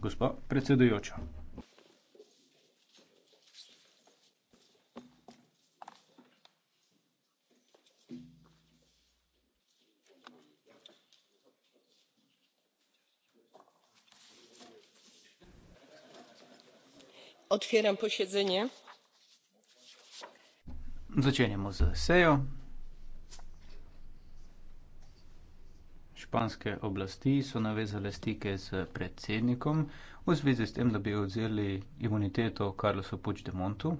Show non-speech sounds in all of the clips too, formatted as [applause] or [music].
gospa predsedujoča odpiram posedenje začenjamo s sejo španske oblasti so navezale stike z predsednikom v zvezi s tem, da bi odzeli imuniteto Carlosu Puigdemontu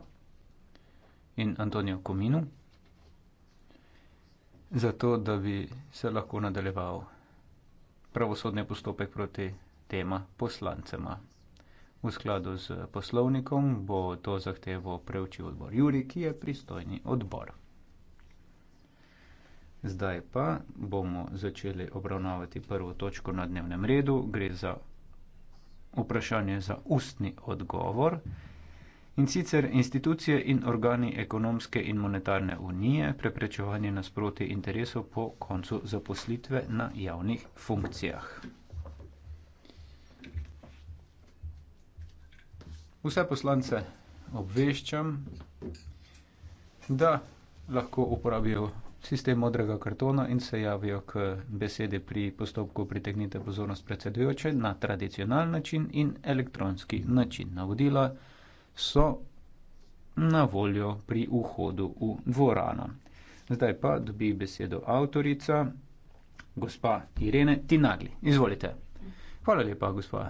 in Antonijo Kominu, zato da bi se lahko nadaljeval pravosodni postopek proti tema poslancema. V skladu z poslovnikom bo to zahtevo preučil odbor Juri, ki je pristojni odbor. Zdaj pa bomo začeli obravnavati prvo točko na dnevnem redu. Gre za vprašanje za ustni odgovor. In sicer institucije in organi ekonomske in monetarne unije preprečevanje nasproti interesov po koncu zaposlitve na javnih funkcijah. Vse poslance obveščam, da lahko uporabijo sistem modrega kartona in se javijo k besedi pri postopku pritegnite pozornost predsedujoče na tradicionalen način in elektronski način. Navodila so na voljo pri vhodu v dvorano. Zdaj pa dobi besedo avtorica, gospa Irene Tinagli. Izvolite. Hvala lepa, gospa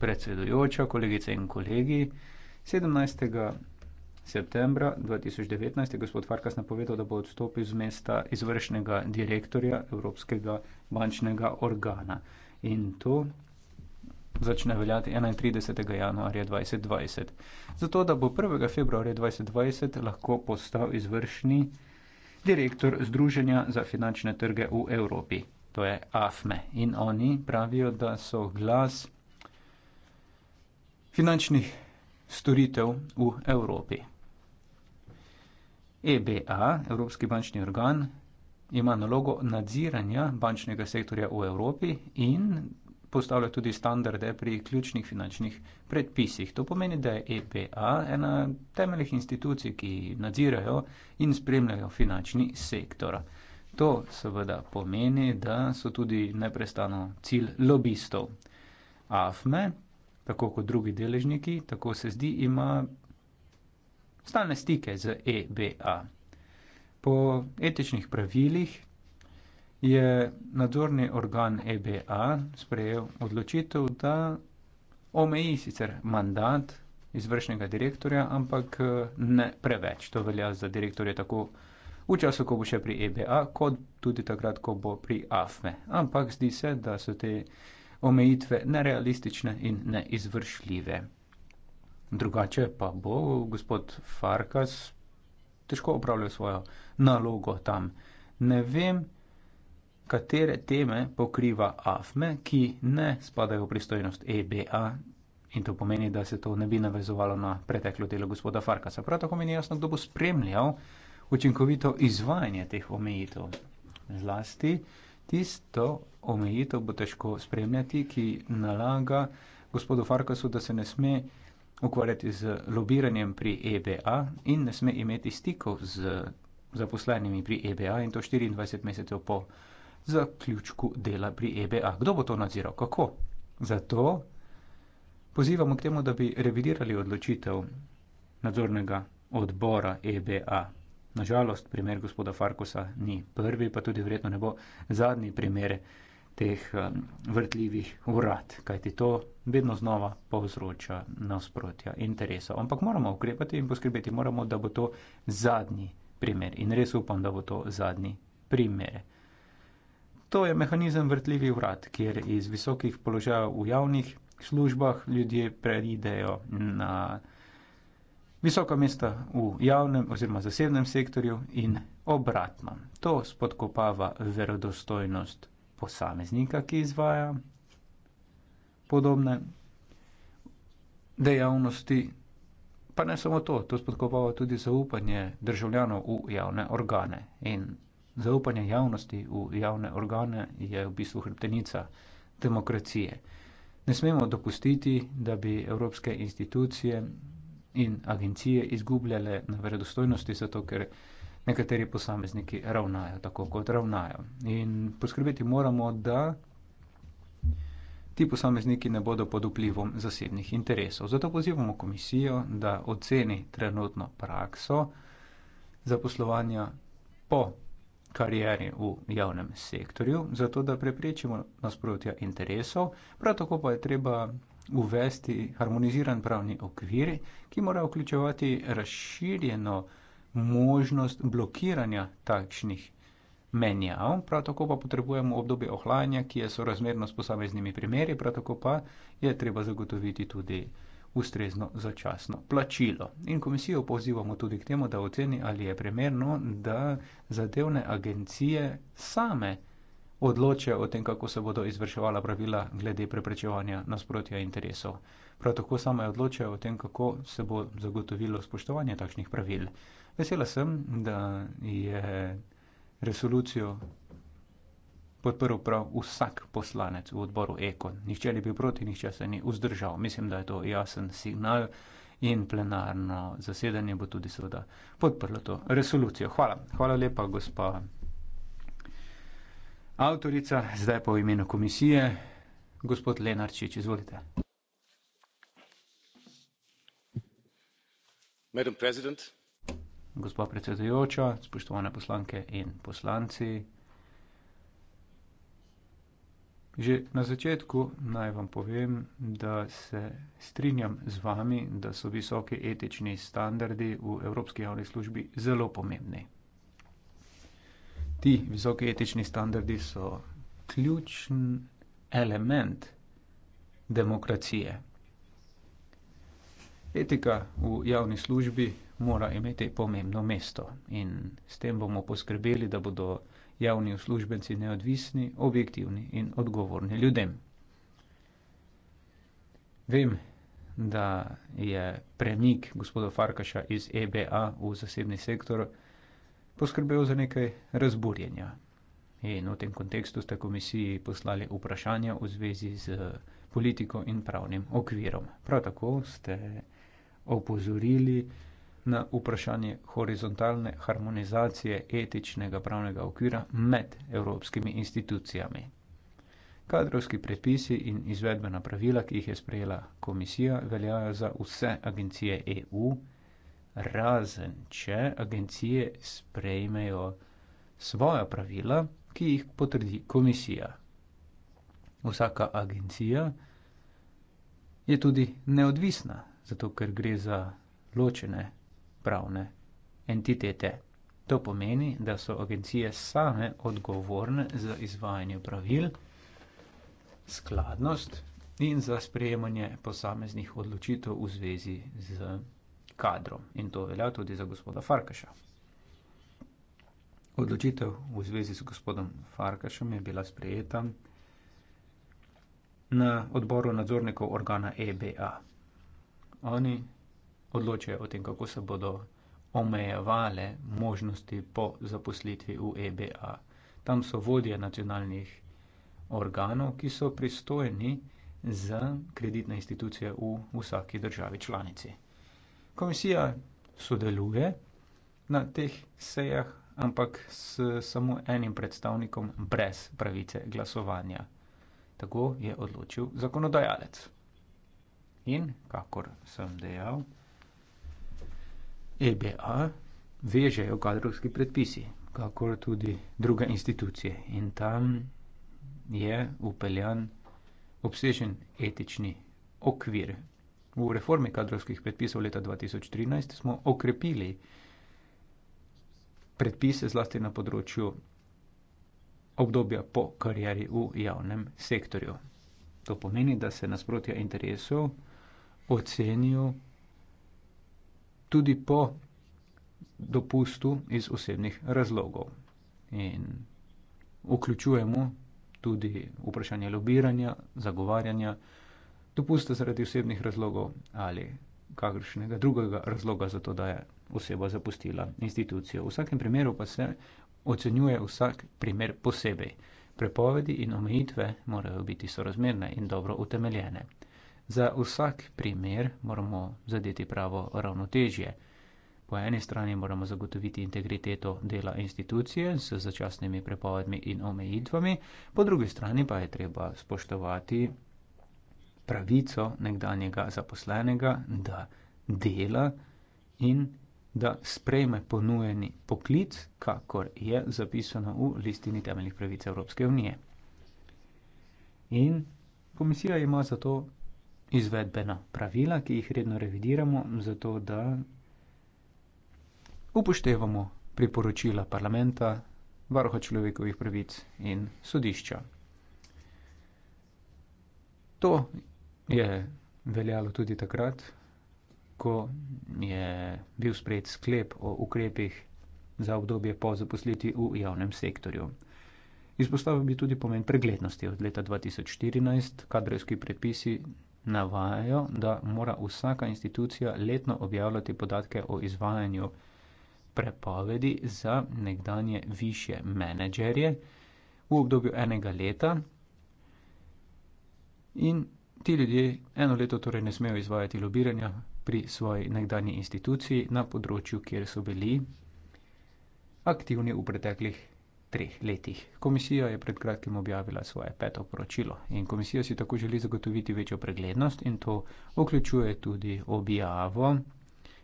predsedujoča, kolegice in kolegi. 17. Septembra 2019 je gospod Farkas napovedal, da bo odstopil z mesta izvršnega direktorja Evropskega bančnega organa. In to začne veljati 31. januarja 2020. Zato, da bo 1. februarja 2020 lahko postal izvršni direktor Združenja za finančne trge v Evropi, to je AFME. In oni pravijo, da so glas finančnih storitev v Evropi. EBA, Evropski bančni organ, ima nalogo nadziranja bančnega sektorja v Evropi in postavlja tudi standarde pri ključnih finančnih predpisih. To pomeni, da je EBA ena temeljih institucij, ki nadzirajo in spremljajo finančni sektor. To seveda pomeni, da so tudi neprestano cilj lobistov. AFME, tako kot drugi deležniki, tako se zdi, ima stalne stike z EBA. Po etičnih pravilih je nadzorni organ EBA sprejel odločitev, da omeji sicer mandat izvršnega direktorja, ampak ne preveč. To velja za direktorje tako v času, ko bo še pri EBA, kot tudi takrat, ko bo pri AFME. Ampak zdi se, da so te omejitve nerealistične in neizvršljive. Drugače pa bo gospod Farkas težko upravljal svojo nalogo tam. Ne vem, katere teme pokriva AFME, ki ne spadajo v pristojnost EBA. In to pomeni, da se to ne bi navezovalo na preteklo delo gospoda Farkasa. Prav tako mi ni jasno, kdo bo spremljal učinkovito izvajanje teh omejitev. Zlasti tisto omejitev bo težko spremljati, ki nalaga gospodu Farkasu, da se ne sme ukvarjati z lobiranjem pri EBA in ne sme imeti stikov z zaposlenimi pri EBA in to 24 mesecev po zaključku dela pri EBA. Kdo bo to nadziral? Kako? Zato pozivamo k temu, da bi revidirali odločitev nadzornega odbora EBA. Nažalost, primer gospoda Farkosa ni prvi, pa tudi vredno ne bo zadnji primer teh vrtljivih urad, kajti to vedno znova povzroča nasprotja interesov. Ampak moramo ukrepati in poskrbeti, moramo, da bo to zadnji primer in res upam, da bo to zadnji primer. To je mehanizem vrtljivih urad, kjer iz visokih položajev v javnih službah ljudje preidejo na visoka mesta v javnem oziroma zasebnem sektorju in obratno. To spodkopava verodostojnost posameznika, ki izvaja podobne dejavnosti, pa ne samo to, to spodkopava tudi zaupanje državljanov v javne organe. In zaupanje javnosti v javne organe je v bistvu hrbtenica demokracije. Ne smemo dopustiti, da bi evropske institucije in agencije izgubljale na verodostojnosti, zato ker nekateri posamezniki ravnajo tako, kot ravnajo. In poskrbeti moramo, da ti posamezniki ne bodo pod vplivom zasebnih interesov. Zato pozivamo komisijo, da oceni trenutno prakso zaposlovanja po karieri v javnem sektorju, zato da preprečimo nasprotja interesov. Prav tako pa je treba uvesti harmoniziran pravni okvir, ki mora vključevati razširjeno možnost blokiranja takšnih menjav, prav tako pa potrebujemo obdobje ohlajanja, ki je sorazmerno s posameznimi primeri, prav tako pa je treba zagotoviti tudi ustrezno začasno plačilo. In komisijo pozivamo tudi k temu, da oceni, ali je primerno, da zadevne agencije same odločajo o tem, kako se bodo izvrševala pravila glede preprečevanja nasprotja interesov. Prav tako same odločajo o tem, kako se bo zagotovilo spoštovanje takšnih pravil. Vesela sem, da je resolucijo podprl prav vsak poslanec v odboru Eko. Nihče ni bil proti, nihče se ni vzdržal. Mislim, da je to jasen signal in plenarno zasedanje bo tudi seveda podprlo to resolucijo. Hvala. Hvala lepa, gospa avtorica, zdaj pa v imenu komisije, gospod Lenarčič, izvolite. Madam President, Gospod predsedujoča, spoštovane poslanke in poslanci, že na začetku naj vam povem, da se strinjam z vami, da so visoki etični standardi v Evropski javni službi zelo pomembni. Ti visoki etični standardi so ključen element demokracije. Etika v javni službi mora imeti pomembno mesto in s tem bomo poskrbeli, da bodo javni uslužbenci neodvisni, objektivni in odgovorni ljudem. Vem, da je premik gospoda Farkaša iz EBA v zasebni sektor poskrbel za nekaj razburjenja. In v tem kontekstu ste komisiji poslali vprašanja v zvezi z politiko in pravnim okvirom. Prav tako ste opozorili, na vprašanje horizontalne harmonizacije etičnega pravnega okvira med evropskimi institucijami kadrovski predpisi in izvedbena pravila ki jih je sprejela komisija veljajo za vse agencije eu razen če agencije sprejmejo svoja pravila ki jih potrdi komisija vsaka agencija je tudi neodvisna zato ker gre za ločene pravne entitete. To pomeni, da so agencije same odgovorne za izvajanje pravil, skladnost in za sprejemanje posameznih odločitev v zvezi z kadrom. In to velja tudi za gospoda Farkaša. Odločitev v zvezi z gospodom Farkašem je bila sprejeta na odboru nadzornikov organa EBA. Oni odločajo o tem, kako se bodo omejevale možnosti po zaposlitvi v EBA. Tam so vodje nacionalnih organov, ki so pristojni za kreditne institucije v vsaki državi članici. Komisija sodeluje na teh sejah, ampak s samo enim predstavnikom brez pravice glasovanja. Tako je odločil zakonodajalec. In, kakor sem dejal, EBA vežejo kadrovski predpisi, kakor tudi druge institucije. In tam je upeljan obsežen etični okvir. V reformi kadrovskih predpisov leta 2013 smo okrepili predpise zlasti na področju obdobja po karjeri v javnem sektorju. To pomeni, da se nasprotja interesov ocenijo tudi po dopustu iz osebnih razlogov. In vključujemo tudi vprašanje lobiranja, zagovarjanja dopusta zaradi osebnih razlogov ali kakršnega drugega razloga za to, da je oseba zapustila institucijo. V vsakem primeru pa se ocenjuje vsak primer posebej. Prepovedi in omejitve morajo biti sorazmerne in dobro utemeljene. Za vsak primer moramo zadeti pravo ravnotežje. Po eni strani moramo zagotoviti integriteto dela institucije s začasnimi prepovedmi in omejitvami, po drugi strani pa je treba spoštovati pravico nekdanjega zaposlenega, da dela in da sprejme ponujeni poklic, kakor je zapisano v listini temeljnih pravic Evropske unije. In komisija ima zato izvedbena pravila, ki jih redno revidiramo, zato da upoštevamo priporočila parlamenta, varoha človekovih pravic in sodišča. To je veljalo tudi takrat, ko je bil sprejet sklep o ukrepih za obdobje po zaposliti v javnem sektorju. Izpostavil bi tudi pomen preglednosti od leta 2014, kadrovski predpisi navajajo da mora vsaka institucija letno objavljati podatke o izvajanju prepovedi za nekdanje višje menedžerje v obdobju enega leta in ti ljudje eno leto torej ne smejo izvajati lobiranja pri svoji nekdanji instituciji na področju, kjer so bili aktivni v preteklih treh letih. Komisija je pred kratkim objavila svoje peto poročilo in komisija si tako želi zagotoviti večjo preglednost in to vključuje tudi objavo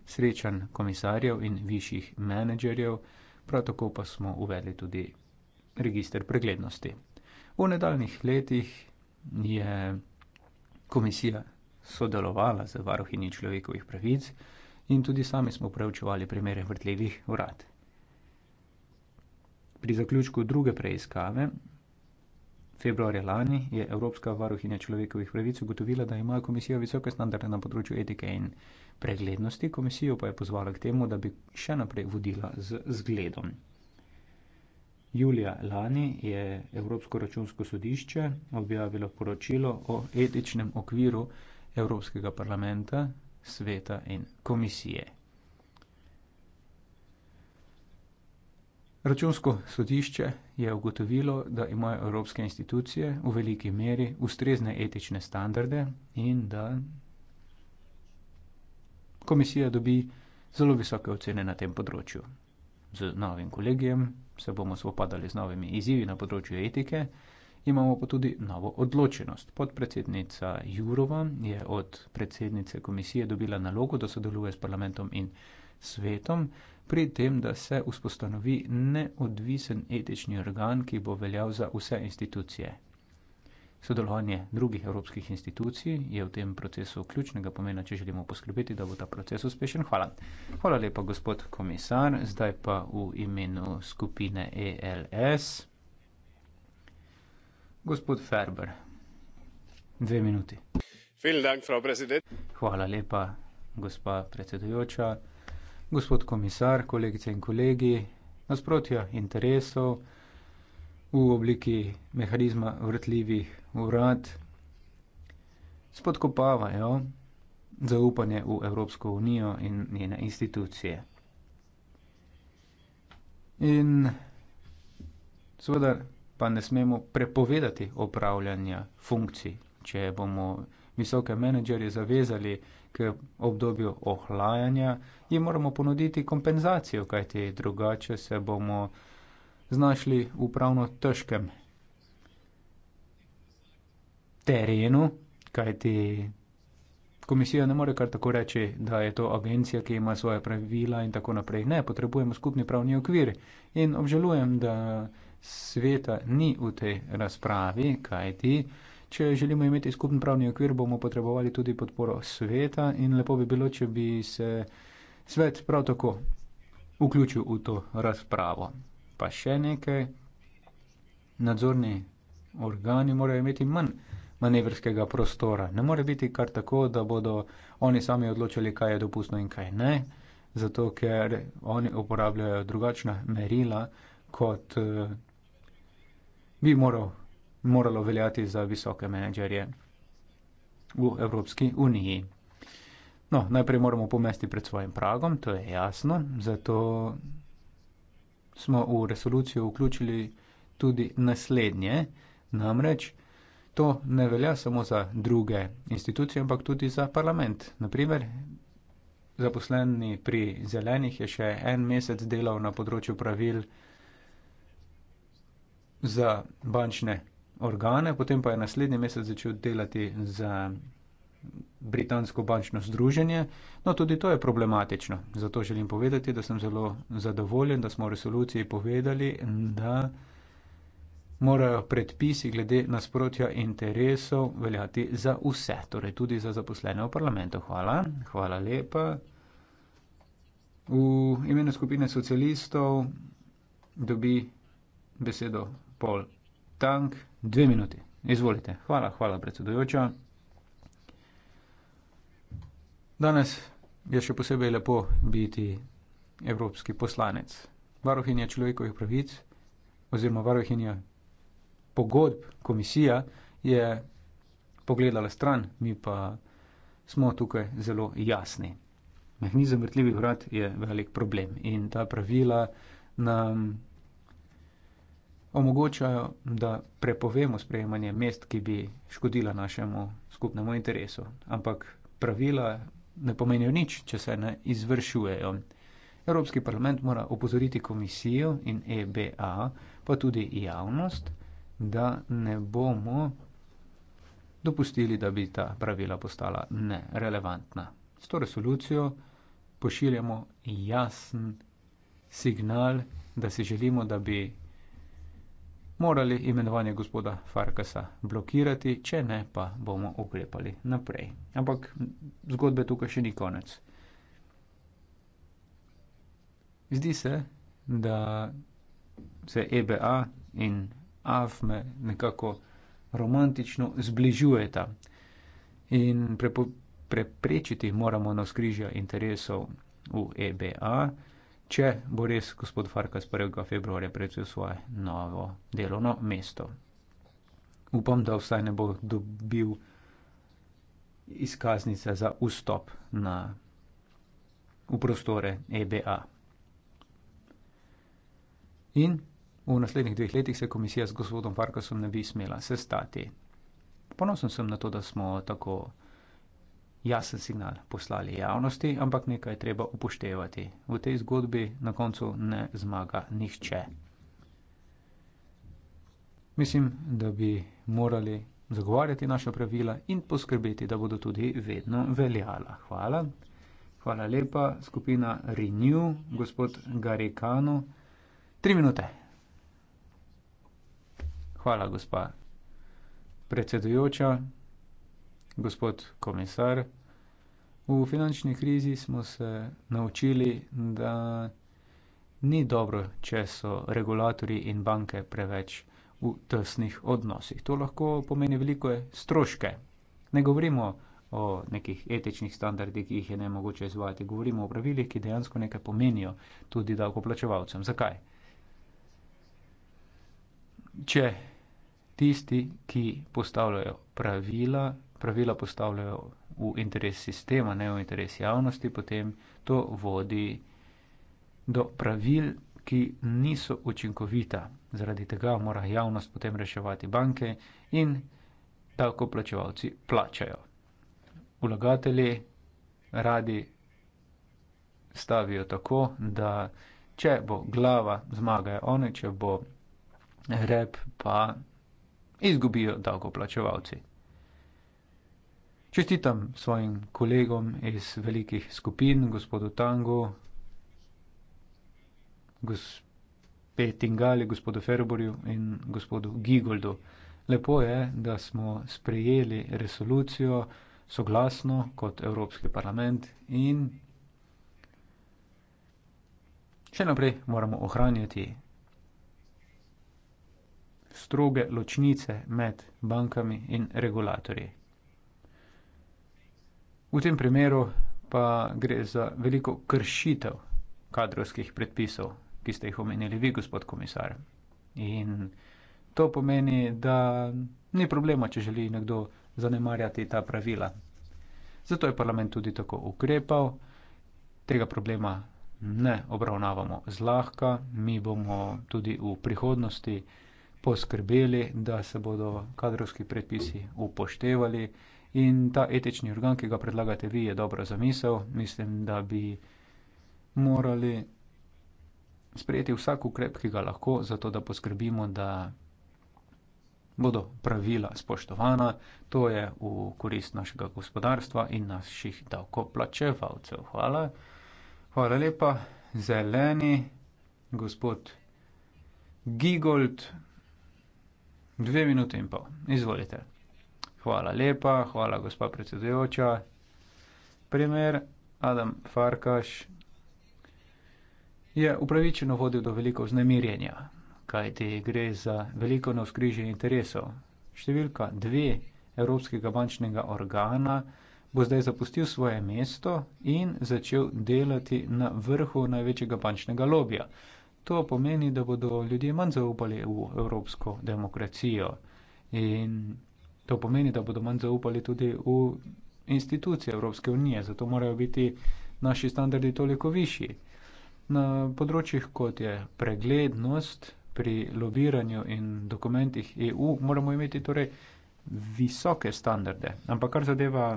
srečanj komisarjev in višjih menedžerjev, prav tako pa smo uvedli tudi register preglednosti. V nedaljnih letih je komisija sodelovala z varohinji človekovih pravic in tudi sami smo preučevali primere vrtljivih urad. Pri zaključku druge preiskave februarja lani je Evropska varuhinja človekovih pravic ugotovila, da ima komisija visoke standarde na področju etike in preglednosti, komisijo pa je pozvala k temu, da bi še naprej vodila z zgledom. Julija lani je Evropsko računsko sodišče objavilo poročilo o etičnem okviru Evropskega parlamenta, sveta in komisije. Računsko sodišče je ugotovilo, da imajo evropske institucije v veliki meri ustrezne etične standarde in da komisija dobi zelo visoke ocene na tem področju. Z novim kolegijem se bomo spopadali z novimi izzivi na področju etike, imamo pa tudi novo odločenost. Podpredsednica Jurova je od predsednice komisije dobila nalogo, da sodeluje s parlamentom in svetom, pri tem, da se vzpostanovi neodvisen etični organ, ki bo veljal za vse institucije. Sodelovanje drugih evropskih institucij je v tem procesu ključnega pomena, če želimo poskrbeti, da bo ta proces uspešen. Hvala. Hvala lepa, gospod komisar. Zdaj pa v imenu skupine ELS. Gospod Ferber. Dve minuti. Hvala lepa, gospa predsedujoča gospod komisar, kolegice in kolegi, nasprotja interesov v obliki mehanizma vrtljivih urad spodkopavajo zaupanje v Evropsko unijo in njene institucije. In seveda pa ne smemo prepovedati opravljanja funkcij, če bomo visoke menedžerje zavezali k obdobju ohlajanja, jim moramo ponuditi kompenzacijo, kajti drugače se bomo znašli v pravno težkem terenu, kajti komisija ne more kar tako reči, da je to agencija, ki ima svoje pravila in tako naprej. Ne, potrebujemo skupni pravni okvir in obžalujem, da sveta ni v tej razpravi, kajti Če želimo imeti skupen pravni okvir, bomo potrebovali tudi podporo sveta in lepo bi bilo, če bi se svet prav tako vključil v to razpravo. Pa še nekaj, nadzorni organi morajo imeti manj manevrskega prostora. Ne more biti kar tako, da bodo oni sami odločili, kaj je dopustno in kaj ne, zato ker oni uporabljajo drugačna merila kot eh, bi moral moralo veljati za visoke menedžerje v Evropski uniji. No, najprej moramo pomesti pred svojim pragom, to je jasno, zato smo v resolucijo vključili tudi naslednje, namreč to ne velja samo za druge institucije, ampak tudi za parlament. Naprimer, zaposleni pri zelenih je še en mesec delal na področju pravil za bančne organe, potem pa je naslednji mesec začel delati za britansko bančno združenje. No, tudi to je problematično. Zato želim povedati, da sem zelo zadovoljen, da smo v resoluciji povedali, da morajo predpisi glede nasprotja interesov veljati za vse, torej tudi za zaposlene v parlamentu. Hvala, hvala lepa. V imenu skupine socialistov dobi besedo Paul Tank, dve minuti. Izvolite. Hvala, hvala, predsedujoča. Danes je še posebej lepo biti evropski poslanec. Varohinja človekovih pravic oziroma varohinja pogodb komisija je pogledala stran, mi pa smo tukaj zelo jasni. Mehnizem vrtljivih vrat je velik problem in ta pravila nam omogočajo, da prepovemo sprejemanje mest, ki bi škodila našemu skupnemu interesu. Ampak pravila ne pomenijo nič, če se ne izvršujejo. Evropski parlament mora opozoriti komisijo in EBA, pa tudi javnost, da ne bomo dopustili, da bi ta pravila postala nerelevantna. S to resolucijo pošiljamo jasen signal, da si želimo, da bi morali imenovanje gospoda Farkasa blokirati, če ne, pa bomo ukrepali naprej. Ampak zgodbe tukaj še ni konec. Zdi se, da se EBA in AFME nekako romantično zbližujeta in prepo, preprečiti moramo na skrižja interesov v EBA če bo res gospod Farkas 1. februarja prevzel svoje novo delovno mesto. Upam, da vsaj ne bo dobil izkaznice za vstop na, v prostore EBA. In v naslednjih dveh letih se komisija z gospodom Farkasom ne bi smela sestati. Ponosen sem na to, da smo tako jasen signal poslali javnosti, ampak nekaj je treba upoštevati. V tej zgodbi na koncu ne zmaga nihče. Mislim, da bi morali zagovarjati naša pravila in poskrbeti, da bodo tudi vedno veljala. Hvala. Hvala lepa, skupina Renew, gospod Garikano. Tri minute. Hvala, gospa predsedujoča. Gospod komisar, v finančni krizi smo se naučili, da ni dobro, če so regulatori in banke preveč v tesnih odnosih. To lahko pomeni veliko stroške. Ne govorimo o nekih etičnih standardih, ki jih je ne mogoče izvajati, govorimo o pravilih, ki dejansko nekaj pomenijo tudi davkoplačevalcem. Zakaj? Če tisti, ki postavljajo pravila, pravila postavljajo v interes sistema, ne v interes javnosti, potem to vodi do pravil, ki niso učinkovita. Zaradi tega mora javnost potem reševati banke in tako plačevalci plačajo. Ulagatelji radi stavijo tako, da če bo glava, zmagajo one, če bo rep, pa izgubijo davkoplačevalci čestitam svojim kolegom iz velikih skupin gospodu Tangu, gospe Tingali, gospodu Ferborju in gospodu Gigoldu. Lepo je, da smo sprejeli resolucijo soglasno kot Evropski parlament in še naprej moramo ohranjati stroge ločnice med bankami in regulatorji. V tem primeru pa gre za veliko kršitev kadrovskih predpisov, ki ste jih omenili vi, gospod komisar. In to pomeni, da ni problema, če želi nekdo zanemarjati ta pravila. Zato je parlament tudi tako ukrepal. Tega problema ne obravnavamo zlahka. Mi bomo tudi v prihodnosti poskrbeli, da se bodo kadrovski predpisi upoštevali. In ta etični organ, ki ga predlagate vi, je dobra zamisel. Mislim, da bi morali sprejeti vsak ukrep, ki ga lahko, zato da poskrbimo, da bodo pravila spoštovana. To je v korist našega gospodarstva in naših davkoplačevalcev. Hvala. Hvala lepa. Zeleni, gospod Gigold, dve minute in pol. Izvolite. Hvala lepa, hvala gospa predsedujoča. Primer Adam Farkaš je upravičeno vodil do veliko vznemirjenja, kajti gre za veliko navskrižje interesov. Številka dve Evropskega bančnega organa bo zdaj zapustil svoje mesto in začel delati na vrhu največjega bančnega lobija. To pomeni, da bodo ljudje manj zaupali v evropsko demokracijo. In to pomeni da bodo manj zaupali tudi v institucije evropske unije zato morajo biti naši standardi toliko višji na področjih kot je preglednost pri lobiranju in dokumentih EU moramo imeti torej visoke standarde ampak kar zadeva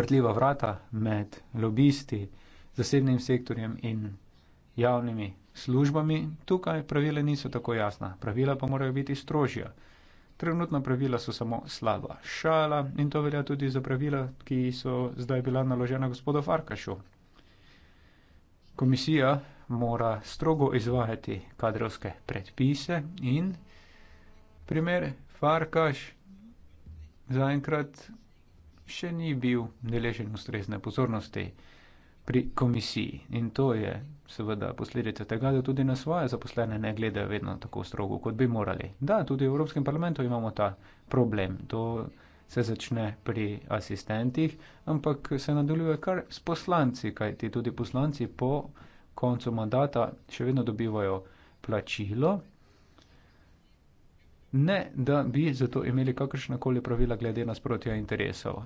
vrtljiva vrata med lobisti zasebnim sektorjem in javnimi službami, tukaj pravila niso tako jasna. Pravila pa morajo biti strožja. Trenutna pravila so samo slaba šala in to velja tudi za pravila, ki so zdaj bila naložena gospodu Farkašu. Komisija mora strogo izvajati kadrovske predpise in primer Farkaš zaenkrat še ni bil deležen ustrezne pozornosti pri komisiji. In to je seveda posledica tega, da tudi na svoje zaposlene ne gledajo vedno tako strogo, kot bi morali. Da, tudi v Evropskem parlamentu imamo ta problem. To se začne pri asistentih, ampak se nadaljuje kar s poslanci, kajti tudi poslanci po koncu mandata še vedno dobivajo plačilo. Ne, da bi zato imeli kakršnakoli pravila glede nasprotja interesov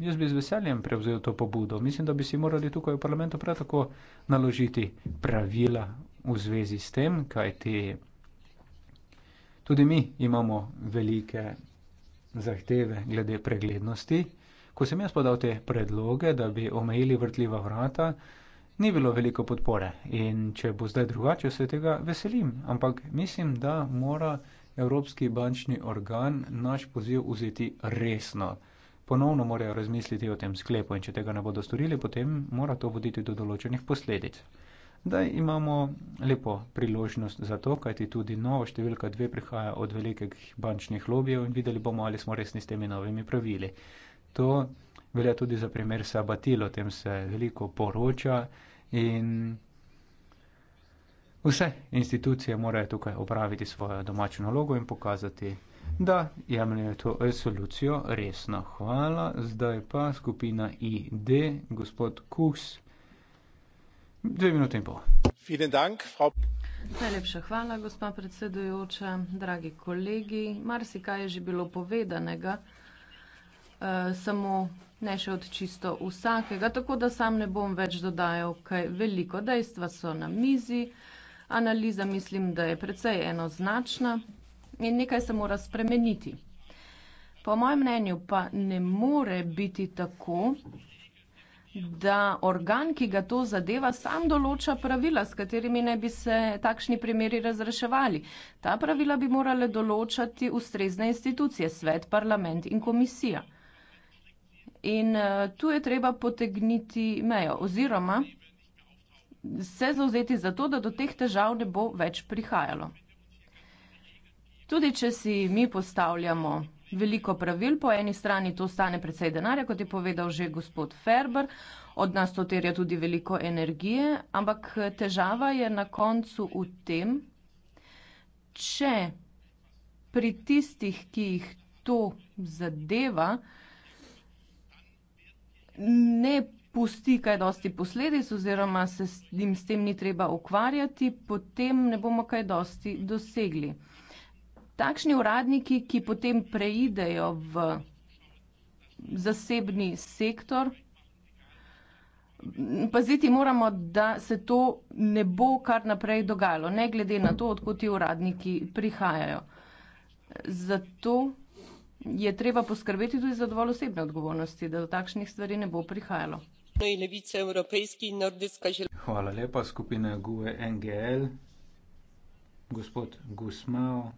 jaz bi z veseljem prevzel to pobudo. Mislim, da bi si morali tukaj v parlamentu prav tako naložiti pravila v zvezi s tem, kaj ti tudi mi imamo velike zahteve glede preglednosti. Ko sem jaz podal te predloge, da bi omejili vrtljiva vrata, ni bilo veliko podpore. In če bo zdaj drugače, se tega veselim. Ampak mislim, da mora Evropski bančni organ naš poziv vzeti resno ponovno morajo razmisliti o tem sklepu in če tega ne bodo storili potem mora to voditi do določenih posledic zdaj imamo lepo priložnost za to kajti tudi nova številka 2 prihaja od velikih bančnih lobijev in videli bomo ali smo resni s temi novimi pravili to velja tudi za primer sabatil o tem se veliko poroča in Vse institucije morajo tukaj opraviti svojo domačo nalogo in pokazati da jemljajo to resolucijo resno. Hvala. Zdaj pa skupina ID, gospod Kuhs. Dve minute in pol. Dank, frau... Najlepša hvala, gospa predsedujoča, dragi kolegi. Marsikaj je že bilo povedanega, e, samo ne še od čisto vsakega, tako da sam ne bom več dodajal, kaj veliko dejstva so na mizi. Analiza mislim, da je precej enoznačna, in nekaj se mora spremeniti. Po mojem mnenju pa ne more biti tako, da organ, ki ga to zadeva, sam določa pravila, s katerimi ne bi se takšni primeri razreševali. Ta pravila bi morale določati ustrezne institucije, svet, parlament in komisija. In uh, tu je treba potegniti mejo oziroma se zauzeti za to, da do teh težav ne bo več prihajalo. Tudi če si mi postavljamo veliko pravil, po eni strani to stane precej denarja, kot je povedal že gospod Ferber, od nas to terja tudi veliko energije, ampak težava je na koncu v tem, če pri tistih, ki jih to zadeva, ne pusti kaj dosti posledic oziroma se s, s tem ni treba ukvarjati, potem ne bomo kaj dosti dosegli takšni uradniki, ki potem preidejo v zasebni sektor, paziti moramo, da se to ne bo kar naprej dogajalo, ne glede na to, odkot ti uradniki prihajajo. Zato je treba poskrbeti tudi za dovolj osebne odgovornosti, da do takšnih stvari ne bo prihajalo. Hvala lepa, skupina GUE NGL. Gospod Gusmao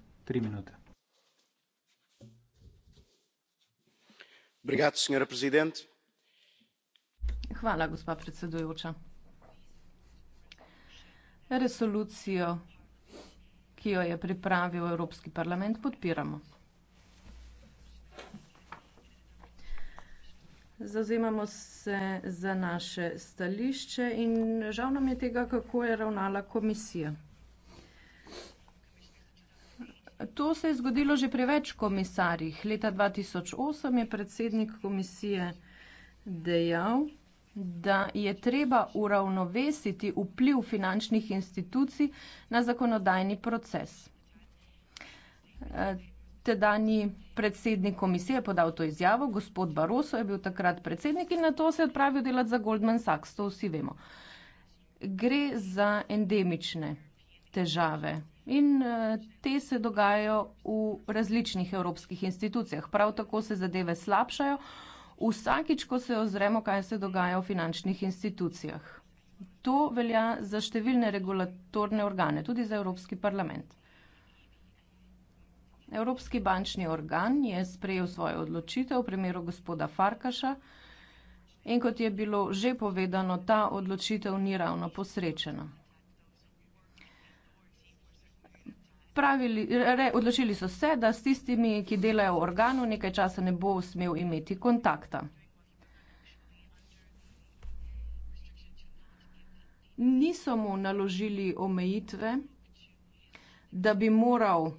signora presidente gospa predsedujoča resolucijo ki jo je pripravil evropski parlament podpiramo. zavzemamo se za naše stališče in žal nam je tega kako je ravnala komisija. To se je zgodilo že pri več komisarjih. Leta 2008 je predsednik komisije dejal, da je treba uravnovesiti vpliv finančnih institucij na zakonodajni proces. E, tedajni predsednik komisije je podal to izjavo, gospod Barroso je bil takrat predsednik in na to se je odpravil delati za Goldman Sachs, to vsi vemo. Gre za endemične težave In eh, te se dogajajo v različnih evropskih institucijah. Prav tako se zadeve slabšajo vsakič, ko se ozremo, kaj se dogaja v finančnih institucijah. To velja za številne regulatorne organe, tudi za Evropski parlament. Evropski bančni organ je sprejel svojo odločitev v primeru gospoda Farkaša in kot je bilo že povedano, ta odločitev ni ravno posrečena. pravili, re, odločili so se, da s tistimi, ki delajo v organu, nekaj časa ne bo smel imeti kontakta. Niso mu naložili omejitve, da bi moral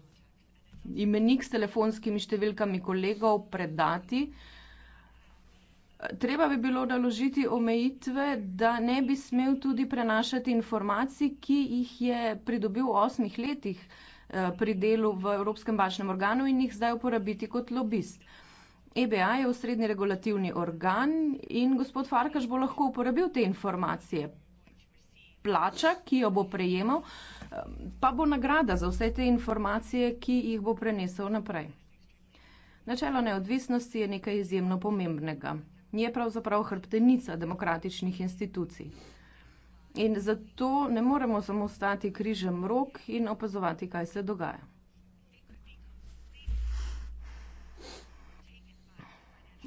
imenik s telefonskimi številkami kolegov predati. Treba bi bilo naložiti omejitve, da ne bi smel tudi prenašati informacij, ki jih je pridobil v osmih letih. Eh, pri delu v Evropskem bančnem organu in jih zdaj uporabiti kot lobist. EBA je osrednji regulativni organ in gospod Farkaš bo lahko uporabil te informacije. Plača, ki jo bo prejemal, eh, pa bo nagrada za vse te informacije, ki jih bo prenesel naprej. Načelo neodvisnosti je nekaj izjemno pomembnega. Je pravzaprav hrbtenica demokratičnih institucij. In zato ne moremo samo stati križem rok in opazovati, kaj se dogaja.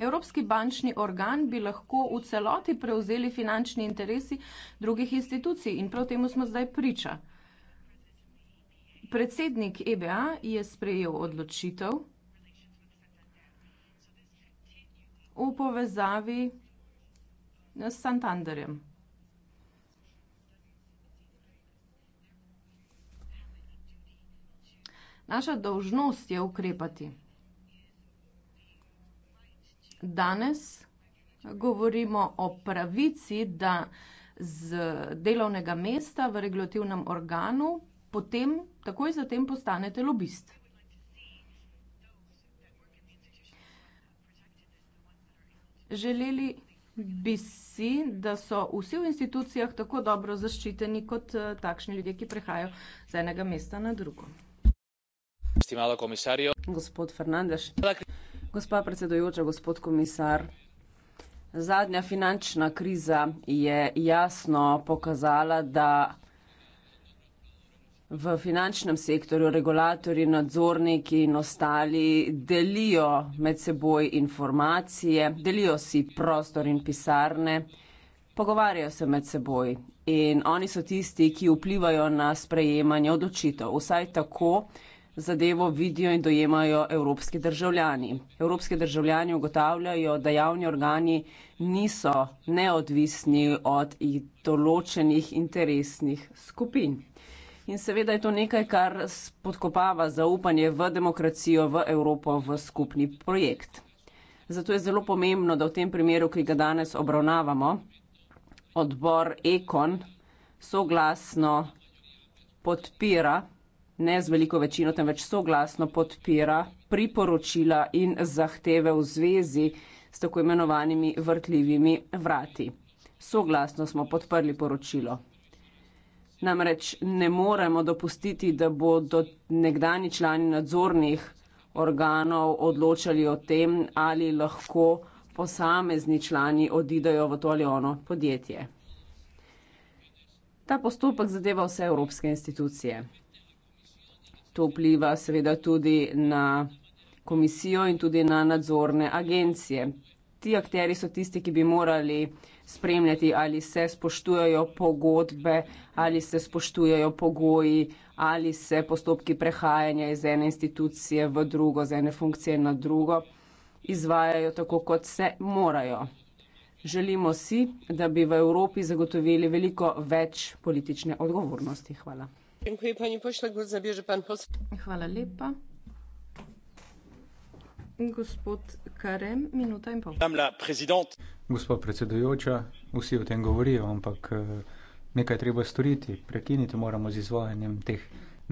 Evropski bančni organ bi lahko v celoti prevzeli finančni interesi drugih institucij in prav temu smo zdaj priča. Predsednik EBA je sprejel odločitev v povezavi s Santanderjem. Naša dolžnost je ukrepati. Danes govorimo o pravici, da z delovnega mesta v regulativnem organu potem, takoj zatem postanete lobist. Želeli bi si, da so vsi v institucijah tako dobro zaščiteni kot eh, takšni ljudje, ki prehajajo z enega mesta na drugo. Gospod Fernandeš. Gospa predsedujoča, gospod komisar. Zadnja finančna kriza je jasno pokazala, da v finančnem sektorju regulatori, nadzorniki in ostali delijo med seboj informacije, delijo si prostor in pisarne, pogovarjajo se med seboj in oni so tisti, ki vplivajo na sprejemanje odločitev. Vsaj tako zadevo vidijo in dojemajo evropski državljani. Evropski državljani ugotavljajo, da javni organi niso neodvisni od določenih interesnih skupin. In seveda je to nekaj, kar podkopava zaupanje v demokracijo, v Evropo, v skupni projekt. Zato je zelo pomembno, da v tem primeru, ki ga danes obravnavamo, odbor Ekon soglasno podpira ne z veliko večino, temveč soglasno podpira priporočila in zahteve v zvezi s tako imenovanimi vrtljivimi vrati. Soglasno smo podprli poročilo. Namreč ne moremo dopustiti, da bodo nekdani člani nadzornih organov odločali o tem, ali lahko posamezni člani odidejo v to ali ono podjetje. Ta postopek zadeva vse evropske institucije to vpliva seveda tudi na komisijo in tudi na nadzorne agencije. Ti akteri so tisti, ki bi morali spremljati, ali se spoštujajo pogodbe, ali se spoštujajo pogoji, ali se postopki prehajanja iz ene institucije v drugo, z ene funkcije na drugo, izvajajo tako, kot se morajo. Želimo si, da bi v Evropi zagotovili veliko več politične odgovornosti. Hvala gospa predsedujoča vsi o tem govorijo ampak eh, nekaj je treba storiti prekiniti moramo z izvajanjem teh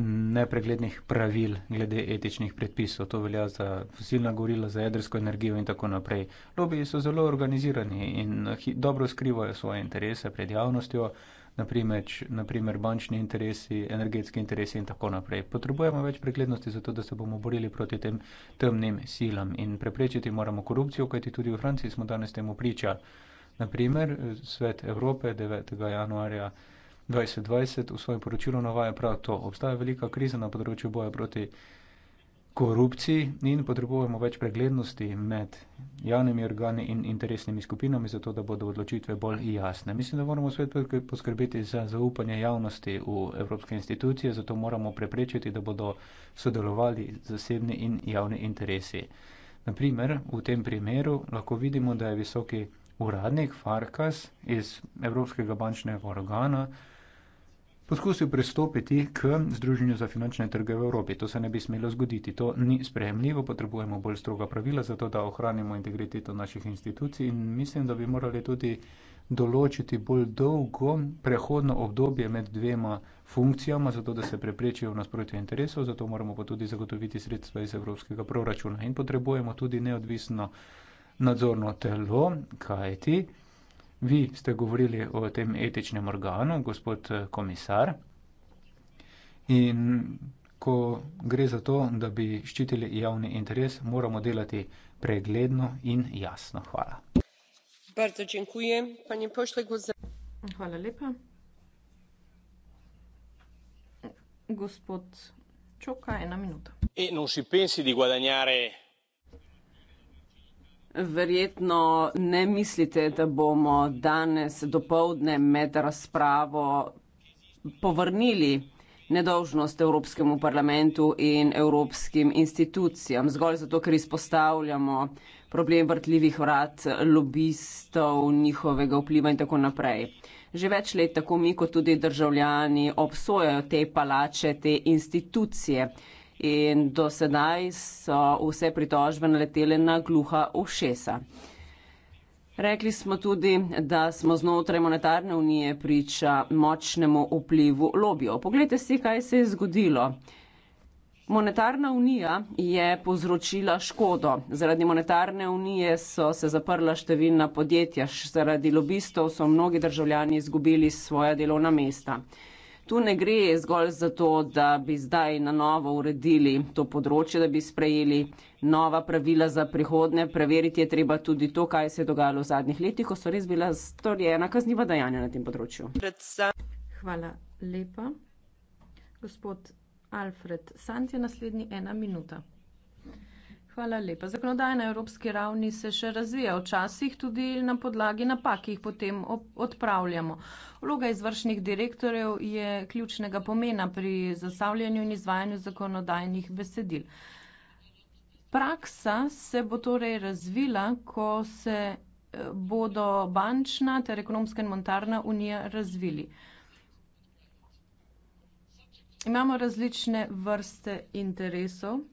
nepreglednih pravil glede etičnih predpisov to velja za fosilna goriva za jedrsko energijo in tako naprej lobiji so zelo organizirani in eh, dobro skrivajo svoje interese pred javnostjo naprimer bančni interesi, energetski interesi in tako naprej. Potrebujemo več preglednosti zato, da se bomo borili proti tem temnim silam in preprečiti moramo korupcijo, kajti tudi v Franciji smo danes temu priča. Naprimer, Svet Evrope 9. januarja 2020 v svojem poročilu navaja prav to. Obstaja velika kriza na področju boja proti korupciji korupciji in potrebujemo več preglednosti med javnimi organi in interesnimi skupinami, zato da bodo odločitve bolj jasne. Mislim, da moramo svet poskrbeti za zaupanje javnosti v evropske institucije, zato moramo preprečiti, da bodo sodelovali zasebni in javni interesi. Naprimer, v tem primeru lahko vidimo, da je visoki uradnik Farkas iz Evropskega bančnega organa poskusil pristopiti k Združenju za finančne trge v Evropi. To se ne bi smelo zgoditi. To ni sprejemljivo, potrebujemo bolj stroga pravila za to, da ohranimo integriteto naših institucij in mislim, da bi morali tudi določiti bolj dolgo prehodno obdobje med dvema funkcijama, zato da se preprečijo nasprotje interesov, zato moramo pa tudi zagotoviti sredstva iz evropskega proračuna in potrebujemo tudi neodvisno nadzorno telo, kajti Vi ste govorili o tem etičnem organu, gospod eh, komisar. In ko gre za to, da bi ščitili javni interes, moramo delati pregledno in jasno. Hvala. Hvala lepa. Gospod Čoka, ena minuta. E non si pensi di guadagnare Verjetno ne mislite, da bomo danes dopoledne med razpravo povrnili nedolžnost Evropskemu parlamentu in evropskim institucijam, zgolj zato, ker izpostavljamo problem vrtljivih vrat, lobistov, njihovega vpliva in tako naprej. Že več let tako mi kot tudi državljani obsojajo te palače, te institucije in do sedaj so vse pritožbe naletele na gluha ušesa. Rekli smo tudi, da smo znotraj monetarne unije priča močnemu vplivu lobijov. Poglejte si, kaj se je zgodilo. Monetarna unija je povzročila škodo. Zaradi monetarne unije so se zaprla številna podjetja, zaradi lobistov so mnogi državljani izgubili svoja delovna mesta. Tu ne gre zgolj za to, da bi zdaj na novo uredili to področje, da bi sprejeli nova pravila za prihodne. Preveriti je treba tudi to, kaj se je dogajalo v zadnjih letih, ko so res bila storjena kazniva dejanja na tem področju. Hvala lepa. Gospod Alfred Sant je naslednji ena minuta. Hvala lepa. Zakonodaja na evropski ravni se še razvija, včasih tudi na podlagi napak, ki jih potem odpravljamo. Vloga izvršnih direktorjev je ključnega pomena pri zastavljanju in izvajanju zakonodajnih besedil. Praksa se bo torej razvila, ko se eh, bodo bančna ter ekonomska in monetarna unija razvili. Imamo različne vrste interesov.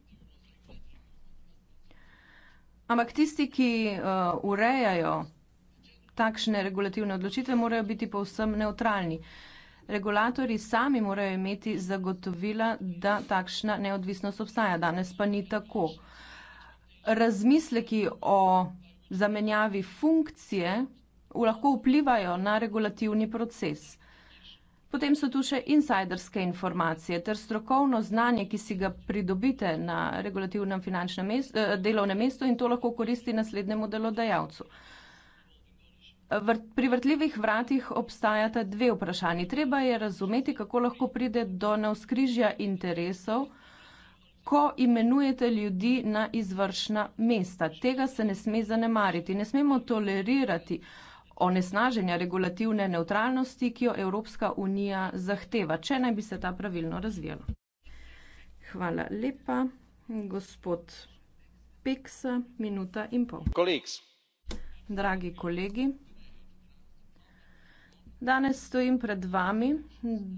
Ampak tisti, ki uh, urejajo takšne regulativne odločitve, morajo biti povsem neutralni. Regulatori sami morajo imeti zagotovila, da takšna neodvisnost obstaja. Danes pa ni tako. Razmisleki o zamenjavi funkcije lahko vplivajo na regulativni proces. Potem so tu še insajderske informacije ter strokovno znanje, ki si ga pridobite na regulativnem finančnem mest, eh, delovnem mestu in to lahko koristi naslednjemu delodajalcu. Pri vrtljivih vratih obstajata dve vprašanji. Treba je razumeti, kako lahko pride do navskrižja interesov, ko imenujete ljudi na izvršna mesta. Tega se ne sme zanemariti. Ne smemo tolerirati onesnaženja regulativne neutralnosti, ki jo Evropska unija zahteva, če naj bi se ta pravilno razvijala. Hvala lepa, gospod Peksa, minuta in pol. Kolegs. Dragi kolegi, danes stojim pred vami,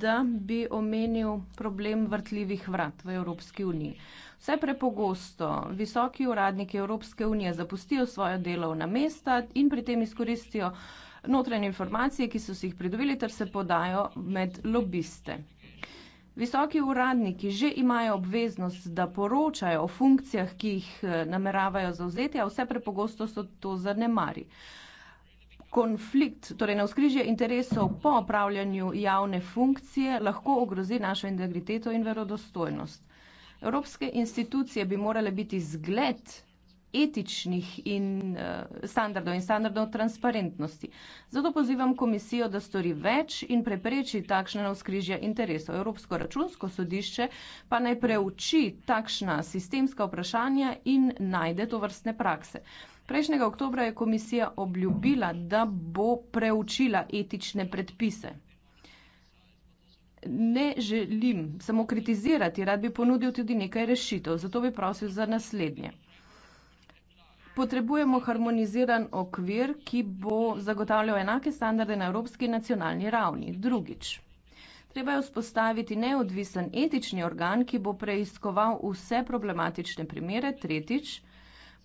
da bi omenil problem vrtljivih vrat v Evropski uniji. Vse prepogosto visoki uradniki Evropske unije zapustijo svoje delovna mesta in pri tem izkoristijo notranje informacije, ki so si jih pridobili, ter se podajo med lobiste. Visoki uradniki že imajo obveznost, da poročajo o funkcijah, ki jih eh, nameravajo zauzeti, a vse prepogosto so to zanemari. Konflikt, torej navskrižje interesov po opravljanju javne funkcije, lahko ogrozi našo integriteto in verodostojnost. Evropske institucije bi morale biti zgled etičnih in eh, standardov in standardov transparentnosti. Zato pozivam komisijo, da stori več in prepreči takšne navskrižja interesov. Evropsko računsko sodišče pa naj preuči takšna sistemska vprašanja in najde to vrstne prakse. Prejšnjega oktobra je komisija obljubila, da bo preučila etične predpise ne želim samo kritizirati, rad bi ponudil tudi nekaj rešitev, zato bi prosil za naslednje. Potrebujemo harmoniziran okvir, ki bo zagotavljal enake standarde na evropski nacionalni ravni. Drugič, treba je vzpostaviti neodvisen etični organ, ki bo preiskoval vse problematične primere. Tretjič,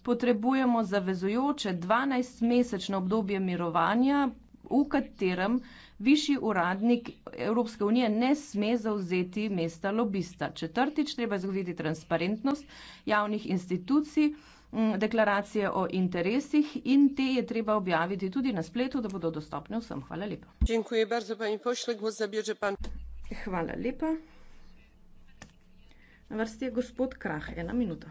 potrebujemo zavezujoče 12-mesečno obdobje mirovanja, v katerem Višji uradnik Evropske unije ne sme zauzeti mesta lobista. Četrtič, treba zagotoviti transparentnost javnih institucij, deklaracije o interesih in te je treba objaviti tudi na spletu, da bodo dostopne vsem. Hvala lepa. Hvala lepa. Na vrsti je gospod Krah, ena minuta.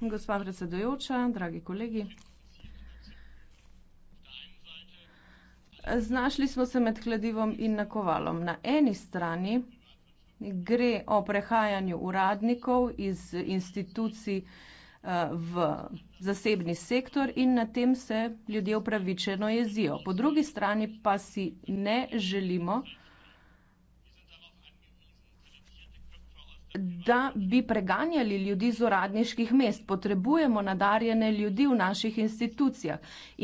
Gospa predsedujoča, dragi kolegi. Znašli smo se med kladivom in nakovalom. Na eni strani gre o prehajanju uradnikov iz institucij eh, v zasebni sektor in na tem se ljudje upravičeno jezijo. Po drugi strani pa si ne želimo, da bi preganjali ljudi z uradniških mest. Potrebujemo nadarjene ljudi v naših institucijah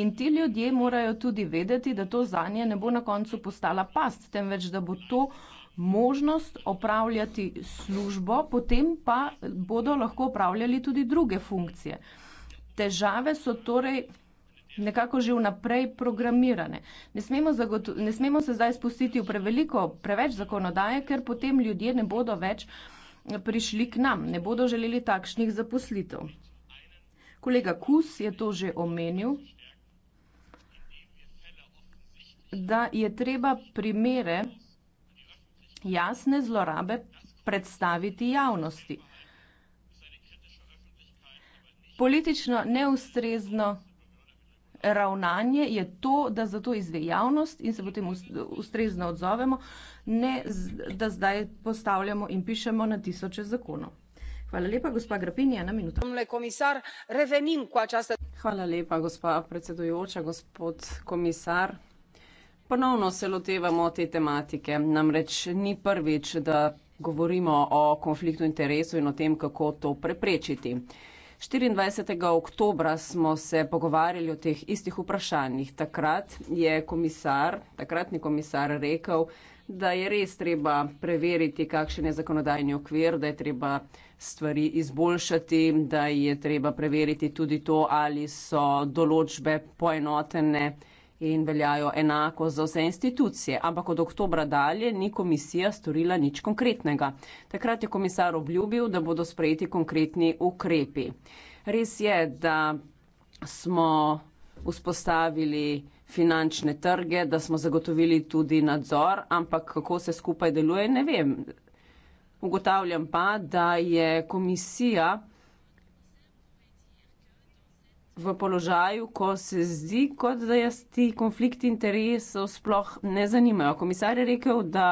in ti ljudje morajo tudi vedeti, da to zanje ne bo na koncu postala past, temveč da bo to možnost opravljati službo, potem pa bodo lahko opravljali tudi druge funkcije. Težave so torej nekako že vnaprej programirane. Ne smemo, ne smemo se zdaj spustiti v preveliko, preveč zakonodaje, ker potem ljudje ne bodo več prišli k nam, ne bodo želeli takšnih zaposlitev. Kolega Kus je to že omenil, da je treba primere jasne zlorabe predstaviti javnosti. Politično neustrezno ravnanje je to, da za to izve javnost in se potem ustrezno odzovemo ne z, da zdaj postavljamo in pišemo na tisoče zakonov. Hvala lepa, gospa Grapini, ena minuta. Komisar, revenim, časa... Hvala lepa, gospa predsedujoča, gospod komisar. Ponovno se lotevamo te tematike. Namreč ni prvič, da govorimo o konfliktu interesov in o tem, kako to preprečiti. 24. oktobra smo se pogovarjali o teh istih vprašanjih. Takrat je komisar, takratni komisar rekel, da je res treba preveriti, kakšen je zakonodajni okvir, da je treba stvari izboljšati, da je treba preveriti tudi to, ali so določbe poenotene in veljajo enako za vse institucije. Ampak od oktobra dalje ni komisija storila nič konkretnega. Takrat je komisar obljubil, da bodo sprejeti konkretni ukrepi. Res je, da smo vzpostavili finančne trge, da smo zagotovili tudi nadzor, ampak kako se skupaj deluje, ne vem. Ugotavljam pa, da je komisija v položaju, ko se zdi, kot da jaz ti konflikt interesov sploh ne zanimajo. Komisar je rekel, da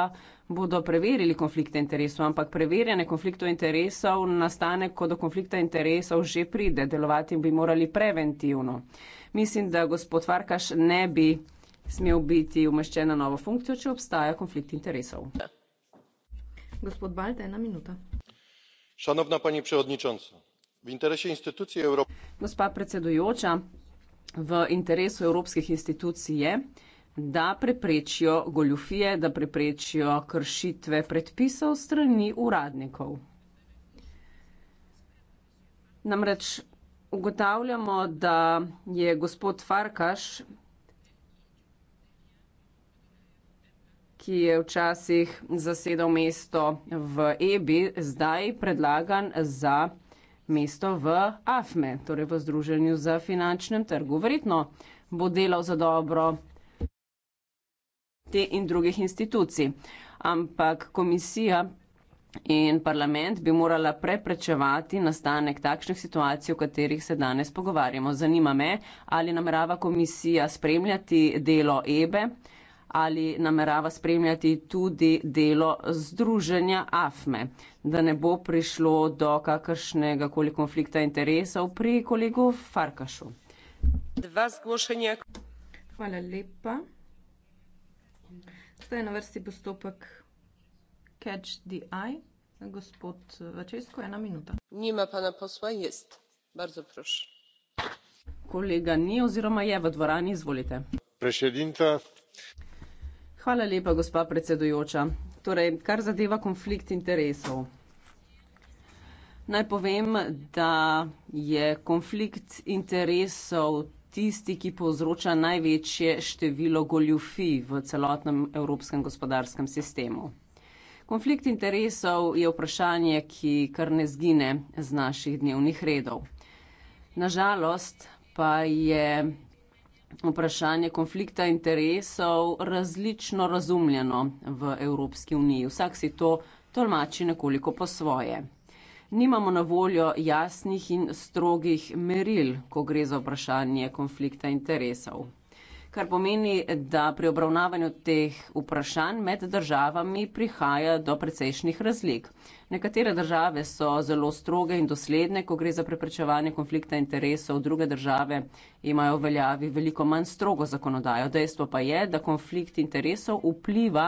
bodo preverili konflikte interesov, ampak preverjanje konfliktov interesov nastane, ko do konflikta interesov že pride. Delovati bi morali preventivno mislim, da gospod Farkaš ne bi smel biti umeščen na novo funkcijo, če obstaja konflikt interesov. Gospod Balt, ena minuta. Šanovna pani predsednica, v interesu institucij Evrope. Gospa predsedujoča, v interesu evropskih institucij je, da preprečijo goljufije, da preprečijo kršitve predpisov strani uradnikov. Namreč ugotavljamo, da je gospod Farkaš, ki je včasih zasedal mesto v EBI, zdaj predlagan za mesto v AFME, torej v Združenju za finančnem trgu. Verjetno bo delal za dobro te in drugih institucij. Ampak komisija In parlament bi morala preprečevati nastanek takšnih situacij, o katerih se danes pogovarjamo. Zanima me, ali namerava komisija spremljati delo EBE, ali namerava spremljati tudi delo združenja AFME, da ne bo prišlo do kakršnega koli konflikta interesov pri kolegu Farkašu. Dva zglošenja. Hvala lepa. Zdaj je na vrsti postopek Catch the Eye. Gospod Vačesko, ena minuta. Nima pana posla, jest. Bardzo proszę. Kolega ni oziroma je v dvorani, izvolite. Prešedinta. Hvala lepa, gospa predsedujoča. Torej, kar zadeva konflikt interesov. Naj povem, da je konflikt interesov tisti, ki povzroča največje število goljufij v celotnem evropskem gospodarskem sistemu. Konflikt interesov je vprašanje, ki kar ne zgine z naših dnevnih redov. Nažalost pa je vprašanje konflikta interesov različno razumljeno v Evropski uniji. Vsak si to tolmači nekoliko po svoje. Nimamo na voljo jasnih in strogih meril, ko gre za vprašanje konflikta interesov kar pomeni, da pri obravnavanju teh vprašanj med državami prihaja do precejšnjih razlik. Nekatere države so zelo stroge in dosledne, ko gre za preprečevanje konflikta interesov, druge države imajo v veljavi veliko manj strogo zakonodajo. Dejstvo pa je, da konflikt interesov vpliva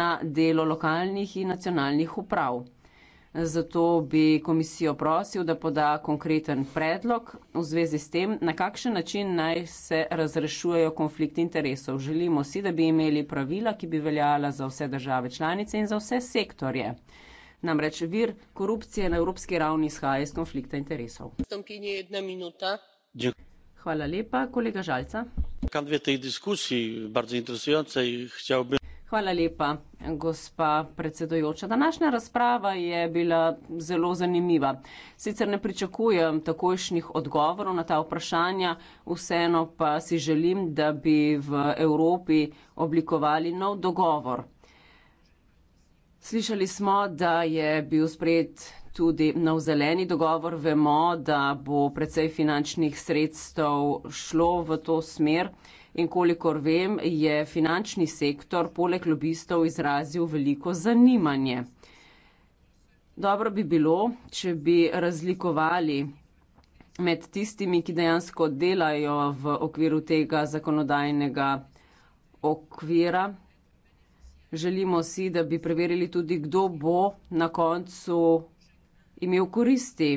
na delo lokalnih in nacionalnih uprav. Zato bi komisijo prosil, da poda konkreten predlog v zvezi s tem, na kakšen način naj se razrešujejo konflikti interesov. Želimo si, da bi imeli pravila, ki bi veljala za vse države članice in za vse sektorje. Namreč vir korupcije na evropski ravni izhaja iz konflikta interesov. Hvala lepa, kolega Žalca. Kam dve teh diskusij, bardzo interesujoče, bi Hvala lepa, gospa predsedojoča. Današnja razprava je bila zelo zanimiva. Sicer ne pričakujem takojšnjih odgovorov na ta vprašanja, vseeno pa si želim, da bi v Evropi oblikovali nov dogovor. Slišali smo, da je bil sprejet tudi nov zeleni dogovor. Vemo, da bo precej finančnih sredstev šlo v to smer. In kolikor vem, je finančni sektor poleg lobistov izrazil veliko zanimanje. Dobro bi bilo, če bi razlikovali med tistimi, ki dejansko delajo v okviru tega zakonodajnega okvira. Želimo si, da bi preverili tudi, kdo bo na koncu imel koristi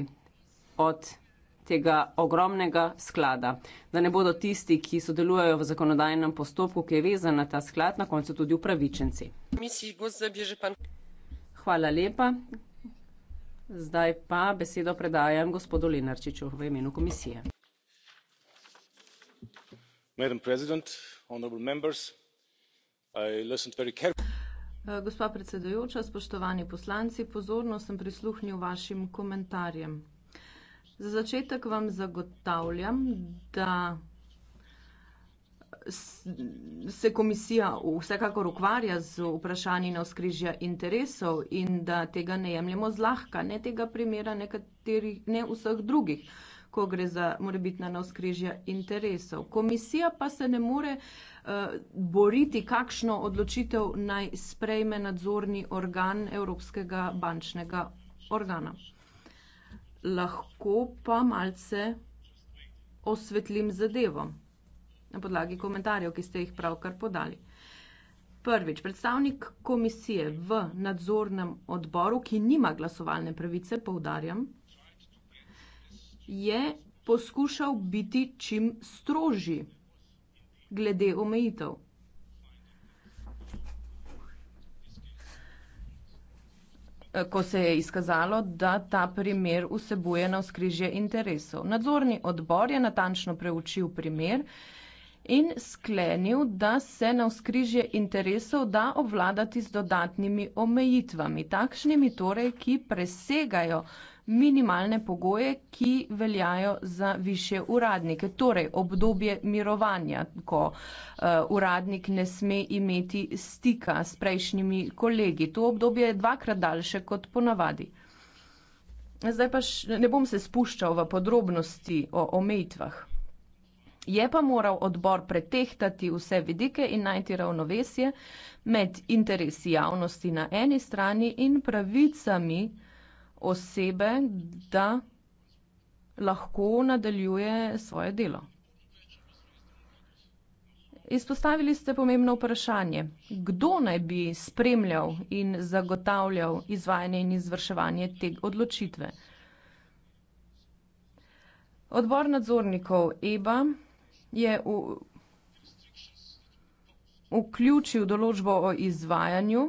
od tega ogromnega sklada, da ne bodo tisti, ki sodelujejo v zakonodajnem postopku, ki je vezan na ta sklad, na koncu tudi upravičenci. Hvala lepa. Zdaj pa besedo predajam gospodu Lenarčiču v imenu komisije. Eh, gospa predsedujoča, spoštovani poslanci, pozorno sem prisluhnil vašim komentarjem. Za začetek vam zagotavljam, da se komisija vsekakor ukvarja z vprašanji na skrižja interesov in da tega ne jemljemo zlahka, ne tega primera, nekaterih, ne vseh drugih, ko gre za morebitna na skrižja interesov. Komisija pa se ne more uh, boriti, kakšno odločitev naj sprejme nadzorni organ Evropskega bančnega organa lahko pa malce osvetlim zadevo na podlagi komentarjev, ki ste jih pravkar podali. Prvič, predstavnik komisije v nadzornem odboru, ki nima glasovalne pravice, poudarjam, je poskušal biti čim strožji glede omejitev. Eh, ko se je izkazalo, da ta primer vsebuje na skrižje interesov. Nadzorni odbor je natančno preučil primer in sklenil, da se na skrižje interesov da obvladati z dodatnimi omejitvami, takšnimi torej, ki presegajo minimalne pogoje, ki veljajo za više uradnike. Torej, obdobje mirovanja, ko uh, uradnik ne sme imeti stika s prejšnjimi kolegi. To obdobje je dvakrat daljše kot ponavadi. Zdaj pa ne bom se spuščal v podrobnosti o omejitvah. Je pa moral odbor pretehtati vse vidike in najti ravnovesje med interesi javnosti na eni strani in pravicami, osebe, da lahko nadaljuje svoje delo. Izpostavili ste pomembno vprašanje, kdo naj bi spremljal in zagotavljal izvajanje in izvrševanje te odločitve. Odbor nadzornikov EBA je v, vključil določbo o izvajanju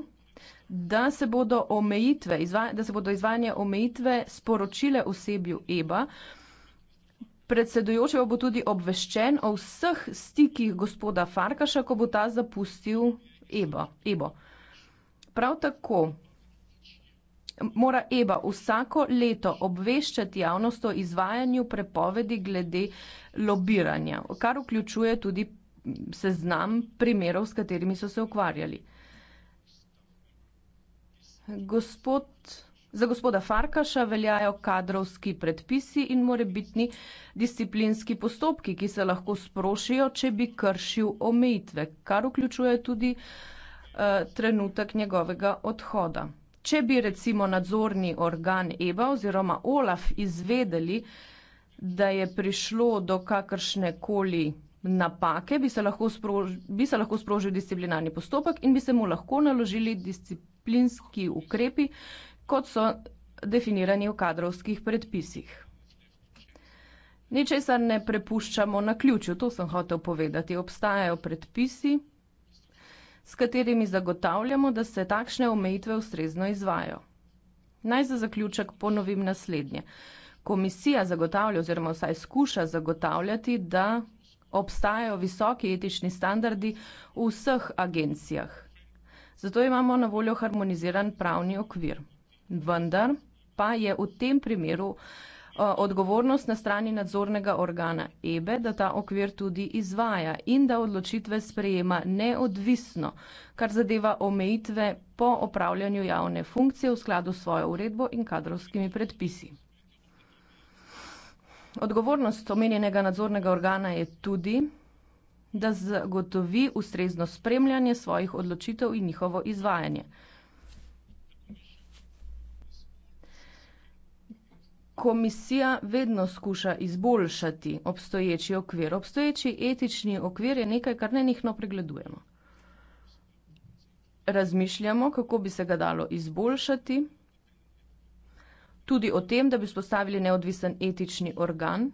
da se bodo omejitve, izva, da se bodo izvajanje omejitve sporočile osebju EBA. Predsedujoče bo tudi obveščen o vseh stikih gospoda Farkaša, ko bo ta zapustil EBA, EBO. Prav tako mora EBA vsako leto obveščati javnost o izvajanju prepovedi glede lobiranja, kar vključuje tudi seznam primerov, s katerimi so se ukvarjali. Gospod, za gospoda Farkaša veljajo kadrovski predpisi in morebitni disciplinski postopki, ki se lahko sprošijo, če bi kršil omejitve, kar vključuje tudi eh, trenutek njegovega odhoda. Če bi recimo nadzorni organ EBA oziroma OLAF izvedeli, da je prišlo do kakršnekoli napake, bi se lahko, sprož, bi se lahko sprožil disciplinarni postopek in bi se mu lahko naložili disciplinski ukrepi, kot so definirani v kadrovskih predpisih. Ničesar ne prepuščamo na ključju, to sem hotel povedati. Obstajajo predpisi, s katerimi zagotavljamo, da se takšne omejitve ustrezno izvajo. Naj za zaključek ponovim naslednje. Komisija zagotavlja oziroma vsaj skuša zagotavljati, da obstajajo visoki etični standardi v vseh agencijah. Zato imamo na voljo harmoniziran pravni okvir. Vendar pa je v tem primeru eh, odgovornost na strani nadzornega organa EBE, da ta okvir tudi izvaja in da odločitve sprejema neodvisno, kar zadeva omejitve po opravljanju javne funkcije v skladu s svojo uredbo in kadrovskimi predpisi. Odgovornost omenjenega nadzornega organa je tudi, da zagotovi ustrezno spremljanje svojih odločitev in njihovo izvajanje. Komisija vedno skuša izboljšati obstoječi okvir. Obstoječi etični okvir je nekaj, kar nenehno pregledujemo. Razmišljamo, kako bi se ga dalo izboljšati tudi o tem, da bi spostavili neodvisen etični organ.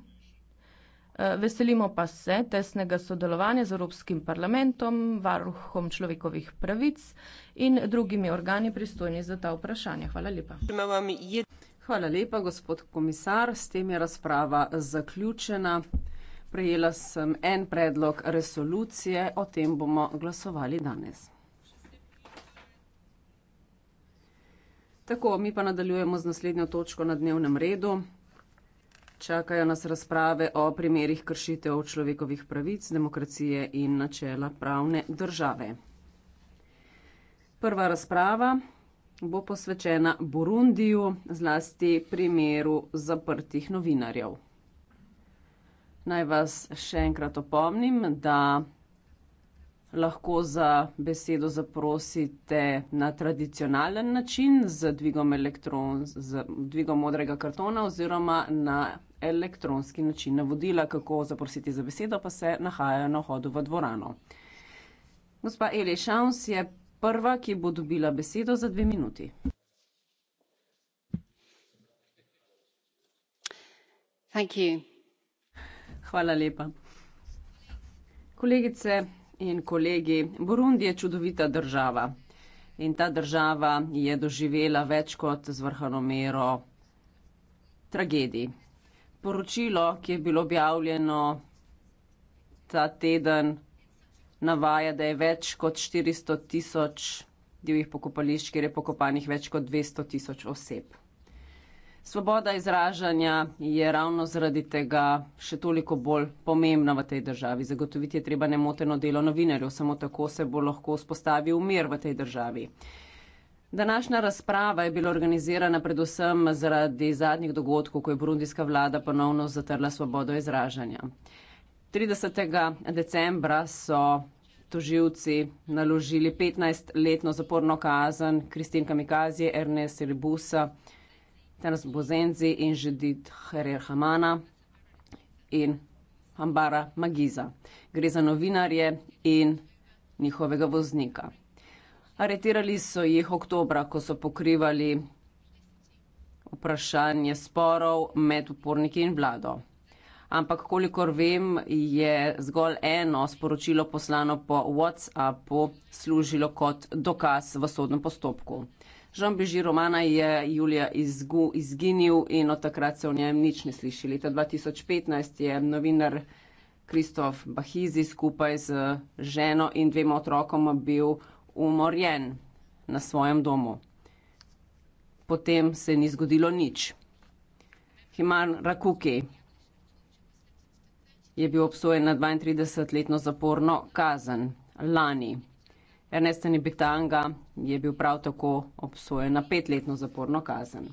Eh, veselimo pa se tesnega sodelovanja z Evropskim parlamentom, varuhom človekovih pravic in drugimi organi pristojni za ta vprašanja. Hvala lepa. Hvala lepa, gospod komisar. S tem je razprava zaključena. Prejela sem en predlog resolucije, o tem bomo glasovali danes. Tako, mi pa nadaljujemo z naslednjo točko na dnevnem redu. Čakajo nas razprave o primerih kršitev človekovih pravic, demokracije in načela pravne države. Prva razprava bo posvečena Burundiju, zlasti primeru zaprtih novinarjev. Naj vas še enkrat opomnim, da lahko za besedo zaprosite na tradicionalen način z dvigom, elektron, z dvigom modrega kartona oziroma na elektronski način. Navodila, kako zaprositi za besedo, pa se nahajajo na vhodu v dvorano. Gospa Eli Šaus je prva, ki bo dobila besedo za dve minuti. Hvala lepa. Kolegice in kolegi, Burundi je čudovita država. In ta država je doživela več kot zvrhano mero tragedij. Poročilo, ki je bilo objavljeno ta teden, navaja, da je več kot 400 tisoč divjih pokopališč, kjer je pokopanih več kot 200 tisoč oseb. Svoboda izražanja je ravno zaradi tega še toliko bolj pomembna v tej državi. Zagotoviti je treba nemoteno delo novinarjev, samo tako se bo lahko vzpostavil mir v tej državi. Današnja razprava je bila organizirana predvsem zaradi zadnjih dogodkov, ko je burundijska vlada ponovno zatrla svobodo izražanja. 30. decembra so toživci naložili 15-letno zaporno kazen Kristin Kamikazije, Ernest Ribusa, Teres Bozenzi in Židit Herer Hamana in Hambara Magiza. Gre za novinarje in njihovega voznika. Aretirali so jih oktobra, ko so pokrivali vprašanje sporov med uporniki in vlado. Ampak kolikor vem, je zgolj eno sporočilo poslano po WhatsAppu služilo kot dokaz v sodnem postopku. Žan Beži Romana je julija izgu, izginil in od takrat se o njem nič ne sliši. Leta 2015 je novinar Kristof Bahizi skupaj z ženo in dvema otrokoma bil umorjen na svojem domu. Potem se ni zgodilo nič. Himan Rakuki je bil obsojen na 32-letno zaporno kazen lani. Ernest Nibitanga je bil prav tako obsojen na petletno zaporno kazen.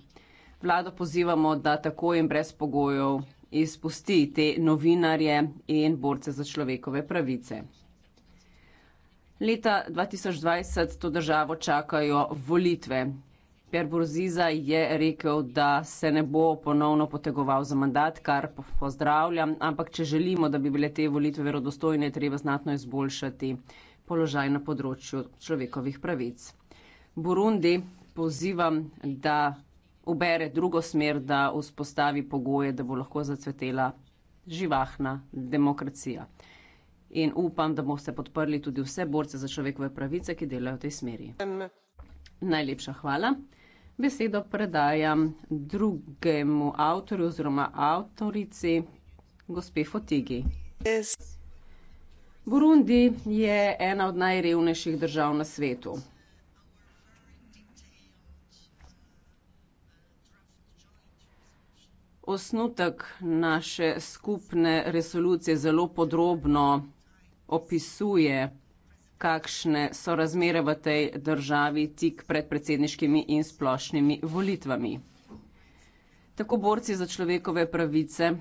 Vlado pozivamo, da tako in brez pogojev izpusti te novinarje in borce za človekove pravice. Leta 2020 to državo čakajo volitve. Pierre Burziza je rekel, da se ne bo ponovno potegoval za mandat, kar pozdravljam, ampak če želimo, da bi bile te volitve verodostojne, treba znatno izboljšati položaj na področju človekovih pravic. Burundi pozivam, da ubere drugo smer, da vzpostavi pogoje, da bo lahko zacvetela živahna demokracija. In upam, da boste podprli tudi vse borce za človekove pravice, ki delajo v tej smeri. Najlepša hvala. Besedo predajam drugemu avtorju oziroma avtorici, gospe Fotigi. Yes. Burundi je ena od najrevnejših držav na svetu. Osnutek naše skupne resolucije zelo podrobno opisuje, kakšne so razmere v tej državi tik pred predsedniškimi in splošnimi volitvami. Tako borci za človekove pravice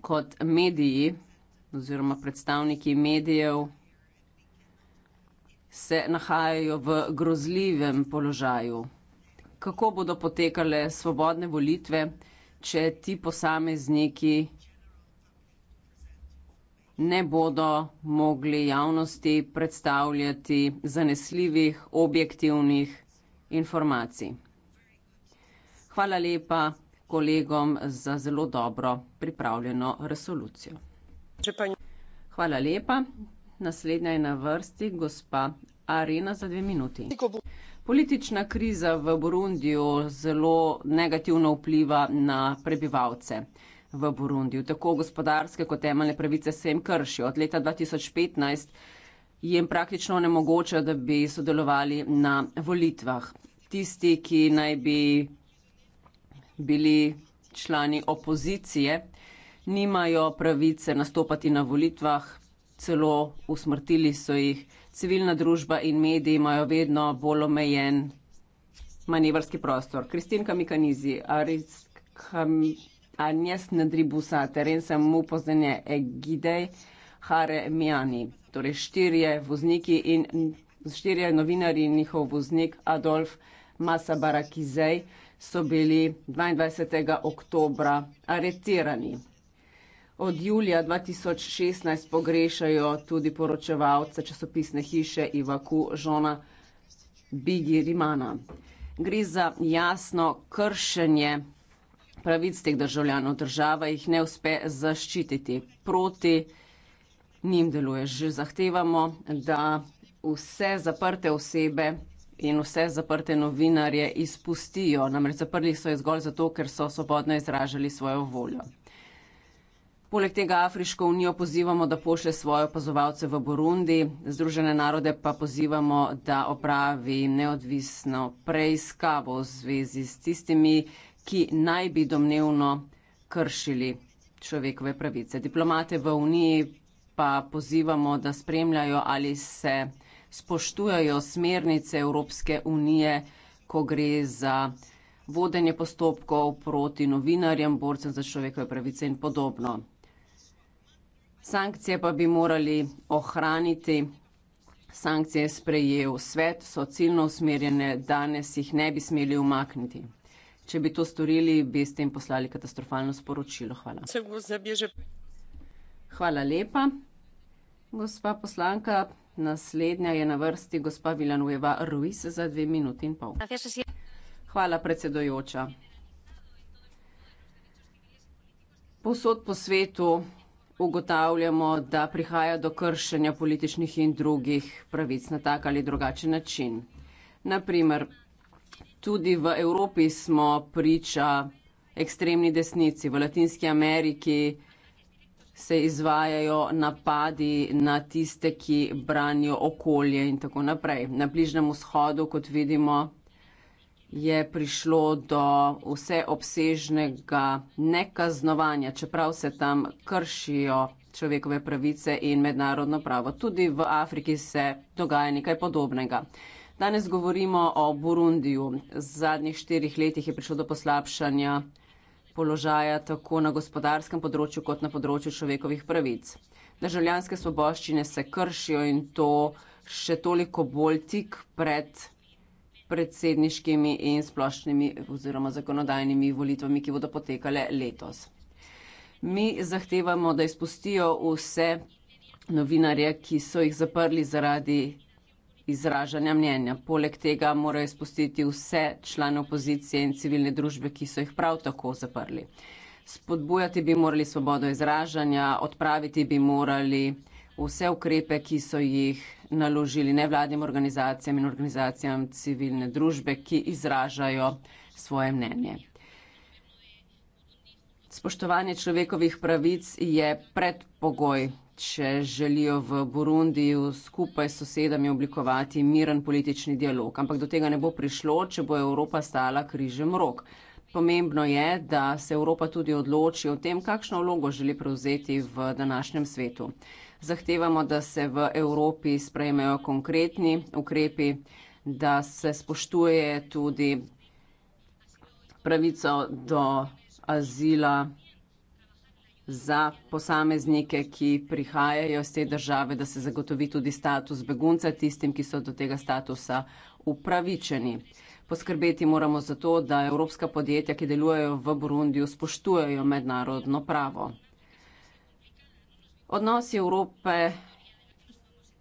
kot mediji oziroma predstavniki medijev se nahajajo v grozljivem položaju. Kako bodo potekale svobodne volitve, če ti posamezniki ne bodo mogli javnosti predstavljati zanesljivih, objektivnih informacij? Hvala lepa kolegom za zelo dobro pripravljeno resolucijo. Hvala lepa. Naslednja je na vrsti gospa Arena za dve minuti. Politična kriza v Burundiju zelo negativno vpliva na prebivalce v Burundiju. Tako gospodarske kot temeljne pravice se jim kršijo. Od leta 2015 jim praktično onemogoča, da bi sodelovali na volitvah. Tisti, ki naj bi bili člani opozicije, nimajo pravice nastopati na volitvah, celo usmrtili so jih. Civilna družba in mediji imajo vedno bolj omejen manevrski prostor. Kristin Kamikanizi, Aris Kam, Anjes Nadribusa, Terence Mupozenje, Egidej, Hare Mjani, torej štirje vozniki in štirje novinari in njihov voznik Adolf Masa Barakizej so bili 22. oktobra aretirani. Od julija 2016 pogrešajo tudi poročevalca časopisne hiše Ivaku Žona Bigi Rimana. Gre za jasno kršenje pravic teh državljanov. Država jih ne uspe zaščititi. Proti njim deluje. Že zahtevamo, da vse zaprte osebe in vse zaprte novinarje izpustijo. Namreč zaprli so jih zgolj zato, ker so svobodno izražali svojo voljo. Poleg tega Afriško unijo pozivamo, da pošle svoje opazovalce v Burundi, Združene narode pa pozivamo, da opravi neodvisno preiskavo v zvezi s tistimi, ki naj bi domnevno kršili človekove pravice. Diplomate v Uniji pa pozivamo, da spremljajo ali se spoštujajo smernice Evropske unije, ko gre za vodenje postopkov proti novinarjem, borcem za človekove pravice in podobno. Sankcije pa bi morali ohraniti. Sankcije je sprejel svet, so ciljno usmerjene, danes jih ne bi smeli umakniti. Če bi to storili, bi s tem poslali katastrofalno sporočilo. Hvala. Hvala lepa. Gospa poslanka, naslednja je na vrsti gospa Vilanujeva Ruiz za dve minuti in pol. Hvala, predsedojoča. Posod po svetu ugotavljamo, da prihaja do kršenja političnih in drugih pravic na tak ali drugačen način. Naprimer, tudi v Evropi smo priča ekstremni desnici, v Latinski Ameriki se izvajajo napadi na tiste, ki branijo okolje in tako naprej. Na Bližnjem vzhodu, kot vidimo, je prišlo do vseobsežnega nekaznovanja, čeprav se tam kršijo človekove pravice in mednarodno pravo. Tudi v Afriki se dogaja nekaj podobnega. Danes govorimo o Burundiju. V zadnjih štirih letih je prišlo do poslabšanja položaja tako na gospodarskem področju kot na področju človekovih pravic. Državljanske svoboščine se kršijo in to še toliko bolj tik pred predsedniškimi in splošnimi oziroma zakonodajnimi volitvami, ki bodo potekale letos. Mi zahtevamo, da izpustijo vse novinarje, ki so jih zaprli zaradi izražanja mnenja. Poleg tega morajo izpustiti vse člane opozicije in civilne družbe, ki so jih prav tako zaprli. Spodbujati bi morali svobodo izražanja, odpraviti bi morali vse ukrepe, ki so jih naložili nevladnim organizacijam in organizacijam civilne družbe, ki izražajo svoje mnenje. Spoštovanje človekovih pravic je predpogoj, če želijo v Burundiju skupaj s sosedami oblikovati miren politični dialog. Ampak do tega ne bo prišlo, če bo Evropa stala križem rok. Pomembno je, da se Evropa tudi odloči o tem, kakšno vlogo želi prevzeti v današnjem svetu zahtevamo, da se v Evropi sprejmejo konkretni ukrepi, da se spoštuje tudi pravico do azila za posameznike, ki prihajajo iz te države, da se zagotovi tudi status begunca tistim, ki so do tega statusa upravičeni. Poskrbeti moramo za to, da evropska podjetja, ki delujejo v Burundiju, spoštujejo mednarodno pravo. Odnosi Evrope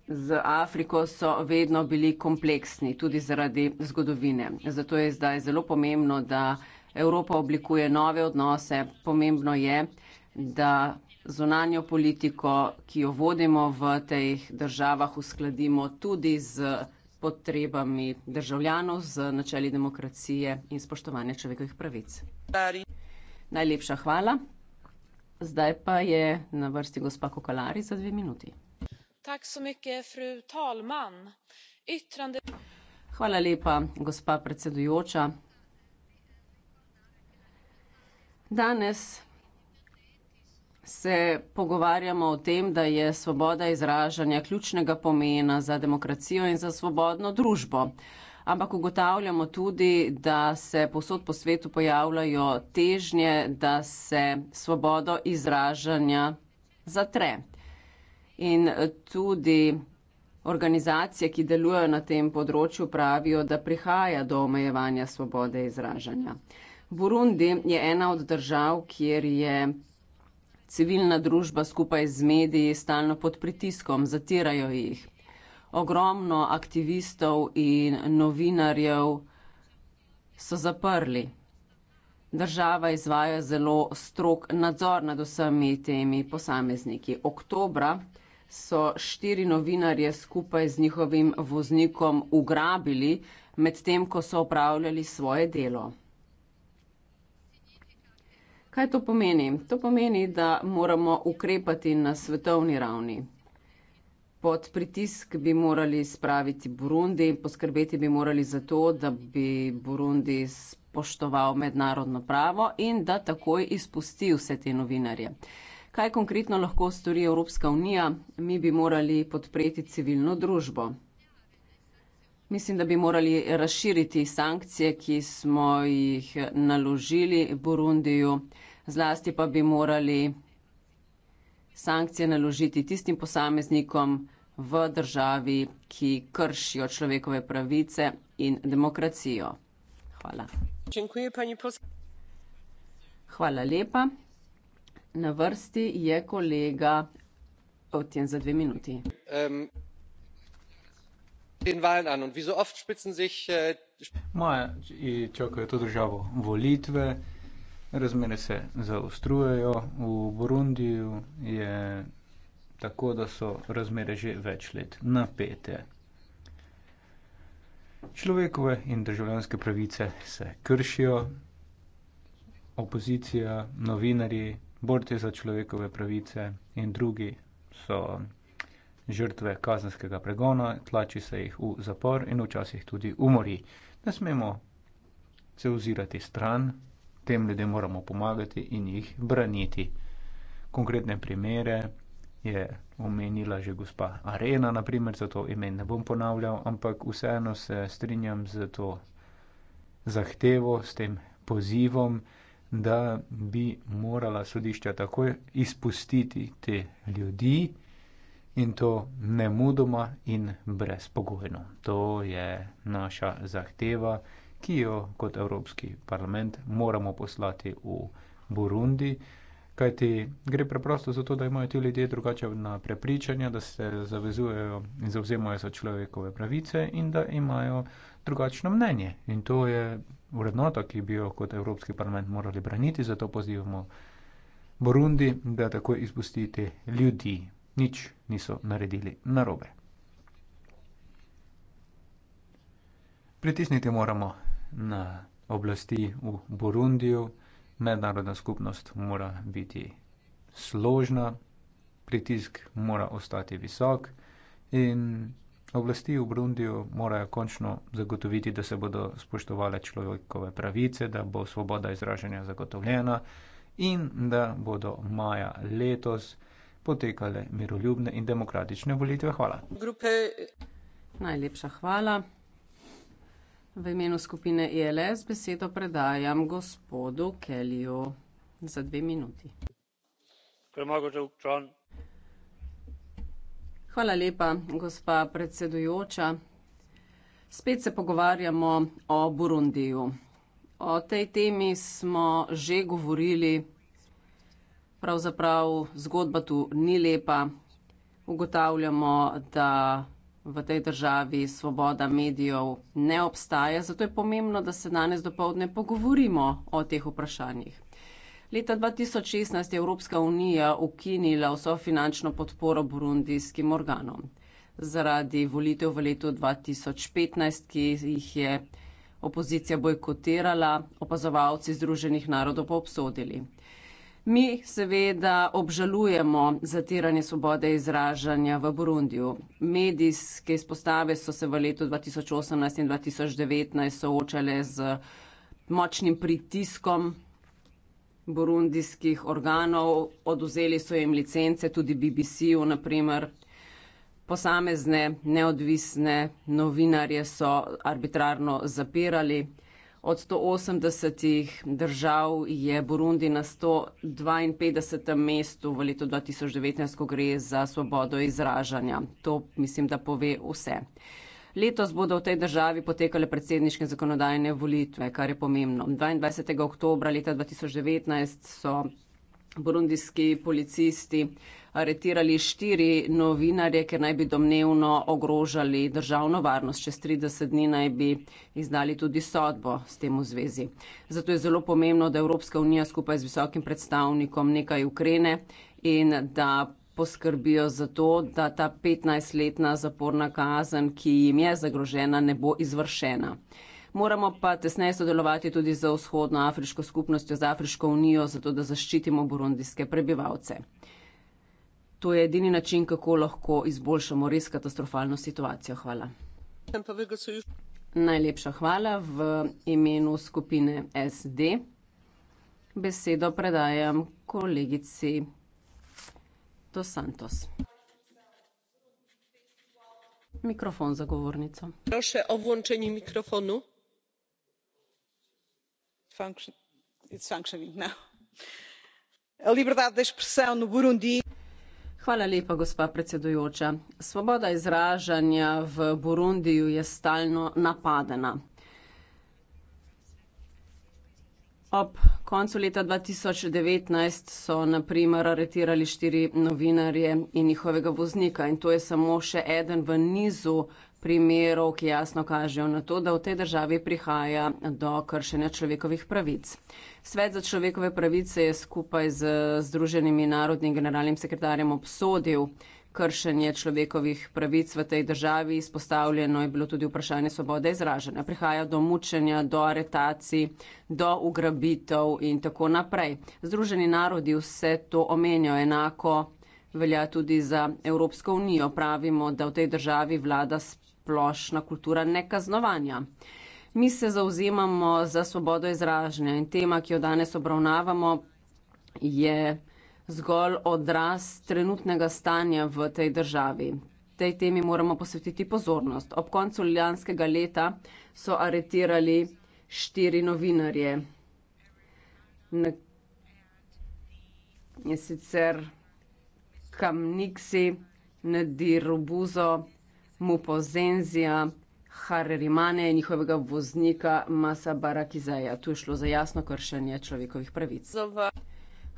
z Afriko so vedno bili kompleksni, tudi zaradi zgodovine. Zato je zdaj zelo pomembno, da Evropa oblikuje nove odnose. Pomembno je, da zunanjo politiko, ki jo vodimo v teh državah, uskladimo tudi z potrebami državljanov, z načeli demokracije in spoštovanja človekovih pravic. Najlepša hvala. Zdaj pa je na vrsti gospa Kokalari za dve minuti. Hvala lepa, gospa predsedujoča. Danes se pogovarjamo o tem, da je svoboda izražanja ključnega pomena za demokracijo in za svobodno družbo. Ampak ugotavljamo tudi, da se posod po svetu pojavljajo težnje, da se svobodo izražanja zatre. In tudi organizacije, ki delujejo na tem področju, pravijo, da prihaja do omejevanja svobode izražanja. Burundi je ena od držav, kjer je civilna družba skupaj z mediji stalno pod pritiskom, zatirajo jih. Ogromno aktivistov in novinarjev so zaprli. Država izvaja zelo strok nadzor nad vsemi temi posamezniki. Oktobra so štiri novinarje skupaj z njihovim voznikom ugrabili, medtem ko so opravljali svoje delo. Kaj to pomeni? To pomeni, da moramo ukrepati na svetovni ravni. Pod pritisk bi morali spraviti Burundi, poskrbeti bi morali za to, da bi Burundi spoštoval mednarodno pravo in da takoj izpusti vse te novinarje. Kaj konkretno lahko stori Evropska unija? Mi bi morali podpreti civilno družbo. Mislim, da bi morali razširiti sankcije, ki smo jih naložili Burundiju zlasti pa bi morali sankcije naložiti tistim posameznikom v državi, ki kršijo človekove pravice in demokracijo. Hvala. Hvala lepa. Na vrsti je kolega Otjen za dve minuti. Maja, če jo tudi državo volitve. Razmere se zaostrujejo. V Burundiju je tako, da so razmere že več let napete. Človekove in državljanske pravice se kršijo, opozicija, novinari, borci za človekove pravice in drugi so žrtve kazenskega pregona, tlači se jih v zapor in včasih tudi umori. Ne smemo se ozirati stran, tem ljudem moramo pomagati in jih braniti. Konkretne primere je omenila že gospa Arena, naprimer, zato imen ne bom ponavljal, ampak vseeno se strinjam z to zahtevo, s tem pozivom, da bi morala sodišča takoj izpustiti te ljudi in to ne mudoma in brezpogojno. To je naša zahteva ki jo kot Evropski parlament moramo poslati v Burundi, kajti gre preprosto za to, da imajo ti ljudje drugačna prepričanja, da se zavezujejo in zauzemajo za človekove pravice in da imajo drugačno mnenje. In to je vrednota, ki bi jo kot Evropski parlament morali braniti, zato pozivamo Burundi, da takoj izpustite ljudi. Nič niso naredili narobe. Pritisniti moramo na oblasti v Burundiju, mednarodna skupnost mora biti složna, pritisk mora ostati visok in oblasti v Burundiju morajo končno zagotoviti, da se bodo spoštovale človekove pravice, da bo svoboda izražanja zagotovljena in da bodo maja letos potekale miroljubne in demokratične volitve. Hvala. Grupe. Najlepša hvala. V imenu skupine ILS e besedo predajam gospodu Kellyju za dve minuti. Hvala lepa, gospa predsedujoča. Spet se pogovarjamo o Burundiju. O tej temi smo že govorili, pravzaprav zgodba tu ni lepa. Ugotavljamo, da v tej državi svoboda medijev ne obstaja, zato je pomembno, da se danes dopovdne pogovorimo o teh vprašanjih. Leta 2016 je Evropska unija ukinila vso finančno podporo burundijskim organom zaradi volitev v letu 2015, ki jih je opozicija bojkotirala, opazovalci Združenih narodov pa obsodili. Mi seveda obžalujemo zatiranje svobode izražanja v Burundiju. Medijske izpostave so se v letu 2018 in 2019 soočale z močnim pritiskom burundijskih organov, oduzeli so jim licence, tudi BBC-u naprimer. Posamezne neodvisne novinarje so arbitrarno zapirali od 180 držav je Burundi na 152. mestu v letu 2019, ko gre za svobodo izražanja. To mislim, da pove vse. Letos bodo v tej državi potekale predsedniške zakonodajne volitve, kar je pomembno. 22. oktobra leta 2019 so burundijski policisti aretirali štiri novinarje, ker naj bi domnevno ogrožali državno varnost. Čez 30 dni naj bi izdali tudi sodbo s tem v zvezi. Zato je zelo pomembno, da Evropska unija skupaj z visokim predstavnikom nekaj ukrene in da poskrbijo za to, da ta 15-letna zaporna kazen, ki jim je zagrožena, ne bo izvršena. Moramo pa tesneje sodelovati tudi za vzhodno afriško skupnostjo, za Afriško unijo, zato da zaščitimo burundijske prebivalce to je edini način, kako lahko izboljšamo res katastrofalno situacijo. Hvala. Najlepša hvala v imenu skupine SD. Besedo predajam kolegici Dos Santos. Mikrofon za govornico. Prosim o vključitev mikrofona. Function, it's functioning now. Svoboda izražanja no v Burundiji. Hvala lepa, gospa predsedujoča. Svoboda izražanja v Burundiju je stalno napadena. Ob koncu leta dva tisoč devetnajst so na primer aretirali štiri novinarje in njihovega voznika in to je samo še eden v nizu primerov, ki jasno kažejo na to, da v tej državi prihaja do kršenja človekovih pravic. Svet za človekove pravice je skupaj z Združenimi narodi in generalnim sekretarjem obsodil kršenje človekovih pravic v tej državi, izpostavljeno je bilo tudi vprašanje svobode izražanja. Prihaja do mučenja, do aretacij, do ugrabitev in tako naprej. Združeni narodi vse to omenjajo enako. Velja tudi za Evropsko unijo. Pravimo, da v tej državi vlada splošna kultura nekaznovanja. Mi se zauzemamo za svobodo izražanja in tema, ki jo danes obravnavamo, je zgolj odraz trenutnega stanja v tej državi. Tej temi moramo posvetiti pozornost. Ob koncu ljanskega leta so aretirali štiri novinarje. Ne in sicer Kamniksi, Nadir Rubuzo, Mupozenzija Harerimane, njihovega voznika Masa Barakizaja. Tu je šlo za jasno kršenje človekovih pravic. Zova.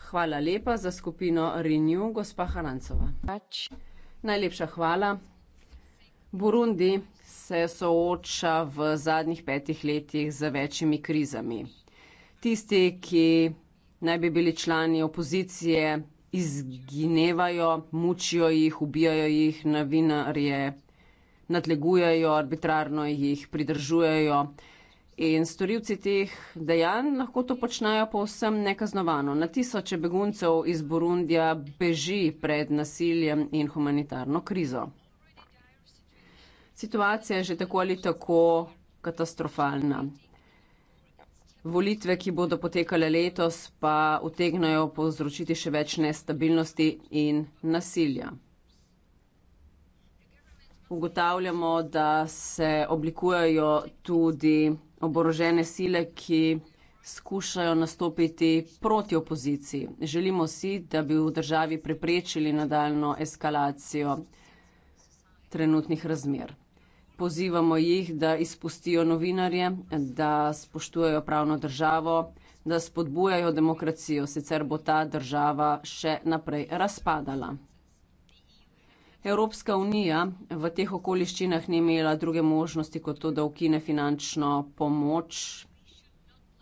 Hvala lepa za skupino Renew, gospa Harancova. Pač. Najlepša hvala. Burundi se sooča v zadnjih petih letih z večjimi krizami. Tisti, ki naj bi bili člani opozicije, izginevajo, mučijo jih, ubijajo jih, novinarje, nadlegujejo, arbitrarno jih pridržujejo. In storilci teh dejanj lahko to počnejo povsem nekaznovano. Na tisoče beguncev iz Burundija beži pred nasiljem in humanitarno krizo. Situacija je že tako ali tako katastrofalna. Volitve, ki bodo potekale letos, pa utegnajo povzročiti še več nestabilnosti in nasilja ugotavljamo, da se oblikujejo tudi oborožene sile, ki skušajo nastopiti proti opoziciji. Želimo si, da bi v državi preprečili nadaljno eskalacijo trenutnih razmer. Pozivamo jih, da izpustijo novinarje, da spoštujejo pravno državo, da spodbujajo demokracijo, sicer bo ta država še naprej razpadala. Evropska unija v teh okoliščinah ni imela druge možnosti, kot to, da ukine finančno pomoč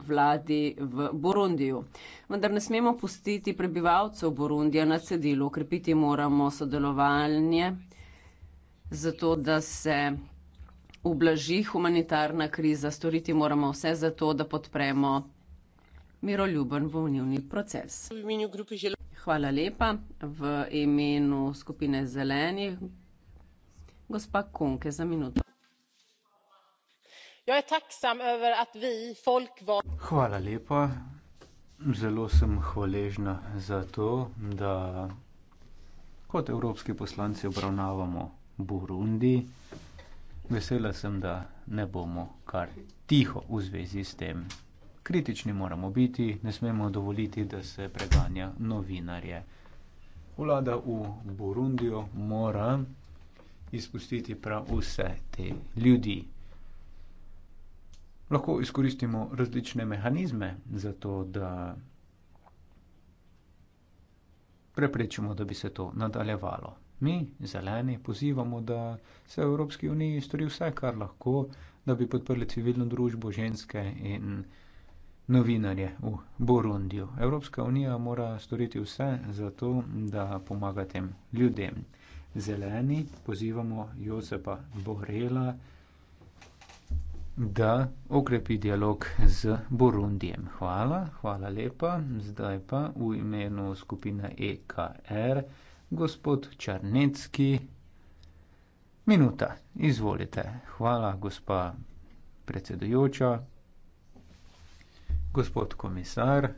vladi v Burundiju. Vendar ne smemo pustiti prebivalcev Burundija na cedilu, ukrepiti moramo sodelovanje, zato da se ublaži humanitarna kriza, storiti moramo vse za to, da podpremo miroljuben volilni proces. Hvala lepa. V imenu skupine zelenih gospa Konke za minuto. Hvala lepa. Zelo sem hvaležna za to, da kot evropski poslanci obravnavamo Burundi. Vesela sem, da ne bomo kar tiho v zvezi s tem. Kritični moramo biti, ne smemo dovoliti, da se preganja novinarje. Vlada v Burundiju mora izpustiti prav vse te ljudi. Lahko izkoristimo različne mehanizme za to, da preprečimo, da bi se to nadaljevalo. Mi, zeleni, pozivamo, da se v Evropski uniji stori vse, kar lahko, da bi podprli civilno družbo, ženske in ženske novinarje v Burundiju. Evropska unija mora storiti vse za to, da pomaga tem ljudem. Zeleni pozivamo Josepa Borela, da okrepi dialog z Burundijem. Hvala, hvala lepa. Zdaj pa v imenu skupine EKR gospod Črnecki. Minuta, izvolite. Hvala, gospa predsedujoča, gospod komisar,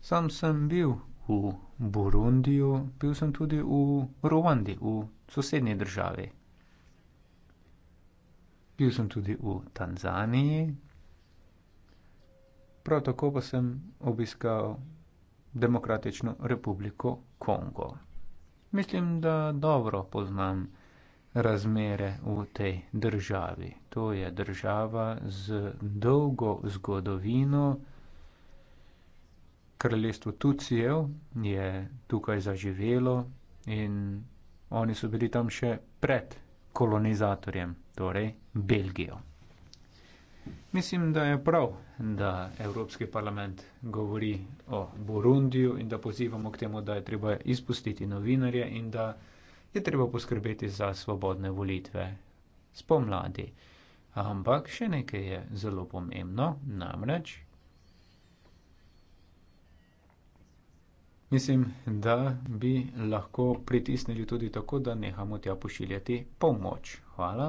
sam sem bil v Burundiju, bil sem tudi v Ruandi, v sosednji državi. Bil sem tudi v Tanzaniji, prav tako pa sem obiskal Demokratično republiko Kongo. Mislim, da dobro poznam razmere v tej državi. To je država z dolgo zgodovino. Kraljestvo Tucijev je tukaj zaživelo in oni so bili tam še pred kolonizatorjem, torej Belgijo. Mislim, da je prav, da Evropski parlament govori o Burundiju in da pozivamo k temu, da je treba izpustiti novinarje in da je treba poskrbeti za svobodne volitve spomladi. Ampak še nekaj je zelo pomembno, namreč. Mislim, da bi lahko pritisnili tudi tako, da nehamo tja pošiljati pomoč. Hvala.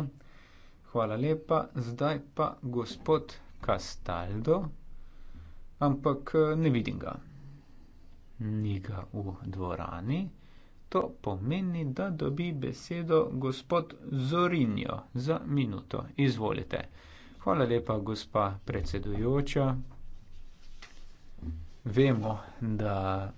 Hvala lepa. Zdaj pa gospod Castaldo, ampak eh, ne vidim ga. Ni ga v dvorani. To pomeni, da dobi besedo gospod Zorinjo za minuto. Izvolite. Hvala lepa, gospa predsedujoča. Vemo, da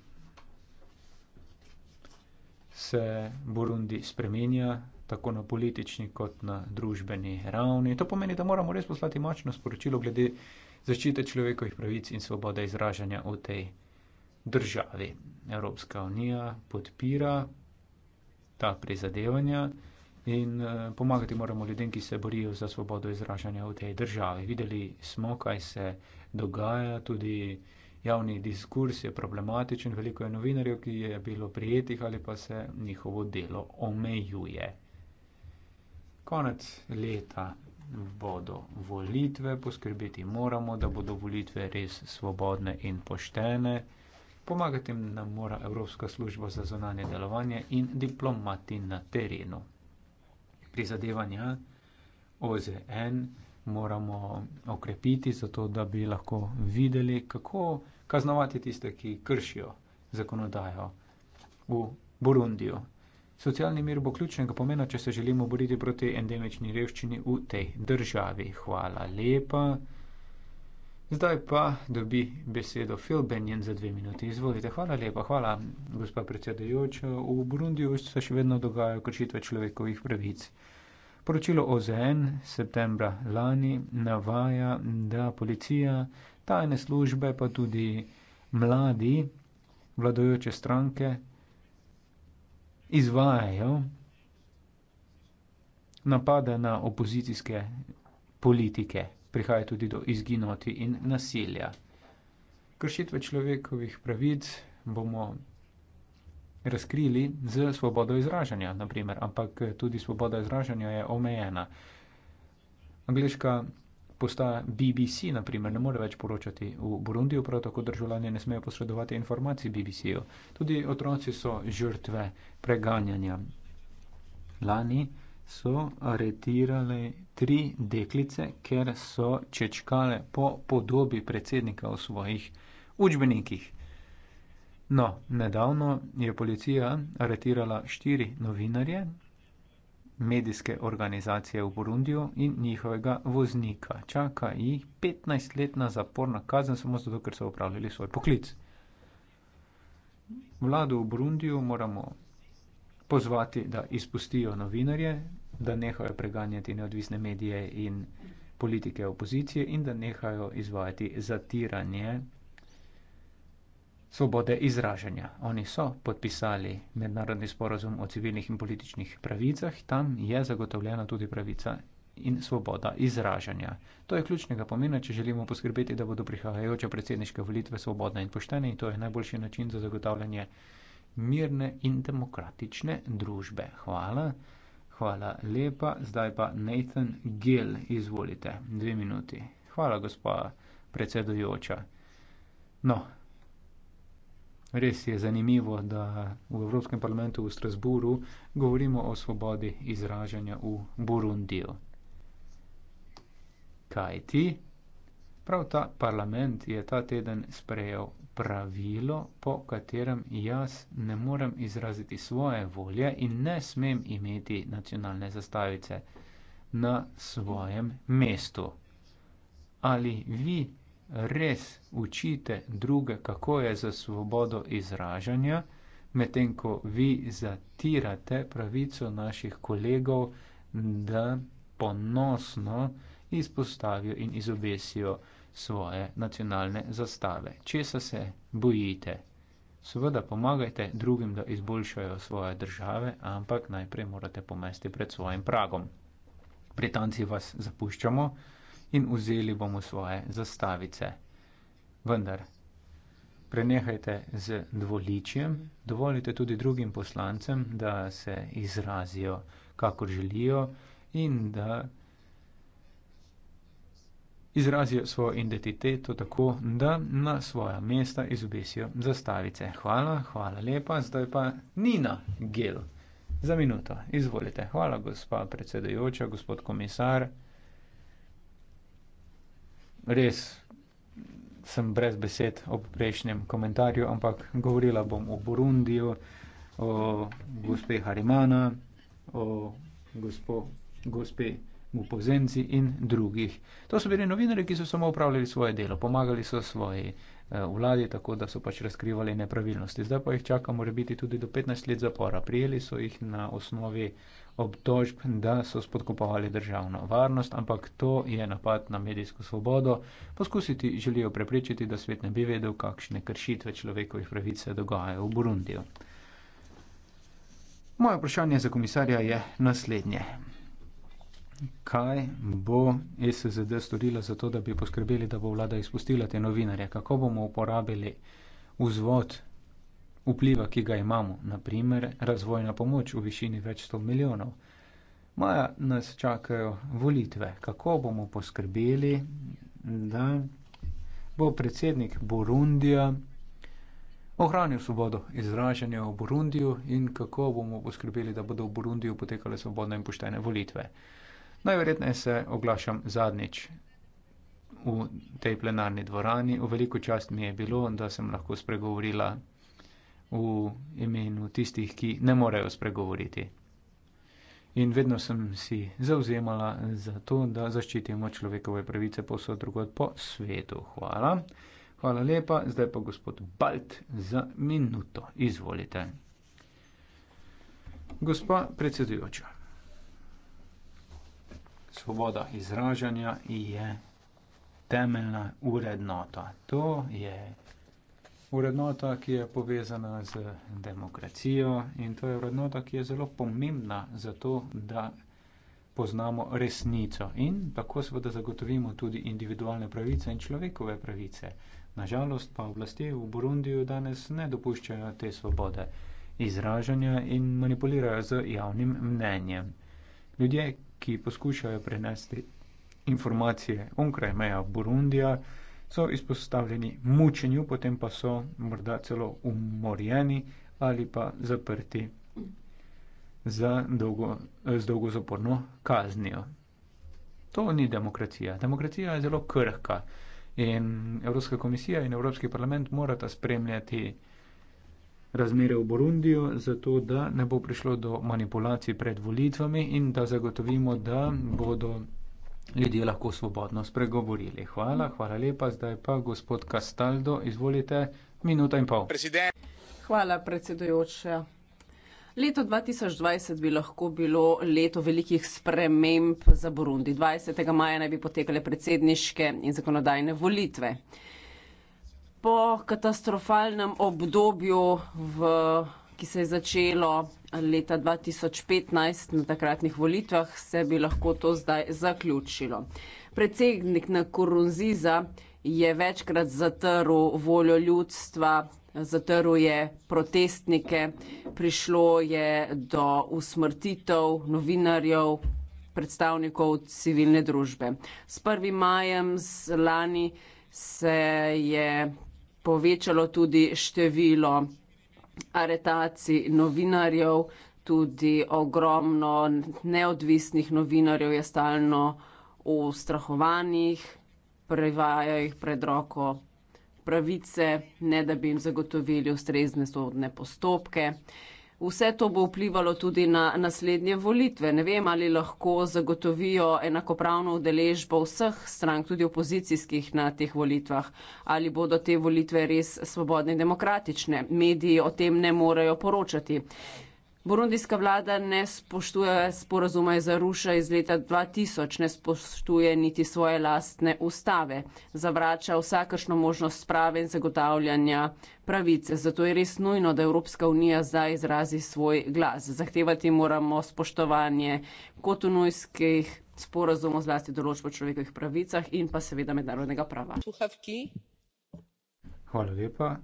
se Burundi spremenja tako na politični kot na družbeni ravni. To pomeni, da moramo res poslati močno sporočilo glede zaščite človekovih pravic in svobode izražanja v tej državi. Evropska unija podpira ta prizadevanja in eh, pomagati moramo ljudem, ki se borijo za svobodo izražanja v tej državi. Videli smo, kaj se dogaja, tudi javni diskurs je problematičen, veliko je novinarjev, ki je bilo prijetih ali pa se njihovo delo omejuje. Konec leta bodo volitve, poskrbeti moramo, da bodo volitve res svobodne in poštene. Pomagati nam mora Evropska služba za zonanje delovanje in diplomati na terenu. Prizadevanja OZN moramo okrepiti, zato da bi lahko videli, kako kaznovati tiste, ki kršijo zakonodajo v Burundiju. Socialni mir bo ključnega pomena, če se želimo boriti proti endemični revščini v tej državi. Hvala lepa. Zdaj pa dobi besedo Phil Benjen za dve minuti. Izvolite, hvala lepa, hvala, gospa predsedajoča. V Burundiju se še vedno dogajajo kršitve človekovih pravic. Poročilo OZN septembra lani navaja, da policija, tajne službe, pa tudi mladi vladojoče stranke izvajajo napade na opozicijske politike prihaja tudi do izginoti in nasilja. Kršitve človekovih pravic bomo razkrili z svobodo izražanja, naprimer, ampak tudi svoboda izražanja je omejena. Angliška postaja BBC, naprimer, ne more več poročati v Burundiju, prav tako državljani ne smejo posredovati informacij BBC-ju. Tudi otroci so žrtve preganjanja. Lani so aretirali tri deklice, ker so čečkale po podobi predsednika v svojih učbenikih. No, nedavno je policija aretirala štiri novinarje medijske organizacije v Burundiju in njihovega voznika. Čaka jih 15 let na zaporna kazen samo zato, ker so upravljali svoj poklic. Vlado v Burundiju moramo pozvati, da izpustijo novinarje, da nehajo preganjati neodvisne medije in politike opozicije in da nehajo izvajati zatiranje svobode izražanja. Oni so podpisali mednarodni sporozum o civilnih in političnih pravicah, tam je zagotovljena tudi pravica in svoboda izražanja. To je ključnega pomena, če želimo poskrbeti, da bodo prihajajoče predsedniške volitve svobodne in poštene in to je najboljši način za zagotavljanje mirne in demokratične družbe. Hvala, hvala lepa. Zdaj pa Nathan Gill, izvolite, dve minuti. Hvala, gospa predsedujoča. No, res je zanimivo, da v Evropskem parlamentu v Strasburu govorimo o svobodi izražanja v Burundiju. Kaj ti? Prav ta parlament je ta teden sprejel pravilo, po katerem jaz ne morem izraziti svoje volje in ne smem imeti nacionalne zastavice na svojem mestu. Ali vi res učite druge, kako je za svobodo izražanja, medtem ko vi zatirate pravico naših kolegov, da ponosno izpostavijo in izobesijo uh, svoje nacionalne zastave. Česa se bojite? Seveda pomagajte drugim, da izboljšajo svoje države, ampak najprej morate pomesti pred svojim pragom. Britanci vas zapuščamo in vzeli bomo svoje zastavice. Vendar, prenehajte z dvoličjem, dovolite tudi drugim poslancem, da se izrazijo, kako želijo in da izrazijo svojo identiteto tako, da na svoja mesta izobesijo zastavice. Hvala, hvala lepa. Zdaj pa Nina Gel. Za minuto, izvolite. Hvala, gospa predsedajoča, gospod komisar. Res sem brez besed ob prejšnjem komentarju, ampak govorila bom o Burundiju, o gospe Harimana, o gospo, gospe v Pozenci in drugih. To so bili novinari, ki so samo upravljali svoje delo, pomagali so svoji eh, vladi, tako da so pač razkrivali nepravilnosti. Zdaj pa jih čaka mora biti tudi do 15 let zapora. Prijeli so jih na osnovi obtožb, da so spodkopavali državno varnost, ampak to je napad na medijsko svobodo. Poskusiti želijo preprečiti, da svet ne bi vedel, kakšne kršitve človekovih pravice dogajajo v Burundiju. Moje vprašanje za komisarja je naslednje kaj bo SZD storila za to, da bi poskrbeli, da bo vlada izpustila te novinarje, kako bomo uporabili vzvod vpliva, ki ga imamo, naprimer razvojna pomoč v višini več sto milijonov. Maja nas čakajo volitve, kako bomo poskrbeli, da bo predsednik Burundija ohranil svobodo izražanja v Burundiju in kako bomo poskrbeli, da bodo v Burundiju potekale svobodne in poštene volitve. Najverjetneje se oglašam zadnjič v tej plenarni dvorani. V veliko čast mi je bilo, da sem lahko spregovorila v imenu tistih, ki ne morejo spregovoriti. In vedno sem si zauzemala za to, da zaščitimo človekove pravice posod drugod po svetu. Hvala. Hvala lepa. Zdaj pa gospod Balt za minuto. Izvolite. Gospa predsedujoča svoboda izražanja je temeljna urednota. To je urednota, ki je povezana z demokracijo in to je urednota, ki je zelo pomembna za to, da poznamo resnico in tako seveda zagotovimo tudi individualne pravice in človekove pravice. Nažalost pa oblasti v Burundiju danes ne dopuščajo te svobode izražanja in manipulirajo z javnim mnenjem. Ljudje, ki poskušajo prenesti informacije onkraj meja Burundija, so izpostavljeni mučenju, potem pa so morda celo umorjeni ali pa zaprti za dolgo, z dolgo zaporno kaznijo. To ni demokracija. Demokracija je zelo krhka in Evropska komisija in Evropski parlament morata spremljati razmere v Burundiju, zato da ne bo prišlo do manipulacij pred volitvami in da zagotovimo, da bodo ljudje lahko svobodno spregovorili. Hvala, hvala lepa. Zdaj pa gospod Castaldo, izvolite, minuta in pol. President. Hvala, predsedujoče. Leto 2020 bi lahko bilo leto velikih sprememb za Burundi. 20. maja naj bi potekale predsedniške in zakonodajne volitve po katastrofalnem obdobju, v, ki se je začelo leta 2015 na takratnih volitvah, se bi lahko to zdaj zaključilo. Predsednik na Korunziza je večkrat zatrl voljo ljudstva, zatrl je protestnike, prišlo je do usmrtitev novinarjev, predstavnikov civilne družbe. S 1. majem lani se je povečalo tudi število aretacij novinarjev, tudi ogromno neodvisnih novinarjev je stalno v strahovanjih, prevajajo jih pred roko pravice, ne da bi jim zagotovili ustrezne sodne postopke. Vse to bo vplivalo tudi na naslednje volitve. Ne vem, ali lahko zagotovijo enakopravno udeležbo vseh strank, tudi opozicijskih na teh volitvah, ali bodo te volitve res svobodne in demokratične. Mediji o tem ne morejo poročati. Burundijska vlada ne spoštuje sporazuma iz Aruša iz leta 2000, ne spoštuje niti svoje lastne ustave, zavrača vsakršno možnost sprave in zagotavljanja pravice. Zato je res nujno, da Evropska unija zdaj izrazi svoj glas. Zahtevati moramo spoštovanje kotunujskih sporazumov zlasti določb o človekovih pravicah in pa seveda mednarodnega prava. Hvala lepa.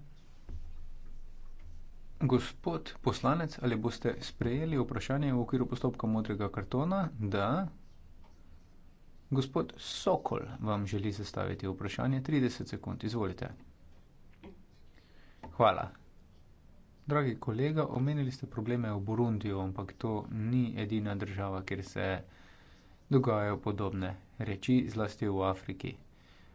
Gospod poslanec, ali boste sprejeli vprašanje v okviru postopka modrega kartona? Da. Gospod Sokol vam želi zastaviti vprašanje. 30 sekund, izvolite. Hvala. Dragi kolega, omenili ste probleme v Burundiju, ampak to ni edina država, kjer se dogajajo podobne reči, zlasti v Afriki.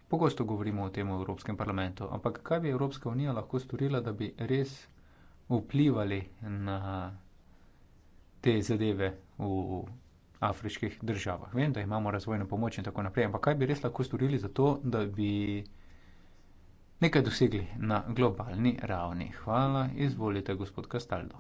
Pogosto govorimo o tem v Evropskem parlamentu, ampak kaj bi Evropska unija lahko storila, da bi res vplivali na te zadeve v afriških državah. Vem, da imamo razvojno pomoč in tako naprej, ampak kaj bi res lahko storili za to, da bi nekaj dosegli na globalni ravni? Hvala, izvolite, gospod Castaldo.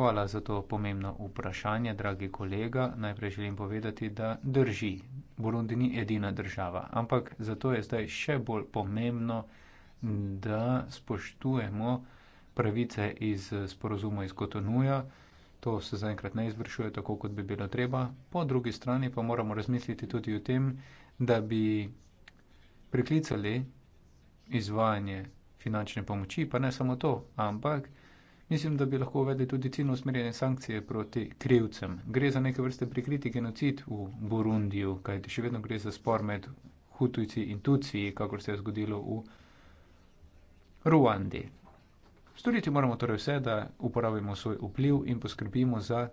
Hvala za to pomembno vprašanje, dragi kolega. Najprej želim povedati, da drži, Burundi ni edina država, ampak zato je zdaj še bolj pomembno, da spoštujemo pravice iz sporozuma iz Kotonuja. To se zaenkrat ne izvršuje tako, kot bi bilo treba. Po drugi strani pa moramo razmisliti tudi o tem, da bi priklicali izvajanje finančne pomoči, pa ne samo to, ampak mislim, da bi lahko uvedli tudi ciljno usmerjene sankcije proti krivcem. Gre za neke vrste prikriti genocid v Burundiju, kajti še vedno gre za spor med hutujci in tuci, kakor se je zgodilo v Burundiju. Ruandi. Storiti moramo torej vse, da uporabimo svoj vpliv in poskrbimo za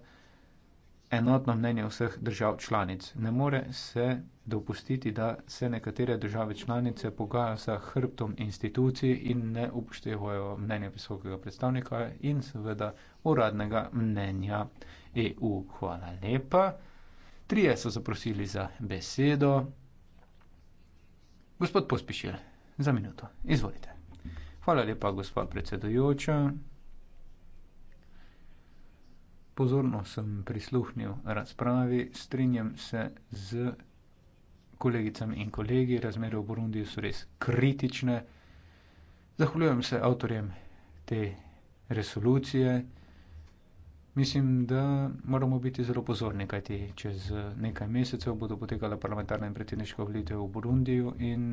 enotno mnenje vseh držav članic. Ne more se dopustiti, da se nekatere države članice pogajajo za hrbtom institucij in ne upoštevajo mnenja visokega predstavnika in seveda uradnega mnenja EU. Hvala lepa. Trije so zaprosili za besedo. Gospod Pospišil, za minuto. Izvolite. Hvala lepa, gospa predsedujoča. Pozorno sem prisluhnil razpravi, strinjam se z kolegicami in kolegi, razmere v Burundiju so res kritične. Zahvaljujem se avtorjem te resolucije. Mislim, da moramo biti zelo pozorni, kajti čez nekaj mesecev bodo potekale parlamentarne in predsedniške volitve v Burundiju in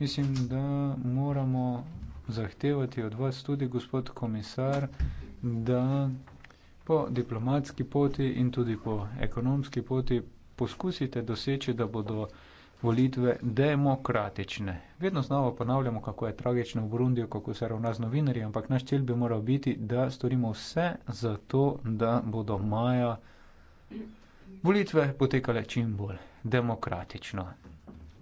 mislim, da moramo zahtevati od vas tudi, gospod komisar, da po diplomatski poti in tudi po ekonomski poti poskusite doseči, da bodo volitve demokratične. Vedno znova ponavljamo, kako je tragično v Burundiju, kako se ravna z novinarji, ampak naš cilj bi moral biti, da storimo vse za to, da bodo maja volitve potekale čim bolj demokratično.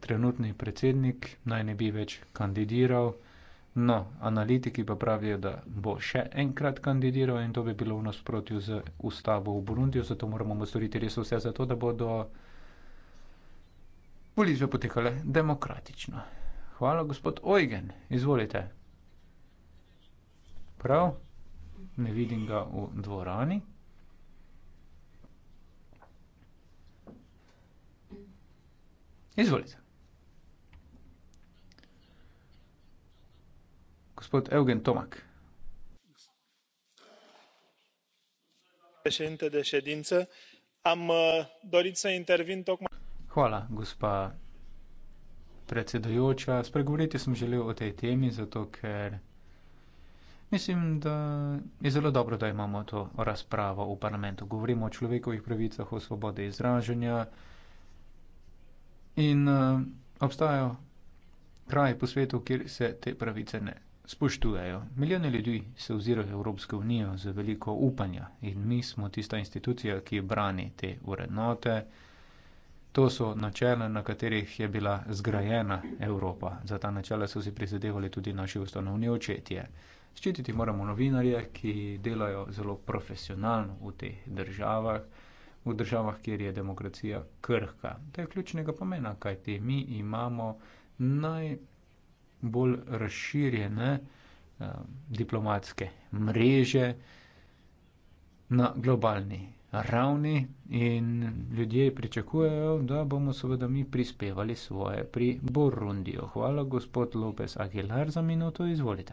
Trenutni predsednik naj ne bi več kandidiral, no, analitiki pa pravijo, da bo še enkrat kandidiral in to bi bilo v nasprotju z ustavo v Burundiju, zato moramo storiti res vse za to, da bodo Volitve potekale demokratično. Hvala, gospod Ojgen, izvolite. Prav, ne vidim ga v dvorani. Izvolite. Gospod Eugen Tomak. Președinte de ședință, am uh, dorit să intervin tocmai. Hvala, gospa predsedojoča. Spregovoriti sem želel o tej temi, zato ker mislim, da je zelo dobro, da imamo to razpravo v parlamentu. Govorimo o človekovih pravicah, o svobode izražanja in uh, obstajajo kraje po svetu, kjer se te pravice ne spoštujejo. Milijone ljudi se ozirajo v Evropsko unijo z veliko upanja in mi smo tista institucija, ki brani te urednote. To so načela, na katerih je bila zgrajena Evropa. Za ta načela so si prizadevali tudi naši ustanovni očetje. Ščititi moramo novinarje, ki delajo zelo profesionalno v teh državah, v državah, kjer je demokracija krhka. To je ključnega pomena, kajti mi imamo najbolj razširjene eh, diplomatske mreže na globalni ravni in ljudje pričakujejo, da bomo seveda mi prispevali svoje pri Burundiju. Hvala, gospod Lopez Aguilar, za minuto, izvolite.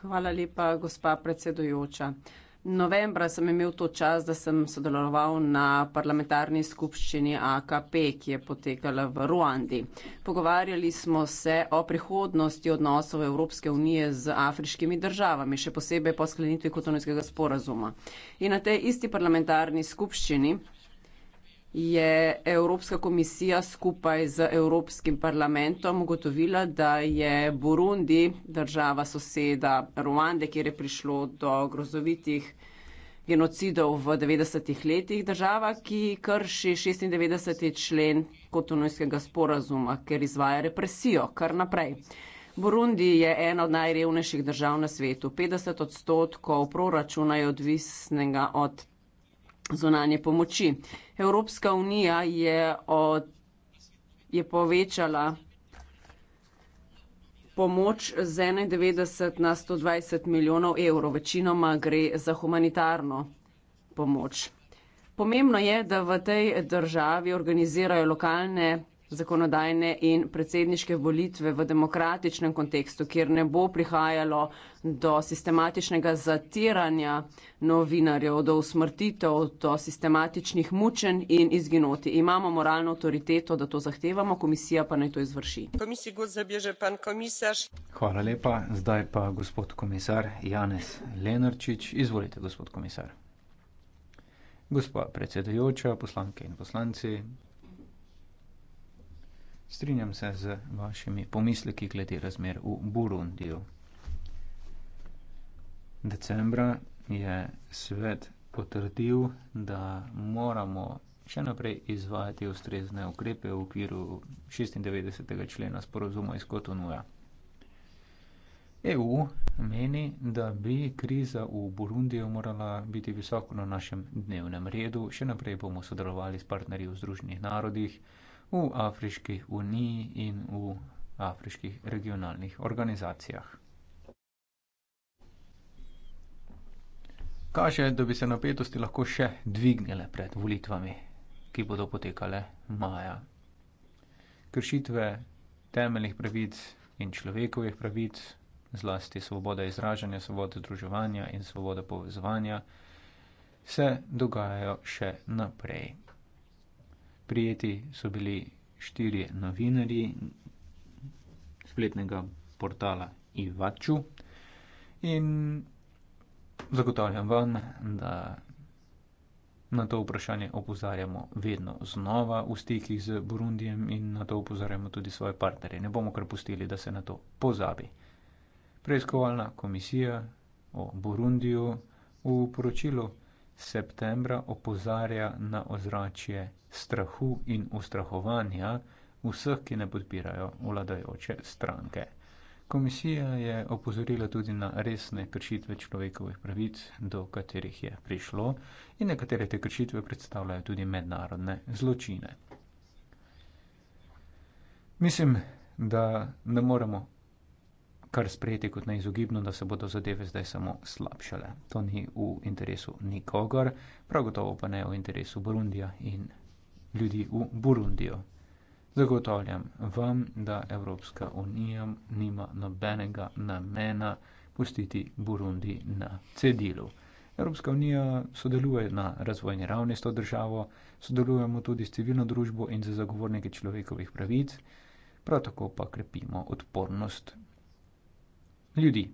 Hvala lepa, gospa predsedujoča. Novembra sem imel to čas, da sem sodeloval na parlamentarni skupščini AKP, ki je potekala v Ruandi. Pogovarjali smo se o prihodnosti odnosov Evropske unije z afriškimi državami, še posebej po sklenitvi kotonijskega sporazuma. In na tej isti parlamentarni skupščini je Evropska komisija skupaj z Evropskim parlamentom ugotovila, da je Burundi, država soseda Ruande, kjer je prišlo do grozovitih genocidov v 90-ih letih, država, ki krši 96. člen kotonojskega sporazuma, ker izvaja represijo kar naprej. Burundi je ena od najrevnejših držav na svetu. 50 odstotkov proračuna je odvisnega od zunanje pomoči. Evropska unija je, od, je povečala pomoč z 91 na 120 milijonov evrov. Večinoma gre za humanitarno pomoč. Pomembno je, da v tej državi organizirajo lokalne zakonodajne in predsedniške volitve v demokratičnem kontekstu, kjer ne bo prihajalo do sistematičnega zatiranja novinarjev, do usmrtitev, do sistematičnih mučenj in izginoti. Imamo moralno autoriteto, da to zahtevamo, komisija pa naj to izvrši. Hvala lepa. Zdaj pa gospod komisar Janez Lenarčič. Izvolite, gospod komisar. Gospa predsedujoča, poslanke in poslanci, Strinjam se z vašimi pomisleki glede razmer v Burundiju. Decembra je svet potrdil, da moramo še naprej izvajati ustrezne ukrepe v okviru 96. člena sporozuma iz Kotonuja. EU meni, da bi kriza v Burundiju morala biti visoko na našem dnevnem redu, še naprej bomo sodelovali s partnerji v Združenih narodih v Afriški uniji in v afriških regionalnih organizacijah. Kaže, da bi se napetosti lahko še dvignile pred volitvami, ki bodo potekale maja. Kršitve temeljnih pravic in človekovih pravic, zlasti svoboda izražanja, svoboda združevanja in svoboda povezovanja, se dogajajo še naprej prijeti so bili štiri novinarji spletnega portala Ivaču in zagotavljam vam, da na to vprašanje opozarjamo vedno znova v stikih z Burundijem in na to opozarjamo tudi svoje partnerje. Ne bomo kar pustili, da se na to pozabi. Preiskovalna komisija o Burundiju v poročilu septembra opozarja na ozračje strahu in ustrahovanja vseh, ki ne podpirajo vladajoče stranke. Komisija je opozorila tudi na resne kršitve človekovih pravic, do katerih je prišlo, in nekatere te kršitve predstavljajo tudi mednarodne zločine. Mislim, da ne moremo kar sprejeti kot neizogibno, da se bodo zadeve zdaj samo slabšale. To ni v interesu nikogar, prav gotovo pa ne v interesu Burundija in ljudi v Burundijo. Zagotavljam vam, da Evropska unija nima nobenega namena pustiti Burundi na cedilu. Evropska unija sodeluje na razvojni ravni s to državo, sodelujemo tudi s civilno družbo in z zagovorniki človekovih pravic, prav tako pa krepimo odpornost ljudi.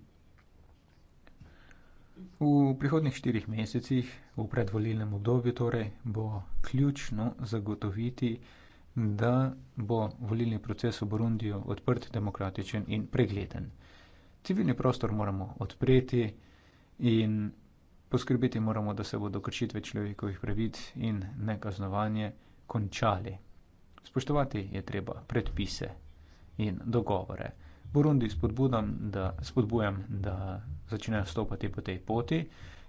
V prihodnih štirih mesecih, v predvolilnem obdobju, torej, bo ključno zagotoviti, da bo volilni proces v Burundiju odprt, demokratičen in pregleden. Civilni prostor moramo odpreti in poskrbeti moramo, da se bodo kršitve človekovih pravic in nekaznovanje končali. Spoštovati je treba predpise in dogovore. Burundi spodbudam, da, spodbujam, da začnejo stopati po tej poti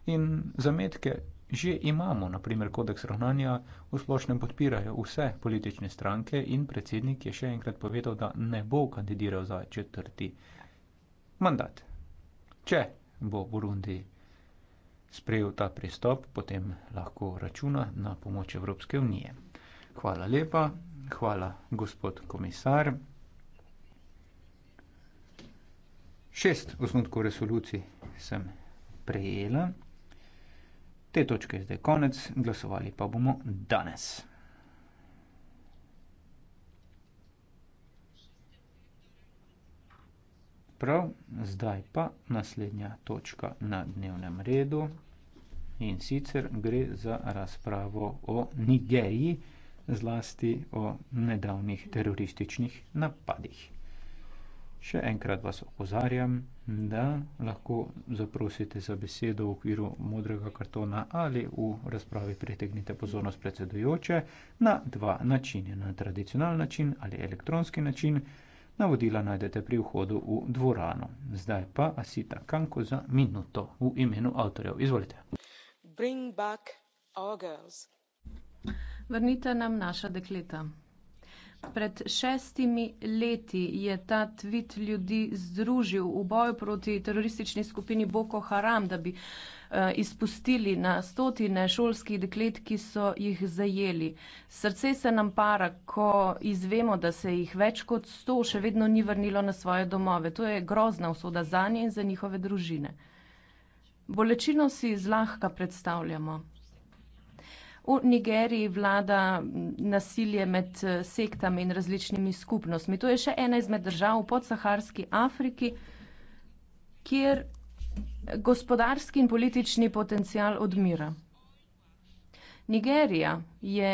in zametke že imamo, naprimer kodeks ravnanja v splošnem podpirajo vse politične stranke in predsednik je še enkrat povedal, da ne bo kandidiral za četrti mandat. Če bo Burundi sprejel ta pristop, potem lahko računa na pomoč Evropske unije. Hvala lepa, hvala gospod komisar. šest osnutkov resolucij sem prejela. Te točke je zdaj konec, glasovali pa bomo danes. Prav, zdaj pa naslednja točka na dnevnem redu in sicer gre za razpravo o Nigeriji, zlasti o nedavnih terorističnih napadih. Še enkrat vas opozarjam, da lahko zaprosite za besedo v okviru modrega kartona ali v razpravi pritegnite pozornost predsedujoče na dva načine, na tradicionalni način ali elektronski način. Navodila najdete pri vhodu v dvorano. Zdaj pa Asita Kanko za minuto v imenu avtorjev. Izvolite. Vrnite nam naša dekleta. Pred šestimi leti je ta tweet ljudi združil v boju proti teroristični skupini Boko Haram, da bi eh, izpustili na stotine šolskih deklet, ki so jih zajeli. Srce se nam para, ko izvemo, da se jih več kot sto še vedno ni vrnilo na svoje domove. To je grozna usoda za nje in za njihove družine. Bolečino si zlahka predstavljamo. V Nigeriji vlada nasilje med eh, sektami in različnimi skupnostmi. To je še ena izmed držav v podsaharski Afriki, kjer gospodarski in politični potencial odmira. Nigerija je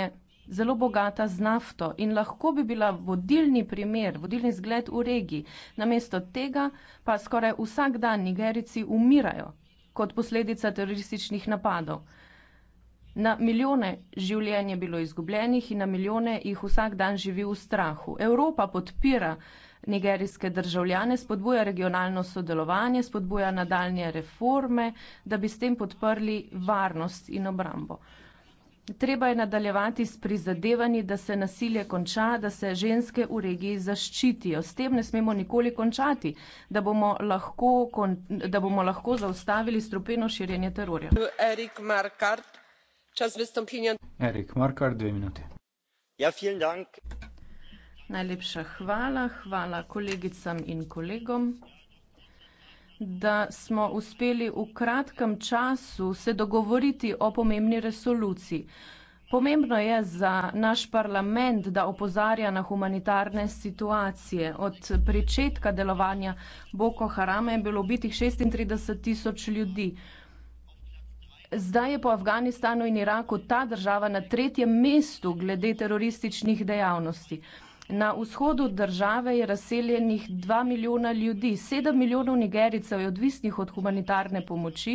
zelo bogata z nafto in lahko bi bila vodilni primer, vodilni zgled v regiji. Namesto tega pa skoraj vsak dan Nigerici umirajo kot posledica terorističnih napadov. Na milijone življenj je bilo izgubljenih in na milijone jih vsak dan živi v strahu. Evropa podpira nigerijske državljane, spodbuja regionalno sodelovanje, spodbuja nadaljne reforme, da bi s tem podprli varnost in obrambo. Treba je nadaljevati s prizadevanji, da se nasilje konča, da se ženske v regiji zaščitijo. S tem ne smemo nikoli končati, da bomo lahko, kon, da bomo lahko zaustavili strupeno širjenje terorja čas vystąpienia. Erik Markar, dve minuti. Ja, vielen Dank. Najlepša hvala, hvala kolegicam in kolegom, da smo uspeli v kratkem času se dogovoriti o pomembni resoluciji. Pomembno je za naš parlament, da opozarja na humanitarne situacije. Od pričetka delovanja Boko Harama je bilo ubitih 36 tisoč ljudi. Zdaj je po Afganistanu in Iraku ta država na tretjem mestu glede terorističnih dejavnosti. Na vzhodu države je razseljenih 2 milijona ljudi, 7 milijonov nigericev je odvisnih od humanitarne pomoči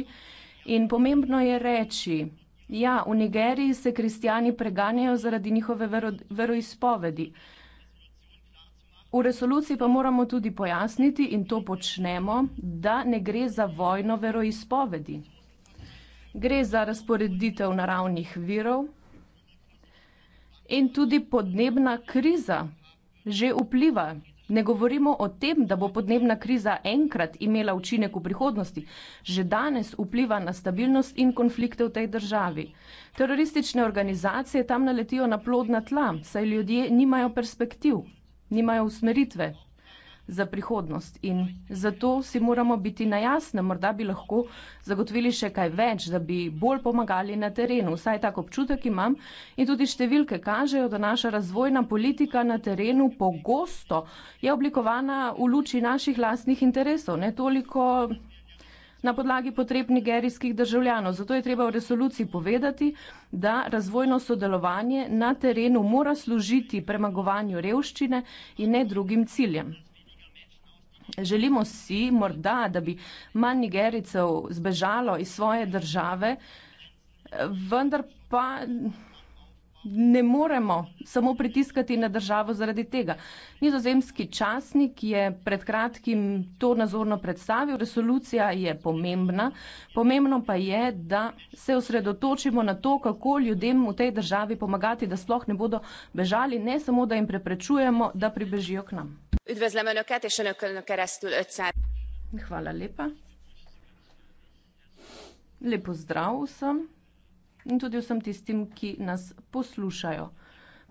in pomembno je reči, ja, v Nigeriji se kristijani preganjajo zaradi njihove vero, veroizpovedi. V resoluciji pa moramo tudi pojasniti, in to počnemo, da ne gre za vojno veroizpovedi gre za razporeditev naravnih virov in tudi podnebna kriza že vpliva. Ne govorimo o tem, da bo podnebna kriza enkrat imela učinek v prihodnosti, že danes vpliva na stabilnost in konflikte v tej državi. Teroristične organizacije tam naletijo na plodna tla, saj ljudje nimajo perspektiv, nimajo usmeritve, za prihodnost. In zato si moramo biti na jasnem, morda bi lahko zagotovili še kaj več, da bi bolj pomagali na terenu. Vsaj tako občutek imam in tudi številke kažejo, da naša razvojna politika na terenu pogosto je oblikovana v luči naših lastnih interesov, ne toliko na podlagi potreb nigerijskih državljanov. Zato je treba v resoluciji povedati, da razvojno sodelovanje na terenu mora služiti premagovanju revščine in ne drugim ciljem. Želimo si morda, da bi manj Nigericev zbežalo iz svoje države, vendar pa ne moremo samo pritiskati na državo zaradi tega. Nizozemski časnik je pred kratkim to nazorno predstavil, resolucija je pomembna, pomembno pa je, da se osredotočimo na to, kako ljudem v tej državi pomagati, da sploh ne bodo bežali, ne samo, da jim preprečujemo, da pribežijo k nam. Üdvözlöm Önöket és Önökön keresztül ötszer. Hvala lepa. Lepo zdrav vsem in tudi vsem tistim, ki nas poslušajo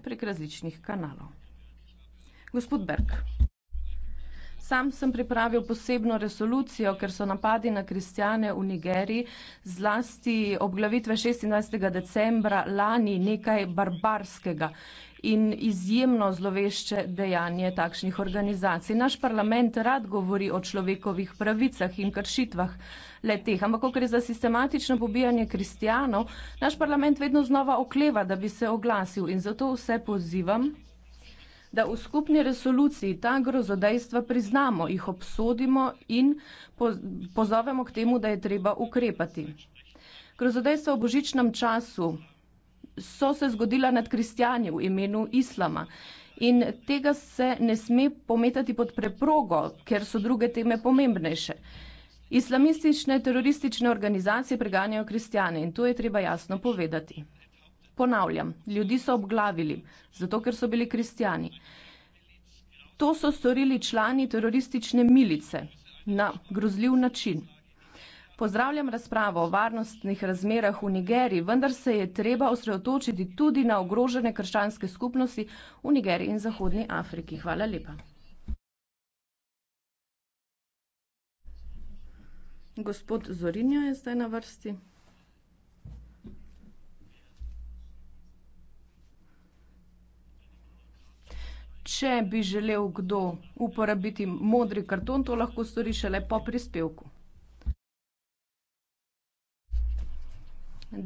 prek različnih kanalov. Gospod Berg. Sam sem pripravil posebno resolucijo, ker so napadi na kristjane v Nigeriji, zlasti obglavitve 26. decembra lani nekaj barbarskega in izjemno zlovešče dejanje takšnih organizacij. Naš parlament rad govori o človekovih pravicah in kršitvah le teh. Ampak, ko gre za sistematično pobijanje kristijanov, naš parlament vedno znova okleva, da bi se oglasil in zato vse pozivam, da v skupni resoluciji ta grozodejstva priznamo, jih obsodimo in pozovemo k temu, da je treba ukrepati. Grozodejstva v božičnem času so se zgodila nad kristijani v imenu islama. In tega se ne sme pometati pod preprogo, ker so druge teme pomembnejše. Islamistične teroristične organizacije preganjajo kristjane in to je treba jasno povedati. Ponavljam, ljudi so obglavili, zato ker so bili kristjani. To so storili člani teroristične milice na grozljiv način. Pozdravljam razpravo o varnostnih razmerah v Nigeriji, vendar se je treba osredotočiti tudi na ogrožene krščanske skupnosti v Nigeriji in Zahodni Afriki. Hvala lepa. Gospod Zorinjo je zdaj na vrsti. Če bi želel kdo uporabiti modri karton, to lahko stori šele po prispevku.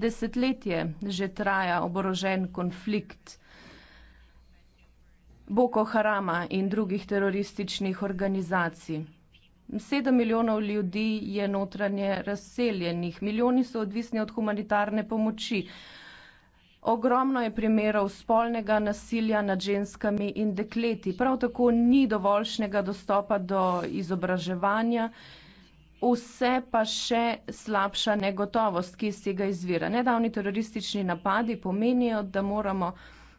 Desetletje že traja oborožen konflikt Boko Harama in drugih terorističnih organizacij. Sedem milijonov ljudi je notranje razseljenih, milijoni so odvisni od humanitarne pomoči. Ogromno je primerov spolnega nasilja nad ženskami in dekleti. Prav tako ni dovoljšnega dostopa do izobraževanja. Vse pa še slabša negotovost, ki iz tega izvira. Nedavni teroristični napadi pomenijo, da moramo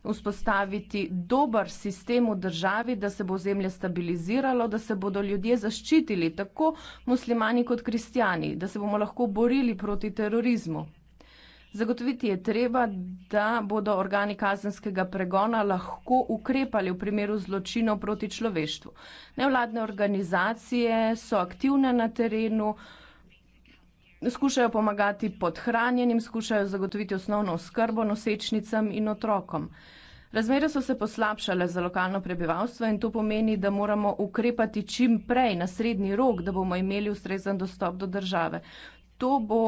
vzpostaviti dober sistem v državi, da se bo zemlje stabiliziralo, da se bodo ljudje zaščitili, tako muslimani kot kristijani, da se bomo lahko borili proti terorizmu. Zagotoviti je treba, da bodo organi kazenskega pregona lahko ukrepali v primeru zločinov proti človeštvu. Nevladne organizacije so aktivne na terenu, skušajo pomagati podhranjenim, skušajo zagotoviti osnovno oskrbo nosečnicam in otrokom. Razmere so se poslabšale za lokalno prebivalstvo in to pomeni, da moramo ukrepati čim prej na srednji rok, da bomo imeli ustrezen dostop do države. To bo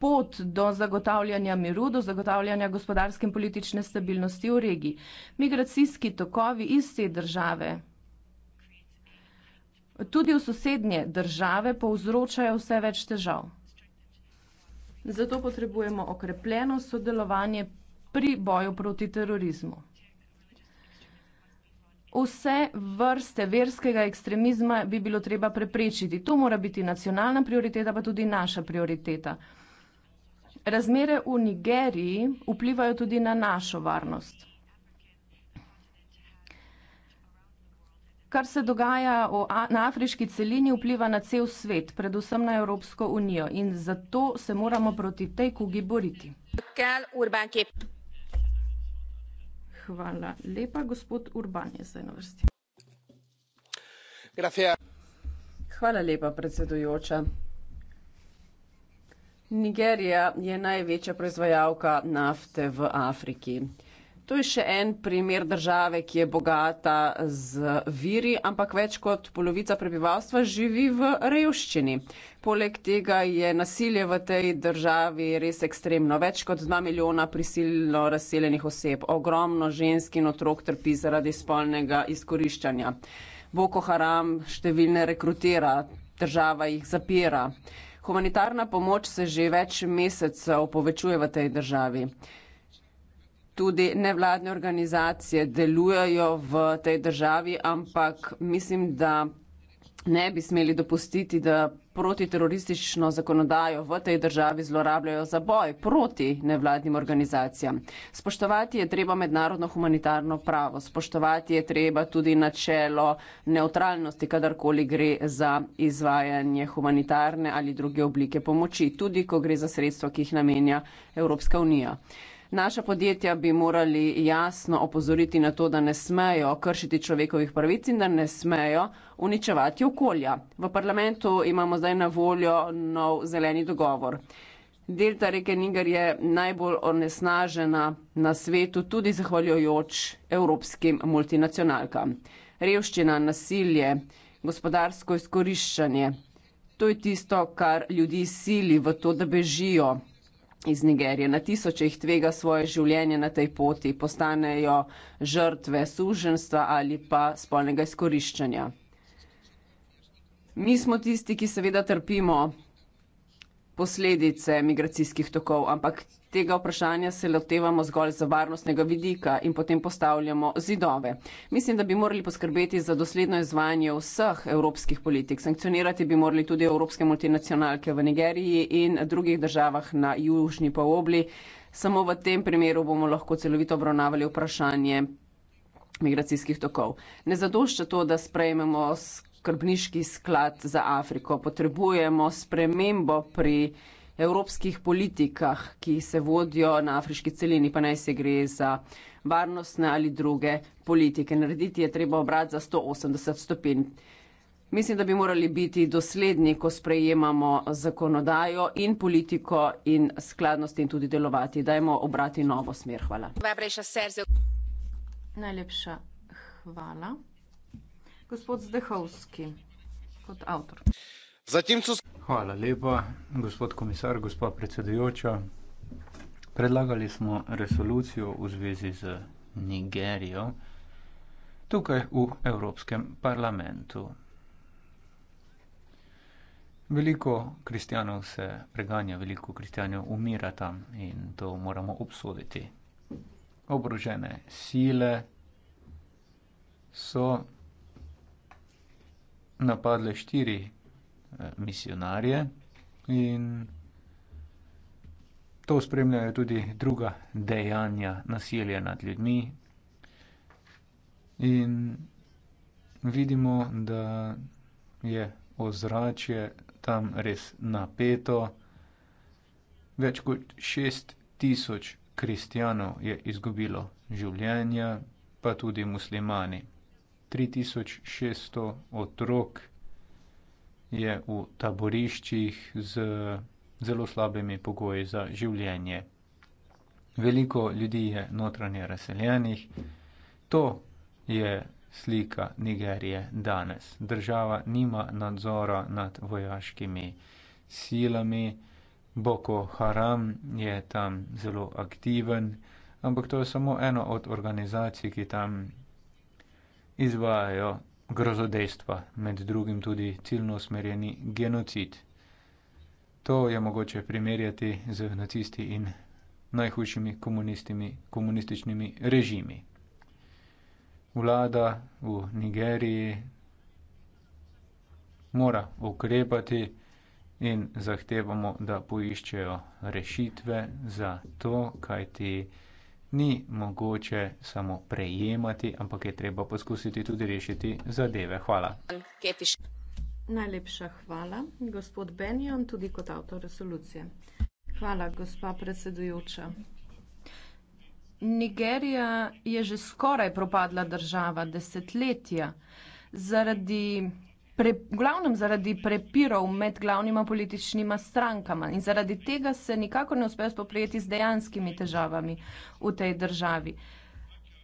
pot do zagotavljanja miru, do zagotavljanja gospodarske in politične stabilnosti v regiji. Migracijski tokovi iz te države tudi v sosednje države povzročajo vse več težav. Zato potrebujemo okrepljeno sodelovanje pri boju proti terorizmu. Vse vrste verskega ekstremizma bi bilo treba preprečiti. To mora biti nacionalna prioriteta, pa tudi naša prioriteta. Razmere v Nigeriji vplivajo tudi na našo varnost. Kar se dogaja v, na afriški celini, vpliva na cel svet, predvsem na Evropsko unijo in zato se moramo proti tej kugi boriti. Hvala lepa, gospod Urban je zdaj na vrsti. Hvala lepa, predsedujoča. Nigerija je največja proizvajalka nafte v Afriki. To je še en primer države, ki je bogata z viri, ampak več kot polovica prebivalstva živi v revščini. Poleg tega je nasilje v tej državi res ekstremno. Več kot 2 milijona prisilno razseljenih oseb, ogromno žensk in otrok trpi zaradi spolnega izkoriščanja. Boko Haram številne rekrutira, država jih zapira. Humanitarna pomoč se že več mesecev povečuje v tej državi tudi nevladne organizacije delujejo v tej državi, ampak mislim, da ne bi smeli dopustiti, da protiteroristično zakonodajo v tej državi zlorabljajo za boj proti nevladnim organizacijam. Spoštovati je treba mednarodno humanitarno pravo, spoštovati je treba tudi načelo neutralnosti, kadarkoli gre za izvajanje humanitarne ali druge oblike pomoči, tudi ko gre za sredstva, ki jih namenja Evropska unija. Naša podjetja bi morali jasno opozoriti na to, da ne smejo kršiti človekovih pravic in da ne smejo uničevati okolja. V parlamentu imamo zdaj na voljo nov zeleni dogovor. Delta reke Niger je najbolj onesnažena na svetu, tudi zahvaljujoč evropskim multinacionalkam. Revščina, nasilje, gospodarsko izkoriščanje. To je tisto, kar ljudi sili v to, da bežijo iz Nigerije. Na tisoče jih tvega svoje življenje na tej poti, postanejo žrtve suženstva ali pa spolnega izkoriščanja. Mi smo tisti, ki seveda trpimo posledice migracijskih tokov, ampak Tega vprašanja se lotevamo zgolj za varnostnega vidika in potem postavljamo zidove. Mislim, da bi morali poskrbeti za dosledno izvajanje vseh evropskih politik. Sankcionirati bi morali tudi evropske multinacionalke v Nigeriji in drugih državah na južni polobli. Samo v tem primeru bomo lahko celovito obravnavali vprašanje migracijskih tokov. Ne zadošča to, da sprejmemo skrbniški sklad za Afriko. Potrebujemo spremembo pri evropskih politikah, ki se vodijo na afriški celini, pa naj se gre za varnostne ali druge politike. Narediti je treba obrat za 180 stopinj. Mislim, da bi morali biti dosledni, ko sprejemamo zakonodajo in politiko in skladnosti in tudi delovati. Dajmo obrati novo smer. Hvala. Najlepša hvala. Gospod Zdehovski, kot avtor. Zatimco... Hvala lepa, gospod komisar, gospa predsedujoča. Predlagali smo resolucijo v zvezi z Nigerijo tukaj v Evropskem parlamentu. Veliko kristjanov se preganja, veliko kristjanov umira tam in to moramo obsoditi. Obrožene sile so napadle štiri Eh, misionarje in to spremljajo tudi druga dejanja nasilja nad ljudmi. In vidimo, da je ozračje tam res napeto. Več kot šest tisoč kristijanov je izgubilo življenja, pa tudi muslimani. 3600 otrok je v taboriščih z zelo slabimi pogoji za življenje. Veliko ljudi je notranje razseljenih. To je slika Nigerije danes. Država nima nadzora nad vojaškimi silami. Boko Haram je tam zelo aktiven, ampak to je samo ena od organizacij, ki tam izvajajo grozodejstva med drugim tudi ciljno usmerjeni genocid to je mogoče primerjati z nacisti in najhujšimi komunističnimi režimi vlada v nigeriji mora ukrepati in zahtevamo da poiščejo rešitve za to kajti ni mogoče samo prejemati, ampak je treba poskusiti tudi rešiti zadeve. Hvala. Kepiš. Najlepša hvala, gospod Benjon, tudi kot avtor resolucije. Hvala, gospa predsedujoča. Nigerija je že skoraj propadla država desetletja zaradi pre, glavnem zaradi prepirov med glavnima političnima strankama in zaradi tega se nikako ne uspe spoprijeti z dejanskimi težavami v tej državi.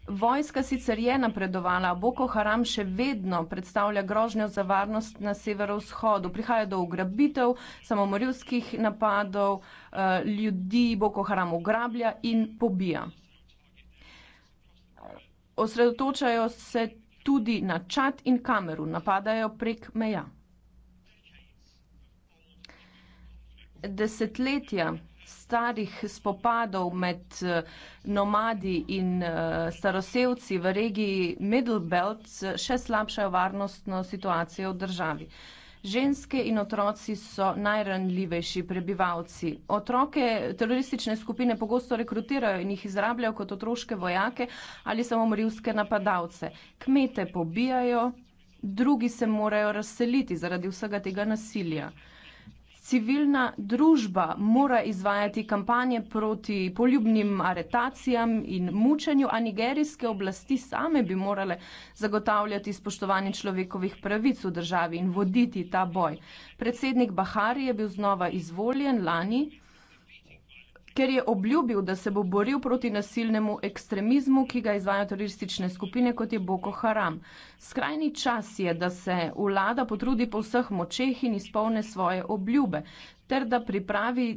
Vojska sicer je napredovala, Boko Haram še vedno predstavlja grožnjo za varnost na severovzhodu. Prihaja do ugrabitev, samomorilskih napadov, eh, ljudi Boko Haram ugrablja in pobija. Osredotočajo se tudi na Čad in Kameru napadajo prek meja. Desetletja starih spopadov med eh, nomadi in eh, starosevci v regiji Middle Belt eh, še slabšajo varnostno situacijo v državi. Ženske in otroci so najranljivejši prebivalci. Otroke teroristične skupine pogosto rekrutirajo in jih izrabljajo kot otroške vojake ali samomorilske napadalce. Kmete pobijajo, drugi se morajo razseliti zaradi vsega tega nasilja civilna družba mora izvajati kampanje proti poljubnim aretacijam in mučenju, a nigerijske oblasti same bi morale zagotavljati spoštovanje človekovih pravic v državi in voditi ta boj. Predsednik Bahari je bil znova izvoljen lani, ker je obljubil, da se bo boril proti nasilnemu ekstremizmu, ki ga izvajo teroristične skupine, kot je Boko Haram. Skrajni čas je, da se vlada potrudi po vseh močeh in izpolne svoje obljube, ter da pripravi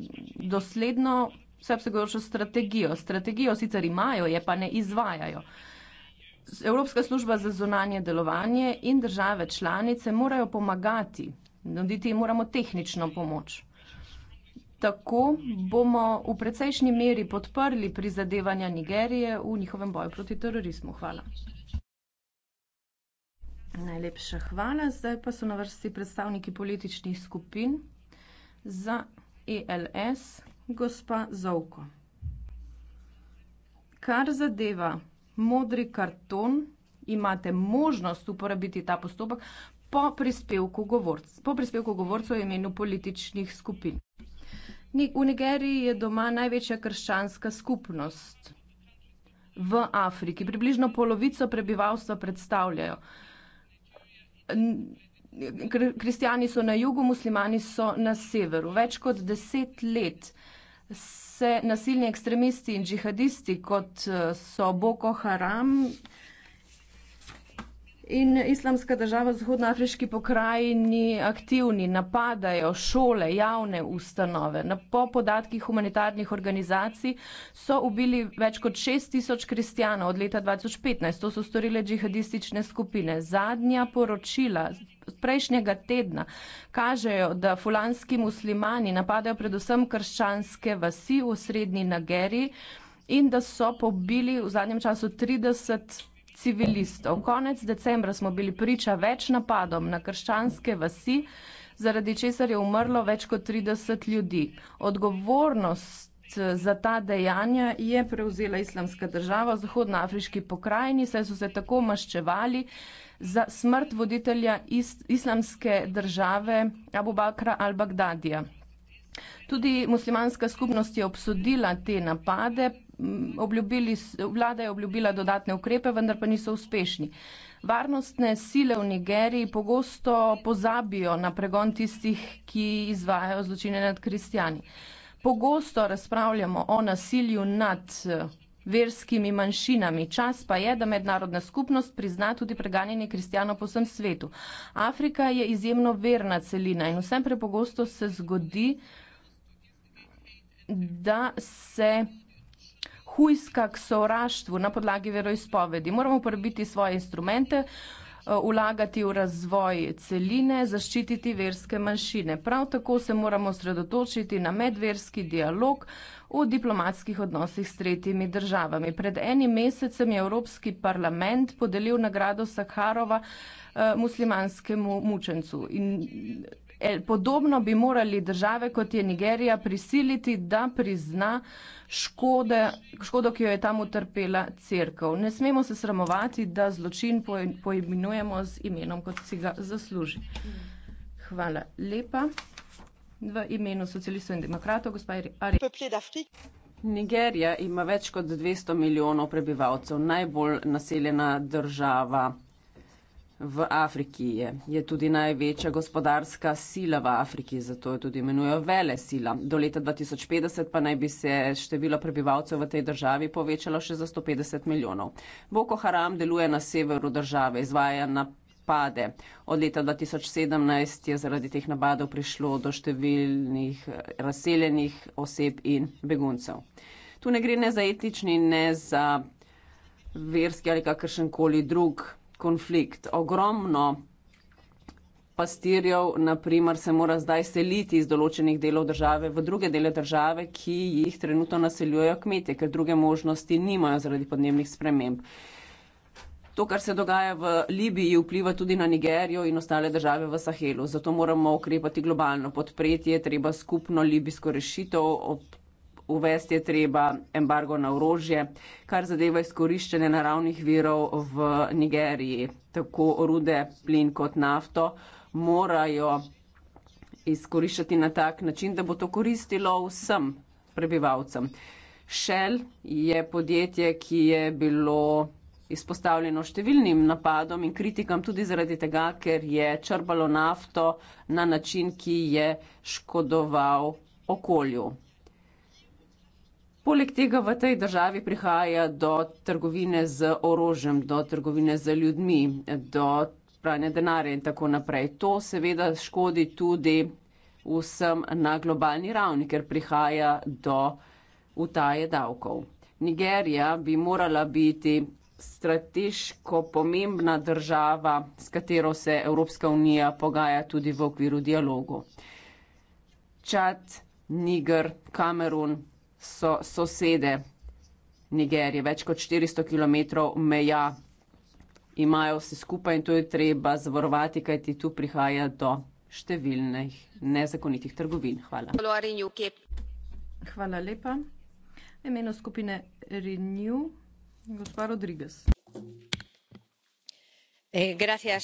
dosledno vsebsegojočo strategijo. Strategijo sicer imajo, je pa ne izvajajo. Evropska služba za zonanje delovanje in države članice morajo pomagati, nuditi moramo tehnično pomoč. Tako bomo v precejšnji meri podprli prizadevanja Nigerije v njihovem boju proti terorizmu. Hvala. Najlepša hvala. Zdaj pa so na vrsti predstavniki političnih skupin za ELS, gospa Zovko. Kar zadeva modri karton, imate možnost uporabiti ta postopek po prispevku govorcev, po prispevku govorcev v imenu političnih skupin. V Nigeriji je doma največja krščanska skupnost v Afriki. Približno polovico prebivalstva predstavljajo. Kristijani so na jugu, muslimani so na severu. Več kot deset let se nasilni ekstremisti in džihadisti, kot so Boko Haram, In islamska država v vzhodnoafriški pokrajini aktivni napadajo šole, javne ustanove. Na po podatkih humanitarnih organizacij so ubili več kot 6000 kristijanov od leta 2015. To so storile džihadistične skupine. Zadnja poročila prejšnjega tedna kažejo, da fulanski muslimani napadajo predvsem krščanske vasi v srednji Nageriji in da so pobili v zadnjem času 30 civilistov. Konec decembra smo bili priča več napadom na krščanske vasi, zaradi česar je umrlo več kot 30 ljudi. Odgovornost eh, za ta dejanja je prevzela islamska država v zahodnoafriški pokrajini, saj so se tako maščevali za smrt voditelja islamske države Abu Bakra al-Bagdadija. Tudi muslimanska skupnost je obsodila te napade, obljubili, vlada je obljubila dodatne ukrepe, vendar pa niso uspešni. Varnostne sile v Nigeriji pogosto pozabijo na pregon tistih, ki izvajajo zločine nad kristijani. Pogosto razpravljamo o nasilju nad eh, verskimi manjšinami. Čas pa je, da mednarodna skupnost prizna tudi preganjanje kristijanov po vsem svetu. Afrika je izjemno verna celina in vsem prepogosto se zgodi, da se hujska k sovraštvu na podlagi veroizpovedi. Moramo uporabiti svoje instrumente, ulagati eh, v razvoj celine, zaščititi verske manjšine. Prav tako se moramo sredotočiti na medverski dialog v diplomatskih odnosih s tretjimi državami. Pred enim mesecem je Evropski parlament podelil nagrado Saharova eh, muslimanskemu mučencu. In, E, podobno bi morali države, kot je Nigerija, prisiliti, da prizna škode, škodo, ki jo je tam utrpela crkva. Ne smemo se sramovati, da zločin poimenujemo z imenom, kot si ga zasluži. Hvala lepa. V imenu socialistov in demokratov, gospod Ari. Nigerija ima več kot 200 milijonov prebivalcev, najbolj naseljena država v Afriki je. Je tudi največja gospodarska sila v Afriki, zato jo tudi imenujejo vele sila. Do leta 2050 pa naj bi se število prebivalcev v tej državi povečalo še za 150 milijonov. Boko Haram deluje na severu države, izvaja na. Pade. Od leta 2017 je zaradi teh napadov prišlo do številnih razseljenih oseb in beguncev. Tu ne gre ne za etični, ne za verski ali kakršen koli drug konflikt. Ogromno pastirjev, naprimer, se mora zdaj seliti iz določenih delov države v druge dele države, ki jih trenutno naseljujejo kmetje, ker druge možnosti nimajo zaradi podnebnih sprememb. To, kar se dogaja v Libiji, vpliva tudi na Nigerijo in ostale države v Sahelu. Zato moramo ukrepati globalno. Podpreti je treba skupno libijsko rešitev ob uvesti je treba embargo na orožje, kar zadeva izkoriščanje naravnih virov v Nigeriji. Tako rude, plin kot nafto morajo izkoriščati na tak način, da bo to koristilo vsem prebivalcem. Shell je podjetje, ki je bilo izpostavljeno številnim napadom in kritikam tudi zaradi tega, ker je črbalo nafto na način, ki je škodoval okolju. Poleg tega v tej državi prihaja do trgovine z orožjem, do trgovine z ljudmi, do pranja denarja in tako naprej. To seveda škodi tudi vsem na globalni ravni, ker prihaja do utaje davkov. Nigerija bi morala biti strateško pomembna država, s katero se Evropska unija pogaja tudi v okviru dialogu. Čad, Niger, Kamerun, so sosede Nigerije, več kot 400 km meja imajo vsi skupaj in to je treba zavarovati, kajti tu prihaja do številnih nezakonitih trgovin. Hvala. Hvala lepa. Imeno skupine Renew, gospa Rodriguez. Eh,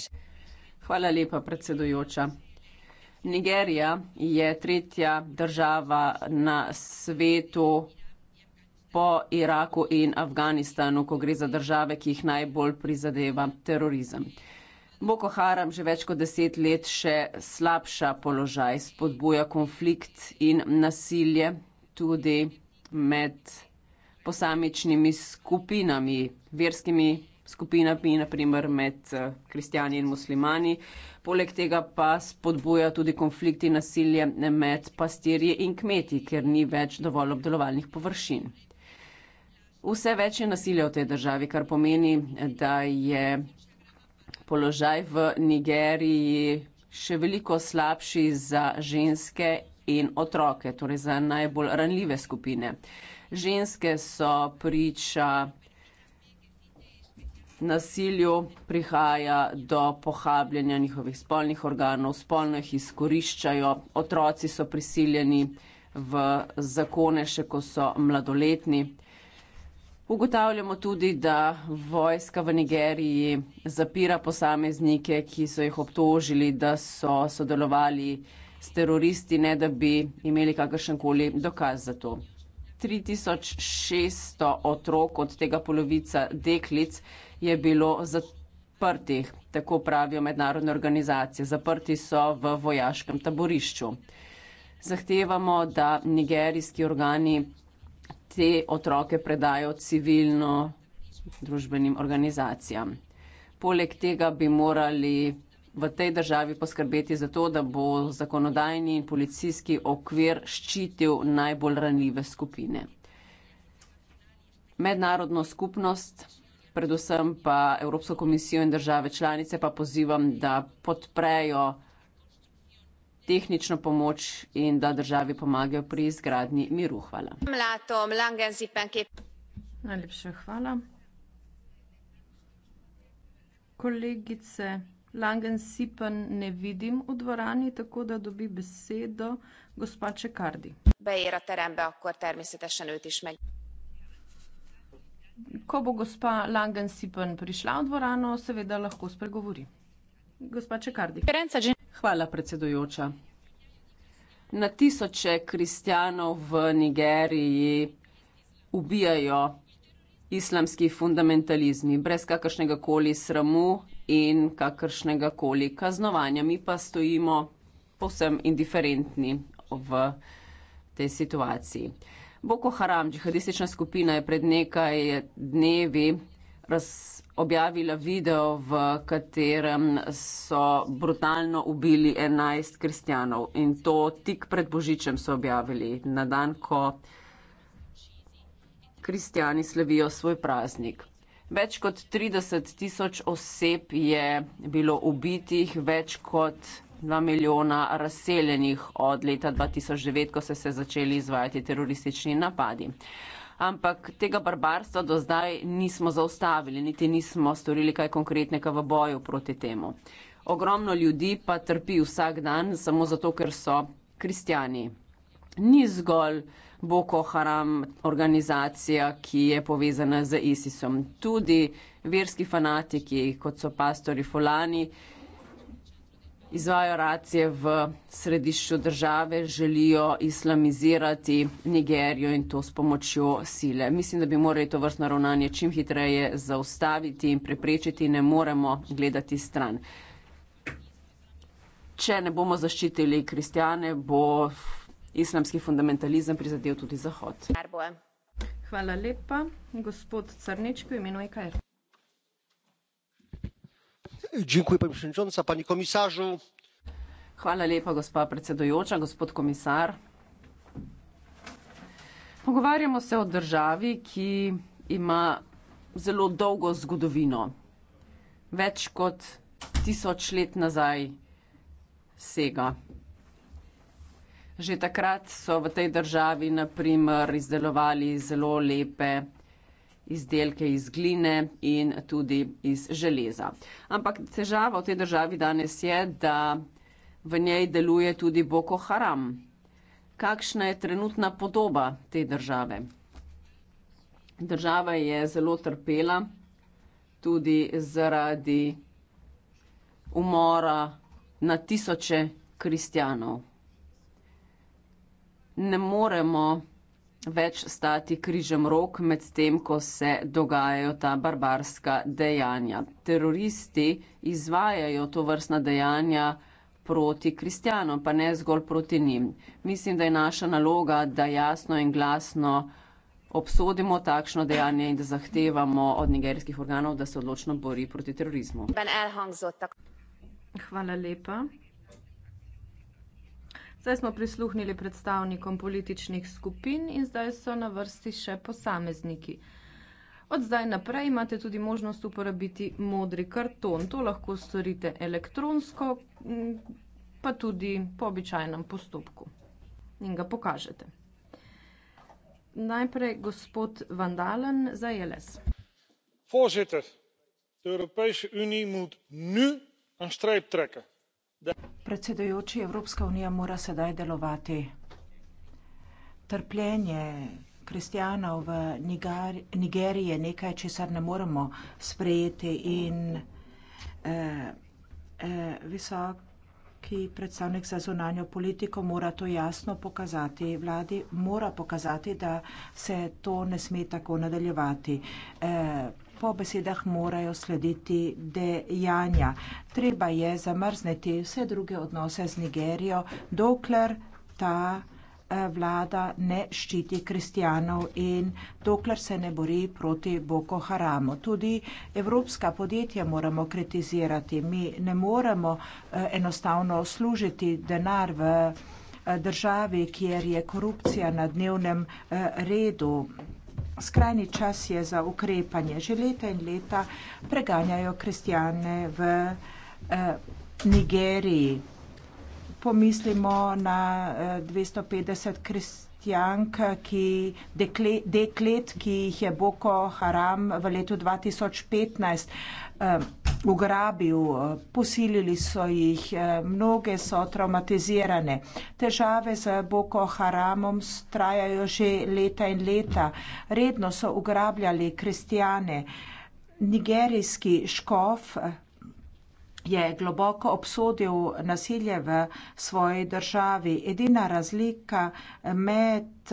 Hvala lepa, predsedujoča. Nigerija je tretja država na svetu po Iraku in Afganistanu, ko gre za države, ki jih najbolj prizadeva terorizem. Boko Haram že več kot deset let še slabša položaj, spodbuja konflikt in nasilje tudi med posamičnimi skupinami, verskimi skupinami, naprimer med eh, kristijani in muslimani. Poleg tega pa spodbuja tudi konflikti in nasilje med pastirji in kmeti, ker ni več dovolj obdelovalnih površin. Vse več je nasilja v tej državi, kar pomeni, da je položaj v Nigeriji še veliko slabši za ženske in otroke, torej za najbolj ranljive skupine. Ženske so priča nasilju, prihaja do pohabljanja njihovih spolnih organov, spolno jih izkoriščajo, otroci so prisiljeni v zakone, še ko so mladoletni. Ugotavljamo tudi, da vojska v Nigeriji zapira posameznike, ki so jih obtožili, da so sodelovali s teroristi, ne da bi imeli kakršenkoli dokaz za to. 3600 otrok, od tega polovica deklic, je bilo zaprtih, tako pravijo mednarodne organizacije. Zaprti so v vojaškem taborišču. Zahtevamo, da nigerijski organi te otroke predajo civilno družbenim organizacijam. Poleg tega bi morali v tej državi poskrbeti za to, da bo zakonodajni in policijski okvir ščitil najbolj ranljive skupine. Mednarodno skupnost predvsem pa Evropsko komisijo in države članice pa pozivam, da podprejo tehnično pomoč in da državi pomagajo pri izgradnji miru. Hvala. Najlepša hvala. Kolegice Langensipen ne vidim v dvorani, tako da dobi besedo gospa Čekardi. Beira terembe, akor természetesen őt is meg ko bo gospa Langen Sipen prišla v dvorano, seveda lahko spregovori. Gospa Čekardi. Hvala, predsedujoča. Na tisoče kristjanov v Nigeriji ubijajo islamski fundamentalizmi brez kakršnega koli sramu in kakršnega koli kaznovanja. Mi pa stojimo povsem indiferentni v tej situaciji. Boko Haram, džihadistična skupina, je pred nekaj dnevi objavila video, v katerem so brutalno ubili 11 kristjanov in to tik pred Božičem so objavili, na dan, ko kristjani slavijo svoj praznik. Več kot 30 tisoč oseb je bilo ubitih, več kot 2 milijona razseljenih od leta 2009, ko so se začeli izvajati teroristični napadi. Ampak tega barbarstva do zdaj nismo zaustavili, niti nismo storili kaj konkretnega v boju proti temu. Ogromno ljudi pa trpi vsak dan samo zato, ker so kristijani. Ni zgolj Boko Haram organizacija, ki je povezana z ISISom. Tudi verski fanatiki, kot so pastori Fulani, izvajo racije v središču države, želijo islamizirati Nigerijo in to s pomočjo sile. Mislim, da bi morali to vrstno ravnanje čim hitreje zaustaviti in preprečiti, ne moremo gledati stran. Če ne bomo zaščitili kristjane, bo islamski fundamentalizem prizadel tudi Zahod. Hvala lepa, gospod Crnič, v imenu IKR. E pani przewodnicząca! panie komisarzu! gospa predsedujoča gospod komisar pogovarjamo se o državi ki ima zelo dolgo zgodovino več kot tisoč let nazaj sega. že takrat so v tej državi na primer izdelovali zelo lepe izdelke iz gline in tudi iz železa. Ampak težava v tej državi danes je, da v njej deluje tudi Boko Haram. Kakšna je trenutna podoba te države? Država je zelo trpela tudi zaradi umora na tisoče kristjanov. Ne moremo več stati križem rok med tem, ko se dogajajo ta barbarska dejanja. Teroristi izvajajo to vrstna dejanja proti kristjanom, pa ne zgolj proti njim. Mislim, da je naša naloga, da jasno in glasno obsodimo takšno dejanje in da zahtevamo od nigerijskih organov, da se odločno bori proti terorizmu. Hvala lepa. Zdaj smo prisluhnili predstavnikom političnih skupin in zdaj so na vrsti še posamezniki. Od zdaj naprej imate tudi možnost uporabiti modri karton. To lahko storite elektronsko, pa tudi po običajnem postopku in ga pokažete. Najprej gospod Vandalen za JLS. Voorzitter, de Europese Unie moet nu een streep trekken. Predsedujoči, Evropska unija mora sedaj delovati. Trpljenje kristjanov v Nigeriji je nekaj, česar ne moremo sprejeti in, eh, eh, visoki predstavnik za zunanjo politiko mora to jasno pokazati vladi, mora pokazati, da se to ne sme tako nadaljevati. Eh, po besedah morajo slediti dejanja. Treba je zamrzniti vse druge odnose z Nigerijo, dokler ta eh, vlada ne ščiti kristijanov in dokler se ne bori proti Boko Haramu. Tudi evropska podjetja moramo kritizirati. Mi ne moremo eh, enostavno služiti denar v eh, državi, kjer je korupcija na dnevnem redu. Skrajni čas je za ukrepanje. Že leta in leta preganjajo kristijane v eh, Nigeriji. Pomislimo na eh, 250 kristijank, deklet, deklet, ki jih je Boko Haram v letu 2015 uh, ugrabil, uh, posilili so jih, uh, mnoge so traumatizirane. Težave z Boko Haramom trajajo že leta in leta. Redno so ugrabljali kristijane. Nigerijski škof je globoko obsodil nasilje v svoji državi. Edina razlika med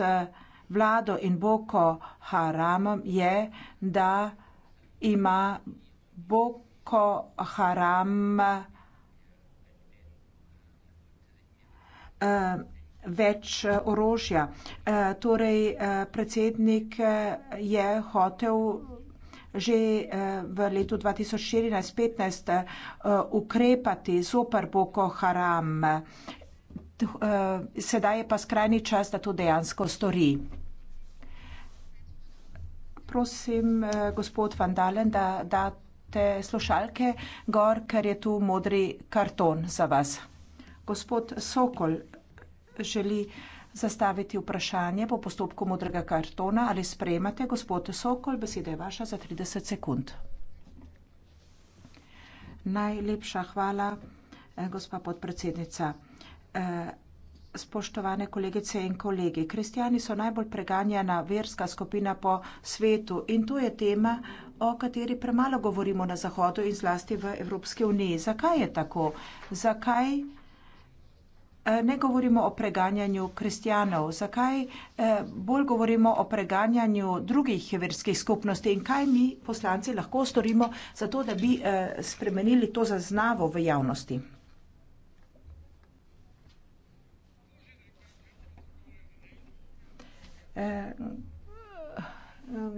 vlado in Boko Haramom je, da ima Boko Haram eh, več eh, orožja. Eh, torej, predsednik je hotel že v letu 2014-2015 ukrepati zoper Boko Haram. Sedaj je pa skrajni čas, da to dejansko stori. Prosim, gospod Vandalen, da date te slušalke gor, ker je tu modri karton za vas. Gospod Sokol želi zastaviti vprašanje po postopku modrega kartona. Ali sprejmate, gospod Sokol, beseda je vaša za 30 sekund. Najlepša hvala, eh, gospa podpredsednica. Eh, spoštovane kolegice in kolegi, kristijani so najbolj preganjena verska skupina po svetu in to je tema, o kateri premalo govorimo na Zahodu in zlasti v Evropski uniji. Zakaj je tako? Zakaj eh, ne govorimo o preganjanju kristjanov? Zakaj eh, bolj govorimo o preganjanju drugih verskih skupnosti? In kaj mi poslanci lahko storimo za to, da bi eh, spremenili to zaznavo v javnosti? Uh,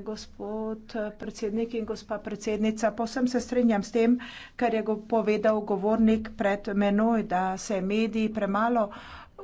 gospod predsednik in gospa predsednica. Posem se strinjam s tem, kar je go povedal govornik pred menoj, da se mediji premalo uh,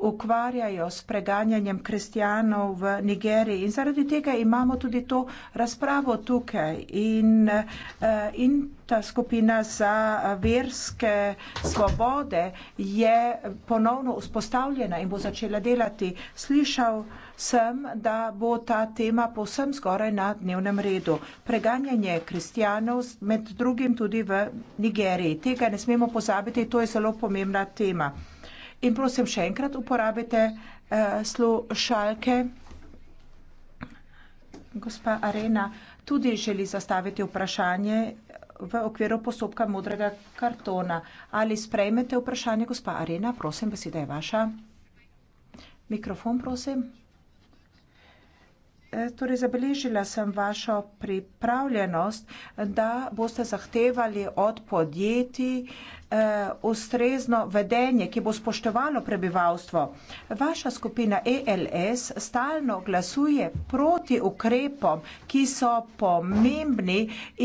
ukvarjajo s preganjanjem kristijanov v Nigeriji in zaradi tega imamo tudi to razpravo tukaj in, eh, in ta skupina za verske svobode je ponovno vzpostavljena in bo začela delati. Slišal sem, da bo ta tema povsem skoraj na dnevnem redu. Preganjanje kristijanov med drugim tudi v Nigeriji. Tega ne smemo pozabiti, to je zelo pomembna tema. In prosim, še enkrat uporabite uh, slušalke. Gospa Arena tudi želi zastaviti vprašanje eh, v okviru postopka modrega kartona. Ali sprejmete vprašanje, gospa Arena? Prosim, beseda je vaša. Mikrofon, prosim. Eh, torej, zabeležila sem vašo pripravljenost, da boste zahtevali od podjetij eh, ustrezno vedenje, ki bo spoštovalo prebivalstvo. Vaša skupina ELS stalno glasuje proti ukrepom, ki so pomembni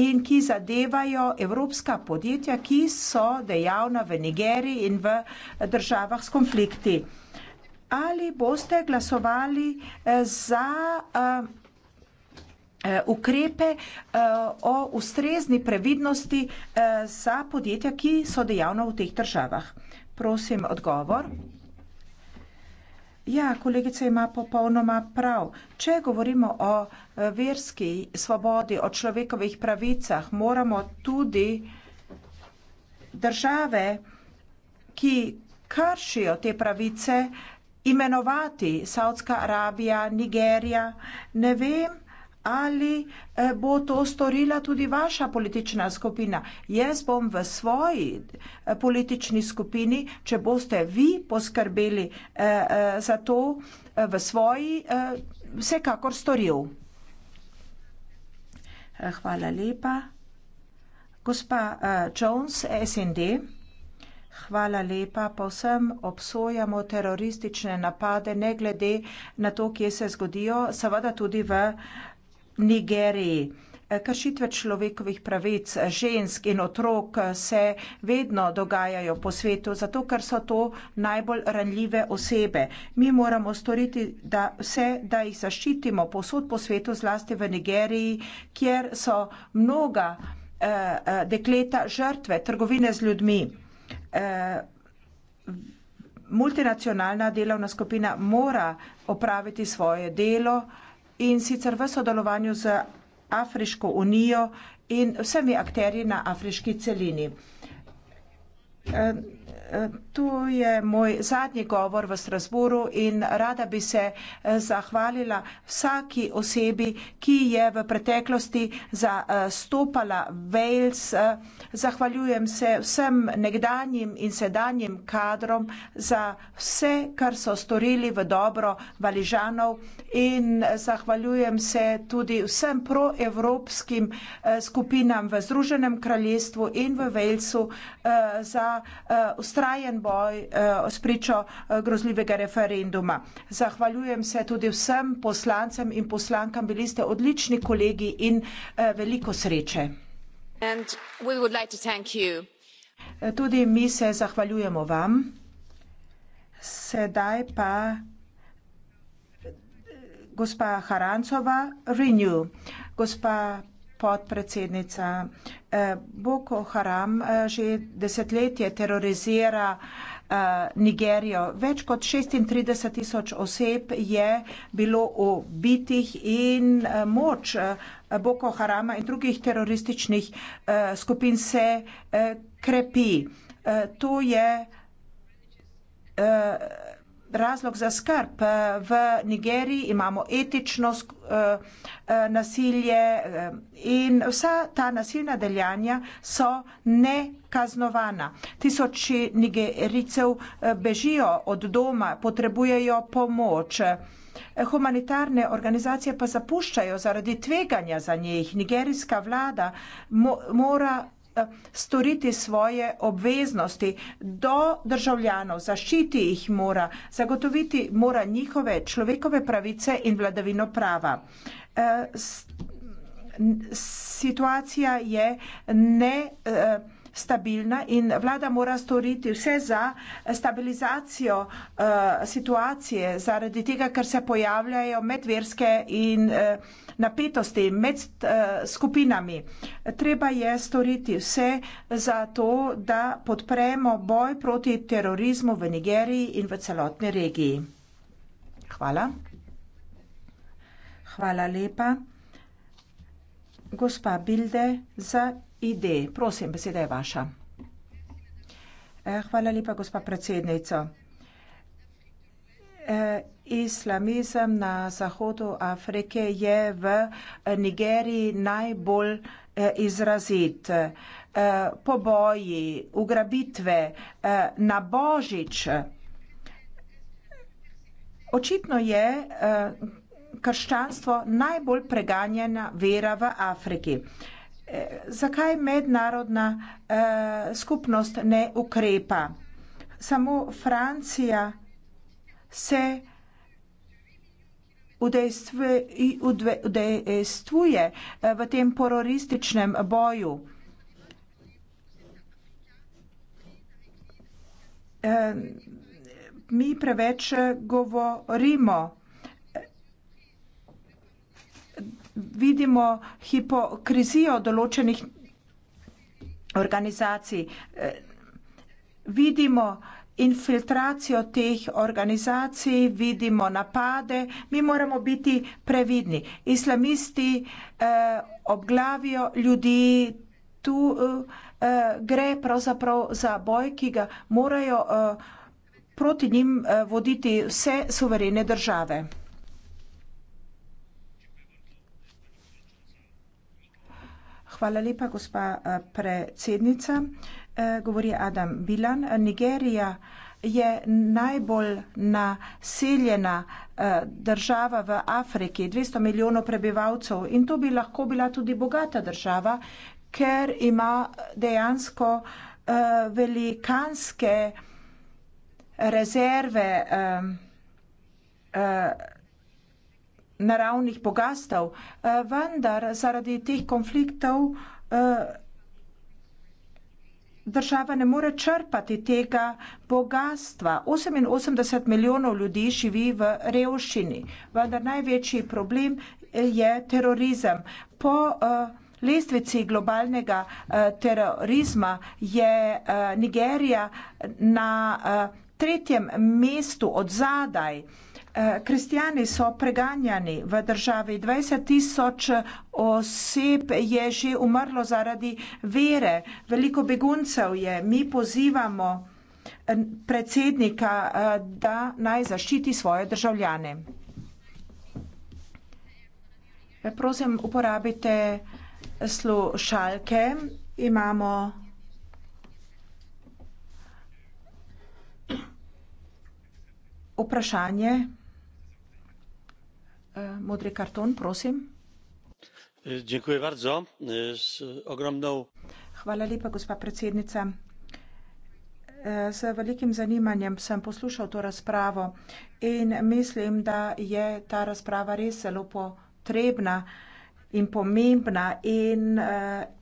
in ki zadevajo evropska podjetja, ki so dejavna v Nigeriji in v državah s konflikti ali boste glasovali eh, za eh, eh, ukrepe o ustrezni previdnosti za podjetja, ki so dejavna v teh državah. Prosim, odgovor. Ja, kolegica ima popolnoma prav. Če govorimo o verski svobodi, o človekovih pravicah, moramo tudi države, ki kršijo te pravice, eh, imenovati Saudska Arabija, Nigerija, ne vem, ali eh, bo to storila tudi vaša politična skupina. Jaz bom v svoji eh, politični skupini, če boste vi poskrbeli eh, za to, v svoji vsekakor storil. Hvala lepa. Gospa Jones, SND. Hvala lepa. Povsem obsojamo teroristične napade, ne glede na to, kje se zgodijo, seveda tudi v Nigeriji. Kršitve človekovih pravic žensk in otrok se vedno dogajajo po svetu, zato ker so to najbolj ranljive osebe. Mi moramo storiti da vse, da jih zaščitimo posod po svetu, zlasti v Nigeriji, kjer so mnoga eh, eh dekleta žrtve trgovine z ljudmi. Eh, multinacionalna delovna skupina mora opraviti svoje delo in sicer v sodelovanju z Afriško unijo in vsemi akterji na afriški celini. E, tu je moj zadnji govor v Strasburu in rada bi se eh, zahvalila vsaki osebi, ki je v preteklosti zastopala eh, Wales. Eh. Zahvaljujem se vsem nekdanjim in sedanjim kadrom za vse, kar so storili v dobro Valižanov in zahvaljujem se tudi vsem proevropskim skupinam v Združenem kraljestvu in v Walesu za ustanovitev ustrajen boj eh, s pričo eh, grozljivega referenduma. Zahvaljujem se tudi vsem poslancem in poslankam, bili ste odlični kolegi in eh, veliko sreče. Tudi mi se zahvaljujemo vam. Sedaj pa gospa Harancova, Renew. Gospa podpredsednica. Eh, Boko Haram eh, že desetletje terorizira eh, Nigerijo. Več kot 36 tisoč oseb je bilo ubitih in moč Boko Harama in drugih terorističnih skupin se krepi. To je razlog za skrb. V Nigeriji imamo etično eh, eh, nasilje eh, in vsa ta nasilna deljanja so nekaznovana. Tisoči nigericev bežijo od doma, potrebujejo pomoč. Humanitarne organizacije pa zapuščajo zaradi tveganja za njih. Nigerijska vlada mo mora storiti svoje obveznosti do državljanov, zaščiti jih mora, zagotoviti mora njihove človekove pravice in vladavino prava. Eh, situacija je ne. Eh, stabilna in vlada mora storiti vse za stabilizacijo uh, situacije, zaradi tega, ker se pojavljajo medverske in uh, napetosti med uh, skupinami. Treba je storiti vse za to, da podpremo boj proti terorizmu v Nigeriji in v celotni regiji. Hvala. Hvala lepa. Gospa Bilde za ID. Prosim, beseda je vaša. Eh, hvala lepa, gospa predsednica. Eh, islamizem na zahodu Afrike je v Nigeriji najbolj eh, izrazit. Poboji, ugrabitve na Božič. Očitno je krščanstvo najbolj preganjena vera v Afriki. Eh, zakaj mednarodna eh, skupnost ne ukrepa. Samo Francija se udejstvuje eh, v tem terorističnem boju. Eh, mi preveč govorimo vidimo hipokrizijo določenih organizacij. Vidimo infiltracijo teh organizacij, vidimo napade, mi moramo biti previdni. Islamisti eh, obglavijo ljudi, tu eh, gre pravzaprav za boj, ki ga morajo eh, proti njim eh, voditi vse suverene države. Hvala lepa, gospa eh, predsednica. Eh, govori Adam Bilan. Nigerija je najbolj naseljena eh, država v Afriki, 200 milijonov prebivalcev in to bi lahko bila tudi bogata država, ker ima dejansko velikanske rezerve naravnih bogastav, eh, vendar zaradi teh konfliktov eh, država ne more črpati tega bogastva. 88 milijonov ljudi živi v revščini, vendar največji problem eh, je terorizem. Po lestvici globalnega terorizma je Nigerija na tretjem mestu od zadaj. Kristijani so preganjani v državi. 20 tisoč oseb je že umrlo zaradi vere. Veliko beguncev je. Mi pozivamo eh, predsednika, eh, da naj zaščiti svoje državljane. Eh, prosim, uporabite slušalke. Imamo. Vprašanje. Eh, modry karton prosim eh, dziękuję bardzo eh, z ogromną hvala lepa gospa predsednica z velikim zanimanjem sem poslušal to razpravo in mislim da je ta razprava res zelo potrebna in pomembna in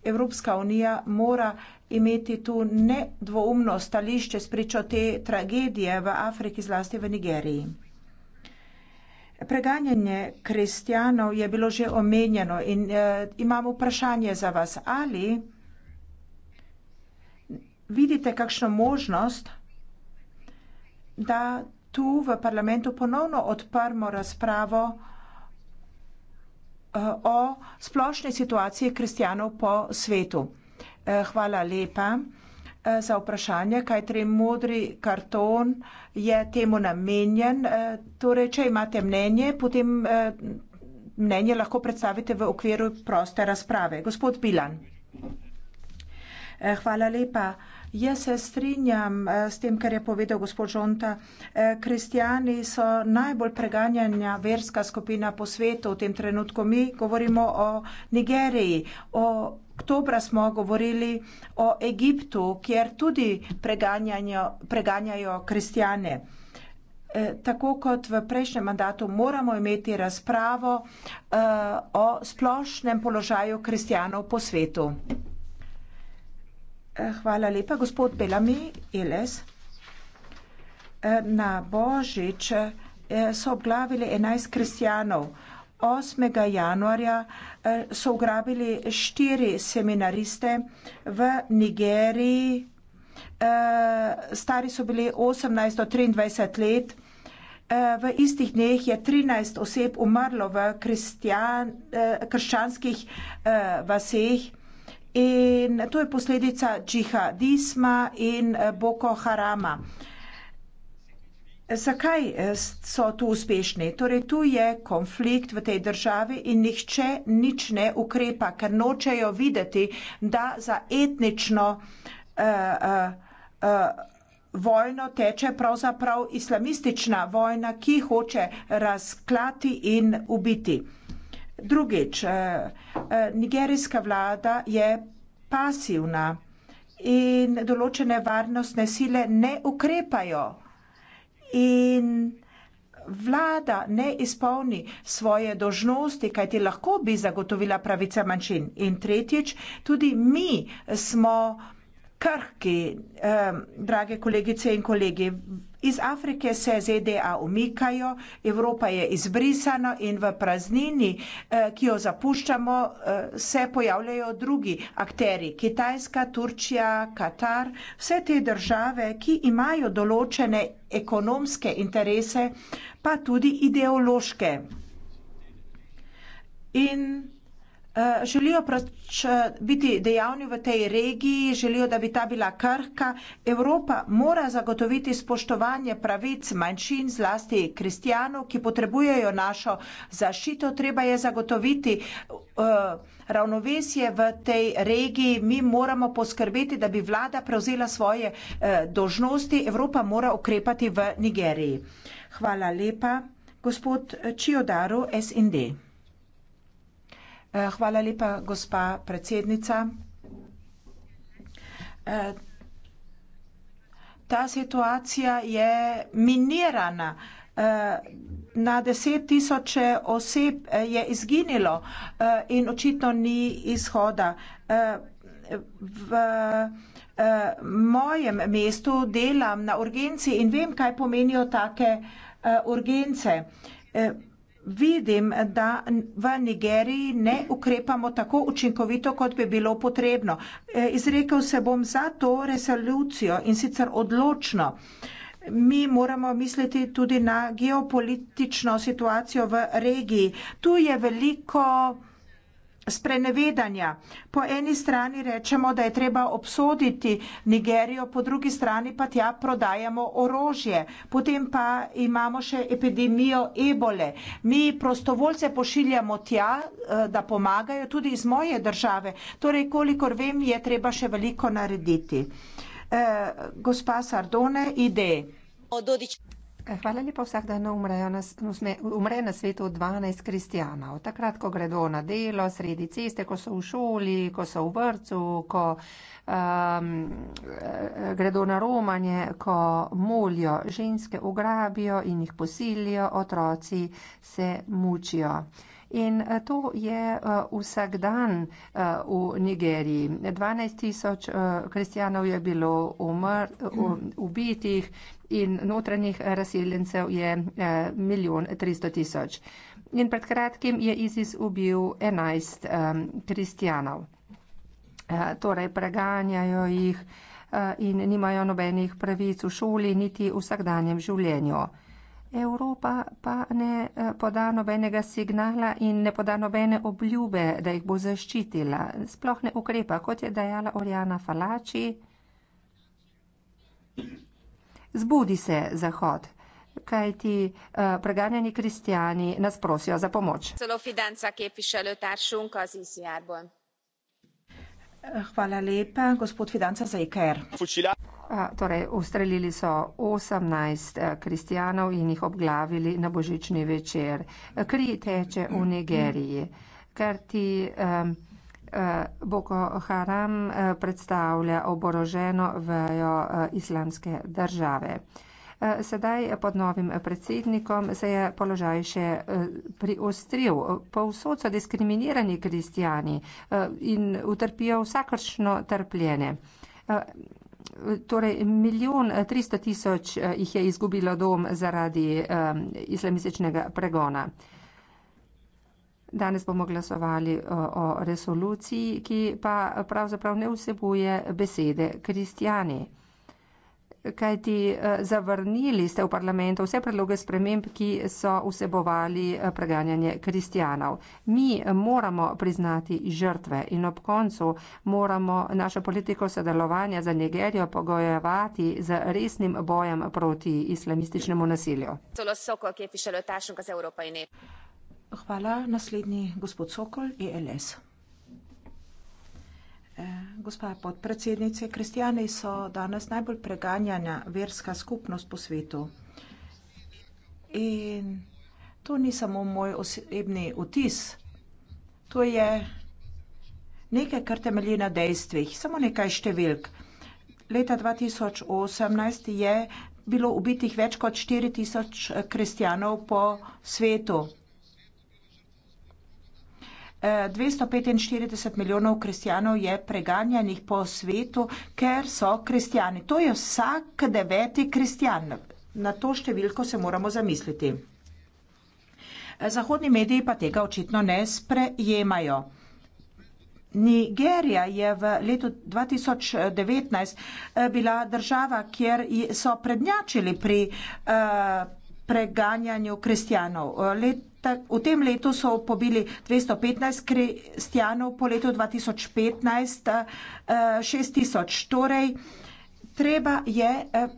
evropska unija mora imeti tu nedvoumno stališče spričo te tragedije v afriki zlasti v nigeriji Preganjanje kristjanov je bilo že omenjeno in eh, imamo vprašanje za vas. Ali vidite kakšno možnost, da tu v parlamentu ponovno odprmo razpravo eh, o splošni situaciji kristjanov po svetu? Eh, hvala lepa. Eh, za vprašanje, kaj tri modri karton je temu namenjen. Eh, torej, če imate mnenje, potem eh, mnenje lahko predstavite v okviru proste razprave. Gospod Bilan. Hvala lepa. Jaz se strinjam s tem, kar je povedal gospod Žonta. Kristijani so najbolj preganjanja verska skupina po svetu v tem trenutku. Mi govorimo o Nigeriji, o Oktobra smo govorili o Egiptu, kjer tudi preganjajo kristijane. E, tako kot v prejšnjem mandatu moramo imeti razpravo e, o splošnem položaju kristijanov po svetu. E, hvala lepa, gospod Belami Eles. Na Božič so obglavili 11 kristijanov. 8. januarja eh, so ugrabili štiri seminariste v Nigeriji. Eh, stari so bili 18 do 23 let. Eh, v istih dneh je 13 oseb umrlo v krščanskih vaseh in to je posledica džihadisma in Boko Harama. Zakaj eh, so tu uspešni? Torej, tu je konflikt v tej državi in nihče nič ne ukrepa, ker nočejo videti, da za etnično uh, uh, uh, vojno teče pravzaprav islamistična vojna, ki hoče razklati in ubiti. Drugič, uh, uh, nigerijska vlada je pasivna. In določene varnostne sile ne ukrepajo in vlada ne izpolni svoje dožnosti, kaj ti lahko bi zagotovila pravica manjšin. In tretjič, tudi mi smo krhki, eh, drage kolegice in kolegi. Iz Afrike se ZDA umikajo, Evropa je izbrisana in v praznini, eh, ki jo zapuščamo, eh, se pojavljajo drugi akteri. Kitajska, Turčija, Katar, vse te države, ki imajo določene ekonomske interese, pa tudi ideološke. In Eh, želijo prač eh, biti dejavni v tej regiji, želijo, da bi ta bila krhka. Evropa mora zagotoviti spoštovanje pravic manjšin, zlasti kristijanov, ki potrebujejo našo zašito. Treba je zagotoviti eh, ravnovesje v tej regiji. Mi moramo poskrbeti, da bi vlada prevzela svoje dožnosti. Evropa mora ukrepati v Nigeriji. Hvala lepa. Gospod Čiodaru, SND. Eh, hvala lepa, gospa predsednica. Eh, ta situacija je minirana. Eh, na deset tisoče oseb je izginilo in očitno ni izhoda. V mojem mestu delam na urgenci in vem, kaj pomenijo take urgence. Vidim, da v Nigeriji ne ukrepamo tako učinkovito, kot bi bilo potrebno. E, izrekel se bom za to resolucijo in sicer odločno. Mi moramo misliti tudi na geopolitično situacijo v regiji. Tu je veliko sprenevedanja. Po eni strani rečemo, da je treba obsoditi Nigerijo, po drugi strani pa tja prodajamo orožje. Potem pa imamo še epidemijo ebole. Mi prostovoljce pošiljamo tja, eh, da pomagajo tudi iz moje države. Torej, kolikor vem, je treba še veliko narediti. Eh, gospa Sardone, ide. Eh, hvala lepa, vsak dan umrejo na, usme, no, umre na svetu 12 kristijanov. Takrat, ko gredo na delo, sredi ceste, ko so v šoli, ko so v vrcu, ko um, gredo na romanje, ko molijo ženske, ugrabijo in jih posilijo, otroci se mučijo. Uh, In eh, to je eh, vsak dan eh, v Nigeriji. 12 tisoč kristijanov je bilo umr, ubitih in notranjih razseljencev je milijon 300 tisoč. In pred kratkim je ISIS ubil 11 kristijanov. Torej preganjajo jih in nimajo nobenih pravic v šoli niti v vsakdanjem življenju. Evropa pa ne eh, poda nobenega signala in ne poda nobene obljube, da jih bo zaščitila. Sploh ne ukrepa, kot je dejala Orjana Falači. Zbudi se Zahod, kaj ti uh, eh, preganjeni kristijani nas prosijo za pomoč. Celo Fidanca, ki je prišel v Taršunko z Isijarbo. Hvala lepa, gospod Fidanca Zajker. E torej, ustrelili so 18 eh, kristijanov in jih obglavili na božični večer. Kri teče v Nigeriji, ker ti um, Boko Haram eh, predstavlja oboroženo vejo islamske države. Sedaj pod novim predsednikom se je položaj še eh, priostril. Povsod so diskriminirani kristijani eh, in utrpijo vsakršno trpljenje. Eh, torej, milijon tristo tisoč jih je izgubilo dom zaradi islamističnega pregona. Danes bomo glasovali o, o resoluciji, ki pa pravzaprav ne vsebuje besede kristijani kajti eh, zavrnili ste v parlamentu vse predloge sprememb, ki so vsebovali eh, preganjanje kristijanov. Mi moramo priznati žrtve in ob koncu moramo našo politiko sodelovanja za Nigerijo pogojevati z resnim bojem proti islamističnemu nasilju. Hvala, naslednji gospod Sokol, ELS. Eh, gospa podpredsednica, kristijani so danes najbolj preganjana verska skupnost po svetu. In to ni samo moj osebni vtis, to je nekaj, kar temelji na dejstvih, samo nekaj številk. Leta 2018 je bilo ubitih več kot 4000 eh, kristijanov po svetu. 245 milijonov kristijanov je preganjanih po svetu, ker so kristijani. To je vsak deveti kristijan. Na to številko se moramo zamisliti. Zahodni mediji pa tega očitno ne sprejemajo. Nigerija je v letu 2019 eh, bila država, kjer so prednjačili pri uh, preganjanju kristijanov. Let, V tem letu so pobili 215 kristijanov, po letu 2015 6 eh, tisoč. Torej, treba je eh,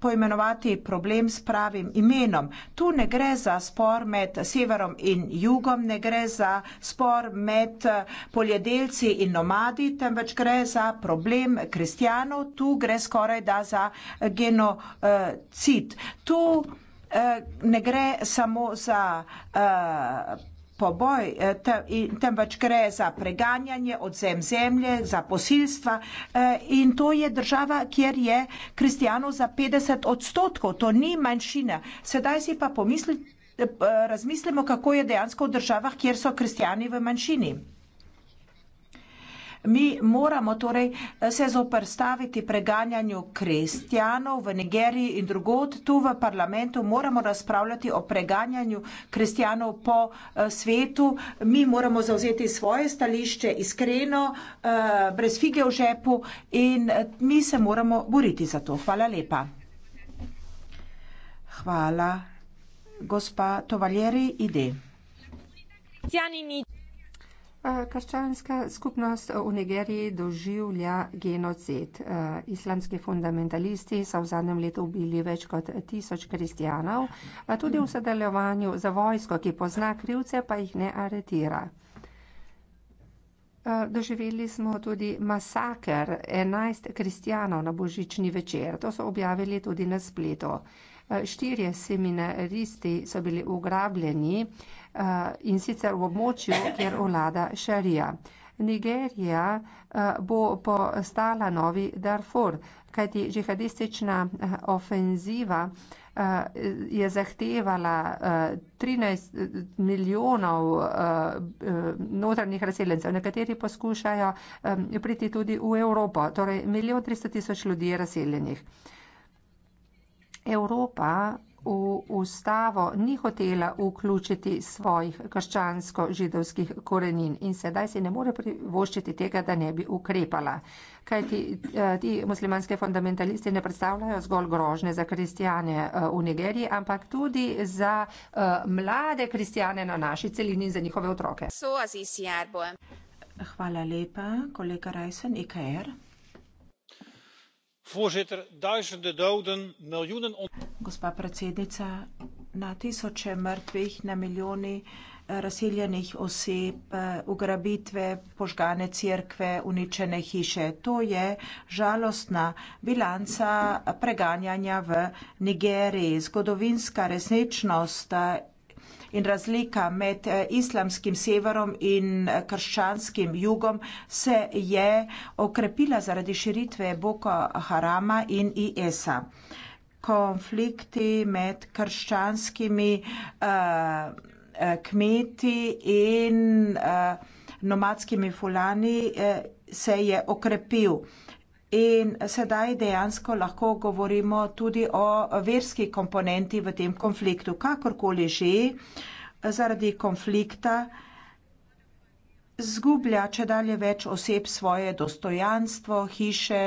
poimenovati problem s pravim imenom. Tu ne gre za spor med severom in jugom, ne gre za spor med eh, poljedelci in nomadi, temveč gre za problem kristijanov, tu gre skoraj da za genocid. Tu Eh, ne gre samo za eh, poboj, eh, temveč gre za preganjanje odzem zemlje, za posilstva in to je država, kjer je kristijanov za 50 odstotkov, to ni manjšina. Sedaj si pa razmislimo, kako je dejansko v državah, kjer so kristijani v manjšini. Mi moramo torej eh, se zoprstaviti preganjanju kristjanov v Nigeriji in drugod. Tu v parlamentu moramo razpravljati o preganjanju kristjanov po eh, svetu. Mi moramo zauzeti svoje stališče iskreno, eh, brez fige v žepu in mi se moramo boriti za to. Hvala lepa. Hvala. Gospa Tovaljeri, ide. Cristiani Nietzsche. Krščanska skupnost v Nigeriji doživlja genocid. Eh, islamski fundamentalisti so v zadnjem letu ubili več kot tisoč kristijanov, tudi v sodelovanju za vojsko, ki pozna krivce, pa jih ne aretira. Eh, doživeli smo tudi masaker 11 kristijanov na božični večer. To so objavili tudi na spletu. Eh, štirje seminaristi so bili ugrabljeni, Eh, in sicer v območju, kjer vlada šarija. Nigerija eh, bo postala novi Darfur, kajti džihadistična eh, ofenziva je zahtevala 13 milijonov notranjih razseljencev. Nekateri poskušajo priti tudi v Evropo, torej milijon 300 tisoč ljudi je razseljenih. Evropa v ustavo ni hotela vključiti svojih krščansko-židovskih korenin in sedaj si ne more privoščiti tega, da ne bi ukrepala. Kaj ti, eh, ti muslimanske fundamentalisti ne predstavljajo zgolj grožne za kristijane eh, v Nigeriji, ampak tudi za uh, mlade kristijane na naši celini in za njihove otroke. Hvala lepa, kolega Rajsen, IKR voorzitter, duizenden doden, miljoenen. Gospa predsednica, na tisoče mrtvih, na miljoni eh, razseljenih oseb, eh, ugrabitve, požgane cerkve, uničene hiše. To je žalostna bilanca preganjanja v Nigeriji. Zgodovinska resničnost eh, in razlika med eh, islamskim severom in eh, krščanskim jugom se je okrepila zaradi širitve Boko Harama in IS-a. Konflikti med krščanskimi uh, kmeti in uh, nomadskimi fulani uh, se je okrepil. In sedaj dejansko lahko govorimo tudi o verski komponenti v tem konfliktu. Kakorkoli že, zaradi konflikta zgublja če dalje več oseb svoje dostojanstvo, hiše,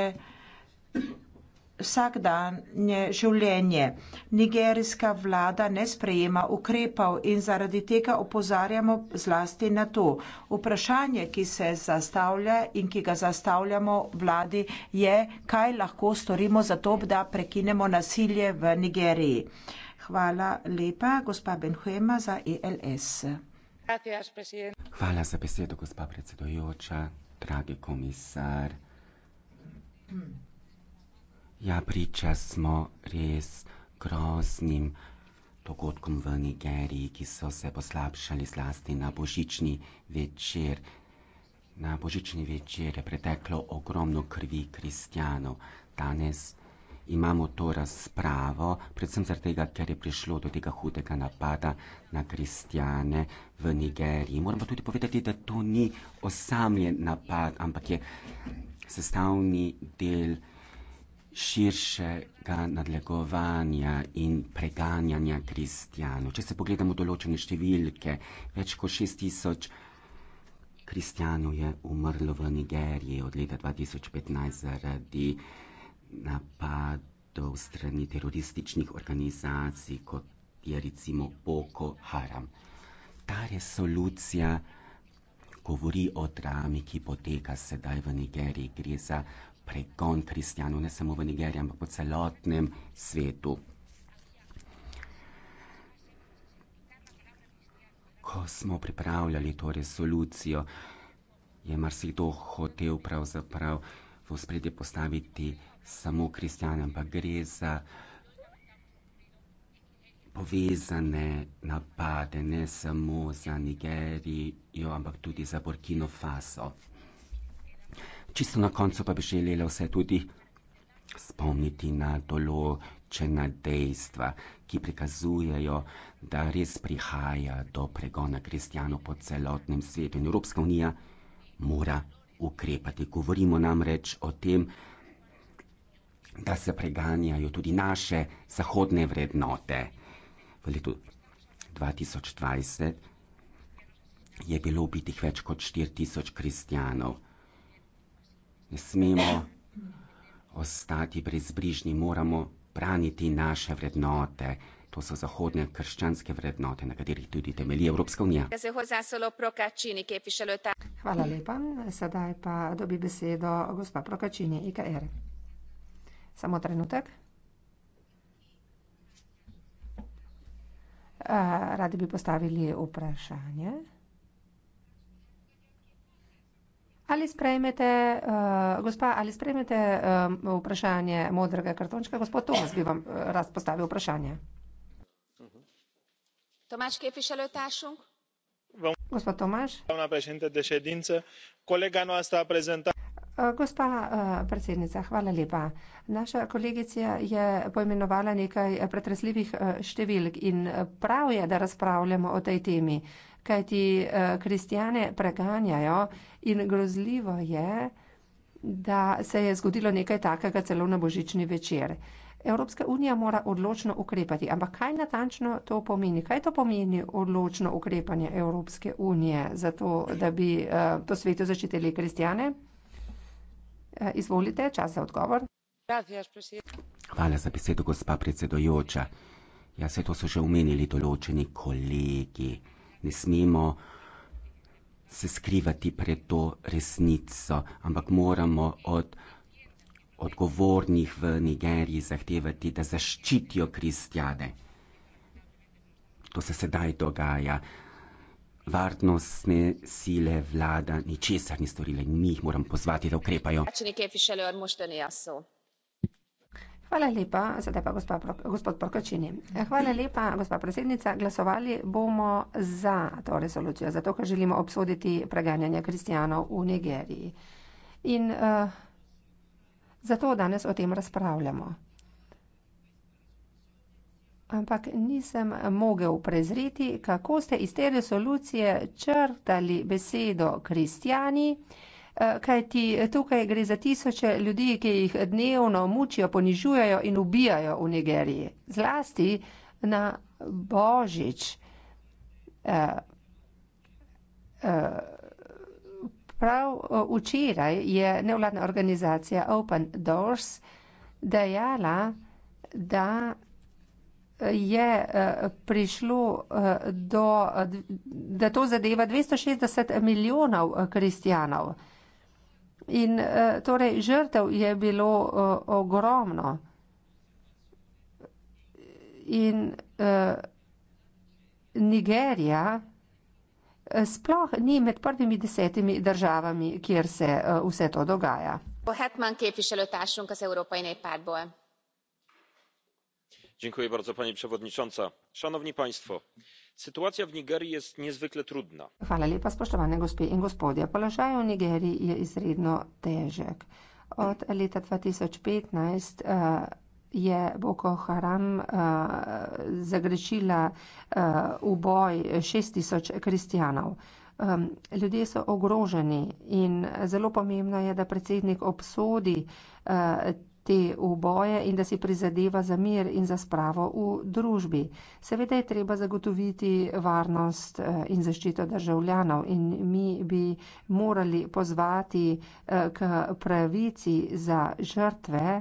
vsakdanje življenje. Nigerijska vlada ne sprejema ukrepov in zaradi tega opozarjamo zlasti na to. Vprašanje, ki se zastavlja in ki ga zastavljamo vladi, je, kaj lahko storimo za to, da prekinemo nasilje v Nigeriji. Hvala lepa, gospa Benhuema za ELS. Hvala za besedo, gospa predsedojoča, dragi komisar. Hmm. Ja, priča smo res groznim dogodkom v Nigeriji, ki so se poslabšali zlasti na božični večer. Na božični večer je preteklo ogromno krvi kristjanov. Danes imamo to razpravo, predvsem zato, ker je prišlo do tega hudega napada na kristjane v Nigeriji. Moramo tudi povedati, da to ni osamljen napad, ampak je sestavni del širšega nadlegovanja in preganjanja kristijanov. Če se pogledamo določene številke, več kot 6000 kristijanov je umrlo v Nigeriji od leta 2015 zaradi napadov strani terorističnih organizacij, kot je recimo Boko Haram. Ta resolucija govori o drami, ki poteka sedaj v Nigeriji. Gre za pregon kristijanov, ne samo v Nigeriji, ampak po celotnem svetu. Ko smo pripravljali to resolucijo, je marsikdo hotel pravzaprav v spredje postaviti samo kristijane, ampak gre za povezane napade, ne samo za Nigerijo, ampak tudi za Burkino Faso. Čisto na koncu pa bi želela vse tudi spomniti na določena dejstva, ki prikazujejo, da res prihaja do pregona kristijanov po celotnem svetu in Evropska unija mora ukrepati. Govorimo namreč o tem, da se preganjajo tudi naše zahodne vrednote. V letu 2020 je bilo ubitih več kot 4000 kristijanov. Ne smemo ostati brezbrižni, moramo braniti naše vrednote. To so zahodne krščanske vrednote, na katerih tudi temelji Evropska unija. Hvala lepa. Sedaj pa dobi besedo gospa Prokačini IKR. Samo trenutek. Eh, radi bi postavili vprašanje. Ali sprejmete, uh, gospa, ali sprejmete uh, vprašanje modrega kartončka? Gospod Tomas bi vam uh, rad postavil vprašanje. Tomaš, kje piše Lotašung? Gospod Tomaš. Gospa predsednica, hvala lepa. Naša kolegica je poimenovala nekaj pretresljivih številk in prav je, da razpravljamo o tej temi kajti uh, eh, kristijane preganjajo in grozljivo je, da se je zgodilo nekaj takega celo na božični večer. Evropska unija mora odločno ukrepati, ampak kaj natančno to pomeni? Kaj to pomeni odločno ukrepanje Evropske unije za to, da bi uh, po svetu zaščitili kristijane? Uh, eh, izvolite, čas za odgovor. Hvala za besedo, gospa predsedojoča. Ja, se to so že omenili določeni kolegi ne smemo se skrivati pred to resnico, ampak moramo od odgovornih v Nigeriji zahtevati, da zaščitijo kristjane. To se sedaj dogaja. Varnostne sile vlada ničesar ni storile in mi jih moramo pozvati, da ukrepajo. Hvala lepa, zdaj pa gospa, gospod Prokočini. Hvala lepa, gospa predsednica. Glasovali bomo za to rezolucijo, zato ker želimo obsoditi preganjanje kristijanov v Nigeriji. In uh, zato danes o tem razpravljamo. Ampak nisem mogel prezreti, kako ste iz te rezolucije črtali besedo kristijani kajti tukaj gre za tisoče ljudi, ki jih dnevno mučijo, ponižujejo in ubijajo v Nigeriji. Zlasti na božič eh, eh, prav eh, včeraj je nevladna organizacija Open Doors dejala, da eh, je eh, prišlo do, da to zadeva 260 milijonov kristijanov. In eh, torej žrtev je bilo eh, ogromno. In eh, Nigerija sploh ni med prvimi desetimi državami, kjer se vse to dogaja. Pani przewodnicząca, szanowni państwo! Sytuacja w Nigerii jest niezwykle trudna. Hvala lepa, spoštovane gospe in gospodje. Položaj v Nigeriji je izredno težek. Od leta 2015 uh, eh, je Boko Haram uh, zagrešila uh, eh, uboj 6000 kristijanov. Um, ljudje so ogroženi in zelo pomembno je, da predsednik obsodi uh, te uboje in da si prizadeva za mir in za spravo v družbi. Seveda je treba zagotoviti varnost eh, in zaščito državljanov in mi bi morali pozvati eh, k pravici za žrtve,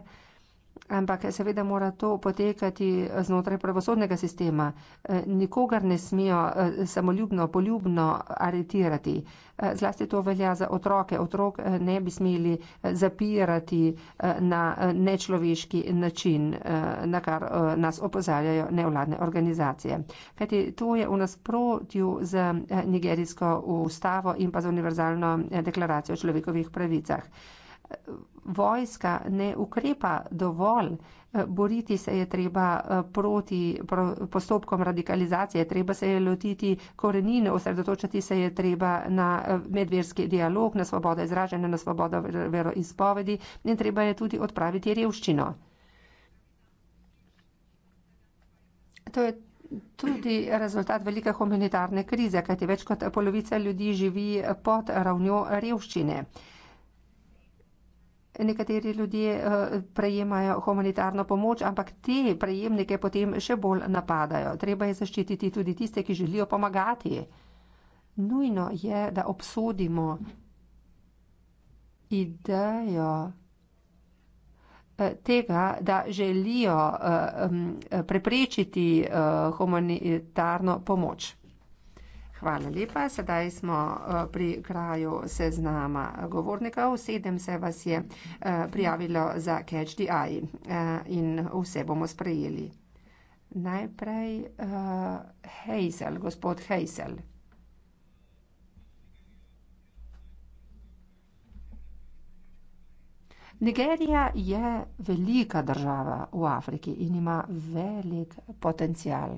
Ampak seveda mora to potekati znotraj pravosodnega sistema. Eh, nikogar ne smijo eh, samoljubno, poljubno aretirati. Eh, zlasti to velja za otroke. Otrok ne bi smeli zapirati na nečloveški način, na kar nas opozarjajo nevladne organizacije. Kajti to je v nasprotju z nigerijsko ustavo in pa z univerzalno deklaracijo o človekovih pravicah vojska ne ukrepa dovolj, eh, boriti se je treba eh, proti postopkom radikalizacije, treba se je lotiti korenine, osredotočiti se je treba na eh, medverski dialog, na svobodo izražanja, na svobodo veroizpovedi in treba je tudi odpraviti revščino. To je tudi rezultat velike humanitarne krize, kajti več kot polovica ljudi živi pod ravnjo revščine nekateri ljudje eh, prejemajo humanitarno pomoč, ampak te prejemnike potem še bolj napadajo. Treba je zaščititi tudi tiste, ki želijo pomagati. Nujno je, da obsodimo idejo eh, tega, da želijo eh, preprečiti humanitarno pomoč. Hvala lepa. Sedaj smo eh, pri kraju seznama govornikov. Sedem se vas je eh, prijavilo za Catch the Eye eh, in vse bomo sprejeli. Najprej uh, Hazel, gospod Hazel. Nigerija je velika država v Afriki in ima velik potencial.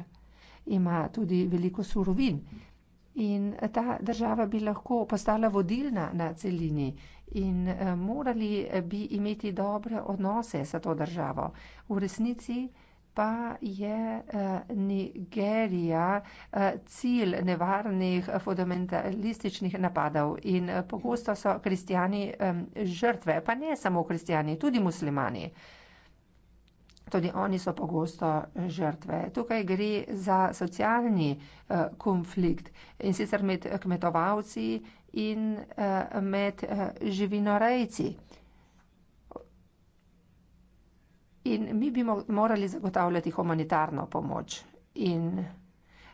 Ima tudi veliko surovin. Uh, in ta država bi lahko postala vodilna na celini in eh, morali bi imeti dobre odnose s to državo. V resnici pa je eh, Nigerija eh, cilj nevarnih fundamentalističnih napadov in pogosto so kristijani žrtve, pa ne samo kristijani, tudi muslimani tudi oni so pogosto žrtve. Tukaj gre za socialni eh, konflikt in sicer med eh, kmetovalci in eh, med živinorejci. In mi bi morali zagotavljati humanitarno pomoč. In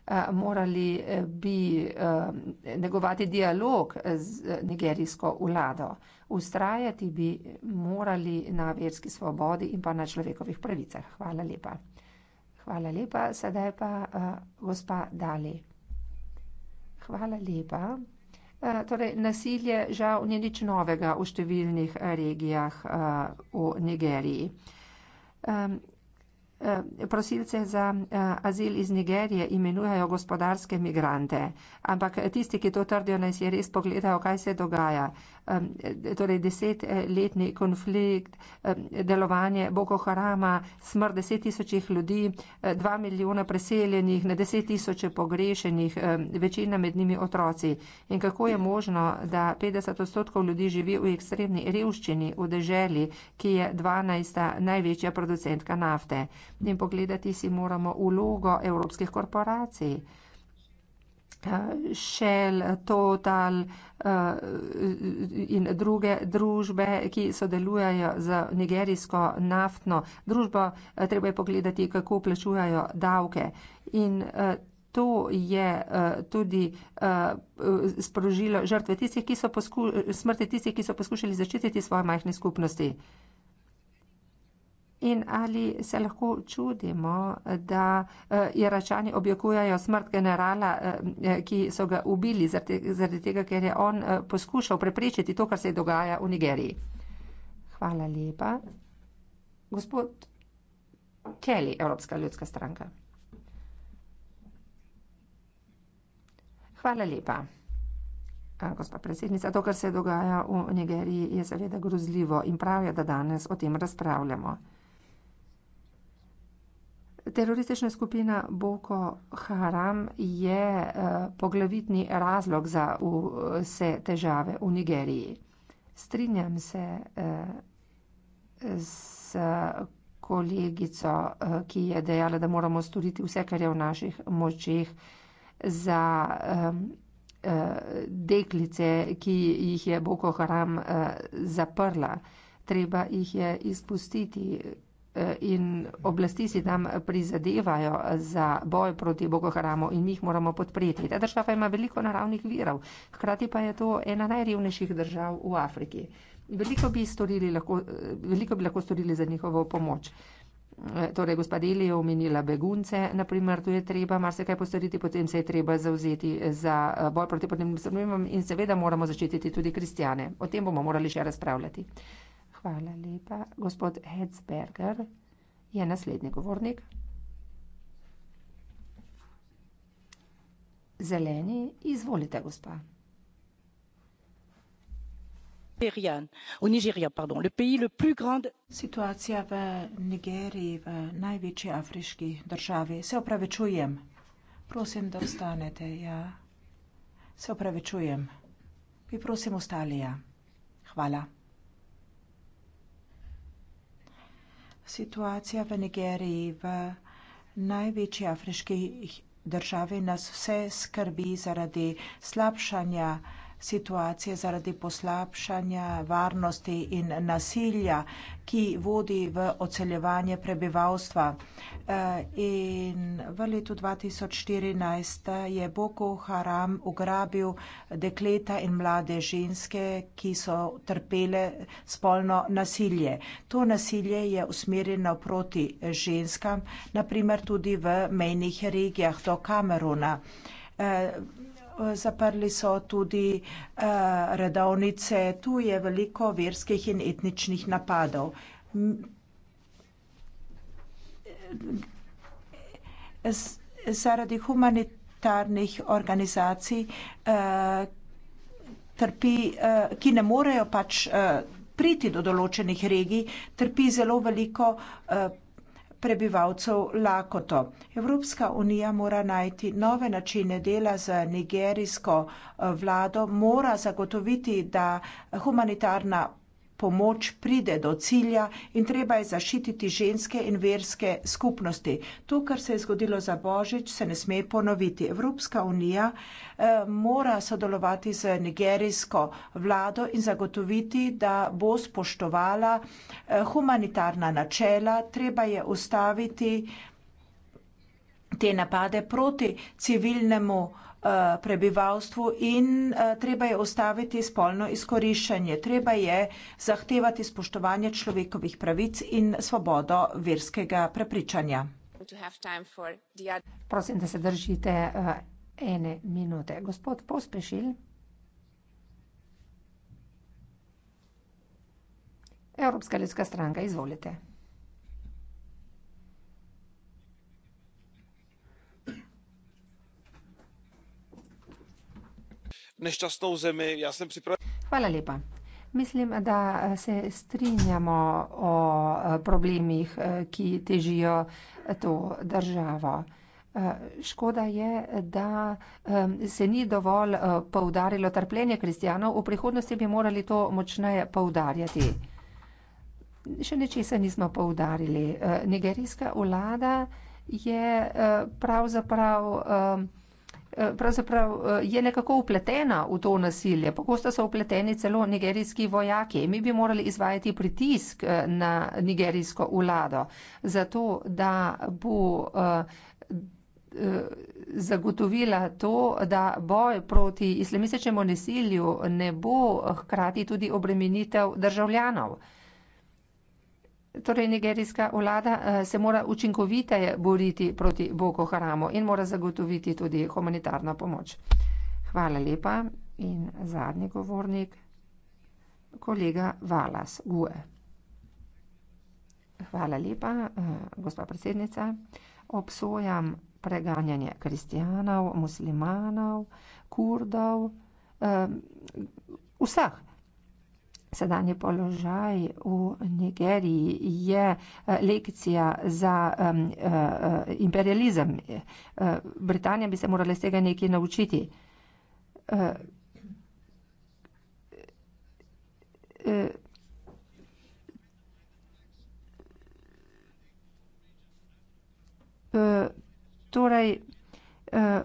Eh, morali eh, bi eh, negovati dialog z nigerijsko vlado, ustrajati bi morali na verski svobodi in pa na človekovih pravicah. Hvala lepa. Hvala lepa, sedaj pa gospa Dali. Hvala lepa. Torej, nasilje žal ni nič novega v številnih regijah v Nigeriji. Eh, prosilce za eh, azil iz Nigerije imenujejo gospodarske migrante. Ampak tisti, ki to trdijo, naj si res pogledajo, kaj se dogaja. Um, torej desetletni konflikt, um, delovanje Boko Harama, smrt deset tisočih ljudi, um, dva milijona preseljenih, na deset tisoče pogrešenih, večina med njimi otroci. In kako je možno, da 50 odstotkov ljudi živi v ekstremni revščini v deželi, ki je 12. največja producentka nafte. In pogledati si moramo ulogo evropskih korporacij ta šel, total eh, in druge družbe, ki sodelujejo z nigerijsko naftno družbo, eh, treba je pogledati, kako plačujajo davke. In eh, to je tudi sprožilo žrtve tistih, ki so, posku, tistih, ki so poskušali zaščititi svoje majhne skupnosti. In ali se lahko čudimo, da eh, Iračani objokujajo smrt generala, eh, eh, ki so ga ubili zaradi tega, ker je on poskušal preprečiti to, kar se dogaja v Nigeriji? Hvala lepa. Gospod Kelly, Evropska ljudska stranka. Hvala lepa. Gospa predsednica, to, kar se dogaja v Nigeriji, je seveda grozljivo in prav je, da danes o tem razpravljamo. Teroristična skupina Boko Haram je eh, poglavitni razlog za vse težave v Nigeriji. Strinjam se z eh, kolegico, eh, ki je dejala, da moramo storiti vse, kar je v naših močeh za deklice, ki jih je Boko Haram zaprla. Treba jih je izpustiti, in oblasti si tam prizadevajo za boj proti Bogohramu in mi jih moramo podpreti. Ta država ima veliko naravnih virov, hkrati pa je to ena najrevnejših držav v Afriki. Veliko bi, storili, lahko, veliko bi lahko storili za njihovo pomoč. Torej, gospod Eli je omenila begunce, naprimer, tu je treba marsikaj postoriti, potem se je treba zauzeti za eh, boj proti podnebnim spremembam in seveda moramo zaščititi tudi kristjane. O tem bomo morali še razpravljati. Hvala lepa. Gospod Hetzberger je naslednji govornik. Zeleni, izvolite, gospa. Situacija v Nigeriji, v največji afriški državi. Se opravičujem. Prosim, da ostanete, ja. Se opravičujem. Bi prosim ostali, ja. Hvala. Situacija v Nigeriji, v največji afriški državi, nas vse skrbi zaradi slabšanja situacije zaradi poslabšanja varnosti in nasilja, ki vodi v oceljevanje prebivalstva. Eh, in v letu 2014 je Boko Haram ugrabil dekleta in mlade ženske, ki so trpele spolno nasilje. To nasilje je usmerjeno proti ženskam, naprimer tudi v mejnih regijah do Kameruna. Eh, zaprli so tudi eh, redovnice, tu je veliko verskih in etničnih napadov. Eh, zaradi humanitarnih organizacij eh, trpi, ki ne morejo pač priti do določenih regij, trpi zelo veliko prebivalcev lakoto. Evropska unija mora najti nove načine dela za nigerijsko eh, vlado, mora zagotoviti, da humanitarna pomoč pride do cilja in treba je zaščititi ženske in verske skupnosti. To, kar se je zgodilo za Božič, se ne sme ponoviti. Evropska unija eh, mora sodelovati z nigerijsko vlado in zagotoviti, da bo spoštovala eh, humanitarna načela. Treba je ustaviti te napade proti civilnemu Eh, prebivalstvu in eh, treba je ustaviti spolno izkoriščanje. Treba je zahtevati spoštovanje človekovih pravic in svobodo verskega prepričanja. Prosim, da se držite eh, ene minute. Gospod Pospešil. Evropska ljudska stranka, izvolite. nešťastnou zemi. Já jsem připraven... Hvala lepa. Mislim, da eh, se strinjamo o eh, problemih, eh, ki težijo to državo. Škoda je, da se ni dovolj poudarilo trpljenje kristijanov, v prihodnosti bi morali to močneje poudarjati. Še nečesa nismo poudarili. Nigerijska vlada je pravzaprav. Eh, pravzaprav eh, je nekako upletena v to nasilje. Pogosto so upleteni celo nigerijski vojaki. Mi bi morali izvajati pritisk eh, na nigerijsko vlado, zato da bo zagotovila to, da boj proti islamističnemu nasilju ne bo hkrati tudi obremenitev državljanov. Torej, nigerijska vlada eh, se mora učinkoviteje boriti proti Boko Haramu in mora zagotoviti tudi humanitarno pomoč. Hvala lepa. In zadnji govornik, kolega Valas Gue. Hvala lepa, eh, gospa predsednica. Obsojam preganjanje kristijanov, muslimanov, kurdov, eh, vseh. Sedanji položaj v Nigeriji je eh, lekcija za um, uh, imperializem. Uh, Britanija bi se morala iz tega nekaj naučiti. Uh, uh, torej, uh,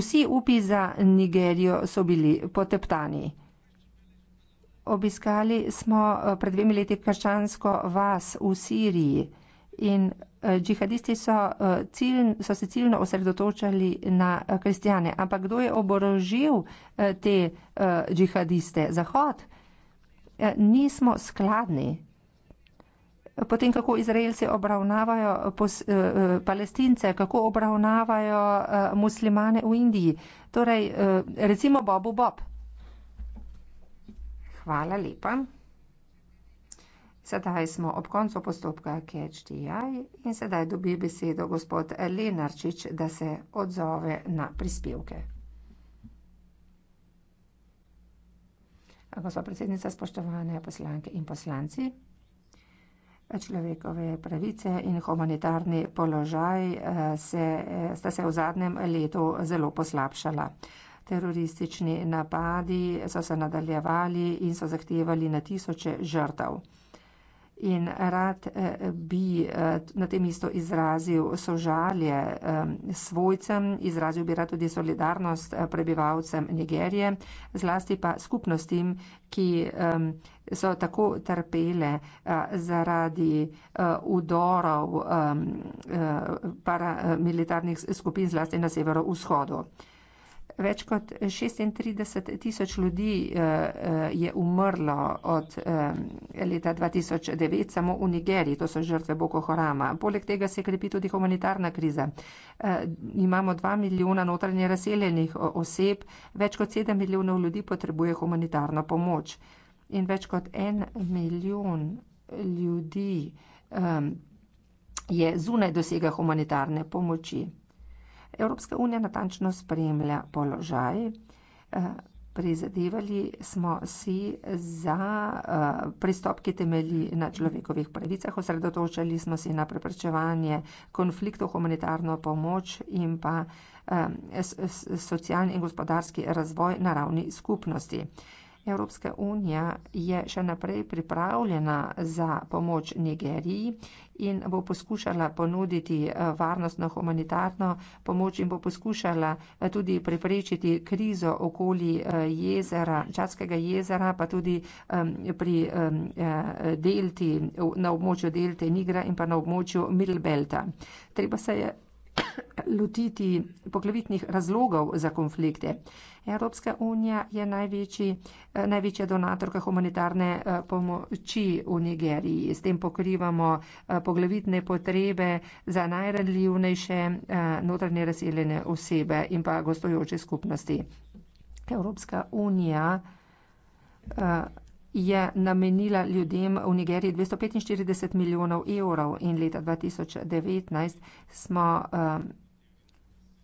vsi upi za Nigerijo so bili poteptani obiskali smo eh, pred dvemi leti krščansko vas v Siriji in eh, džihadisti so, eh, ciln, so se ciljno osredotočali na kristijane. Ampak kdo je oborožil te džihadiste? Zahod? Ja, nismo skladni. Potem, kako Izraelci obravnavajo pos, eh, palestince, kako obravnavajo eh, muslimane v Indiji. Torej, eh, recimo Bobu Bob. -Bob. Hvala lepa. Sedaj smo ob koncu postopka CHDI in sedaj dobi besedo gospod Lenarčič, da se odzove na prispevke. Gospod predsednica, spoštovane poslanke in poslanci, človekove pravice in humanitarni položaj eh, se, eh, sta se v zadnjem letu zelo poslabšala. Teroristični napadi so se nadaljevali in so zahtevali na tisoče žrtev. In rad eh, bi eh, na tem mestu izrazil sožalje eh, svojcem, izrazil bi rad tudi solidarnost prebivalcem Nigerije, zlasti pa skupnostim, ki so tako trpele zaradi udorov paramilitarnih skupin, zlasti na severovzhodu. Več kot 36 tisoč ljudi eh, eh, je umrlo od eh, leta 2009 samo v Nigeriji, to so žrtve Boko Harama. Poleg tega se krepi tudi humanitarna kriza. Imamo 2 milijona notranje razseljenih oseb, več kot 7 milijonov ljudi potrebuje humanitarno pomoč in več kot 1 milijon ljudi je zunaj dosega humanitarne pomoči. Evropska unija natančno spremlja položaj. Eh, prizadevali smo si za eh, pristop, ki temelji na človekovih pravicah, osredotočali smo se na preprečevanje konfliktov, humanitarno pomoč in pa eh, socialni in gospodarski razvoj na ravni skupnosti. Evropska unija je še naprej pripravljena za pomoč Nigeriji in bo poskušala ponuditi eh, varnostno humanitarno pomoč in bo poskušala eh, tudi preprečiti krizo okoli eh, jezera, Čadskega jezera, pa tudi pri delti, na območju delte Nigra in pa na območju Middlebelta. Treba se je [coughs] lotiti poglavitnih razlogov za konflikte. Evropska unija je največji, eh, največja donatorka humanitarne eh, pomoči v Nigeriji. S tem pokrivamo eh, poglavitne potrebe za najranljivnejše notranje razseljene osebe in pa gostujoče skupnosti. Evropska unija je namenila ljudem v Nigeriji 245 milijonov evrov in leta 2019 smo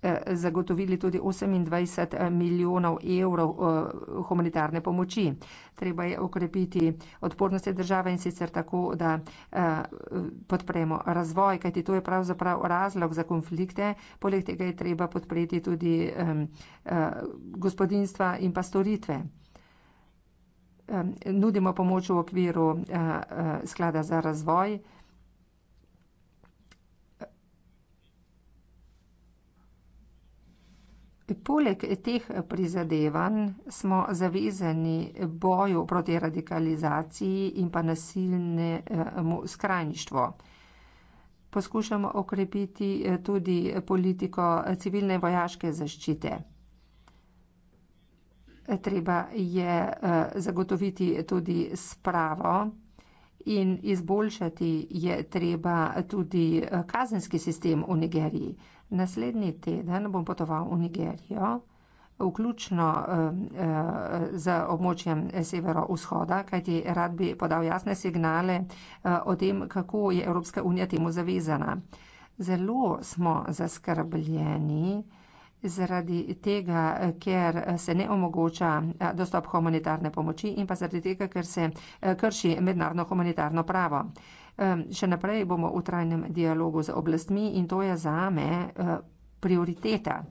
Eh, zagotovili tudi 28 eh, milijonov evrov eh, humanitarne pomoči. Treba je okrepiti odpornosti države in sicer tako, da podpremo razvoj, kajti to je pravzaprav razlog za konflikte. Poleg tega je treba podpreti tudi gospodinstva in pa storitve. Nudimo pomoč v okviru sklada za razvoj. Poleg teh prizadevanj smo zavezani boju proti radikalizaciji in pa nasilnemu skrajništvu. Poskušamo okrepiti eh, tudi politiko civilne vojaške zaščite. Treba je eh, zagotoviti tudi spravo in izboljšati je treba tudi eh, kazenski sistem v Nigeriji. Naslednji teden bom potoval v Nigerijo, vključno eh, eh, z območjem severovzhoda, kajti rad bi podal jasne signale eh, o tem, kako je Evropska unija temu zavezana. Zelo smo zaskrbljeni zaradi tega, ker se ne omogoča dostop humanitarne pomoči in pa zaradi tega, ker se e, krši mednarodno humanitarno pravo. Eh, še naprej bomo v trajnem dialogu z oblastmi in to je za me eh, prioriteta.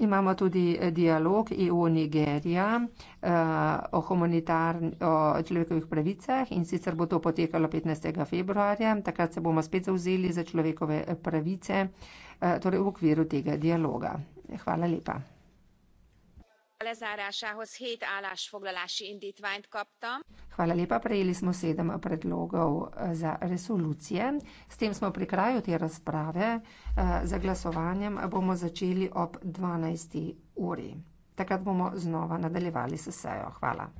Imamo tudi eh, dialog EU-Nigerija eh, o, o človekovih pravicah in sicer bo to potekalo 15. februarja, takrat se bomo spet zauzeli za človekove pravice, torej v okviru tega dialoga. Hvala lepa lezárásához hét állásfoglalási indtványt kaptam. Hvala lepa, prejeli smo sedem predlogov eh, za resolucije. S tem smo pri kraju te razprave. Eh, za glasovanjem bomo začeli ob 12. uri. Takrat bomo znova nadaljevali s sejo. Hvala.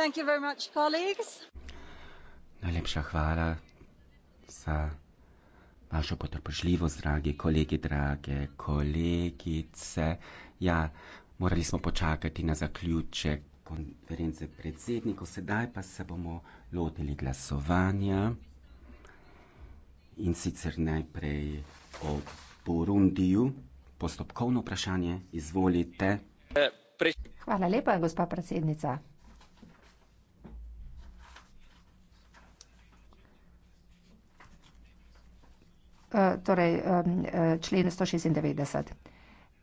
Thank you very much, colleagues. Najlepša hvala za vašo potrpežljivost, dragi kolegi, drage kolegice. Ja, morali smo počakati na zaključek konference predsednikov, sedaj pa se bomo lotili glasovanja in sicer najprej o Burundiju. Postopkovno vprašanje, izvolite. Eh, hvala lepa, gospa predsednica. člen 196.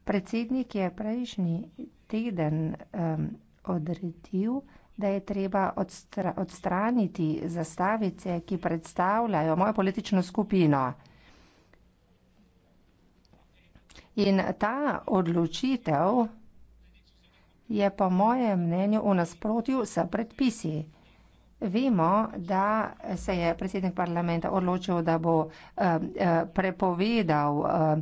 Predsednik je prejšnji teden um, odredil, da je treba odstra odstraniti zastavice, ki predstavljajo mojo politično skupino. In ta odločitev je po mojem mnenju v nasprotju s predpisi. Vemo, da se je predsednik parlamenta odločil, da bo eh, eh, prepovedal eh,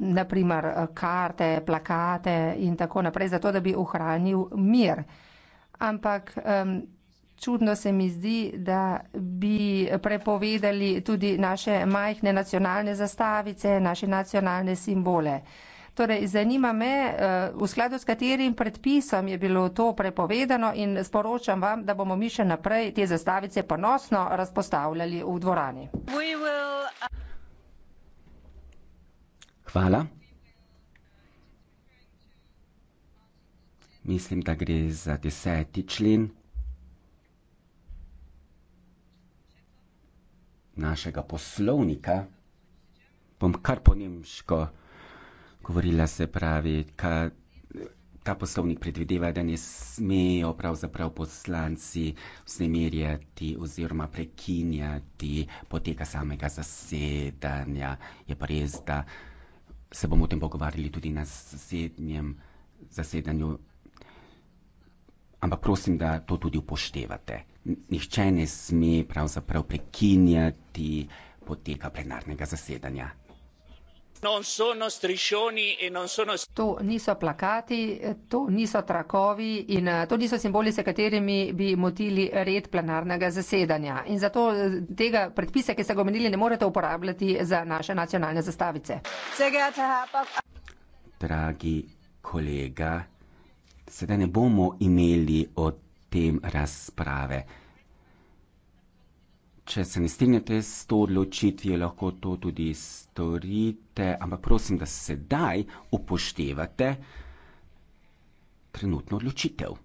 naprimer karte, plakate in tako naprej, zato da bi ohranil mir. Ampak čudno se mi zdi, da bi prepovedali tudi naše majhne nacionalne zastavice, naše nacionalne simbole. Torej, zanima me, eh, v skladu s katerim predpisom je bilo to prepovedano in sporočam vam, da bomo mi še naprej te zastavice ponosno razpostavljali v dvorani. Uh, Hvala. Mislim, da gre za deseti člen našega poslovnika. Bom kar po nemško govorila se pravi, ka, ta poslovnik predvideva, da ne smejo pravzaprav poslanci vznemirjati oziroma prekinjati poteka samega zasedanja. Je pa res, da se bomo o tem pogovarjali tudi na zasednjem zasedanju. Ampak prosim, da to tudi upoštevate. Nihče ne sme pravzaprav prekinjati poteka plenarnega zasedanja. E to niso plakati, to niso trakovi in eh, to niso simboli, s katerimi bi motili red plenarnega zasedanja. In zato eh, tega predpisa, ki ste ga omenili, ne morete uporabljati za naše nacionalne zastavice. Dragi kolega, sedaj ne bomo imeli o tem razprave če se ne strinjate s to odločitvijo, lahko to tudi storite, ampak prosim, da sedaj upoštevate trenutno odločitev.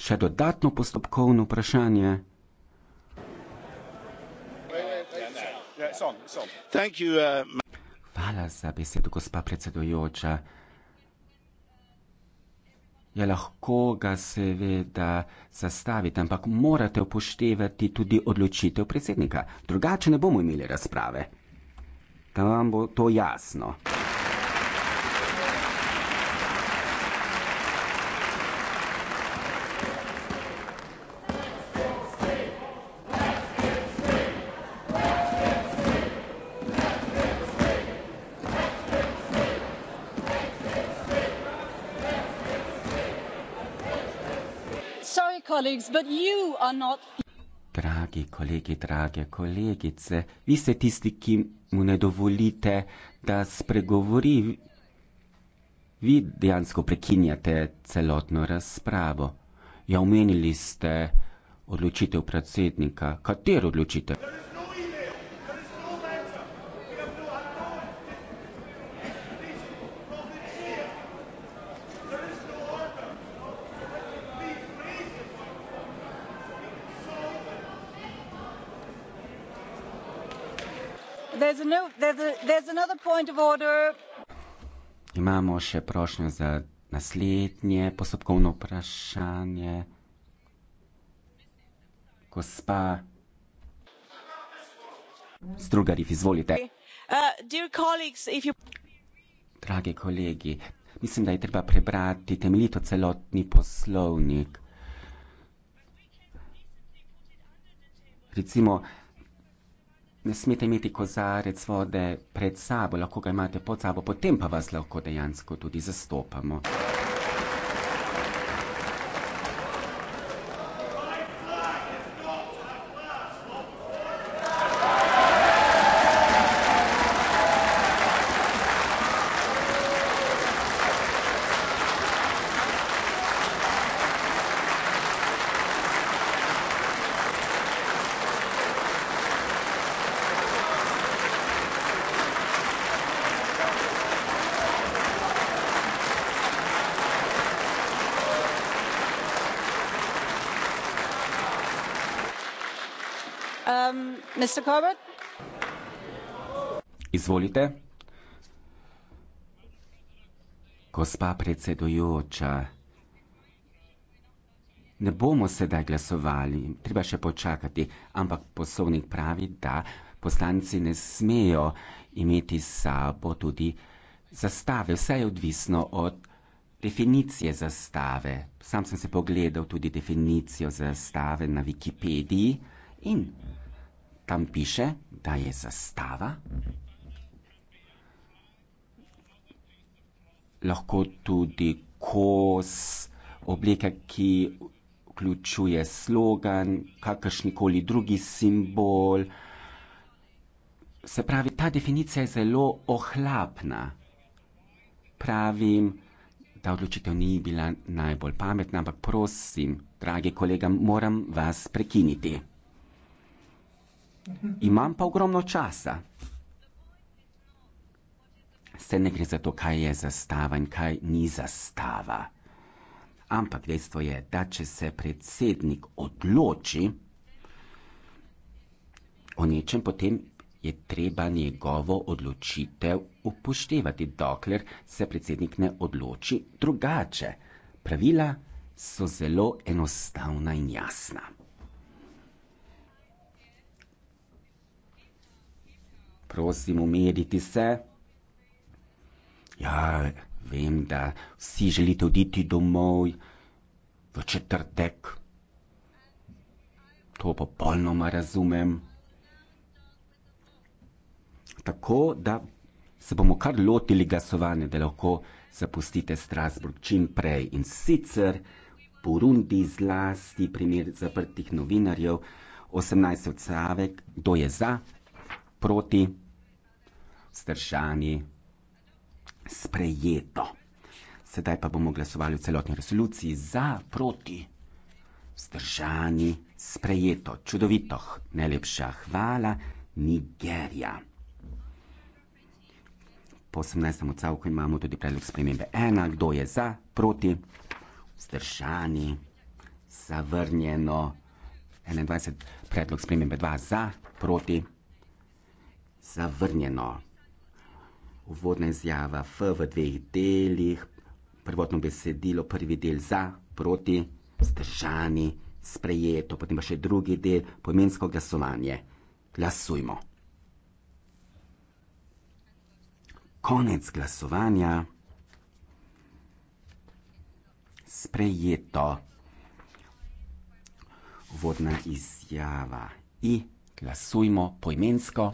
Še dodatno postopkovno vprašanje. Uh, Hvala za besedo, gospa predsedujoča. Ja, lahko ga seveda zastavite, ampak morate upoštevati tudi odločitev predsednika. Drugače ne bomo imeli razprave. Da vam bo to jasno. Dragi kolegi, drage kolegice, vi ste tisti, ki mu ne dovolite, da spregovori. Vi dejansko prekinjate celotno razpravo. Ja, omenili ste odločitev predsednika. Katero odločitev? Imamo še prošnjo za naslednje postopkovno vprašanje. Gospa Strugarif, izvolite. Uh, Dragi kolegi, mislim, da je treba prebrati temeljito celotni poslovnik. Recimo, ne smete imeti kozarec vode pred sabo, lahko ga imate pod sabo, potem pa vas lahko dejansko tudi zastopamo. Mr. Corbett? Izvolite. Gospa predsedujoča, ne bomo sedaj glasovali, treba še počakati, ampak poslovnik pravi, da poslanci ne smejo imeti sabo tudi zastave, vse je odvisno od definicije zastave. Sam sem se pogledal tudi definicijo zastave na Wikipediji in Tam piše, da je zastava. Lahko tudi kos, oblika, ki vključuje slogan, kakršnikoli drugi simbol. Se pravi, ta definicija je zelo ohlapna. Pravim, da odločitev ni bila najbolj pametna, ampak prosim, dragi kolega, moram vas prekiniti. Mhm. Imam pa ogromno časa. Vse ne gre za to, kaj je zastava in kaj ni zastava. Ampak dejstvo je, da če se predsednik odloči o nečem, potem je treba njegovo odločitev upoštevati, dokler se predsednik ne odloči drugače. Pravila so zelo enostavna in jasna. prosim, umirite se. Ja, vem, da vsi želite oditi domov v četrtek. To popolnoma razumem. Tako da se bomo kar lotili glasovanja, da lahko zapustite Strasburg čim prej. In sicer Burundi zlasti primer zaprtih novinarjev, 18 odstavek, kdo je za, proti, vzdržani, sprejeto. Sedaj pa bomo glasovali v celotni resoluciji za, proti, vzdržani, sprejeto. Čudovito, najlepša hvala, Nigerija. Po 18. odstavku imamo tudi predlog spremembe. Ena, kdo je za, proti, vzdržani, zavrnjeno. 21. predlog spremembe. Dva za, proti zavrnjeno. Uvodna izjava F v dveh delih, prvotno besedilo, prvi del za, proti, zdržani, sprejeto, potem pa še drugi del, pomensko glasovanje. Glasujmo. Konec glasovanja. Sprejeto. Vodna izjava I. Glasujmo pojmensko.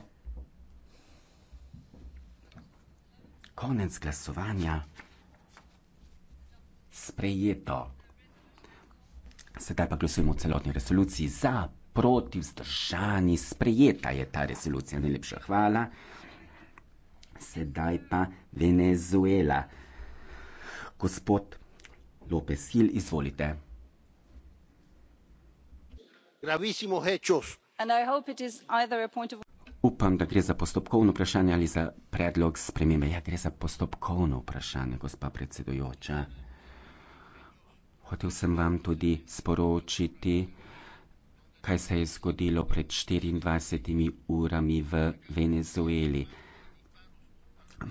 konec glasovanja sprejeto. Sedaj pa glasujemo o celotni resoluciji za, proti, vzdržani, sprejeta je ta resolucija. Najlepša hvala. Sedaj pa Venezuela. Gospod Lopez Hill, izvolite. Gravissimo hechos. And I hope it is either a point of Upam, da gre za postopkovno vprašanje ali za predlog spremembe. Ja, gre za postopkovno vprašanje, gospa predsedujoča. Hotev sem vam tudi sporočiti, kaj se je zgodilo pred 24 urami v Venezueli.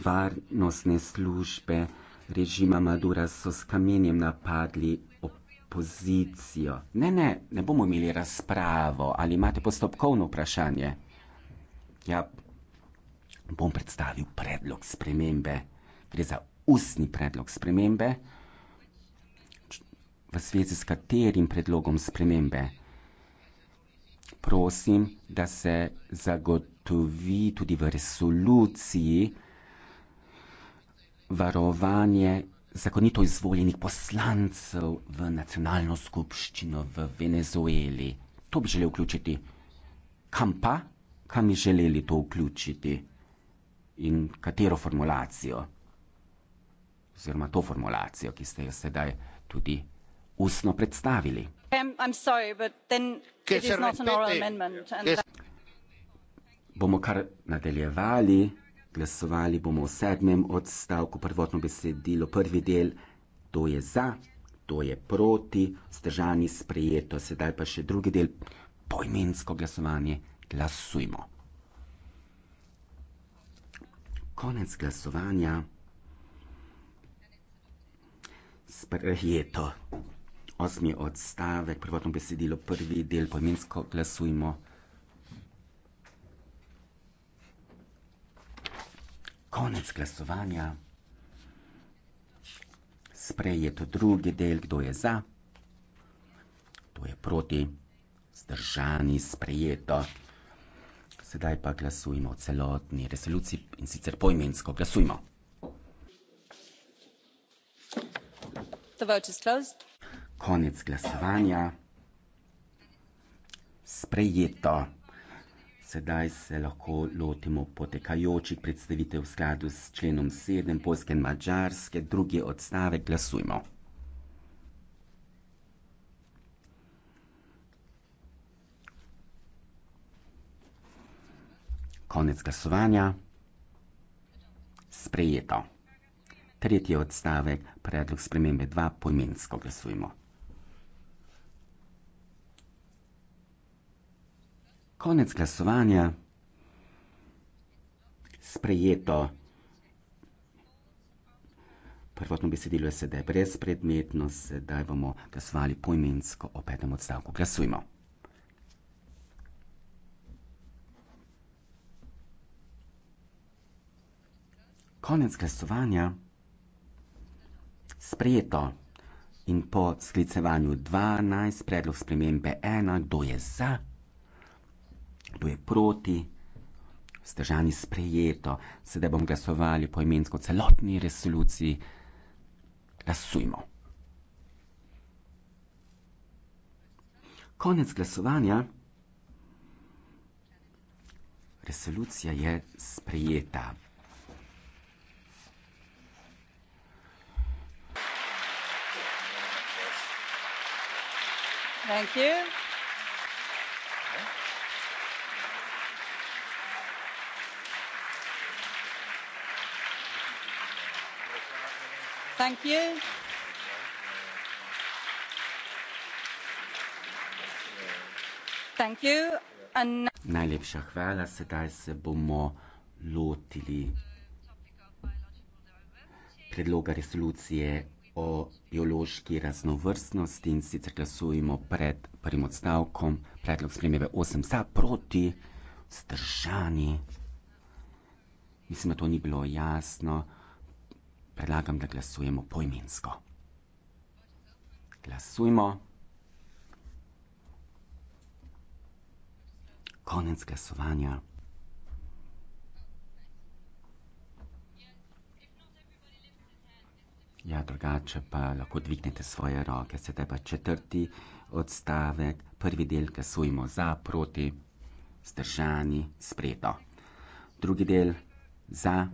Varnostne službe režima Madura so s kamenjem napadli opozicijo. Ne, ne, ne bomo imeli razpravo. Ali imate postopkovno vprašanje? Ja, bom predstavil predlog spremembe. Gre za ustni predlog spremembe, v zvezi s katerim predlogom spremembe prosim, da se zagotovi tudi v resoluciji varovanje zakonito izvoljenih poslancev v nacionalno skupščino v Venezueli. To bi želel vključiti. Kam pa? kam bi želeli to vključiti in katero formulacijo, oziroma to formulacijo, ki ste jo sedaj tudi ustno predstavili. Um, bomo kar nadaljevali, glasovali bomo o sedmem odstavku, prvotno besedilo, prvi del, to je za, to je proti, vzdržani sprejeto, sedaj pa še drugi del, poimensko glasovanje glasujmo. Konec glasovanja. Sprejeto. Osmi odstavek, prvotno besedilo, prvi del, pojmensko glasujmo. Konec glasovanja. Sprejeto drugi del, kdo je za, kdo je proti, zdržani, sprejeto sedaj pa glasujmo o celotni resoluciji in sicer poimensko glasujmo. Konec glasovanja. Sprejeto. Sedaj se lahko lotimo potekajočih predstavitev v skladu s členom 7 Polske in Mačarske, drugi odstavek. Glasujmo. Konec glasovanja. Sprejeto. Tretji odstavek, predlog spremembe 2, pojmensko glasujmo. Konec glasovanja. Sprejeto. Prvotno besedilo je sedaj brezpredmetno, sedaj bomo glasovali pojmensko o petem odstavku. Glasujmo. Konec glasovanja sprejeto in po sklicevanju 12, predlog spremembe 1, kdo je za, kdo je proti, vzdržani sprejeto. Sedaj bom glasovali po imensko celotni resoluciji. Glasujmo. Konec glasovanja. Resolucija je sprejeta. thank you thank you thank you najlepša hvala sedaj se bomo lotili predloga resolucije o biološki raznovrstnosti in sicer glasujemo pred prvim odstavkom, predlog spremembe 8 za proti, vzdržani. Mislim, da to ni bilo jasno. Predlagam, da glasujemo poimensko. Glasujmo. Konec glasovanja. Ja, drugače pa lahko dvignete svoje roke, sedaj pa četrti odstavek, prvi del, ki sujmo za, proti, zdržani, spredo. Drugi del, za,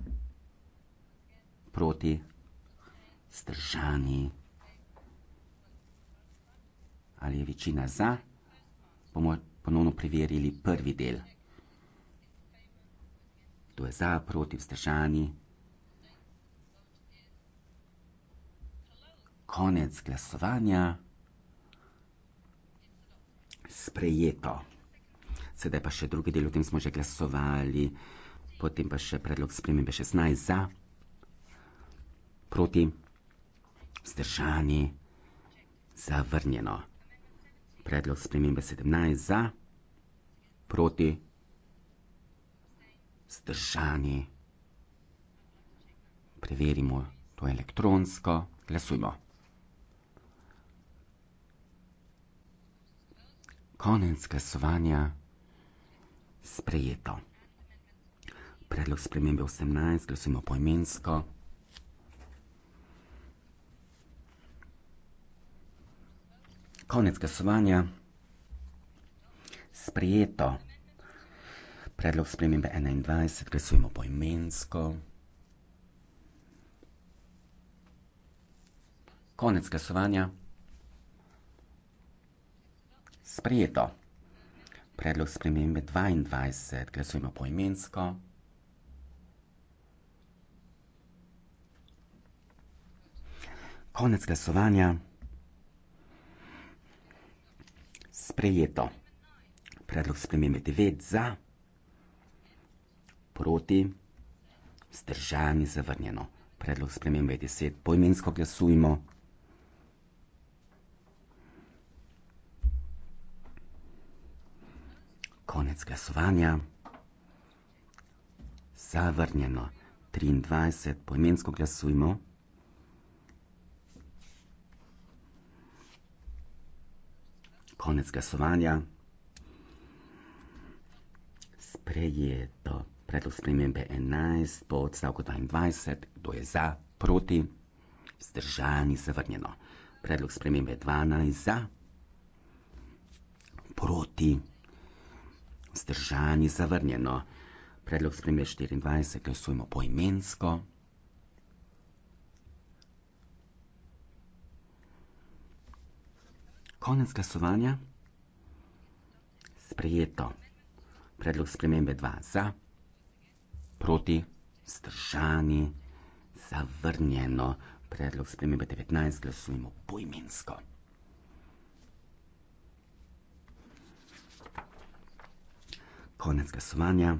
proti, zdržani. Ali je večina za, bomo ponovno preverili prvi del. To je za, proti, vzdržani, konec glasovanja sprejeto. Sedaj pa še drugi del, o tem smo že glasovali, potem pa še predlog spremembe 16 za, proti, vzdržani, zavrnjeno. Predlog spremembe 17 za, proti, vzdržani. Preverimo to elektronsko. Glasujmo. konec glasovanja sprejeto. Predlog spremembe 18, glasujemo poimensko. Konec glasovanja sprejeto. Predlog spremembe 21, glasujemo poimensko. Konec glasovanja sprejeto. Predlog spremembe 22, glasujemo poimensko. Konec glasovanja. Sprejeto. Predlog spremembe 9 za, proti, vzdržani, zavrnjeno. Predlog spremembe 10 poimensko glasujemo. konec glasovanja. Zavrnjeno 23, poimensko glasujmo. Konec glasovanja. Sprejeto predlog spremembe 11 po odstavku 22, kdo je za, proti, zdržani, zavrnjeno. Predlog spremembe 12 za, proti, zdržani. Zdržani zavrnjeno. Predlog spremembe 24 glasujemo poimensko. Konec glasovanja. Sprejeto. Predlog spremembe 2 za, proti, zdržani, zavrnjeno. Predlog spremembe 19 glasujemo poimensko. Konec glasovanja.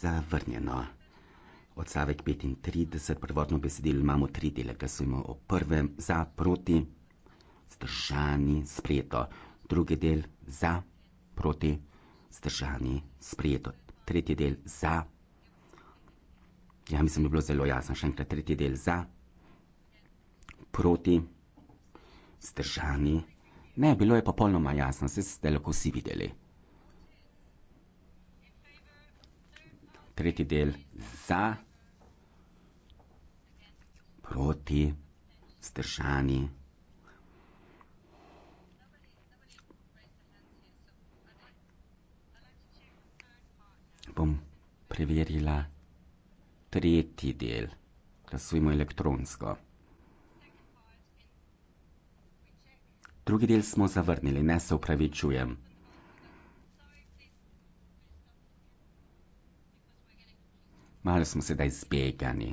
Zavrnjeno. Odstavek 35, prvotno besedilo imamo tri dele, glasujemo o prvem, za, proti, zdržani, sprejeto. Drugi del, za, proti, zdržani, sprejeto. Tretji del, za. Ja, mislim, da bi je bilo zelo jasno, še enkrat, tretji del, za, proti, zdržani. Ne, bilo je popolnoma jasno, vse ste lahko vsi videli. tretji del za, proti, zdržani. Bom preverila tretji del, glasujmo elektronsko. Drugi del smo zavrnili, ne se upravičujem. Malo smo sedaj zbegani.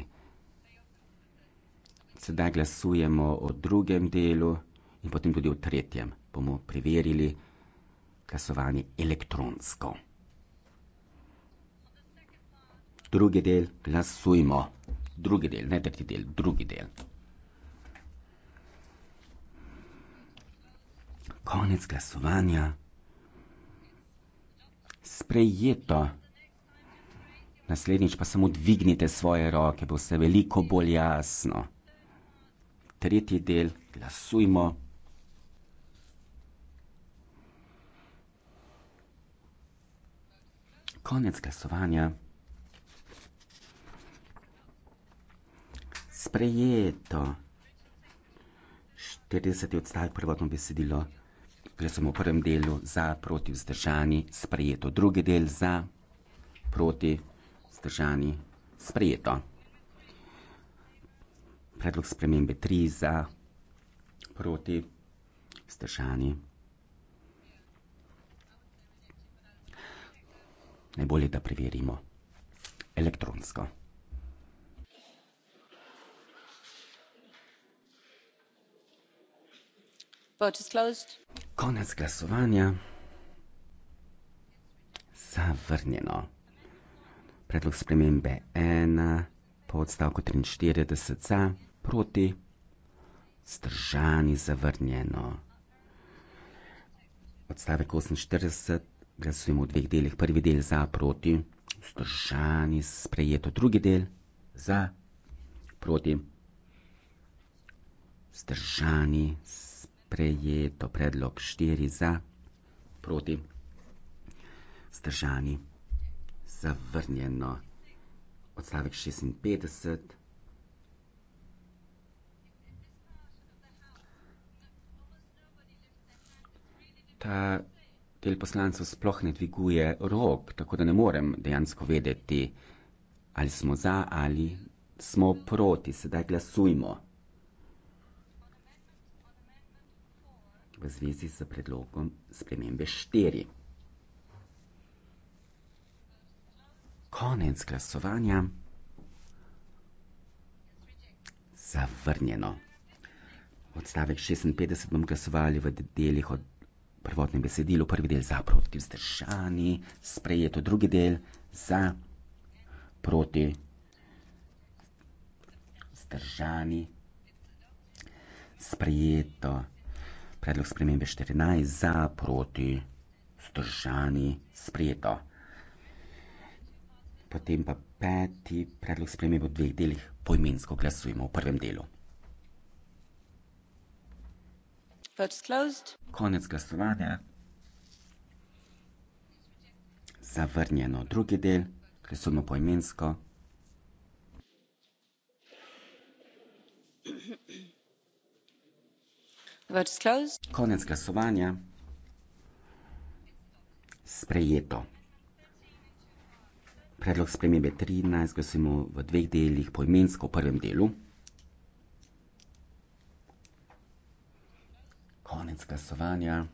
Sedaj glasujemo o drugem delu in potem tudi o tretjem. Bomo preverili glasovanje elektronsko. Drugi del, glasujmo. Drugi del, ne tretji del, drugi del. Konec glasovanja. Sprejeto. Naslednjič pa samo dvignite svoje roke, bo vse veliko bolj jasno. Tretji del, glasujmo. Konec glasovanja. Sprejeto. 40. odstavek prvotno besedilo, gre samo v prvem delu za, proti vzdržani, sprejeto. Drugi del za, proti vzdržani vzdržani. Sprejeto. Predlog spremembe tri za, proti, vzdržani. Najbolje, da preverimo elektronsko. Vote is closed. Konec glasovanja. Zavrnjeno predlog spremembe 1 po odstavku 43 za, proti, zdržani, zavrnjeno. Odstavek 48, glasujemo v dveh delih. Prvi del za, proti, zdržani, sprejeto. Drugi del za, proti, zdržani, sprejeto. Predlog 4 za, proti, zdržani, sprejeto zavrnjeno. Odstavek 56. Ta del poslancev sploh ne dviguje rok, tako da ne morem dejansko vedeti, ali smo za ali smo proti. Sedaj glasujmo. V zvezi s predlogom spremembe 4. konec glasovanja zavrnjeno. Odstavek 56 bomo glasovali v delih od prvotnem besedilu, prvi del za proti vzdržani, sprejeto drugi del za proti vzdržani, sprejeto predlog spremembe 14 za proti vzdržani, sprejeto potem pa peti predlog sprememb v dveh delih, poimensko glasujemo v prvem delu. Konec glasovanja. Zavrnjeno drugi del, glasujemo poimensko. Konec glasovanja. Sprejeto predlog spremembe 13 glasujemo v dveh delih, poimensko v prvem delu. Konec glasovanja.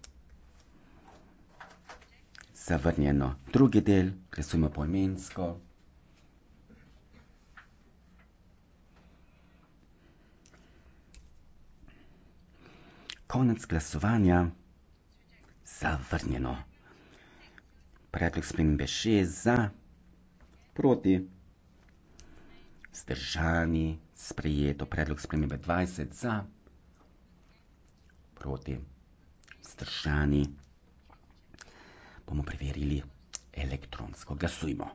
Zavrnjeno. Drugi del, glasujemo poimensko. Konec glasovanja. Zavrnjeno. Predlog spremembe 6 za proti. Zdržani, sprejeto predlog spremembe 20 za, proti, zdržani. Bomo preverili elektronsko. Glasujmo.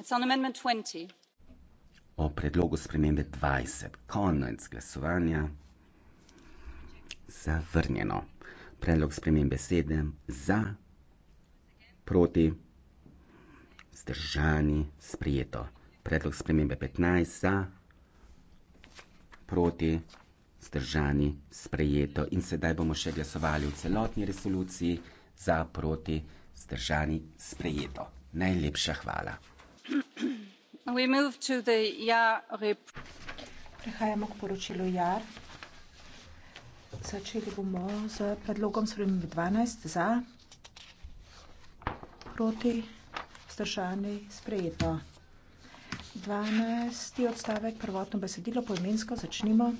It's on amendment 20. O predlogu spremembe 20. Konec glasovanja. Zavrnjeno predlog spremembe 7 za, proti, zdržani, sprijeto. Predlog spremembe 15 za, proti, zdržani, sprijeto. In sedaj bomo še glasovali v celotni resoluciji za, proti, zdržani, sprijeto. Najlepša hvala. Ja Prehajamo k poročilu JAR. Začeli bomo z predlogom spremembe 12 za, proti, vzdržani, sprejeto. 12. odstavek, prvotno besedilo, poimensko začnimo.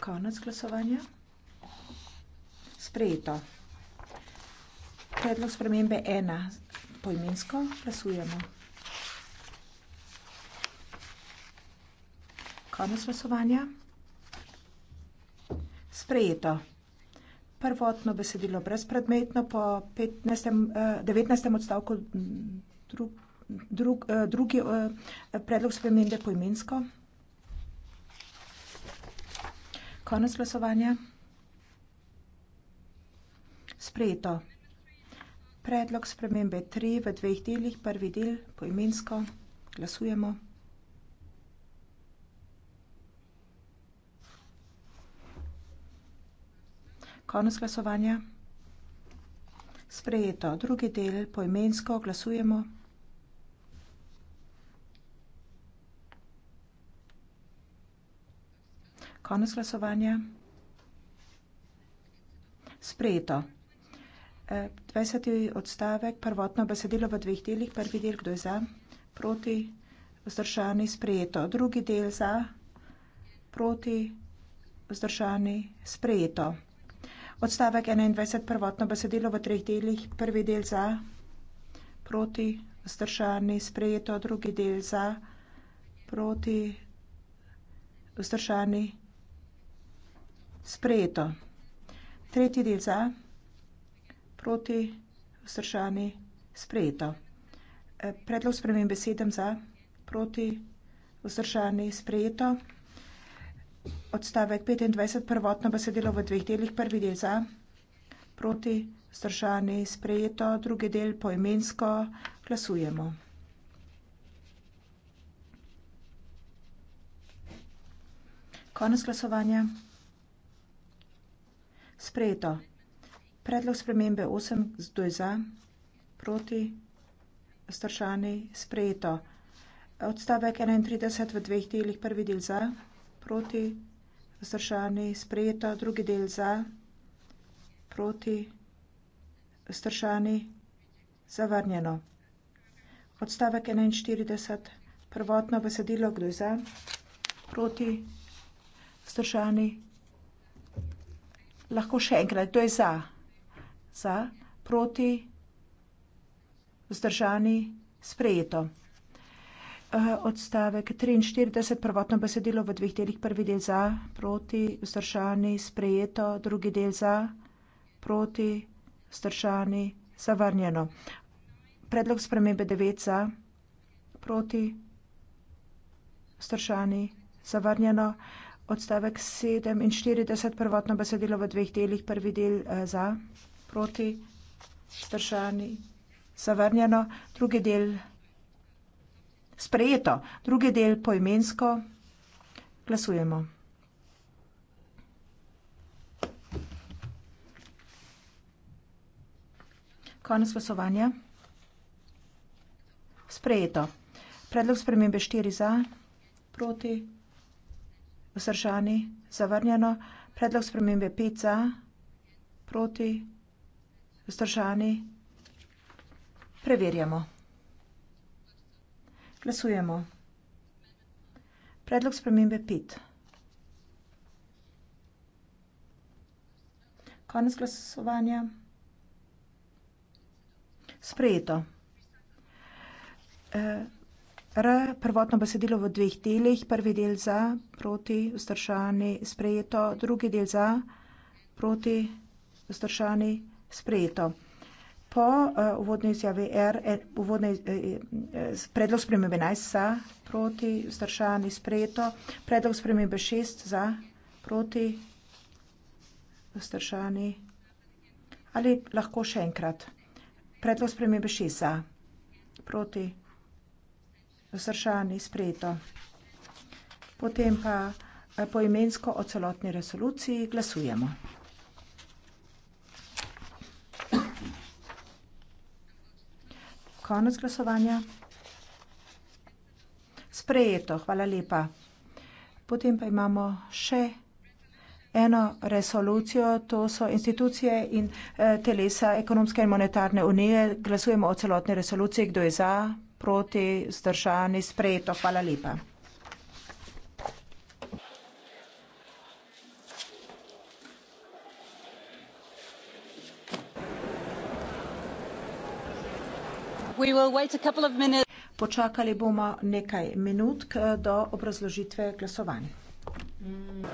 Konec glasovanja. Sprejeto. Predlog spremembe 1 poimensko glasujemo. Konec glasovanja. Sprejeto. Prvotno besedilo brezpredmetno po 15, 19. Eh, odstavku mm, drug, drug, eh, drugi eh, predlog spremembe poimensko. Konec glasovanja. Sprejeto. Predlog spremembe 3 v dveh delih. Prvi del poimensko. Glasujemo. Konec glasovanja. Sprejeto. Drugi del poimensko glasujemo. Konec glasovanja. Sprejeto. 20. E, odstavek, prvotno besedilo v dveh delih, prvi del, kdo je za, proti, vzdržani, sprejeto. Drugi del za, proti, vzdržani, sprejeto. Odstavek 21, prvotno besedilo v treh delih. Prvi del za, proti, vzdržani, sprejeto. Drugi del za, proti, vzdržani, sprejeto. Tretji del za, proti, vzdržani, sprejeto. Predlog spremem besedem za, proti, vzdržani, sprejeto odstavek 25, prvotno pa se delo v dveh delih, prvi del za, proti, zdržani, sprejeto, drugi del poimensko, glasujemo. Konec glasovanja. Sprejeto. Predlog spremembe 8, kdo je za, proti, zdržani, sprejeto. Odstavek 31 v dveh delih, prvi del za proti, vzdržani, sprejeto, drugi del za, proti, vzdržani, zavrnjeno. Odstavek 41, prvotno besedilo, kdo je za, proti, vzdržani, lahko še enkrat, kdo je za, za, proti, vzdržani, sprejeto. Eh, odstavek 43, prvotno besedilo v dveh delih, prvi del za, proti, vzdržani, sprejeto, drugi del za, proti, vzdržani, zavrnjeno. Predlog spremembe 9 za, proti, vzdržani, zavrnjeno. Odstavek 47, prvotno besedilo v dveh delih, prvi del eh, za, proti, vzdržani, zavrnjeno, drugi del za. Sprejeto. Drugi del poimensko. Glasujemo. Konec glasovanja. Sprejeto. Predlog spremembe štiri za, proti, vzdržani, zavrnjeno. Predlog spremembe pet za, proti, vzdržani. Preverjamo. Glasujemo. Predlog spremembe pet. Konec glasovanja. Sprejeto. Eh, R. Prvotno besedilo v dveh delih. Prvi del za, proti, vzdržani, sprejeto. Drugi del za, proti, vzdržani, sprejeto po uh, uvodni izjavi R, eh, uvodni, eh, eh, predlog spremembe 11 za, proti, vzdržani, sprejeto, predlog spremembe 6 za, proti, vzdržani. Ali lahko še enkrat? Predlog spremembe 6 za, proti, vzdržani, sprejeto. Potem pa eh, poimensko o celotni resoluciji glasujemo. Konec glasovanja. Sprejeto, hvala lepa. Potem pa imamo še eno resolucijo, to so institucije in eh, telesa ekonomske in monetarne unije. Glasujemo o celotni resoluciji, kdo je za, proti, zdržani, sprejeto, hvala lepa. Počakali bomo nekaj minut do obrazložitve glasovanj. Mm.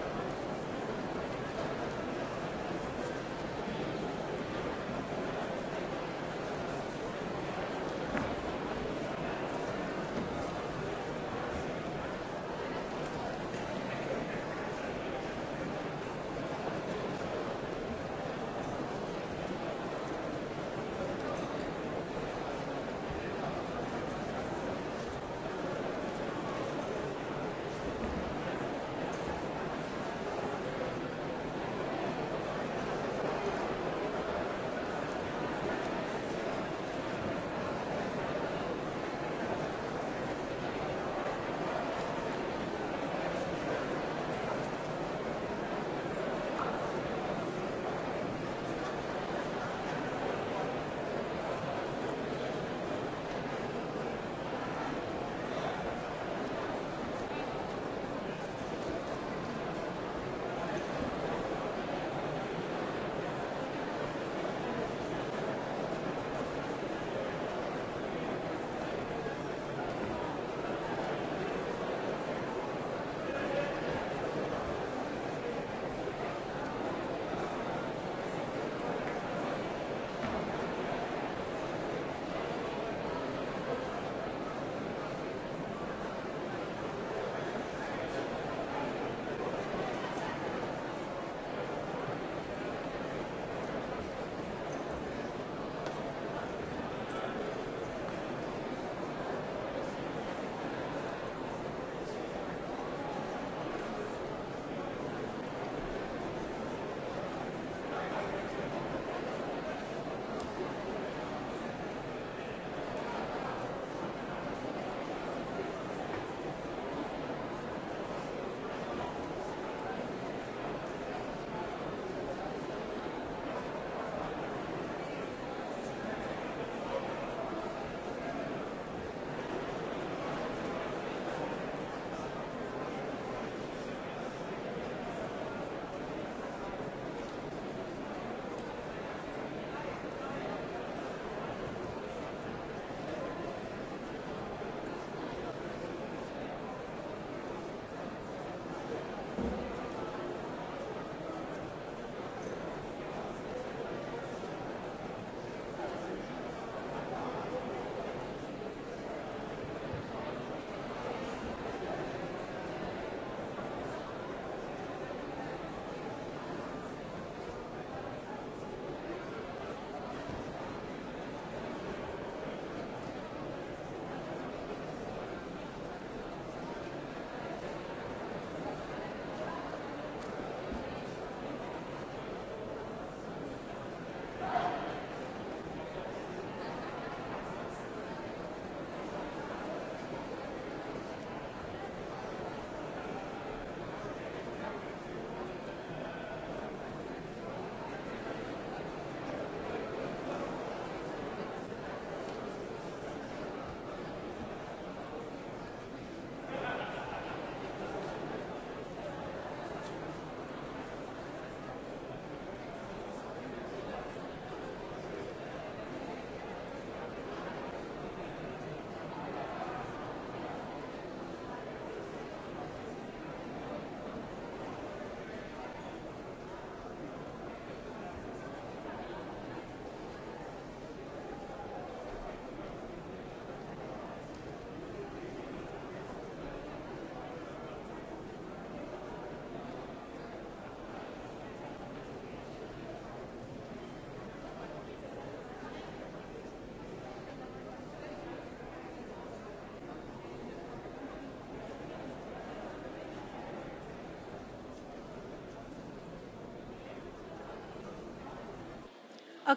Um,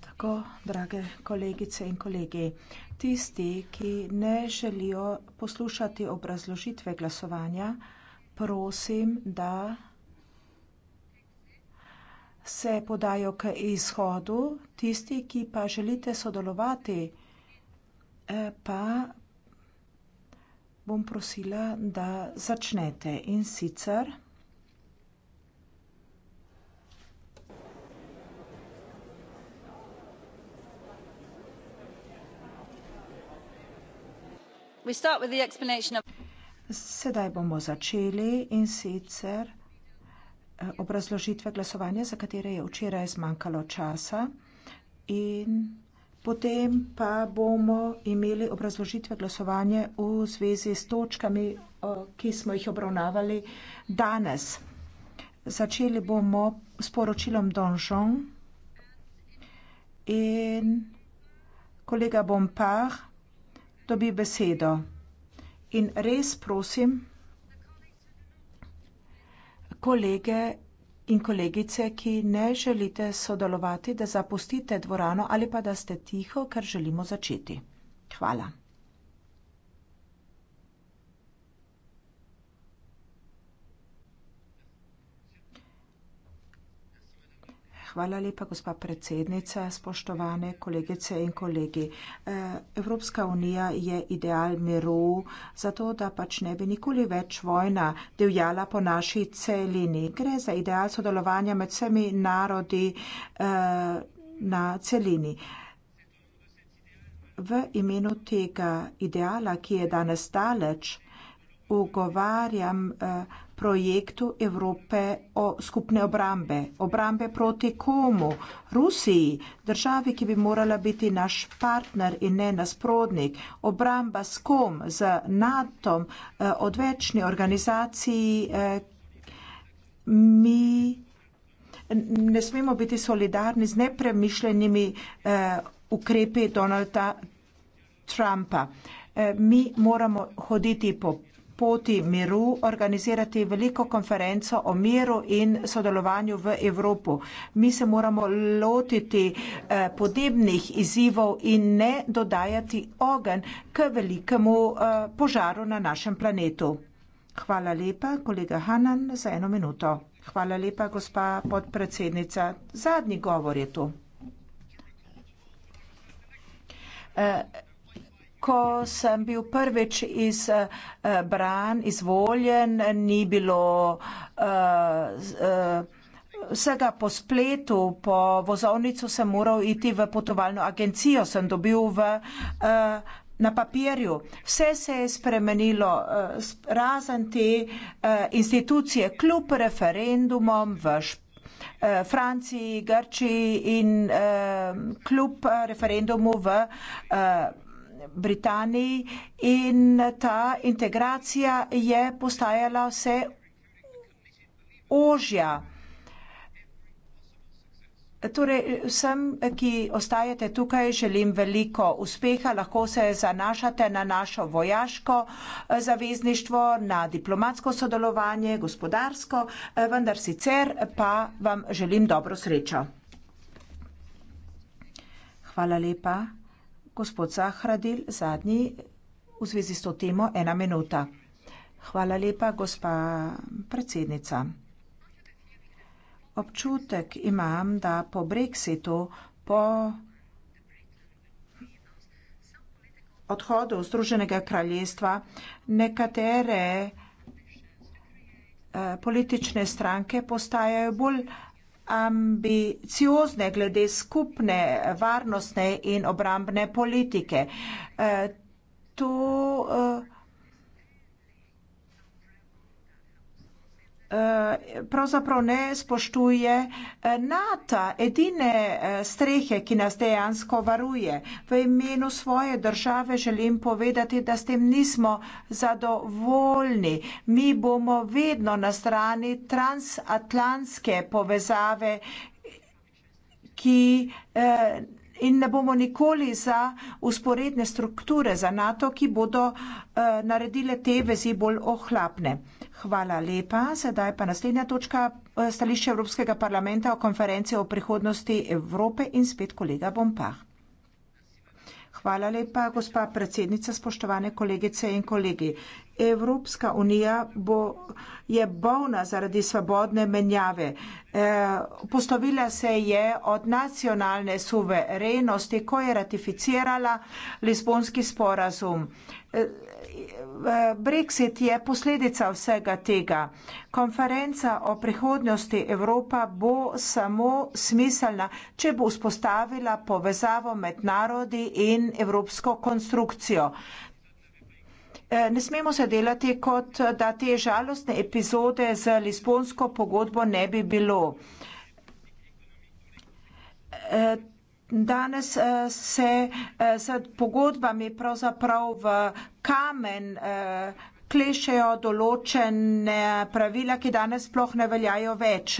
Tako, drage kolegice in kolegi, tisti, ki ne želijo poslušati obrazložitve glasovanja, prosim, da se podajo k izhodu, tisti, ki pa želite sodelovati, eh, pa bom prosila, da začnete, in sicer... Sedaj bomo začeli in sicer eh, obrazložitve glasovanja, za katere je včeraj zmanjkalo časa. In potem pa bomo imeli obrazložitve glasovanja v zvezi s točkami, ki smo jih obravnavali danes. Začeli bomo s poročilom Donjon in kolega Bompard dobi besedo. In res prosim kolege in kolegice, ki ne želite sodelovati, da zapustite dvorano ali pa da ste tiho, ker želimo začeti. Hvala. Hvala lepa, gospa predsednica, spoštovane kolegice in kolegi. Eh, Evropska unija je ideal miru, zato da pač ne bi nikoli več vojna divjala po naši celini. Gre za ideal sodelovanja med vsemi narodi eh, na celini. V imenu tega ideala, ki je danes daleč, ugovarjam eh, projektu Evrope o skupne obrambe. Obrambe proti komu? Rusiji, državi, ki bi morala biti naš partner in ne nasprotnik. Obramba s kom? Z NATO, eh, odvečni organizaciji. Eh, mi ne smemo biti solidarni z nepremišljenimi eh, ukrepi Donalda Trumpa. Mi moramo hoditi po poti miru organizirati veliko konferenco o miru in sodelovanju v Evropi. Mi se moramo lotiti eh, podebnih izzivov in ne dodajati ogen k velikemu eh, požaru na našem planetu. Hvala lepa, kolega Hanan, za eno minuto. Hvala lepa, gospa podpredsednica. Zadnji govor je tu. Eh, Ko sem bil prvič izbran, eh, izvoljen, ni bilo eh, eh, vsega po spletu, po vozovnico sem moral iti v potovalno agencijo, sem dobil v, na papirju. Vse se je spremenilo, razen te institucije, kljub referendumom v Franciji, Grčiji in kljub referendumu v Španiji. Britaniji in ta integracija je postajala vse ožja. Torej, vsem, ki ostajate tukaj, želim veliko uspeha. Lahko se zanašate na našo vojaško eh, zavezništvo, na diplomatsko sodelovanje, gospodarsko, eh, vendar sicer pa vam želim dobro srečo. Hvala lepa. Gospod Zahradil, zadnji v zvezi s to temo, ena minuta. Hvala lepa, gospa predsednica. Občutek imam, da po Brexitu, po odhodu Združenega kraljestva, nekatere eh, politične stranke postajajo bolj eh, ambiciozne glede skupne varnostne in obrambne politike. Eh, to eh, pravzaprav ne spoštuje eh, NATO, edine eh, strehe, ki nas dejansko varuje. V imenu svoje države želim povedati, da s tem nismo zadovoljni. Mi bomo vedno na strani transatlantske povezave, ki. Eh, in ne bomo nikoli za usporedne strukture za NATO, ki bodo eh, naredile te vezi bolj ohlapne. Hvala lepa. Sedaj pa naslednja točka eh, stališče Evropskega parlamenta o konferenci o prihodnosti Evrope in spet kolega Bompah. Hvala lepa, gospa predsednica, spoštovane kolegice in kolegi. Evropska unija bo, je bolna zaradi svobodne menjave. E, eh, postavila se je od nacionalne suverenosti, ko je ratificirala Lisbonski sporazum. E, Brexit je posledica vsega tega. Konferenca o prihodnosti Evropa bo samo smiselna, če bo vzpostavila povezavo med narodi in evropsko konstrukcijo ne smemo zadelati, kot da te žalostne epizode z Lisbonsko pogodbo ne bi bilo. Danes eh, se eh, z pogodbami pravzaprav v kamen eh, klešejo določene pravila, ki danes sploh ne veljajo več.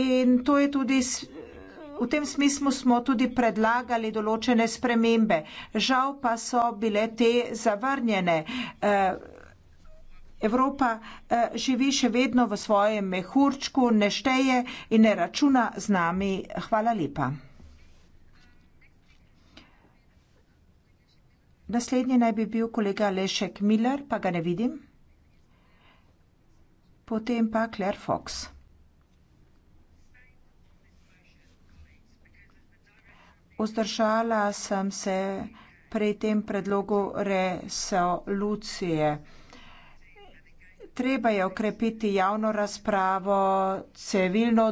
In to je tudi v tem smislu smo tudi predlagali določene spremembe. Žal pa so bile te zavrnjene. Eh, Evropa eh, živi še vedno v svojem mehurčku, ne šteje in ne računa z nami. Hvala lepa. Naslednji naj bi bil kolega Lešek Miller, pa ga ne vidim. Potem pa Claire Fox. Vzdržala sem se pri tem predlogu resolucije. Treba je okrepiti javno razpravo, civilno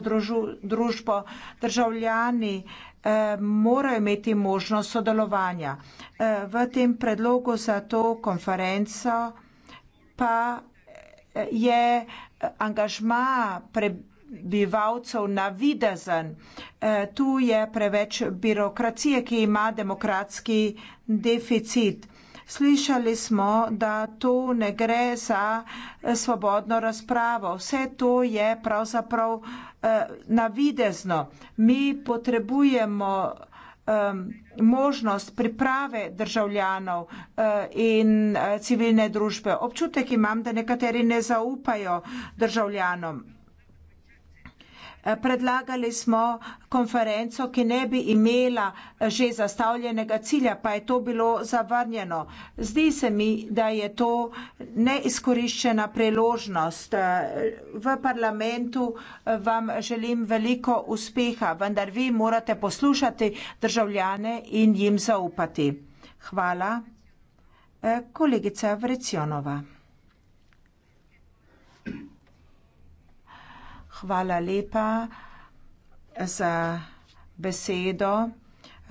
družbo, državljani eh, morajo imeti možnost sodelovanja. Eh, v tem predlogu za to konferenco pa eh, je angažma prebivalstva, prebivalcev navidezen. E, tu je preveč birokracije, ki ima demokratski deficit. Slišali smo, da tu ne gre za e, svobodno razpravo. Vse to je pravzaprav e, navidezno. Mi potrebujemo možnost priprave državljanov in civilne družbe. Občutek imam, da nekateri ne zaupajo državljanom. Predlagali smo konferenco, ki ne bi imela eh, že zastavljenega cilja, pa je to bilo zavrnjeno. Zdi se mi, da je to neizkoriščena priložnost. Eh, v parlamentu eh, vam želim veliko uspeha, vendar vi morate poslušati državljane in jim zaupati. Hvala. Kolegica Vrecionova. Hvala lepa za besedo.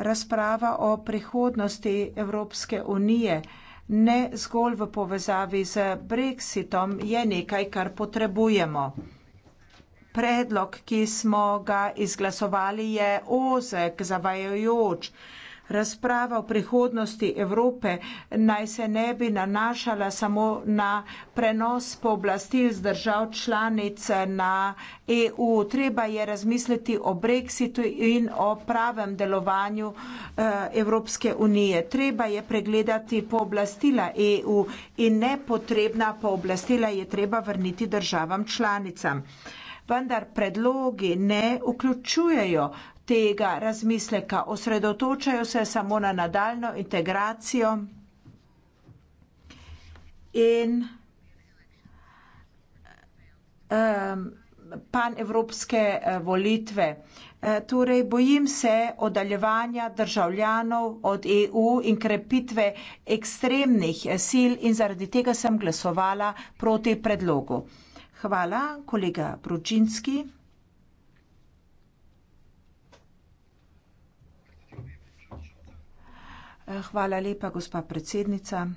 Razprava o prihodnosti Evropske unije ne zgolj v povezavi z brexitom je nekaj, kar potrebujemo. Predlog, ki smo ga izglasovali, je ozek, zavajajoč razprava o prihodnosti Evrope naj se ne bi nanašala samo na prenos pooblastil z držav članic na EU. Treba je razmisliti o brexitu in o pravem delovanju eh, Evropske unije. Treba je pregledati pooblastila EU in nepotrebna pooblastila je treba vrniti državam članicam. Vendar predlogi ne vključujejo tega razmisleka. Osredotočajo se samo na nadaljno integracijo in um, panevropske eh, volitve. Eh, torej, bojim se odaljevanja državljanov od EU in krepitve ekstremnih eh, sil in zaradi tega sem glasovala proti predlogu. Hvala, kolega Bručinski. Eh, hvala lepa, gospa predsednica.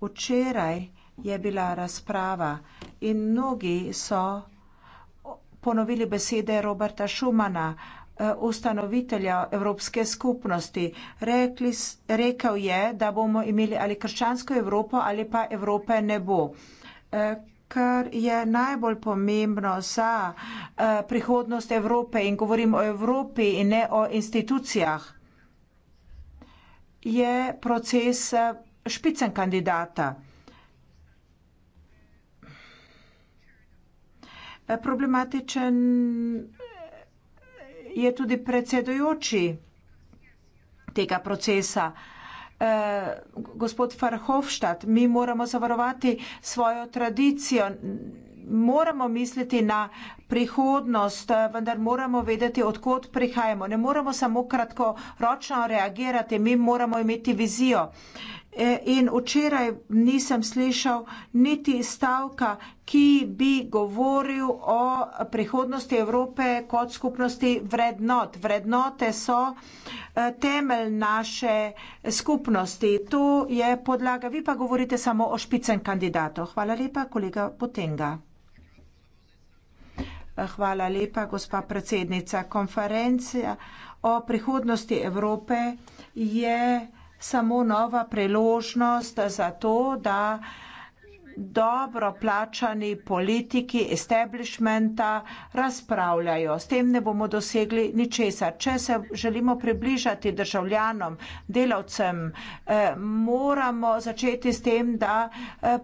Včeraj je bila razprava in mnogi so ponovili besede Roberta Šumana, eh, ustanovitelja Evropske skupnosti. Rekli, rekel je, da bomo imeli ali krščansko Evropo ali pa Evrope ne bo. Eh, kar je najbolj pomembno za prihodnost Evrope in govorim o Evropi in ne o institucijah je proces eh, špicen kandidata. Eh, problematičen eh, je tudi predsedujoči tega procesa. Gospod Farhofštat, mi moramo zavarovati svojo tradicijo moramo misliti na prihodnost, vendar moramo vedeti, odkot prihajamo. Ne moramo samo kratkoročno reagirati, mi moramo imeti vizijo. E, in včeraj nisem slišal niti stavka, ki bi govoril o prihodnosti Evrope kot skupnosti vrednot. Vrednote so e, temelj naše skupnosti. To je podlaga. Vi pa govorite samo o špicen kandidatu. Hvala lepa, kolega Potenga. Hvala lepa, gospa predsednica. Konferencija o prihodnosti Evrope je samo nova priložnost za to, da dobro plačani politiki establishmenta razpravljajo. S tem ne bomo dosegli ničesar. Če se želimo približati državljanom, delavcem, eh, moramo začeti s tem, da eh,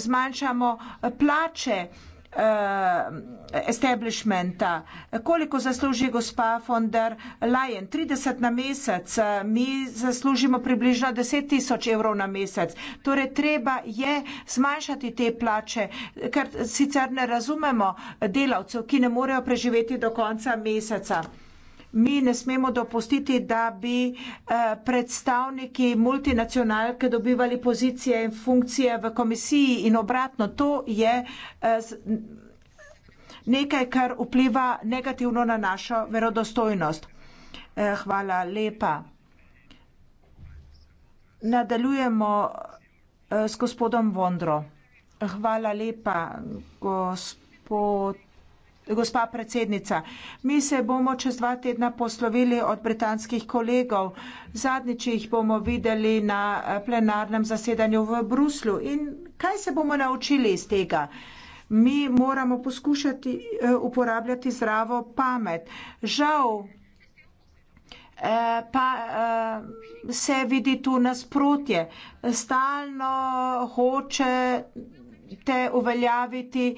zmanjšamo eh, plače uh, establishmenta. Koliko zasluži gospa von der Leyen? 30 na mesec, mi zaslužimo približno 10 tisoč evrov na mesec. Torej, treba je zmanjšati te plače, ker sicer ne razumemo delavcev, ki ne morejo preživeti do konca meseca mi ne smemo dopustiti, da bi eh, predstavniki multinacionalke dobivali pozicije in funkcije v komisiji in obratno. To je eh, nekaj, kar vpliva negativno na našo verodostojnost. Eh, hvala lepa. Nadaljujemo s gospodom Vondro. Hvala lepa, gospod Gospa predsednica, mi se bomo čez dva tedna poslovili od britanskih kolegov. Zadnjič jih bomo videli na eh, plenarnem zasedanju v Bruslu. In kaj se bomo naučili iz tega? Mi moramo poskušati eh, uporabljati zdravo pamet. Žal eh, pa se vidi tu nasprotje. Stalno hoče te uveljaviti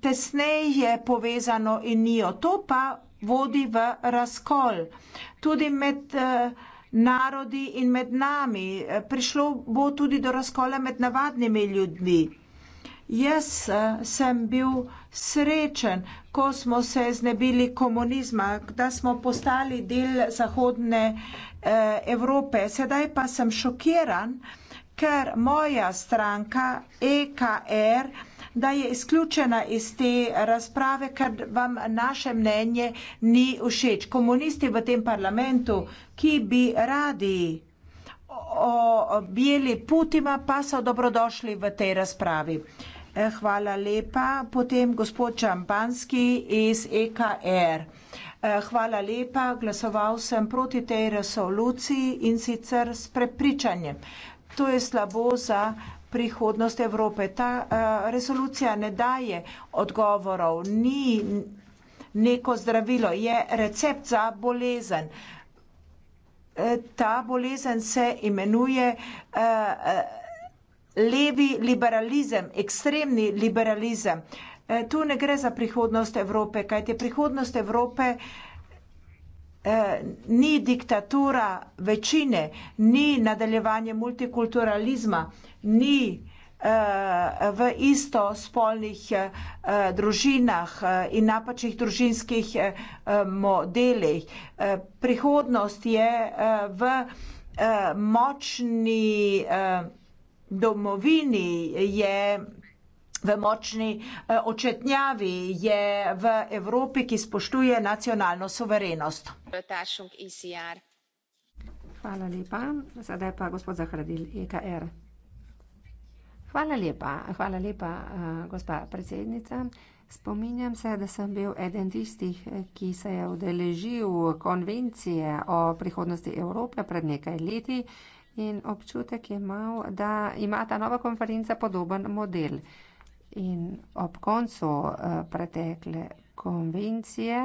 tesneje povezano in njo. To pa vodi v razkol. Tudi med eh, narodi in med nami. Eh, prišlo bo tudi do razkola med navadnimi ljudmi. Jaz eh, sem bil srečen, ko smo se znebili komunizma, da smo postali del Zahodne Evrope. Sedaj pa sem šokiran, ker moja stranka EKR da je izključena iz te razprave, ker vam naše mnenje ni všeč. Komunisti v tem parlamentu, ki bi radi objeli Putima, pa so dobrodošli v tej razpravi. Eh, hvala lepa. Potem gospod Čampanski iz EKR. Eh, hvala lepa. Glasoval sem proti tej resoluciji in sicer s prepričanjem. To je slabo za prihodnost Evrope. Ta eh, resolucija ne daje odgovorov, ni neko zdravilo, je recept za bolezen. Eh, ta bolezen se imenuje eh, levi liberalizem, ekstremni liberalizem. Tu ne gre za prihodnost Evrope, kajte prihodnost Evrope Eh, ni diktatura večine, ni nadaljevanje multikulturalizma, ni eh, v isto spolnih eh, družinah in napačnih družinskih modelih. Prihodnost je v močni domovini je v močni eh, očetnjavi je v Evropi, ki spoštuje nacionalno suverenost. E hvala lepa. Sedaj pa gospod Zahradil, EKR. Hvala lepa. Hvala lepa, eh, gospa predsednica. Spominjam se, da sem bil eden tistih, ki se je udeležil konvencije o prihodnosti Evrope pred nekaj leti in občutek je imel, da ima ta nova konferenca podoben model in ob koncu eh, pretekle konvencije,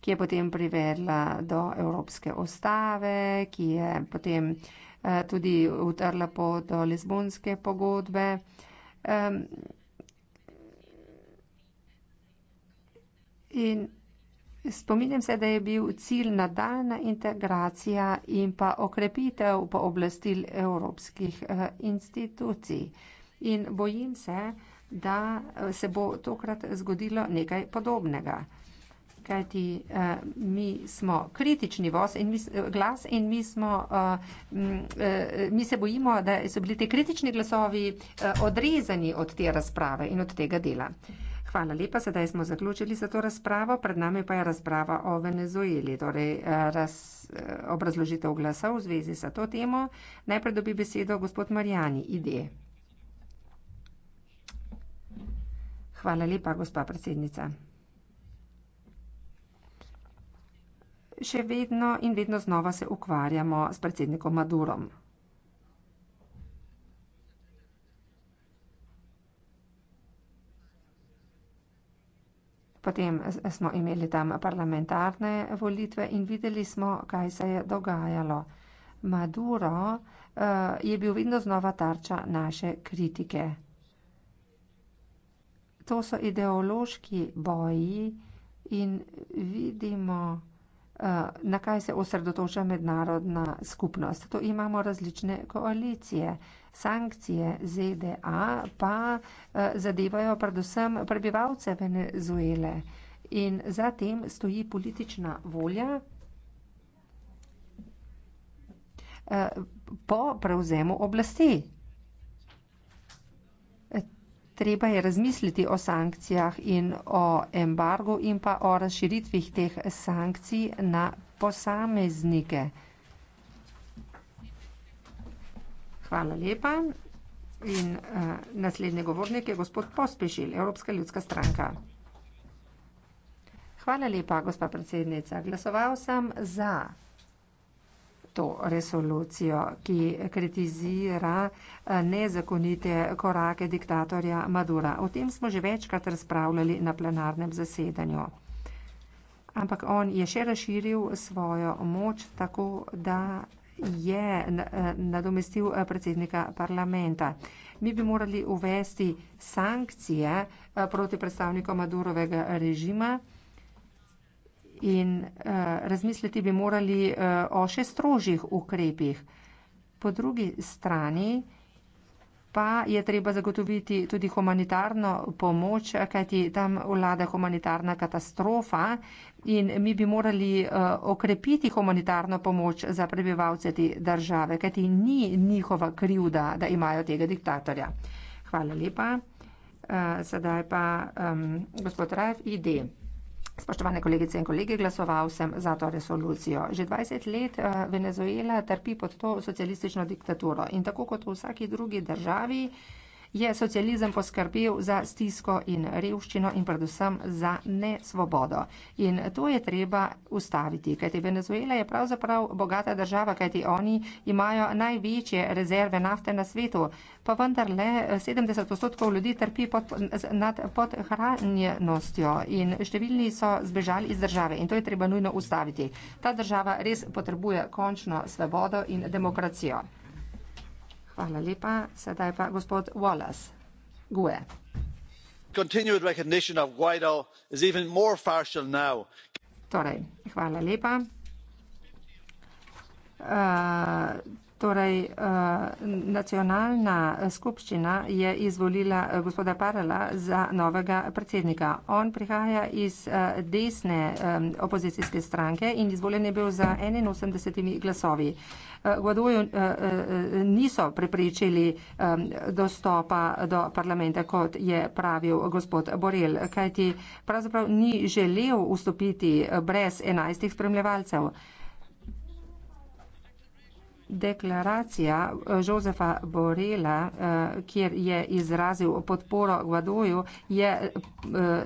ki je potem privedla do Evropske ustave, ki je potem eh, tudi utrla pot do Lizbonske pogodbe. In spominjam se, da je bil cilj nadaljna integracija in pa okrepitev pooblastil evropskih eh, institucij. In bojim se, da da eh, se bo tokrat zgodilo nekaj podobnega. Kajti uh, mi smo kritični voz in mi, eh, glas in mi, smo, uh, m, uh, mi se bojimo, da so bili te kritični glasovi uh, odrezani od te razprave in od tega dela. Hvala lepa, sedaj smo zaključili za to razpravo, pred nami pa je razprava o Venezueli, torej raz, obrazložitev glasov v zvezi sa to temo. Najprej dobi besedo gospod Marjani, ideje. Hvala lepa, gospa predsednica. Še vedno in vedno znova se ukvarjamo s predsednikom Madurom. Potem smo imeli tam parlamentarne volitve in videli smo, kaj se je dogajalo. Maduro uh, je bil vedno znova tarča naše kritike to so ideološki boji in vidimo, eh, na kaj se osredotoča mednarodna skupnost. To imamo različne koalicije. Sankcije ZDA pa eh, zadevajo predvsem prebivalce Venezuele in zatem stoji politična volja. Eh, po prevzemu oblasti treba je razmisliti o sankcijah in o embargu in pa o razširitvi teh sankcij na posameznike. Hvala lepa. In uh, naslednji govornik je gospod Pospešil, Evropska ljudska stranka. Hvala lepa, gospa predsednica. Glasoval sem za to resolucijo, ki kritizira eh, nezakonite korake diktatorja Madura. O tem smo že večkrat razpravljali na plenarnem zasedanju. Ampak on je še razširil svojo moč tako, da je eh, nadomestil eh, predsednika parlamenta. Mi bi morali uvesti sankcije proti predstavnikom Madurovega režima in eh, razmisliti bi morali eh, o še strožjih ukrepih. Po drugi strani pa je treba zagotoviti tudi humanitarno pomoč, kajti tam vlada humanitarna katastrofa in mi bi morali eh, okrepiti humanitarno pomoč za prebivalce te države, kajti ni njihova krivda, da imajo tega diktatorja. Hvala lepa. Sedaj pa um, gospod Rajf, ide. Spoštovane kolegice in kolegi, glasoval sem za to resolucijo. Že dvajset let eh, Venezuela trpi pod to socialistično diktaturo in tako kot v vsaki drugi državi, je socializem poskrbel za stisko in revščino in predvsem za nesvobodo. In to je treba ustaviti, kajti Venezuela je pravzaprav bogata država, kajti oni imajo največje rezerve nafte na svetu, pa vendar le 70 odstotkov ljudi trpi pod, nad podhranjenostjo in številni so zbežali iz države in to je treba nujno ustaviti. Ta država res potrebuje končno svobodo in demokracijo. Hvala lepa. Sedaj pa gospod Wallace Gue. Torej, hvala lepa. Uh, Torej, eh, nacionalna skupščina je izvolila eh, gospoda Parala za novega predsednika. On prihaja iz eh, desne opozicijske stranke in izvoljen je bil za 81 glasovi. Guadoju niso prepričali dostopa do parlamenta, kot je pravil gospod Borel, kajti pravzaprav ni želel vstopiti brez enajstih spremljevalcev deklaracija eh, Josefa Borela, eh, kjer je izrazil podporo Guadoju, je eh,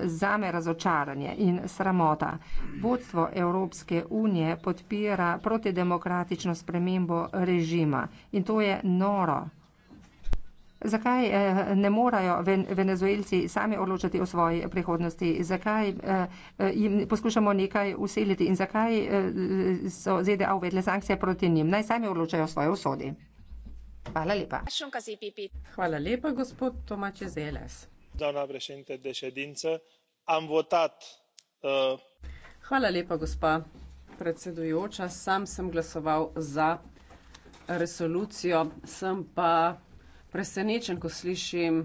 zame razočaranje in sramota. Vodstvo Evropske unije podpira protidemokratično spremembo režima in to je noro. Zakaj eh, ne morajo venezuelci sami odločati o svoji prihodnosti? Zakaj eh, jim poskušamo nekaj usiliti in zakaj eh, so ZDA uvedle sankcije proti njim? Naj sami odločajo o svoji usodi. Hvala lepa. Hvala lepa, gospod Tomače Zeles. Uh, Hvala lepa, gospa predsedujoča. Sam sem glasoval za resolucijo, sem pa presenečen, ko slišim,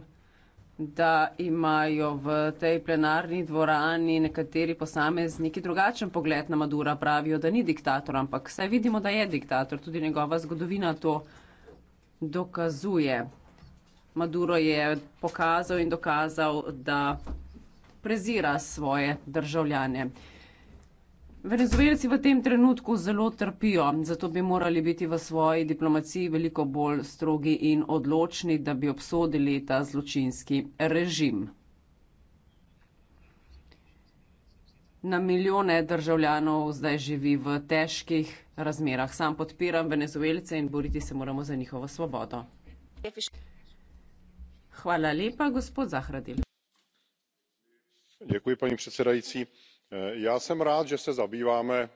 da imajo v tej plenarni dvorani nekateri posamezniki drugačen pogled na Madura. Pravijo, da ni diktator, ampak vse vidimo, da je diktator. Tudi njegova zgodovina to dokazuje. Maduro je pokazal in dokazal, da prezira svoje državljane. Venezuelci v tem trenutku zelo trpijo, zato bi morali biti v svoji diplomaciji veliko bolj strogi in odločni, da bi obsodili ta zločinski režim. Na milijone državljanov zdaj živi v težkih razmerah. Sam podpiram Venezuelce in boriti se moramo za njihovo svobodo. Hvala lepa, gospod Zahradil. Děkuji, paní předsedající. Eh, ja, sem rad, že se zabivame.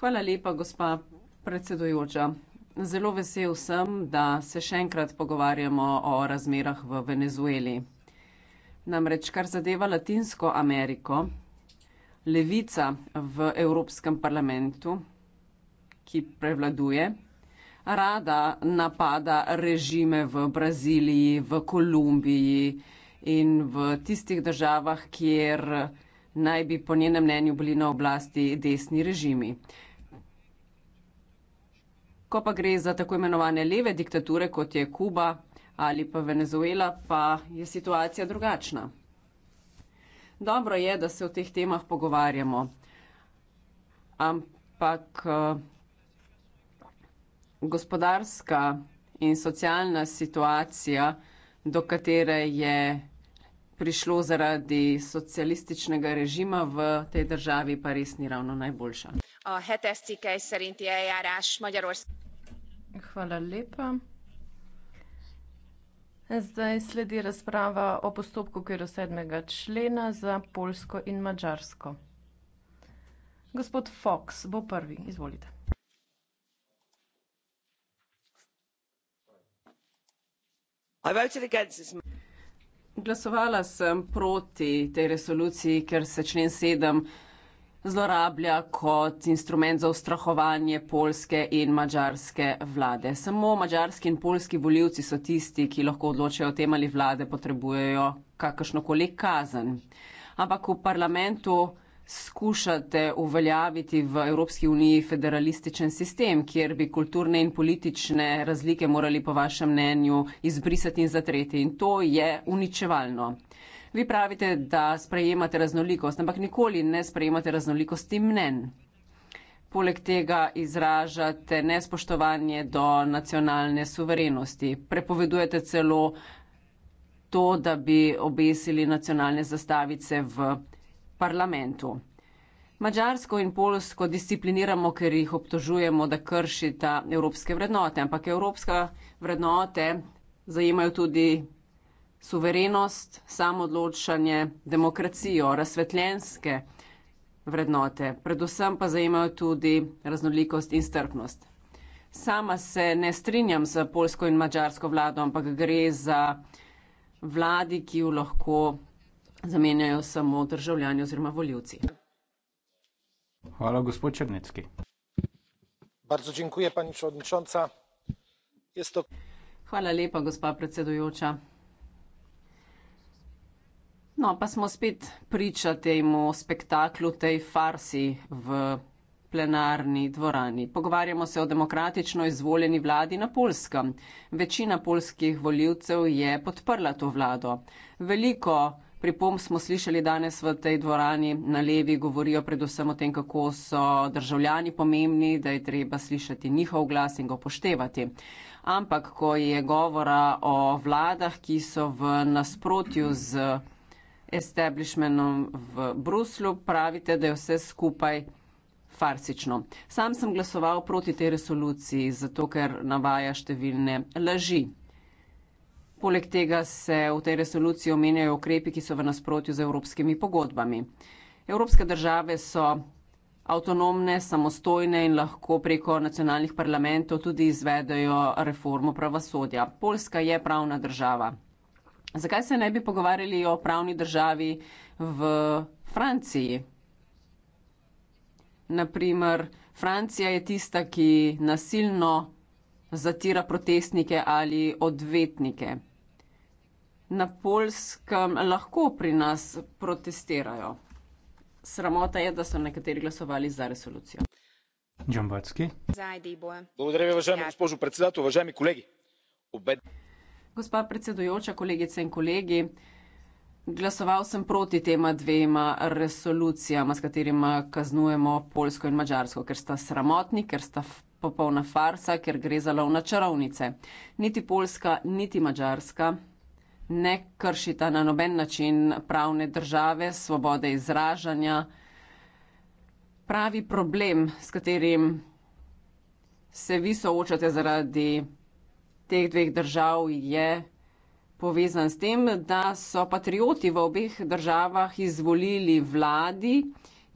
Hvala lepa, gospa predsedujoča. Zelo vesel sem, da se še enkrat pogovarjamo o razmerah v Venezueli. Namreč, kar zadeva Latinsko Ameriko, levica v Evropskem parlamentu, ki prevladuje, rada napada režime v Braziliji, v Kolumbiji in v tistih državah, kjer naj bi po njenem mnenju bili na oblasti desni režimi. Ko pa gre za tako imenovane leve diktature, kot je Kuba ali pa Venezuela, pa je situacija drugačna. Dobro je, da se o teh temah pogovarjamo, ampak eh, gospodarska in socialna situacija, do katere je prišlo zaradi socialističnega režima v tej državi, pa res ni ravno najboljša. Hvala lepa. Zdaj sledi razprava o postopku v okviru sedmega člena za Poljsko in Madžarsko. Gospod Fox bo prvi, izvolite. Glasovala sem proti tej resoluciji, ker se člen 7 zlorablja kot instrument za ustrahovanje polske in mađarske vlade. Samo mađarski in polski voljivci so tisti, ki lahko odločajo o tem, ali vlade potrebujejo kakršnokoli kazen. Ampak v parlamentu skušate uveljaviti v Evropski uniji federalističen sistem, kjer bi kulturne in politične razlike morali po vašem mnenju izbrisati in zatreti. In to je uničevalno. Vi pravite, da sprejemate raznolikost, ampak nikoli ne sprejemate raznolikosti mnen. Poleg tega izražate nespoštovanje do nacionalne suverenosti. Prepovedujete celo to, da bi obesili nacionalne zastavice v parlamentu. Mačarsko in Polsko discipliniramo, ker jih obtožujemo, da kršita evropske vrednote, ampak evropske vrednote zajemajo tudi suverenost, samodločanje, demokracijo, razsvetljenske vrednote, predvsem pa zajemajo tudi raznolikost in strpnost. Sama se ne strinjam z polsko in mačarsko vlado, ampak gre za vladi, ki jo lahko zamenjajo samo državljani oziroma voljivci. Hvala, gospod Črnecki. Bardzo dziękuję, pani przewodnicząca. Jest to... Hvala lepa, gospa predsedujoča. No, pa smo spet priča temu spektaklu, tej farsi v plenarni dvorani. Pogovarjamo se o demokratično izvoljeni vladi na Polskem. Večina polskih voljivcev je podprla to vlado. Veliko pripomb smo slišali danes v tej dvorani na levi, govorijo predvsem o tem, kako so državljani pomembni, da je treba slišati njihov glas in ga upoštevati. Ampak, ko je govora o vladah, ki so v nasprotju z establishmentom v Bruslu, pravite, da je vse skupaj. Farsično. Sam sem glasoval proti tej resoluciji, zato ker navaja številne laži. Poleg tega se v tej resoluciji omenjajo ukrepi, ki so v nasprotju z evropskimi pogodbami. Evropske države so avtonomne, samostojne in lahko preko nacionalnih parlamentov tudi izvedejo reformo pravosodja. Poljska je pravna država. Zakaj se ne bi pogovarjali o pravni državi v Franciji? Naprimer, Francija je tista, ki nasilno zatira protestnike ali odvetnike na polskem lahko pri nas protestirajo. Sramota je, da so nekateri glasovali za resolucijo. Džambacki. Dobro, vežemo, gospod predsedatelj, vežemo, kolegi. Obed... Gospa predsedujoča, kolegice in kolegi, glasoval sem proti tema dvema resolucijama, s katerima kaznujemo Polsko in Mačarsko, ker sta sramotni, ker sta popolna farsa, ker gre za lovna čarovnice. Niti Polska, niti Mačarska ne kršita na noben način pravne države, svobode izražanja. Pravi problem, s katerim se vi soočate zaradi teh dveh držav, je povezan s tem, da so patrioti v obeh državah izvolili vladi,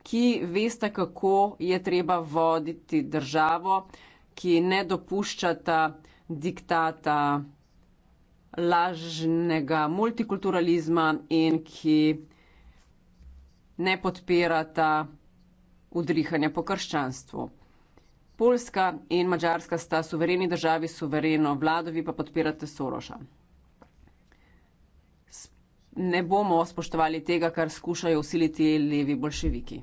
ki veste, kako je treba voditi državo, ki ne dopuščata diktata lažnega multikulturalizma in ki ne podpirata udrihanja po krščanstvu. Poljska in Mačarska sta suvereni državi, suvereno vlado, vi pa podpirate Soroša. Ne bomo spoštovali tega, kar skušajo usiliti levi bolševiki.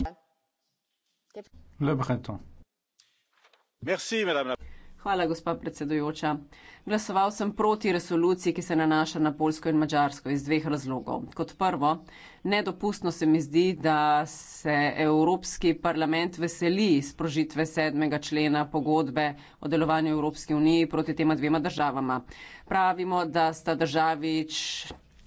Le Breton. Merci, madame la Hvala, gospa predsedujoča. Glasoval sem proti resoluciji, ki se nanaša na Polsko in Mačarsko iz dveh razlogov. Kot prvo, nedopustno se mi zdi, da se Evropski parlament veseli sprožitve sedmega člena pogodbe o delovanju Evropske unije proti tema dvema državama. Pravimo, da sta državič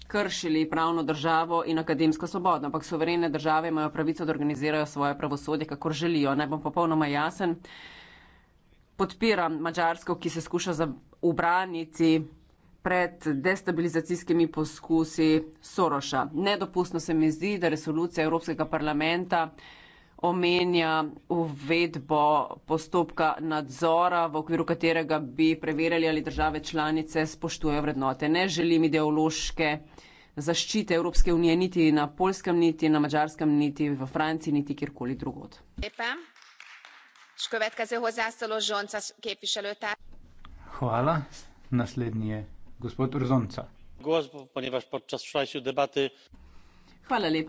kršili pravno državo in akademsko svobodo, ampak suverene države imajo pravico, da organizirajo svoje pravosodje, kakor želijo. Naj bom popolnoma jasen podpiram Mačarsko, ki se skuša obraniti pred destabilizacijskimi poskusi Soroša. Nedopustno se mi zdi, da resolucija Evropskega parlamenta omenja uvedbo postopka nadzora, v okviru katerega bi preverjali, ali države članice spoštujejo vrednote. Ne želim ideološke zaščite Evropske unije niti na polskem, niti na mačarskem, niti v Franciji, niti kjerkoli drugod. Epa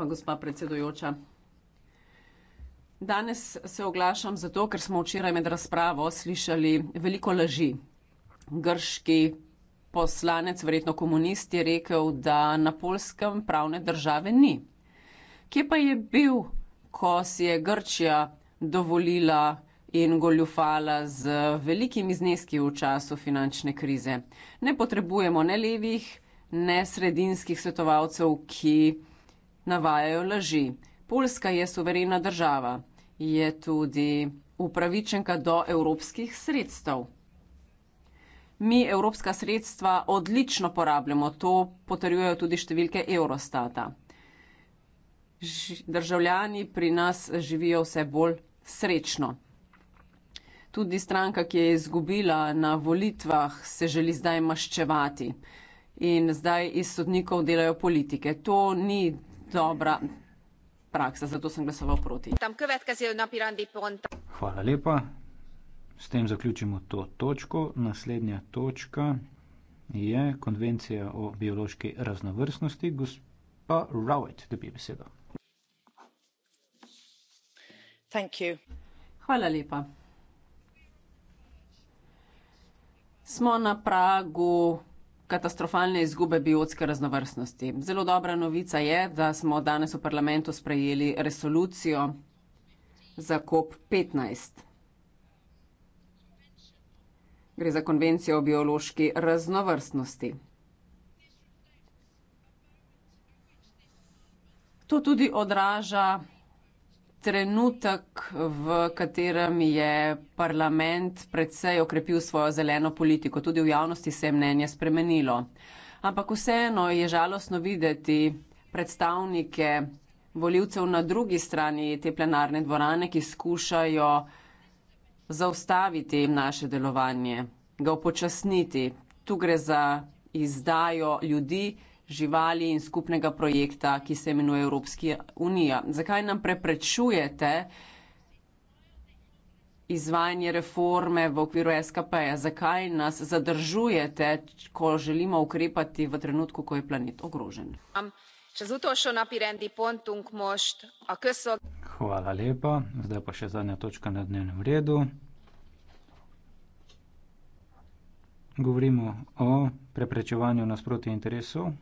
gospa predsedujoča. Danes se oglašam zato, ker smo včeraj med razpravo slišali veliko laži. Grški poslanec, verjetno komunist, je rekel, da na Poljskem pravne države ni. Kje pa je bil, ko si je Grčija dovolila in goljufala z velikimi zneski v času finančne krize. Ne potrebujemo ne levih, ne sredinskih svetovalcev, ki navajajo laži. Poljska je suverena država, je tudi upravičenka do evropskih sredstev. Mi evropska sredstva odlično porabljamo, to potrjujejo tudi številke Eurostata. Državljani pri nas živijo vse bolj srečno. Tudi stranka, ki je izgubila na volitvah, se želi zdaj maščevati in zdaj iz sodnikov delajo politike. To ni dobra praksa, zato sem glasoval proti. Hvala lepa. S tem zaključimo to točko. Naslednja točka je konvencija o biološki raznovrstnosti. Gospa Rowett, da bi besedo. Hvala lepa. smo na pragu katastrofalne izgube biotske raznovrstnosti. Zelo dobra novica je, da smo danes v parlamentu sprejeli resolucijo za COP15. Gre za konvencijo o biološki raznovrstnosti. To tudi odraža trenutek, v katerem je parlament predvsej okrepil svojo zeleno politiko. Tudi v javnosti se je mnenje spremenilo. Ampak vseeno je žalostno videti predstavnike voljivcev na drugi strani te plenarne dvorane, ki skušajo zaustaviti naše delovanje, ga upočasniti. Tu gre za izdajo ljudi, živali in skupnega projekta, ki se imenuje Evropska unija. Zakaj nam preprečujete izvajanje reforme v okviru SKP-ja? Zakaj nas zadržujete, ko želimo ukrepati v trenutku, ko je planet ogrožen? Hvala lepa. Zdaj pa še zadnja točka na dnevnem redu. Govorimo o preprečevanju nasprotja interesov.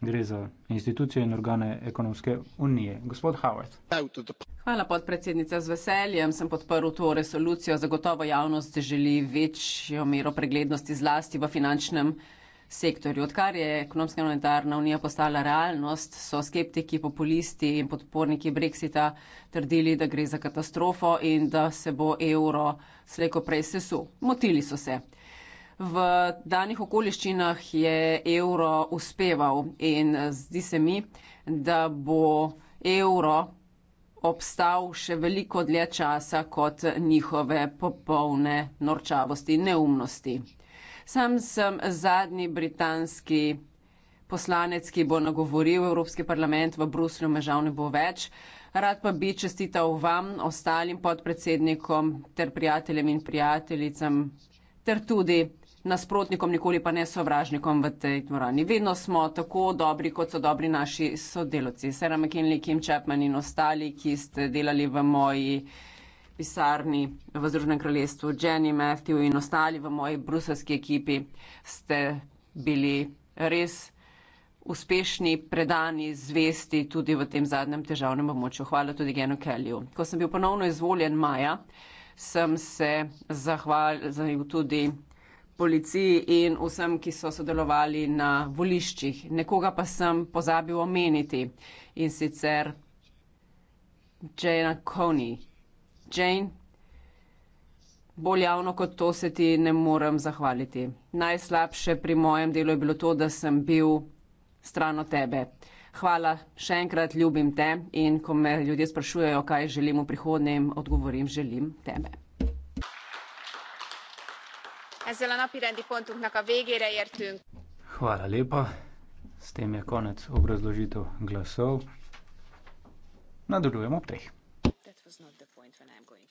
Gre za institucije in organe ekonomske unije. Gospod Howard. Hvala, podpredsednica. Z veseljem sem podprl to resolucijo. Zagotovo javnost želi večjo mero preglednosti zlasti v finančnem sektorju. Odkar je ekonomska monetarna unija postala realnost, so skeptiki, populisti in podporniki Brexita trdili, da gre za katastrofo in da se bo evro slejko prej sesul. Motili so se. V danih okoliščinah je evro uspeval in zdi se mi, da bo evro obstal še veliko dlje časa kot njihove popolne norčavosti in neumnosti. Sam sem zadnji britanski poslanec, ki bo nagovoril Evropski parlament v Bruslju, me žal ne bo več. Rad pa bi čestital vam, ostalim podpredsednikom ter prijateljem in prijateljicam ter tudi nasprotnikom, nikoli pa ne sovražnikom v tej dvorani. Vedno smo tako dobri, kot so dobri naši sodelovci. Sera McKinley, Kim Chapman in ostali, ki ste delali v moji pisarni v Združenem kraljestvu, Jenny Matthew in ostali v moji bruselski ekipi, ste bili res uspešni, predani, zvesti tudi v tem zadnjem težavnem območju. Hvala tudi Genu Kellyju. Ko sem bil ponovno izvoljen maja, sem se zahvalil tudi policiji in vsem, ki so sodelovali na voliščih. Nekoga pa sem pozabil omeniti in sicer Jane Coney. Jane, bolj javno kot to se ti ne morem zahvaliti. Najslabše pri mojem delu je bilo to, da sem bil strano tebe. Hvala, še enkrat ljubim te in ko me ljudje sprašujejo, kaj želim v prihodnjem, odgovorim, želim tebe. Ezzel a napirendi pontunknak a végére értünk. Hvala lepa. S tem je konec obrazložitev glasov. Nadaljujemo ob treh. That was not the point when I'm going.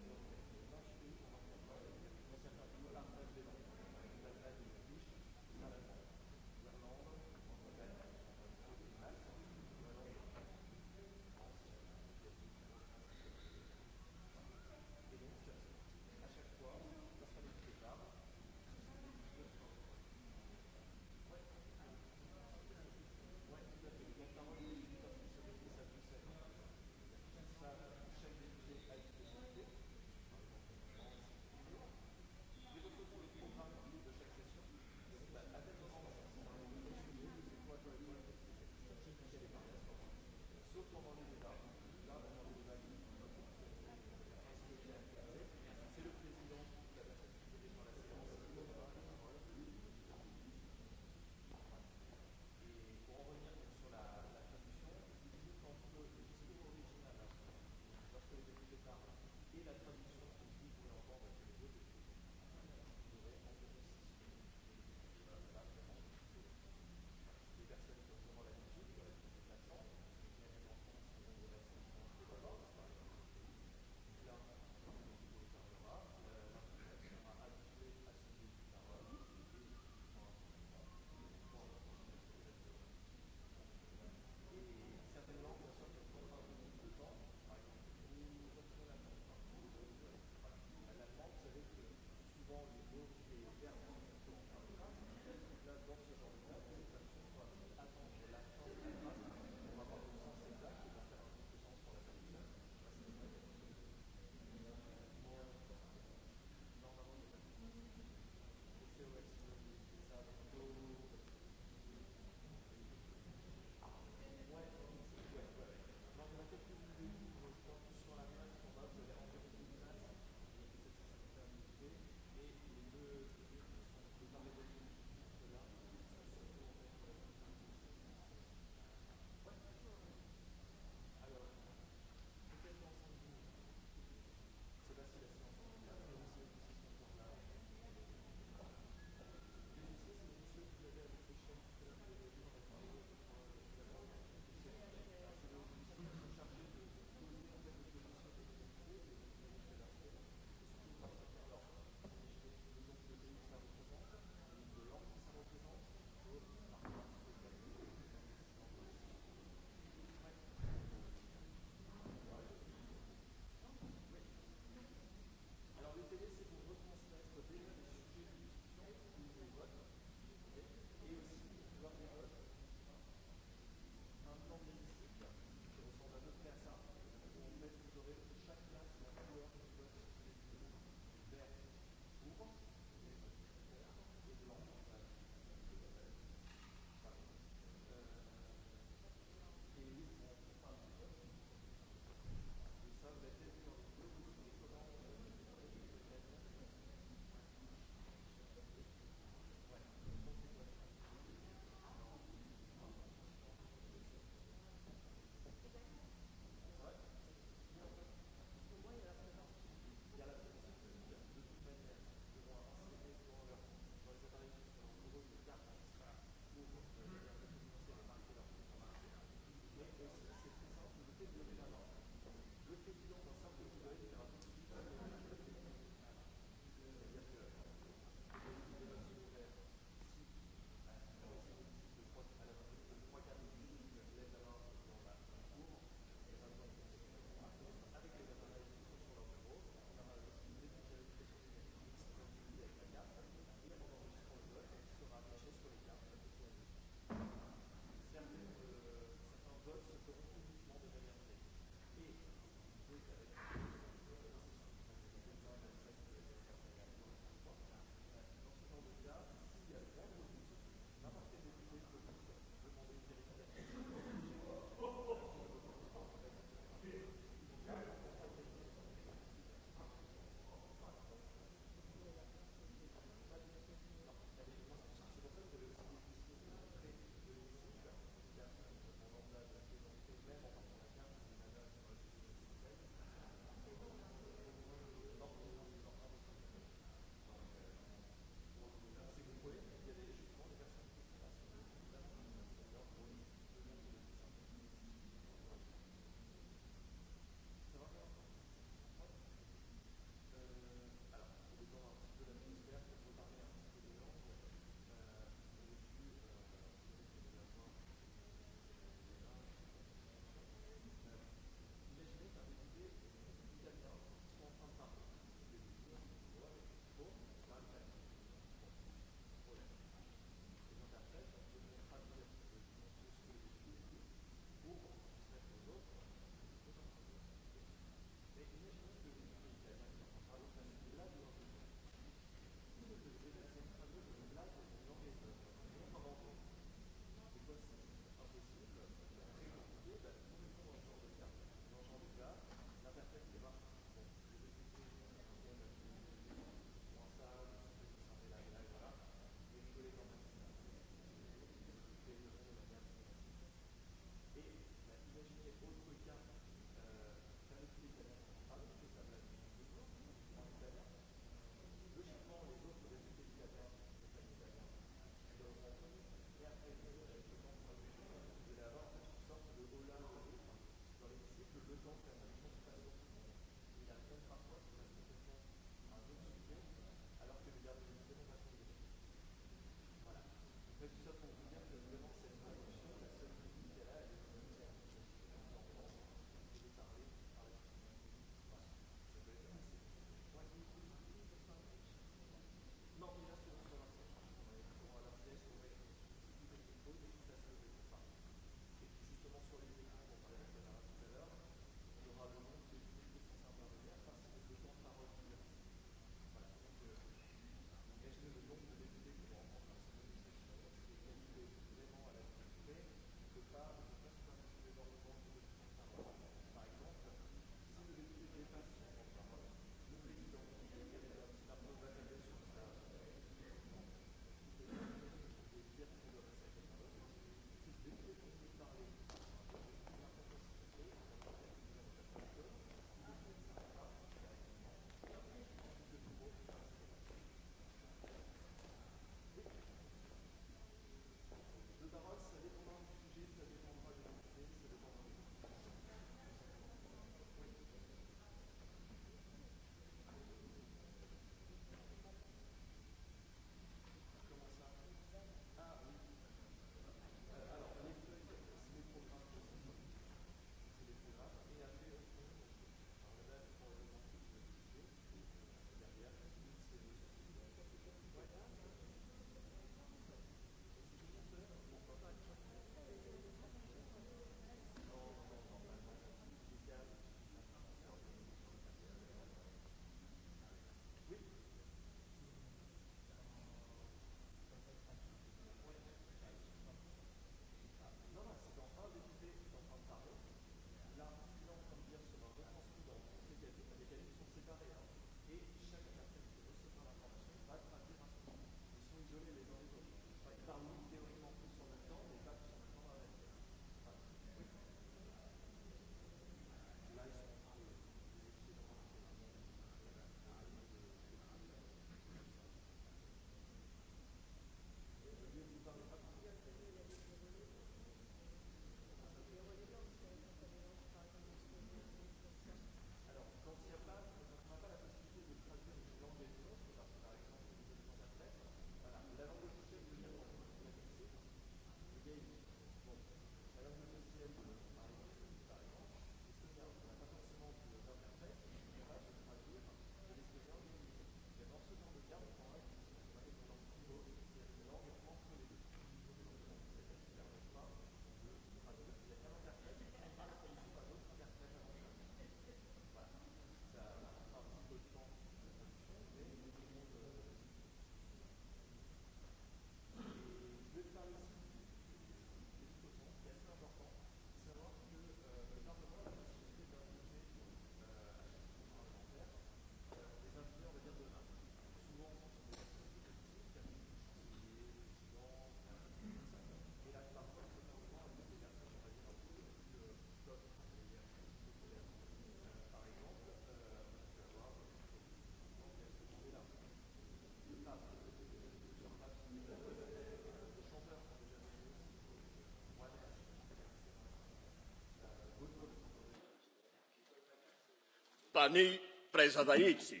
strani predsedujoči.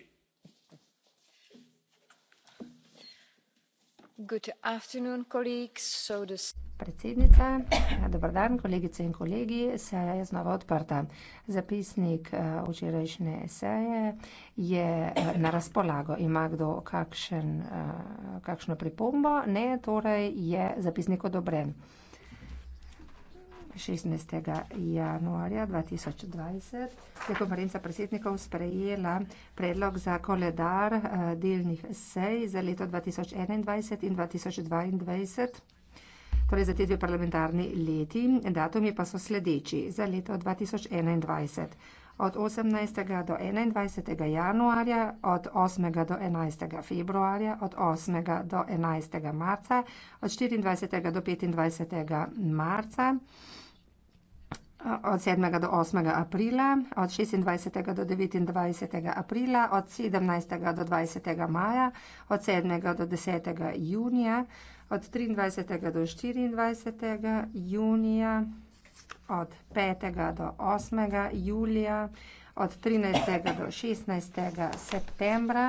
Predsednica, [clears throat] dober dan, kolegice in kolegi, seja je znova odprta. Zapisnik, eh, včerajšnje seje je, eh, na razpolago. Ima kdo kakšen, eh, kakšno pripombo? Ne, torej je zapisnik odobren. 16. januarja 2020 je konferenca predsednikov sprejela predlog za koledar eh, delnih sej za leto 2021 in 2022. Torej za te dve parlamentarni leti. Datumi pa so sledeči za leto 2021. Od 18. do 21. januarja, od 8. do 11. februarja, od 8. do 11. marca, od 24. do 25. marca od sedmega do osmega aprila, od šestindvajsetega do devetindvajsetega aprila, od sedemnajstega do dvajsetega maja, od sedmega do desetega junija, od triindvajsetega do štiriindvajsetega junija, od petega do osmega julija, od trinajstega do šestnajstega septembra,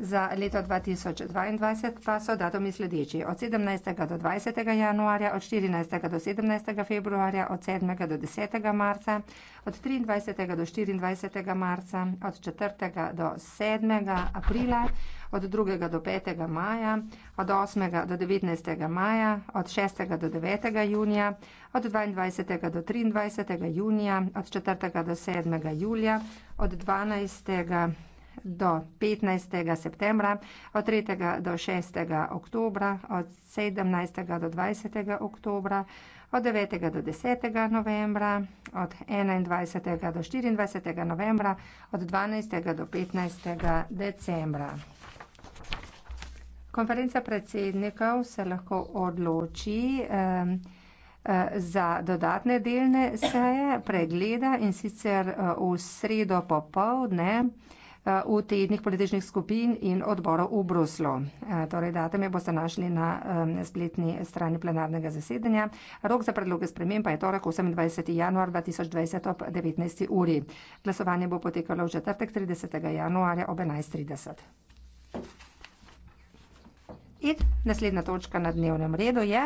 Za leto 2022 pa so datumi sledeči. Od 17. do 20. januarja, od 14. do 17. februarja, od 7. do 10. marca, od 23. do 24. marca, od 4. do 7. aprila, od 2. do 5. maja, od 8. do 19. maja, od 6. do 9. junija, od 22. do 23. junija, od 4. do 7. julija, od 12 do petnajstega septembra, od tretjega do šestega oktobra, od sedemnajstega do dvajsetega oktobra, od devetega do desetega novembra, od enaindvajsetega do štiriindvajsetega novembra, od dvanajstega do petnajstega decembra. Konferenca predsednikov se lahko odloči, eh, za dodatne delne seje pregleda, in sicer, eh, v sredo popoldne, v tednih političnih skupin in odborov v Bruslu. E, torej, datume boste našli na spletni strani plenarnega zasedanja. Rok za predloge sprememb pa je torek 28. januar 2020 ob 19. uri. Glasovanje bo potekalo v četrtek 30. januarja ob 11.30. In naslednja točka na dnevnem redu je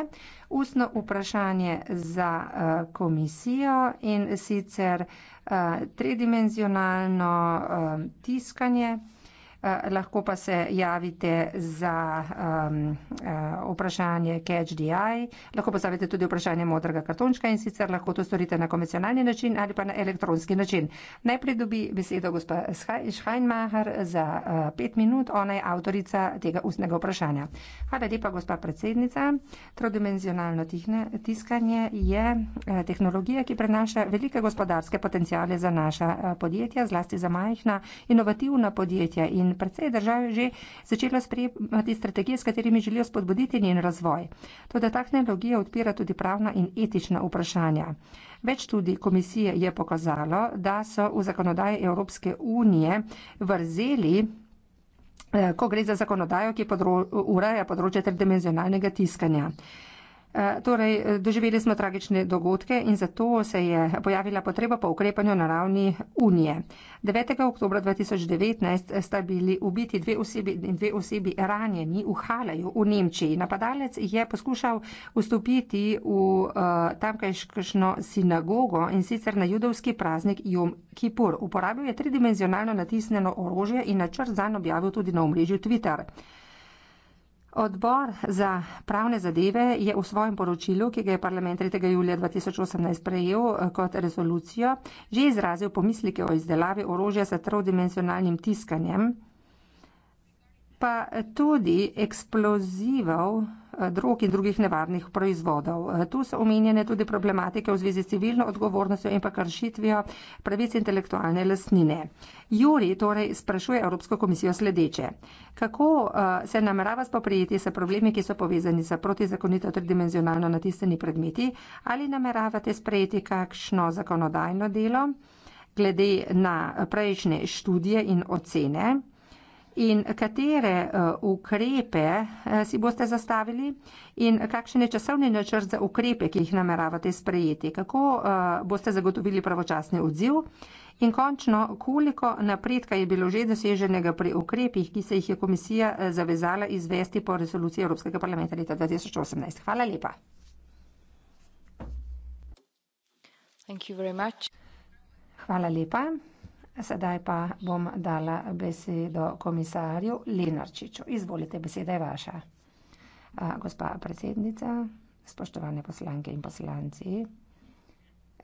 ustno vprašanje za uh, komisijo in sicer uh, tridimenzionalno uh, tiskanje Eh, lahko pa se javite za um, uh, vprašanje CatchDI, lahko pa zavete tudi vprašanje modrega kartončka in sicer lahko to storite na konvencionalni način ali pa na elektronski način. Najprej dobi besedo gospa Schheinmacher za uh, pet minut, ona je avtorica tega ustnega vprašanja. Hvala lepa, gospa predsednica. Trodimenzionalno tiskanje je uh, tehnologija, ki prenaša velike gospodarske potencijale za naša uh, podjetja, zlasti za majhna, inovativna podjetja. In precej držav je že začelo sprejemati strategije, s katerimi želijo spodbuditi njen razvoj. Toda ta tehnologija odpira tudi pravna in etična vprašanja. Več tudi komisije je pokazalo, da so v zakonodaji Evropske unije vrzeli eh, ko gre za zakonodajo, ki podro ureja področje tridimenzionalnega tiskanja. Torej, doživeli smo tragične dogodke in zato se je pojavila potreba po ukrepanju na ravni Unije. 9. oktober 2019 sta bili ubiti dve osebi in dve osebi ranjeni v Halaju v Nemčiji. Napadalec je poskušal vstopiti v uh, eh, tamkajškšno sinagogo in sicer na judovski praznik Jom Kipur. Uporabil je tridimenzionalno natisneno orožje in načrt zanj objavil tudi na omrežju Twitter. Odbor za pravne zadeve je v svojem poročilu, ki ga je parlament 3. julija 2018 prejel eh, kot rezolucijo, že izrazil pomislike o izdelavi orožja s trodimenzionalnim tiskanjem, pa tudi eksplozivov, eh, drog in drugih nevarnih proizvodov. Eh, tu so omenjene tudi problematike v zvezi s civilno odgovornostjo in pa kršitvijo pravic intelektualne lasnine. Juri torej sprašuje Evropsko komisijo sledeče. Kako eh, se namerava spoprijeti s problemi, ki so povezani z protizakonito tridimenzionalno natisteni predmeti? Ali nameravate sprejeti kakšno zakonodajno delo glede na prejšnje študije in ocene? In katere eh, ukrepe eh, si boste zastavili in kakšen je časovni načrt za ukrepe, ki jih nameravate sprejeti? Kako eh, boste zagotovili pravočasni odziv? In končno, koliko napredka je bilo že doseženega pri ukrepih, ki se jih je komisija zavezala izvesti po resoluciji Evropskega parlamenta leta 2018? Hvala lepa. Hvala lepa. Sedaj pa bom dala besedo komisarju Lenarčiču. Izvolite, beseda je vaša. Gospa predsednica, spoštovane poslanke in poslanci,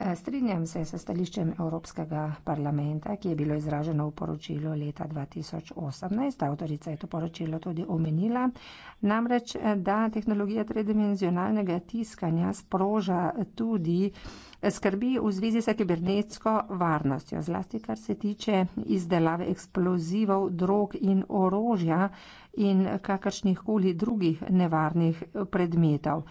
e, strinjam se s stališčem Evropskega parlamenta, ki je bilo izraženo v poročilu leta 2018. Avtorica je to poročilo tudi omenila, namreč, da tehnologija tridimenzionalnega tiskanja sproža tudi skrbi v zvezi s kibernetsko varnostjo, zlasti kar se tiče izdelave eksplozivov, drog in orožja in kakršnih koli drugih nevarnih predmetov.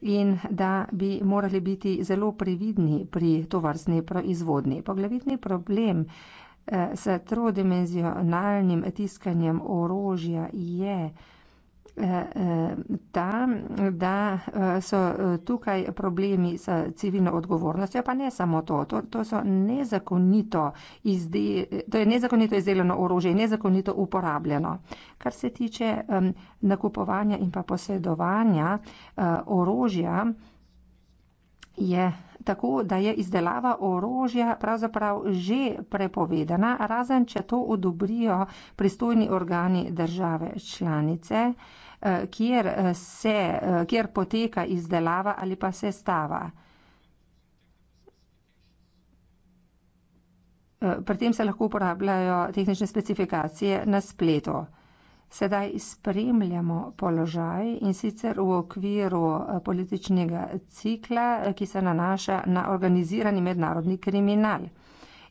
In da bi morali biti zelo previdni pri tovrstni proizvodni. Poglavitni problem eh, s trodimenzionalnim tiskanjem orožja je, Eh, eh, ta, da eh, so tukaj problemi s civilno odgovornostjo, pa ne samo to. To, to, nezakonito izde, to je nezakonito izdelano orožje, nezakonito uporabljeno. Kar se tiče nakupovanja in pa posedovanja orožja, je tako, da je izdelava orožja pravzaprav že prepovedana, razen če to odobrijo pristojni organi države članice kjer, se, kjer poteka izdelava ali pa se stava. Pri tem se lahko uporabljajo tehnične specifikacije na spletu. Sedaj spremljamo položaj in sicer v okviru političnega cikla, ki se nanaša na organizirani mednarodni kriminal.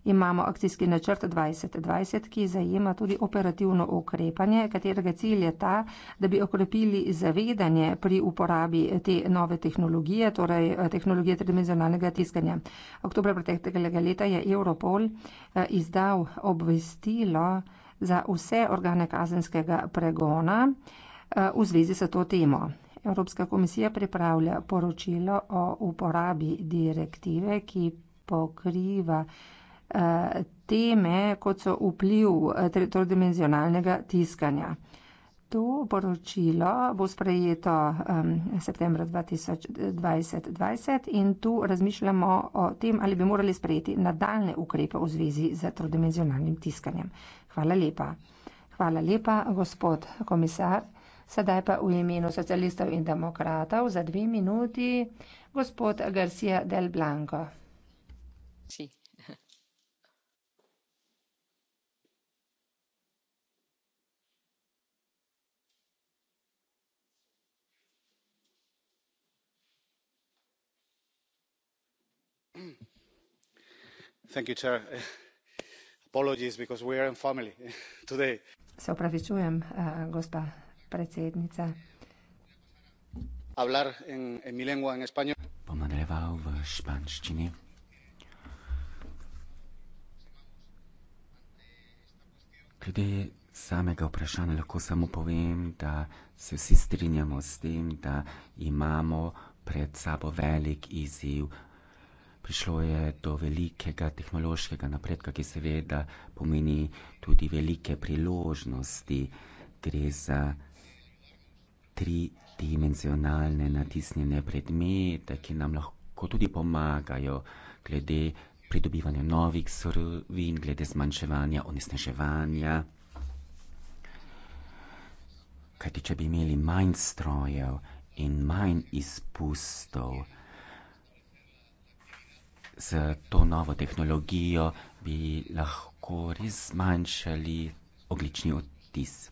Imamo akcijski načrt 2020, ki zajema tudi operativno ukrepanje, katerega cilj je ta, da bi okrepili zavedanje pri uporabi te nove tehnologije, torej eh, tehnologije tridimenzionalnega tiskanja. Oktober preteklega leta je Europol eh, izdal obvestilo za vse organe kazenskega pregona eh, v zvezi s to temo. Evropska komisija pripravlja poročilo o uporabi direktive, ki pokriva Eh, teme, kot so vpliv eh, tridimenzionalnega tiskanja. To poročilo bo sprejeto um, septembra 2020 in tu razmišljamo o tem, ali bi morali sprejeti nadaljne ukrepe v zvezi z trodimenzionalnim tiskanjem. Hvala lepa. Hvala lepa, gospod komisar. Sedaj pa v imenu socialistov in demokratov za dve minuti gospod Garcia del Blanco. Si. Sí. [laughs] Se opravičujem, eh, gospa predsednica. Bom nadaljeval v španščini. Glede samega vprašanja lahko samo povem, da se vsi strinjamo s tem, da imamo pred sabo velik izziv prišlo je do velikega tehnološkega napredka, ki seveda pomeni tudi velike priložnosti. Gre za tridimenzionalne natisnjene predmete, ki nam lahko tudi pomagajo glede pridobivanja novih surovin, glede zmanjševanja onesnaževanja. Kajti če bi imeli manj strojev in manj izpustov, s to novo tehnologijo bi lahko res zmanjšali oglični odtis.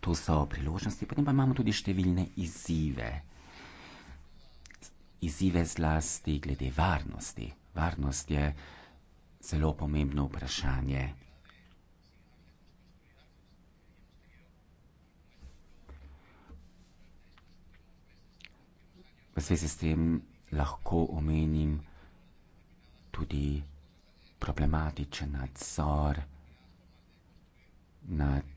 To so priložnosti, potem pa imamo tudi številne izzive. Izzive zlasti glede varnosti. Varnost je zelo pomembno vprašanje. V zvezi s tem lahko omenim, tudi problematičen nadzor nad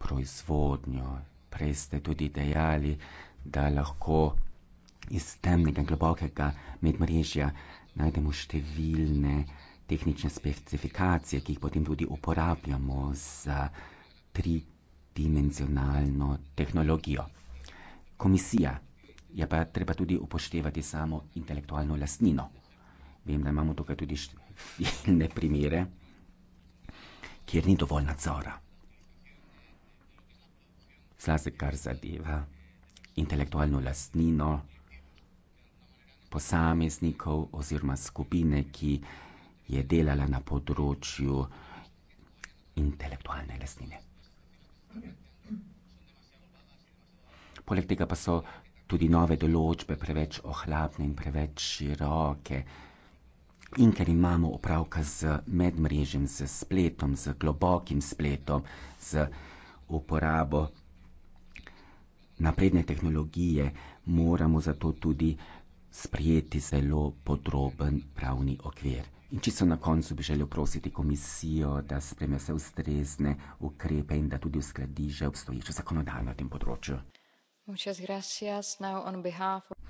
proizvodnjo. Prej ste tudi dejali, da lahko iz temnega, globokega medmrežja najdemo številne tehnične specifikacije, ki jih potem tudi uporabljamo za tridimenzionalno tehnologijo. Komisija je pa treba tudi upoštevati samo intelektualno lastnino vem, da imamo tukaj tudi številne primere, kjer ni dovolj nadzora. Slase, kar zadeva intelektualno lastnino posameznikov oziroma skupine, ki je delala na področju intelektualne lastnine. Poleg tega pa so tudi nove določbe preveč ohlapne in preveč široke. In ker imamo opravka z medmrežjem, z spletom, z globokim spletom, z uporabo napredne tehnologije, moramo zato tudi sprijeti zelo podroben pravni okvir. In čisto na koncu bi želel prositi komisijo, da spremlja vse ustrezne ukrepe in da tudi uskladi že obstoječo zakonodajo na tem področju.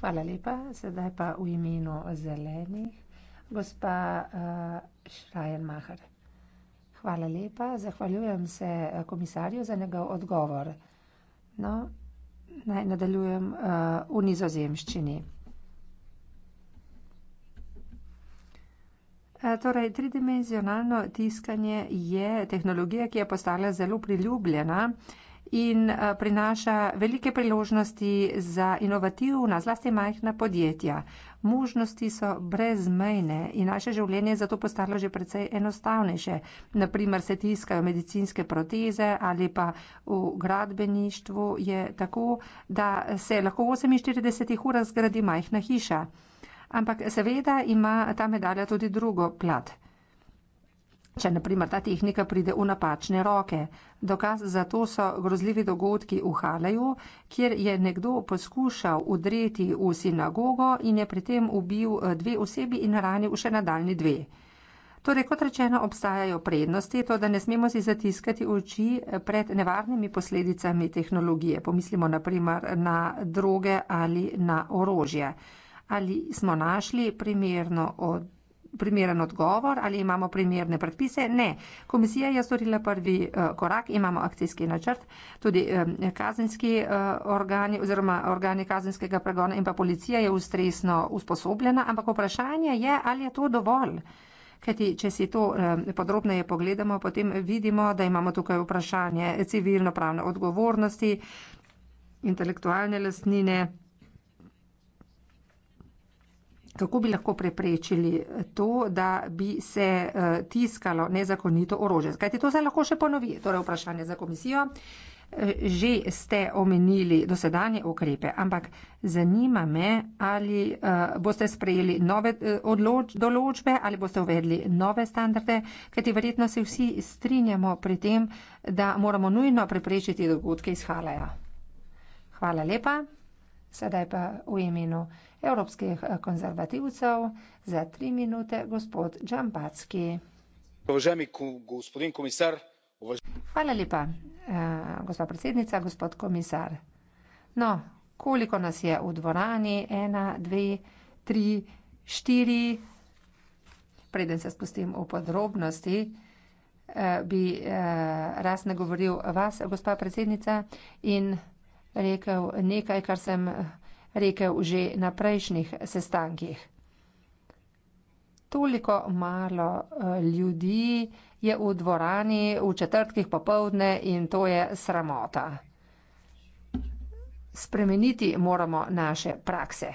Hvala lepa, sedaj pa v imenu zelenih gospa uh, eh, Šrajenmaher. Hvala lepa. Zahvaljujem se eh, komisarju za njegov odgovor. No, naj nadaljujem uh, v nizozemščini. Torej, tridimenzionalno tiskanje je tehnologija, ki je postala zelo priljubljena. Uh, in eh, prinaša velike priložnosti za inovativna, zlasti majhna podjetja. Možnosti so brezmejne in naše življenje je zato postalo že precej enostavnejše. Naprimer se tiskajo medicinske proteze ali pa v gradbeništvu je tako, da se lahko v 48 urah zgradi majhna hiša. Ampak seveda ima ta medalja tudi drugo plat. Če naprimer ta tehnika pride v napačne roke. Dokaz za to so grozljivi dogodki v Haleju, kjer je nekdo poskušal udreti v sinagogo in je pri tem ubil eh, dve osebi in ranil še nadaljni dve. Torej, kot rečeno, obstajajo prednosti, to, da ne smemo si zatiskati oči eh, pred nevarnimi posledicami tehnologije, pomislimo naprimer na droge ali na orožje. Ali smo našli primerno od primeren odgovor, ali imamo primerne predpise. Ne, komisija je storila prvi eh, korak, imamo akcijski načrt, tudi eh, kazenski eh, organi oziroma organi kazenskega pregona in pa policija je ustresno usposobljena, ampak vprašanje je, ali je to dovolj. Kajti, če si to podrobneje pogledamo, potem vidimo, da imamo tukaj vprašanje civilno-pravne odgovornosti, intelektualne lastnine kako bi lahko preprečili to, da bi se eh, tiskalo nezakonito orožje. Skajte, to se lahko še ponovi, torej vprašanje za komisijo. Eh, že ste omenili dosedanje okrepe, ampak zanima me, ali eh, boste sprejeli nove določbe, ali boste uvedli nove standarde, kajti verjetno se vsi strinjamo pri tem, da moramo nujno preprečiti dogodke iz Halaja. Hvala lepa. Sedaj pa v imenu evropskih eh, konzervativcev za tri minute gospod džambacki. Hvala lepa, eh, gospa predsednica, gospod komisar. No, koliko nas je v dvorani? Ena, dve, tri, štiri. Preden se spustim v podrobnosti, eh, bi raz nagovoril vas, gospa predsednica, in rekel nekaj, kar sem rekel že na prejšnjih sestankih. Toliko malo eh, ljudi je v dvorani v četrtkih popovdne in to je sramota. Spremeniti moramo naše prakse.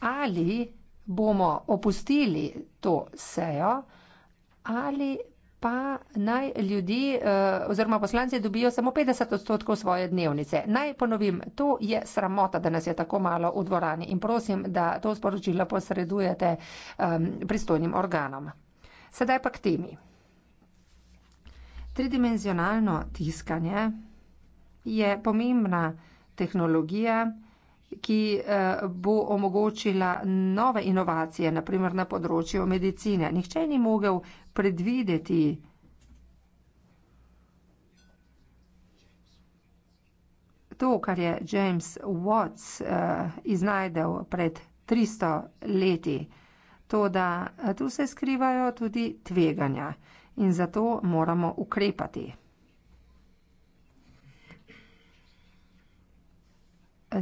Ali bomo opustili to sejo ali pa naj ljudi eh, oziroma poslanci dobijo samo 50 odstotkov svoje dnevnice. Naj ponovim, to je sramota, da nas je tako malo v dvorani in prosim, da to sporočilo posredujete pristojnim organom. Sedaj pa k temi. Tridimenzionalno tiskanje je pomembna tehnologija, ki eh, bo omogočila nove inovacije, naprimer na področju medicine. Nihče ni mogel predvideti, To, kar je James Watts uh, iznajdel pred 300 leti, to, da eh, tu se skrivajo tudi tveganja in zato moramo ukrepati.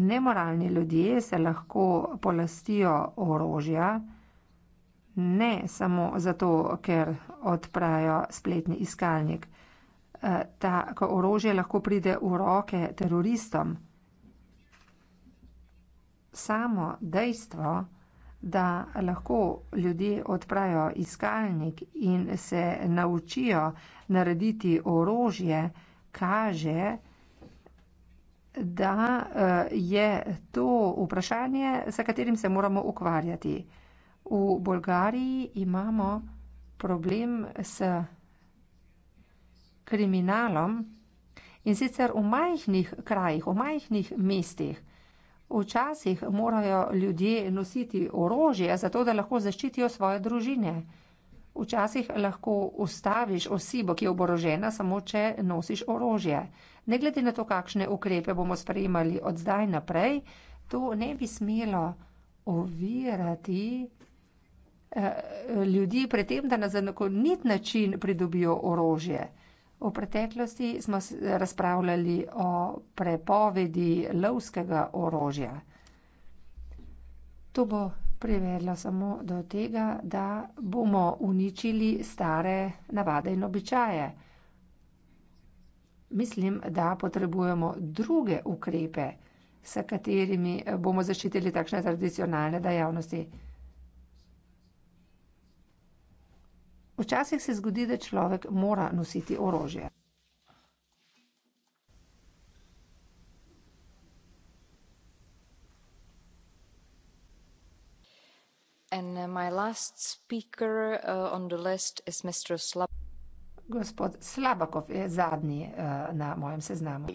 nemoralni ljudje se lahko polastijo orožja, ne samo zato, ker odprajo spletni iskalnik. Eh, tako orožje lahko pride v roke teroristom. Samo dejstvo, da lahko ljudje odprajo iskalnik in se naučijo narediti orožje, kaže, da da eh, je to vprašanje, s katerim se moramo ukvarjati. V Bolgariji imamo problem s kriminalom in sicer v majhnih krajih, v majhnih mestih. Včasih morajo ljudje nositi orožje, zato da lahko zaščitijo svoje družine. Včasih lahko ustaviš osebo, ki je oborožena, samo če nosiš orožje. Ne glede na to, kakšne ukrepe bomo sprejemali od zdaj naprej, to ne bi smelo ovirati eh, ljudi pred tem, da na zakonit način pridobijo orožje. V preteklosti smo razpravljali o prepovedi lovskega orožja. To bo privedla samo do tega, da bomo uničili stare navade in običaje. Mislim, da potrebujemo druge ukrepe, s katerimi bomo zaščitili takšne tradicionalne dejavnosti. Včasih se zgodi, da človek mora nositi orožje. Uh, uh, gospod slabakov je zadnji uh, na mojem seznamu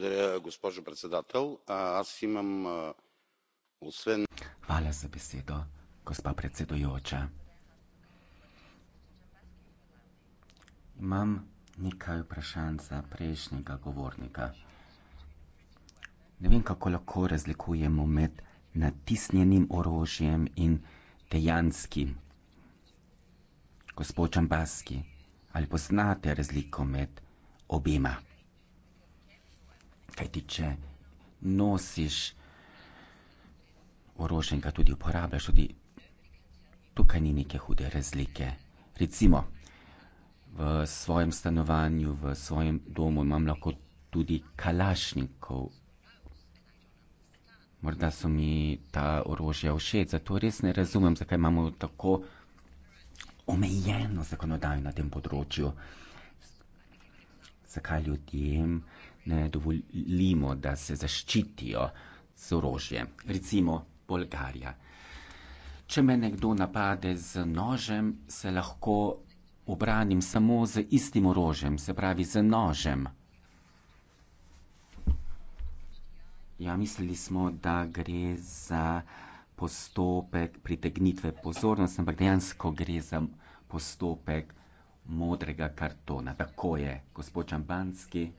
hvala za besedo gospa predsedujoča imam nekaj vprašanj za prejšnjega govornika ne vem kako lahko razlikujemo med natisnjenim orožjem in Tejanski, gospod Čambaski, ali poznate razliko med obima? Kaj ti če nosiš orožje in ga tudi uporabljaš, tudi tukaj ni neke hude razlike. Recimo, v svojem stanovanju, v svojem domu imam lahko tudi kalašnikov Morda so mi ta orožja všeč, zato res ne razumem, zakaj imamo tako omejeno zakonodajo na tem področju. Zakaj ljudem ne dovolimo, da se zaščitijo z orožjem. Recimo Bolgarija. Če me nekdo napade z nožem, se lahko ubranim samo z istim orožjem, se pravi z nožem. Ja, mislili smo, da gre za postopek pritegnitve pozornosti, ampak dejansko gre za postopek modrega kartona. Tako je, gospod Čambanski.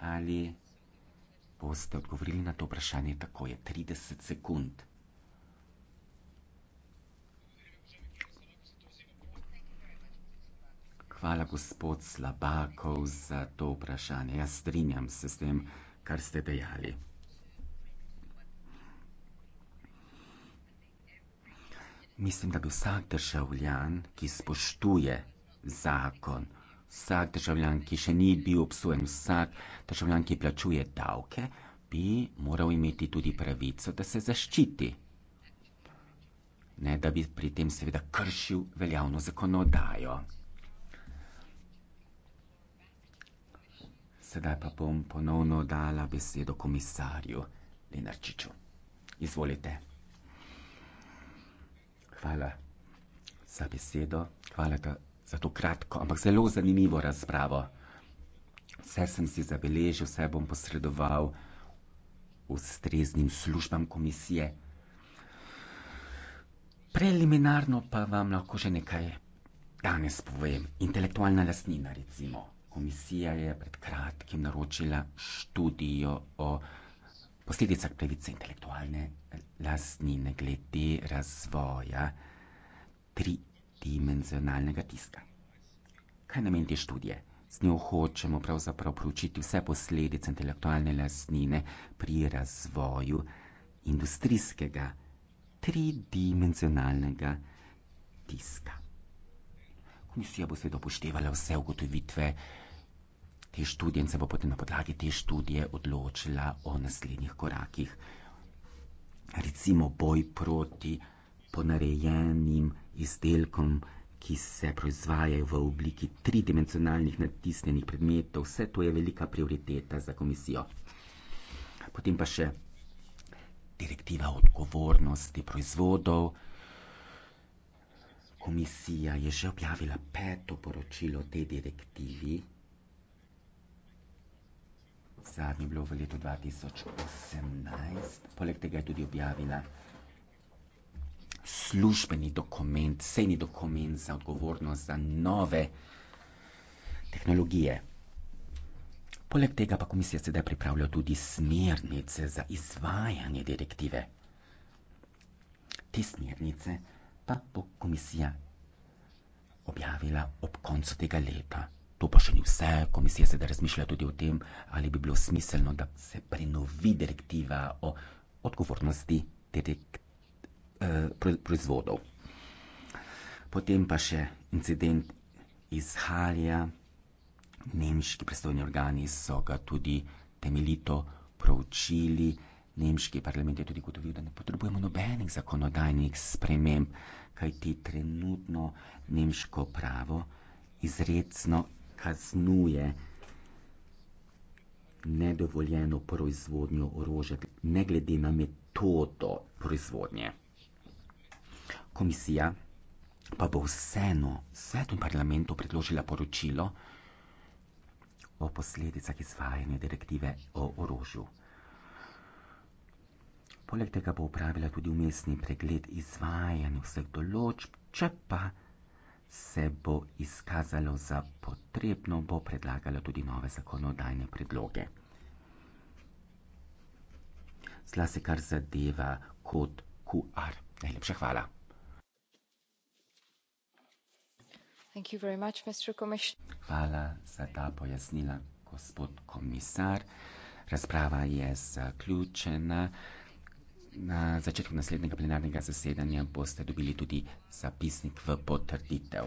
Ali boste odgovorili na to vprašanje? Tako je, 30 sekund. Hvala, gospod Slabakov, za to vprašanje. Jaz strinjam se s tem kar ste dejali. Mislim, da bi vsak državljan, ki spoštuje zakon, vsak državljan, ki še ni bil obsojen, vsak državljan, ki plačuje davke, bi moral imeti tudi pravico, da se zaščiti. Ne, da bi pri tem seveda kršil veljavno zakonodajo. Sedaj pa bom ponovno dala besedo komisarju Lenarčiču. Izvolite. Hvala za besedo, hvala da, za to kratko, ampak zelo zanimivo razpravo. Vse sem si zabeležil, vse bom posredoval ustreznim službam komisije. Preliminarno pa vam lahko že nekaj danes povem. Intelektualna lastnina, recimo. Komisija je pred kratkim naročila študijo o posledicah pravice intelektualne lastnine glede razvoja tridimenzionalnega tiska. Kaj namen te študije? Z njo hočemo pravzaprav proučiti vse posledice intelektualne lastnine pri razvoju industrijskega tridimenzionalnega tiska. Komisija bo seveda upoštevala vse ugotovitve te študije in se bo potem na podlagi te študije odločila o naslednjih korakih. Recimo boj proti ponarejenim izdelkom, ki se proizvajajo v obliki tridimenzionalnih natisnjenih predmetov, vse to je velika prioriteta za komisijo. Potem pa še direktiva odgovornosti proizvodov. Komisija je že objavila peto poročilo o tej direktivi zadnji bil v letu 2018. Poleg tega je tudi objavila službeni dokument, sejni dokument za odgovornost za nove tehnologije. Poleg tega pa komisija sedaj pripravlja tudi smernice za izvajanje direktive. Te smernice pa bo komisija objavila ob koncu tega leta. To pa še ni vse, komisija sedaj razmišlja tudi o tem, ali bi bilo smiselno, da se prenovi direktiva o odgovornosti direkt, eh, proizvodov. Potem pa še incident iz Halja. Nemški predstavni organi so ga tudi temeljito proučili. Nemški parlament je tudi gotovil, da ne potrebujemo nobenih zakonodajnih sprememb, kajti trenutno nemško pravo izredno kaznuje nedovoljeno proizvodnjo orožja, ne glede na metodo proizvodnje. Komisija pa bo vseeno svetu in parlamentu predložila poročilo o posledicah izvajanja direktive o orožju. Poleg tega bo upravila tudi umestni pregled izvajanja vseh določb, če pa se bo izkazalo za potrebno, bo predlagala tudi nove zakonodajne predloge. Zla se kar zadeva kot QR. Najlepša hvala. Thank you very much, Mr. Hvala za ta pojasnila, gospod komisar. Razprava je zaključena na začetku naslednjega plenarnega zasedanja boste dobili tudi zapisnik v potrditev.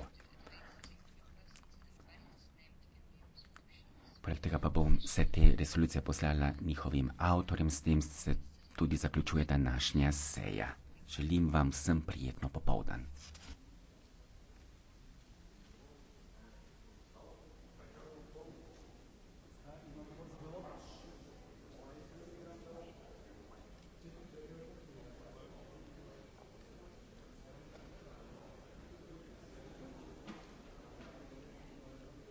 Poleg tega pa bom vse te resolucije poslala njihovim avtorjem, s tem se tudi zaključuje današnja seja. Želim vam vsem prijetno popovdan.